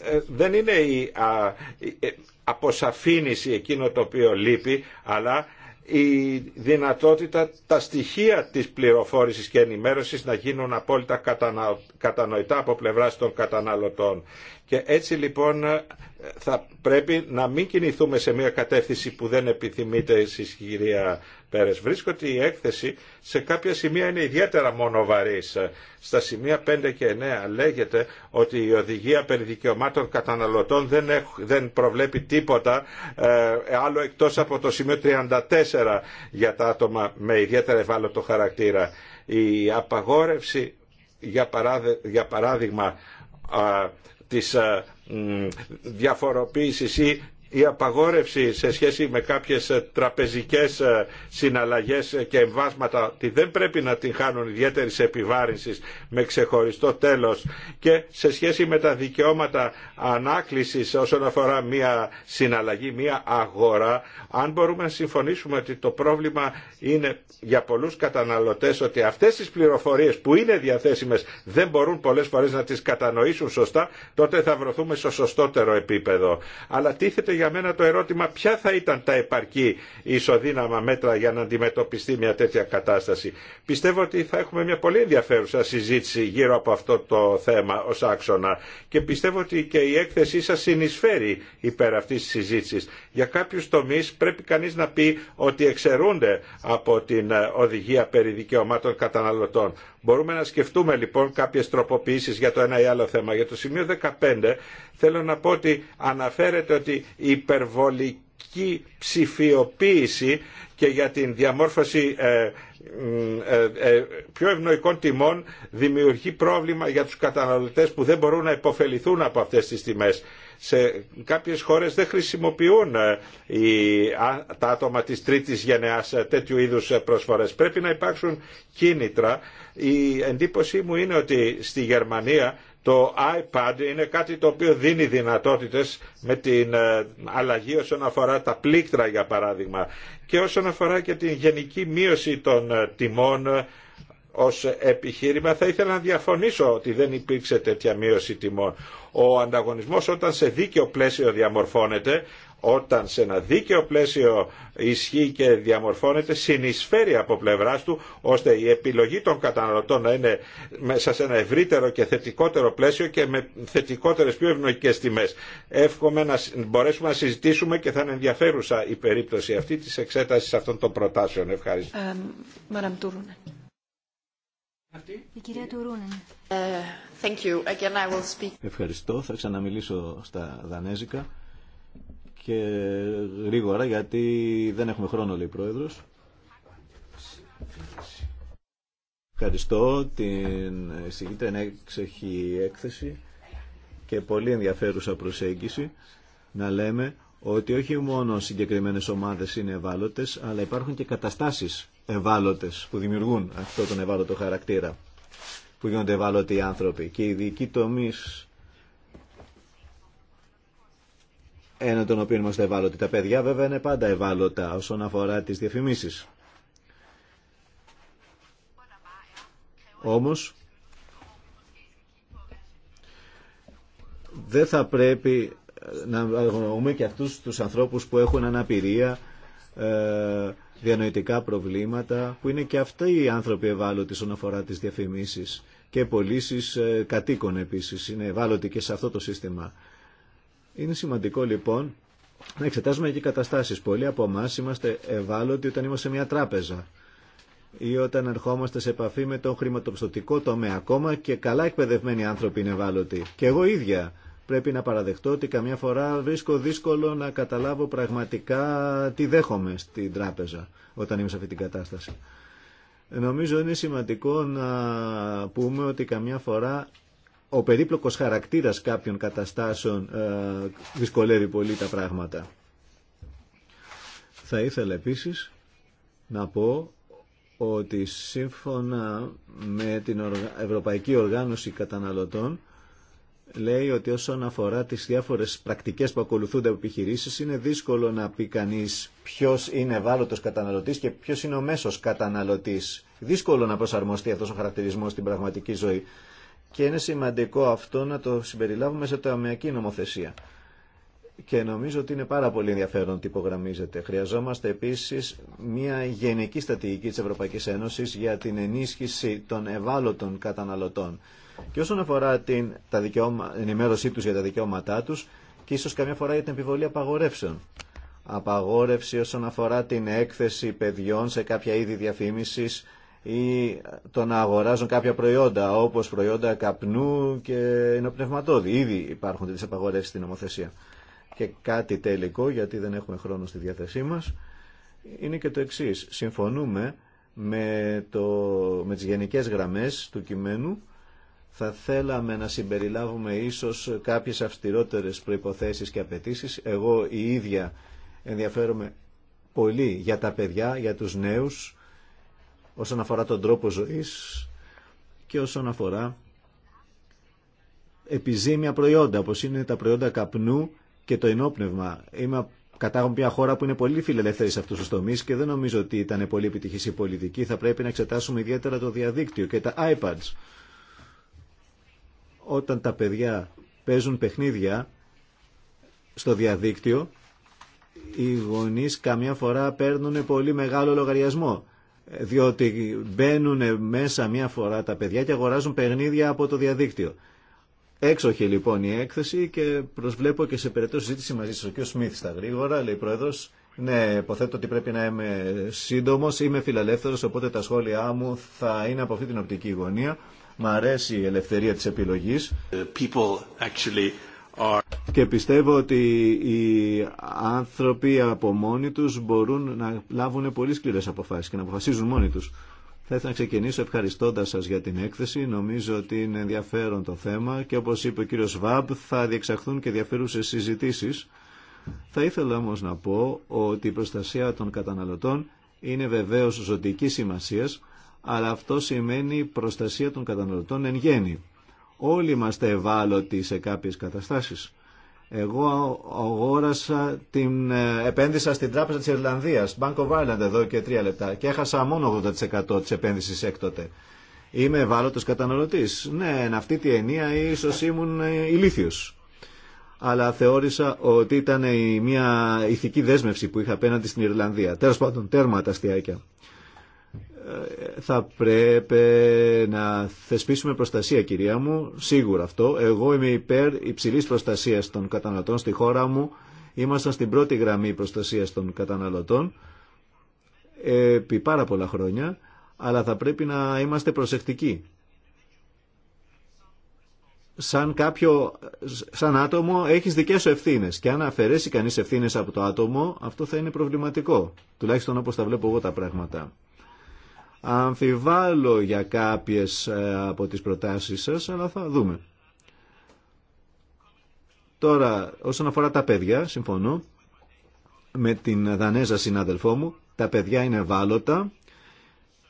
ε, δεν είναι η ε, αποσαφήνιση εκείνο το οποίο λείπει, αλλά η δυνατότητα τα στοιχεία της πληροφόρησης και ενημέρωσης να γίνουν απόλυτα κατανοητά από πλευράς των καταναλωτών. Και έτσι λοιπόν θα πρέπει να μην κινηθούμε σε μια κατεύθυνση που δεν επιθυμείται εσείς κυρία Πέρες. Βρίσκω ότι η έκθεση σε κάποια σημεία είναι ιδιαίτερα μονοβαρής. Στα σημεία 5 και 9 λέγεται ότι η οδηγία περί καταναλωτών δεν, δεν προβλέπει τίποτα ε, άλλο εκτός από το σημείο 34 για τα άτομα με ιδιαίτερα ευάλωτο χαρακτήρα. Η απαγόρευση, για, παράδειγμα, α, της ε, διαφοροποίησης ή η απαγόρευση σε σχέση με κάποιες ε, τραπεζικές ε, συναλλαγές και εμβάσματα ότι δεν πρέπει να την χάνουν ιδιαίτερη επιβάρυνσης με ξεχωριστό τέλος και σε σχέση με τα δικαιώματα ανάκλησης όσον αφορά μία συναλλαγή, μία αγορά αν μπορούμε να συμφωνήσουμε ότι το πρόβλημα είναι για πολλούς καταναλωτές ότι αυτές τις πληροφορίες που είναι διαθέσιμες δεν μπορούν πολλές φορές να τις κατανοήσουν σωστά τότε θα βρωθούμε στο σωστότερο επίπεδο. Αλλά τίθεται για μένα το ερώτημα ποια θα ήταν τα επαρκή ισοδύναμα μέτρα για να αντιμετωπιστεί μια τέτοια κατάσταση. Πιστεύω ότι θα έχουμε μια πολύ ενδιαφέρουσα συζήτηση γύρω από αυτό το θέμα ως άξονα και πιστεύω ότι και η έκθεσή σας συνεισφέρει υπέρ αυτής της συζήτησης. Για κάποιους τομείς πρέπει κανείς να πει ότι εξαιρούνται από την οδηγία περί δικαιωμάτων καταναλωτών. Μπορούμε να σκεφτούμε λοιπόν κάποιες τροποποιήσεις για το ένα ή άλλο θέμα. Για το σημείο 15 θέλω να πω ότι αναφέρεται ότι η υπερβολική ψηφιοποίηση και για την διαμόρφωση ε, ε, ε, πιο ευνοϊκών τιμών δημιουργεί πρόβλημα για τους καταναλωτές που δεν μπορούν να υποφεληθούν από αυτές τις τιμές σε κάποιες χώρες δεν χρησιμοποιούν ε, τα άτομα της τρίτης γενεάς ε, τέτοιου είδους ε, προσφορές. Πρέπει να υπάρξουν κίνητρα. Η εντύπωσή μου είναι ότι στη Γερμανία το iPad είναι κάτι το οποίο δίνει δυνατότητες με την αλλαγή όσον αφορά τα πλήκτρα για παράδειγμα και όσον αφορά και την γενική μείωση των τιμών ως επιχείρημα θα ήθελα να διαφωνήσω ότι δεν υπήρξε τέτοια μείωση τιμών. Ο ανταγωνισμός όταν σε δίκαιο πλαίσιο διαμορφώνεται όταν σε ένα δίκαιο πλαίσιο ισχύει και διαμορφώνεται, συνεισφέρει από πλευρά του, ώστε η επιλογή των καταναλωτών να είναι μέσα σε ένα ευρύτερο και θετικότερο πλαίσιο και με θετικότερε πιο ευνοϊκέ τιμέ. Εύχομαι να μπορέσουμε να συζητήσουμε και θα είναι ενδιαφέρουσα η περίπτωση αυτή τη εξέταση αυτών των προτάσεων. Ευχαριστώ. Ε, η κυρία Τουρούνεν. Ε, Ευχαριστώ. Θα ξαναμιλήσω στα δανέζικα και γρήγορα γιατί δεν έχουμε χρόνο, λέει η Πρόεδρος. Ευχαριστώ την εισηγήτρια, είναι έκθεση και πολύ ενδιαφέρουσα προσέγγιση να λέμε ότι όχι μόνο συγκεκριμένες ομάδες είναι ευάλωτες, αλλά υπάρχουν και καταστάσεις ευάλωτες, που δημιουργούν αυτό τον ευάλωτο χαρακτήρα, που γίνονται ευάλωτοι οι άνθρωποι. Και οι ειδικοί τομεί ένα τον οποίων είμαστε ευάλωτοι. Τα παιδιά βέβαια είναι πάντα ευάλωτα όσον αφορά τις διαφημίσεις. Όμως, δεν θα πρέπει να αγνοούμε και αυτούς τους ανθρώπους που έχουν αναπηρία, ε, διανοητικά προβλήματα που είναι και αυτοί οι άνθρωποι ευάλωτοι όσον αφορά τις διαφημίσεις και πωλήσει ε, κατοίκων επίσης. Είναι ευάλωτοι και σε αυτό το σύστημα. Είναι σημαντικό λοιπόν να εξετάζουμε και καταστάσεις. Πολλοί από εμά είμαστε ευάλωτοι όταν είμαστε σε μια τράπεζα ή όταν ερχόμαστε σε επαφή με τον χρηματοπιστωτικό τομέα. Ακόμα και καλά εκπαιδευμένοι άνθρωποι είναι ευάλωτοι. Και εγώ ίδια Πρέπει να παραδεχτώ ότι καμιά φορά βρίσκω δύσκολο να καταλάβω πραγματικά τι δέχομαι στην τράπεζα όταν είμαι σε αυτή την κατάσταση. Νομίζω είναι σημαντικό να πούμε ότι καμιά φορά ο περίπλοκος χαρακτήρας κάποιων καταστάσεων ε, δυσκολεύει πολύ τα πράγματα. Θα ήθελα επίσης να πω ότι σύμφωνα με την Ευρωπαϊκή Οργάνωση Καταναλωτών λέει ότι όσον αφορά τις διάφορες πρακτικές που ακολουθούνται από επιχειρήσεις είναι δύσκολο να πει κανείς ποιος είναι ευάλωτος καταναλωτής και ποιος είναι ο μέσος καταναλωτής. Δύσκολο να προσαρμοστεί αυτός ο χαρακτηρισμός στην πραγματική ζωή. Και είναι σημαντικό αυτό να το συμπεριλάβουμε σε ταμιακή νομοθεσία. Και νομίζω ότι είναι πάρα πολύ ενδιαφέρον ότι υπογραμμίζεται. Χρειαζόμαστε επίση μια γενική στρατηγική τη Ευρωπαϊκή Ένωση για την ενίσχυση των ευάλωτων καταναλωτών και όσον αφορά την τα δικαιώμα, ενημέρωσή τους για τα δικαιώματά τους και ίσως καμιά φορά για την επιβολή απαγορεύσεων. Απαγόρευση όσον αφορά την έκθεση παιδιών σε κάποια είδη διαφήμισης ή το να αγοράζουν κάποια προϊόντα όπως προϊόντα καπνού και ενοπνευματόδη. Ήδη υπάρχουν τις απαγορεύσεις στην νομοθεσία. Και κάτι τελικό, γιατί δεν έχουμε χρόνο στη διάθεσή μας, είναι και το εξής. Συμφωνούμε με, το, με τις γενικές γραμμές του κειμένου θα θέλαμε να συμπεριλάβουμε ίσως κάποιες αυστηρότερες προϋποθέσεις και απαιτήσει. Εγώ η ίδια ενδιαφέρομαι πολύ για τα παιδιά, για τους νέους, όσον αφορά τον τρόπο ζωής και όσον αφορά επιζήμια προϊόντα, όπως είναι τα προϊόντα καπνού και το ενόπνευμα. Είμαι κατάγομαι μια χώρα που είναι πολύ φιλελεύθερη σε αυτού του τομεί και δεν νομίζω ότι ήταν πολύ επιτυχή η πολιτική. Θα πρέπει να εξετάσουμε ιδιαίτερα το διαδίκτυο και τα iPads όταν τα παιδιά παίζουν παιχνίδια στο διαδίκτυο, οι γονείς καμιά φορά παίρνουν πολύ μεγάλο λογαριασμό διότι μπαίνουν μέσα μια φορά τα παιδιά και αγοράζουν παιχνίδια από το διαδίκτυο. Έξοχη λοιπόν η έκθεση και προσβλέπω και σε περαιτέρω συζήτηση μαζί σα. Ο κ. Σμιθ στα γρήγορα, λέει προέδρο, Ναι, υποθέτω ότι πρέπει να είμαι σύντομο. Είμαι φιλελεύθερο, οπότε τα σχόλιά μου θα είναι από αυτή την οπτική γωνία. Μ' αρέσει η ελευθερία της επιλογής. are... Και πιστεύω ότι οι άνθρωποι από μόνοι τους μπορούν να λάβουν πολύ σκληρές αποφάσεις και να αποφασίζουν μόνοι τους. Θα ήθελα να ξεκινήσω ευχαριστώντας σας για την έκθεση. Νομίζω ότι είναι ενδιαφέρον το θέμα και όπως είπε ο κύριος Βάμπ θα διεξαχθούν και διαφέρουσες συζητήσεις. Θα ήθελα όμως να πω ότι η προστασία των καταναλωτών είναι βεβαίως ζωτική σημασίας αλλά αυτό σημαίνει προστασία των καταναλωτών εν γέννη. Όλοι είμαστε ευάλωτοι σε κάποιες καταστάσεις. Εγώ αγόρασα την, ε, επένδυσα στην τράπεζα της Ιρλανδίας, Bank of Ireland εδώ και τρία λεπτά και έχασα μόνο 80% της επένδυσης έκτοτε. Είμαι ευάλωτος καταναλωτής. Ναι, εν αυτή τη ενία ίσως ήμουν ε, ηλίθιος. Αλλά θεώρησα ότι ήταν μια ηθική δέσμευση που είχα απέναντι στην Ιρλανδία. Τέλος πάντων, τέρμα τα αστιάκια θα πρέπει να θεσπίσουμε προστασία, κυρία μου. Σίγουρα αυτό. Εγώ είμαι υπέρ υψηλή προστασία των καταναλωτών στη χώρα μου. Ήμασταν στην πρώτη γραμμή προστασία των καταναλωτών επί πάρα πολλά χρόνια, αλλά θα πρέπει να είμαστε προσεκτικοί. Σαν, κάποιο, σαν άτομο έχεις δικές σου ευθύνες και αν αφαιρέσει κανείς ευθύνες από το άτομο αυτό θα είναι προβληματικό, τουλάχιστον όπως τα βλέπω εγώ τα πράγματα. Αμφιβάλλω για κάποιες ε, από τις προτάσεις σας, αλλά θα δούμε. Τώρα, όσον αφορά τα παιδιά, συμφωνώ με την Δανέζα συνάδελφό μου, τα παιδιά είναι βάλωτα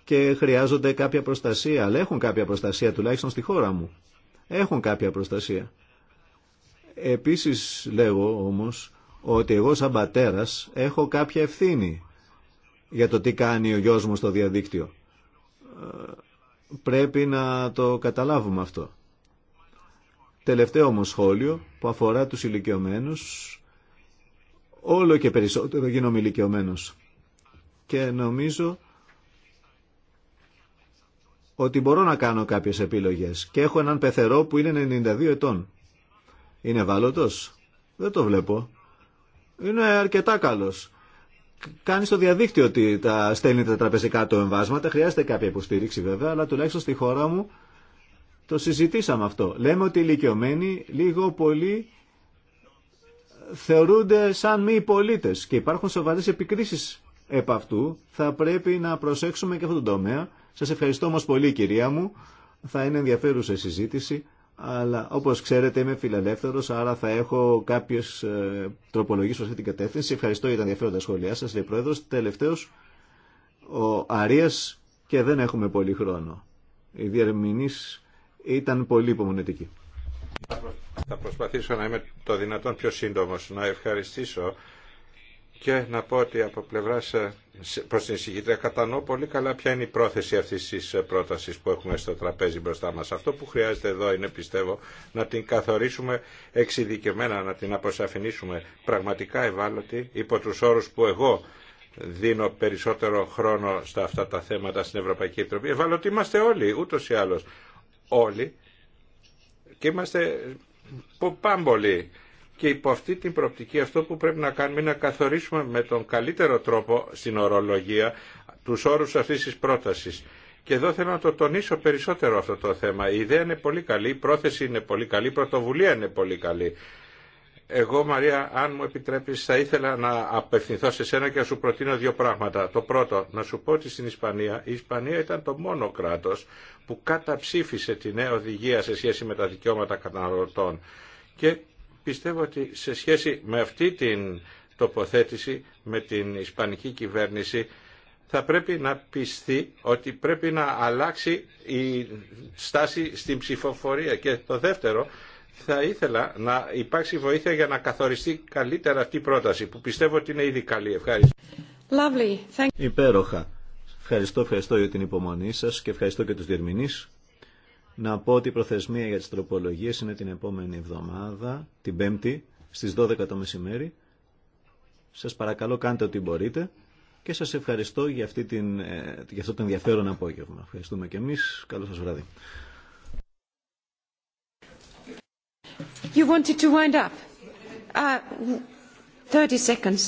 και χρειάζονται κάποια προστασία, αλλά έχουν κάποια προστασία τουλάχιστον στη χώρα μου. Έχουν κάποια προστασία. Επίσης λέγω όμως ότι εγώ σαν πατέρας έχω κάποια ευθύνη για το τι κάνει ο γιος μου στο διαδίκτυο πρέπει να το καταλάβουμε αυτό. Τελευταίο όμως σχόλιο που αφορά τους ηλικιωμένου, όλο και περισσότερο γίνομαι ηλικιωμένο. και νομίζω ότι μπορώ να κάνω κάποιες επιλογές και έχω έναν πεθερό που είναι 92 ετών. Είναι βάλωτος? Δεν το βλέπω. Είναι αρκετά καλός κάνει στο διαδίκτυο ότι τα στέλνει τα τραπεζικά του εμβάσματα. Χρειάζεται κάποια υποστήριξη βέβαια, αλλά τουλάχιστον στη χώρα μου το συζητήσαμε αυτό. Λέμε ότι οι ηλικιωμένοι λίγο πολύ θεωρούνται σαν μη πολίτε και υπάρχουν σοβαρές επικρίσεις επ' αυτού. Θα πρέπει να προσέξουμε και αυτόν τον τομέα. Σα ευχαριστώ όμω πολύ κυρία μου. Θα είναι ενδιαφέρουσα η συζήτηση αλλά όπως ξέρετε είμαι φιλελεύθερος, άρα θα έχω κάποιες ε, τροπολογίες σε αυτή την κατεύθυνση. Ευχαριστώ για τα ενδιαφέροντα σχόλιά σας, λέει Πρόεδρος. Τελευταίος, ο Αρίας και δεν έχουμε πολύ χρόνο. Οι διερμηνείς ήταν πολύ υπομονετικοί. Θα προσπαθήσω να είμαι το δυνατόν πιο σύντομος, να ευχαριστήσω και να πω ότι από πλευρά ε, προ την εισηγήτρια κατανοώ πολύ καλά ποια είναι η πρόθεση αυτή τη ε, πρόταση που έχουμε στο τραπέζι μπροστά μα. Αυτό που χρειάζεται εδώ είναι πιστεύω να την καθορίσουμε εξειδικευμένα, να την αποσαφηνίσουμε πραγματικά ευάλωτη υπό του όρου που εγώ δίνω περισσότερο χρόνο στα αυτά τα θέματα στην Ευρωπαϊκή Επιτροπή. Ευάλωτοι είμαστε όλοι, ούτω ή άλλω. Όλοι. Και είμαστε πάμπολοι και υπό αυτή την προπτική αυτό που πρέπει να κάνουμε είναι να καθορίσουμε με τον καλύτερο τρόπο στην ορολογία τους όρους αυτής της πρότασης. Και εδώ θέλω να το τονίσω περισσότερο αυτό το θέμα. Η ιδέα είναι πολύ καλή, η πρόθεση είναι πολύ καλή, η πρωτοβουλία είναι πολύ καλή. Εγώ, Μαρία, αν μου επιτρέπεις, θα ήθελα να απευθυνθώ σε σένα και να σου προτείνω δύο πράγματα. Το πρώτο, να σου πω ότι στην Ισπανία, η Ισπανία ήταν το μόνο κράτος που καταψήφισε τη νέα οδηγία σε σχέση με τα δικαιώματα καταναλωτών. Και Πιστεύω ότι σε σχέση με αυτή την τοποθέτηση με την Ισπανική κυβέρνηση θα πρέπει να πιστεί ότι πρέπει να αλλάξει η στάση στην ψηφοφορία. Και το δεύτερο, θα ήθελα να υπάρξει βοήθεια για να καθοριστεί καλύτερα αυτή η πρόταση που πιστεύω ότι είναι ήδη καλή. Ευχαριστώ. Lovely. Thank Υπέροχα. Ευχαριστώ, ευχαριστώ για την υπομονή σας και ευχαριστώ και τους διερμηνείς να πω ότι η προθεσμία για τις τροπολογίες είναι την επόμενη εβδομάδα, την Πέμπτη, στις 12 το μεσημέρι. Σας παρακαλώ κάντε ό,τι μπορείτε και σας ευχαριστώ για, αυτή την, ε, για αυτό το ενδιαφέρον απόγευμα. Ευχαριστούμε και εμείς. Καλό σας βράδυ. You wanted to wind up. 30 uh, seconds.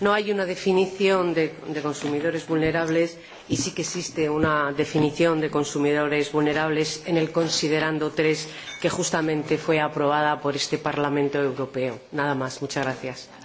no hay una definición de consumidores vulnerables y sí que existe una definición de consumidores vulnerables en el considerando 3 que justamente fue aprobada por este Parlamento Europeo. Nada más. Muchas gracias.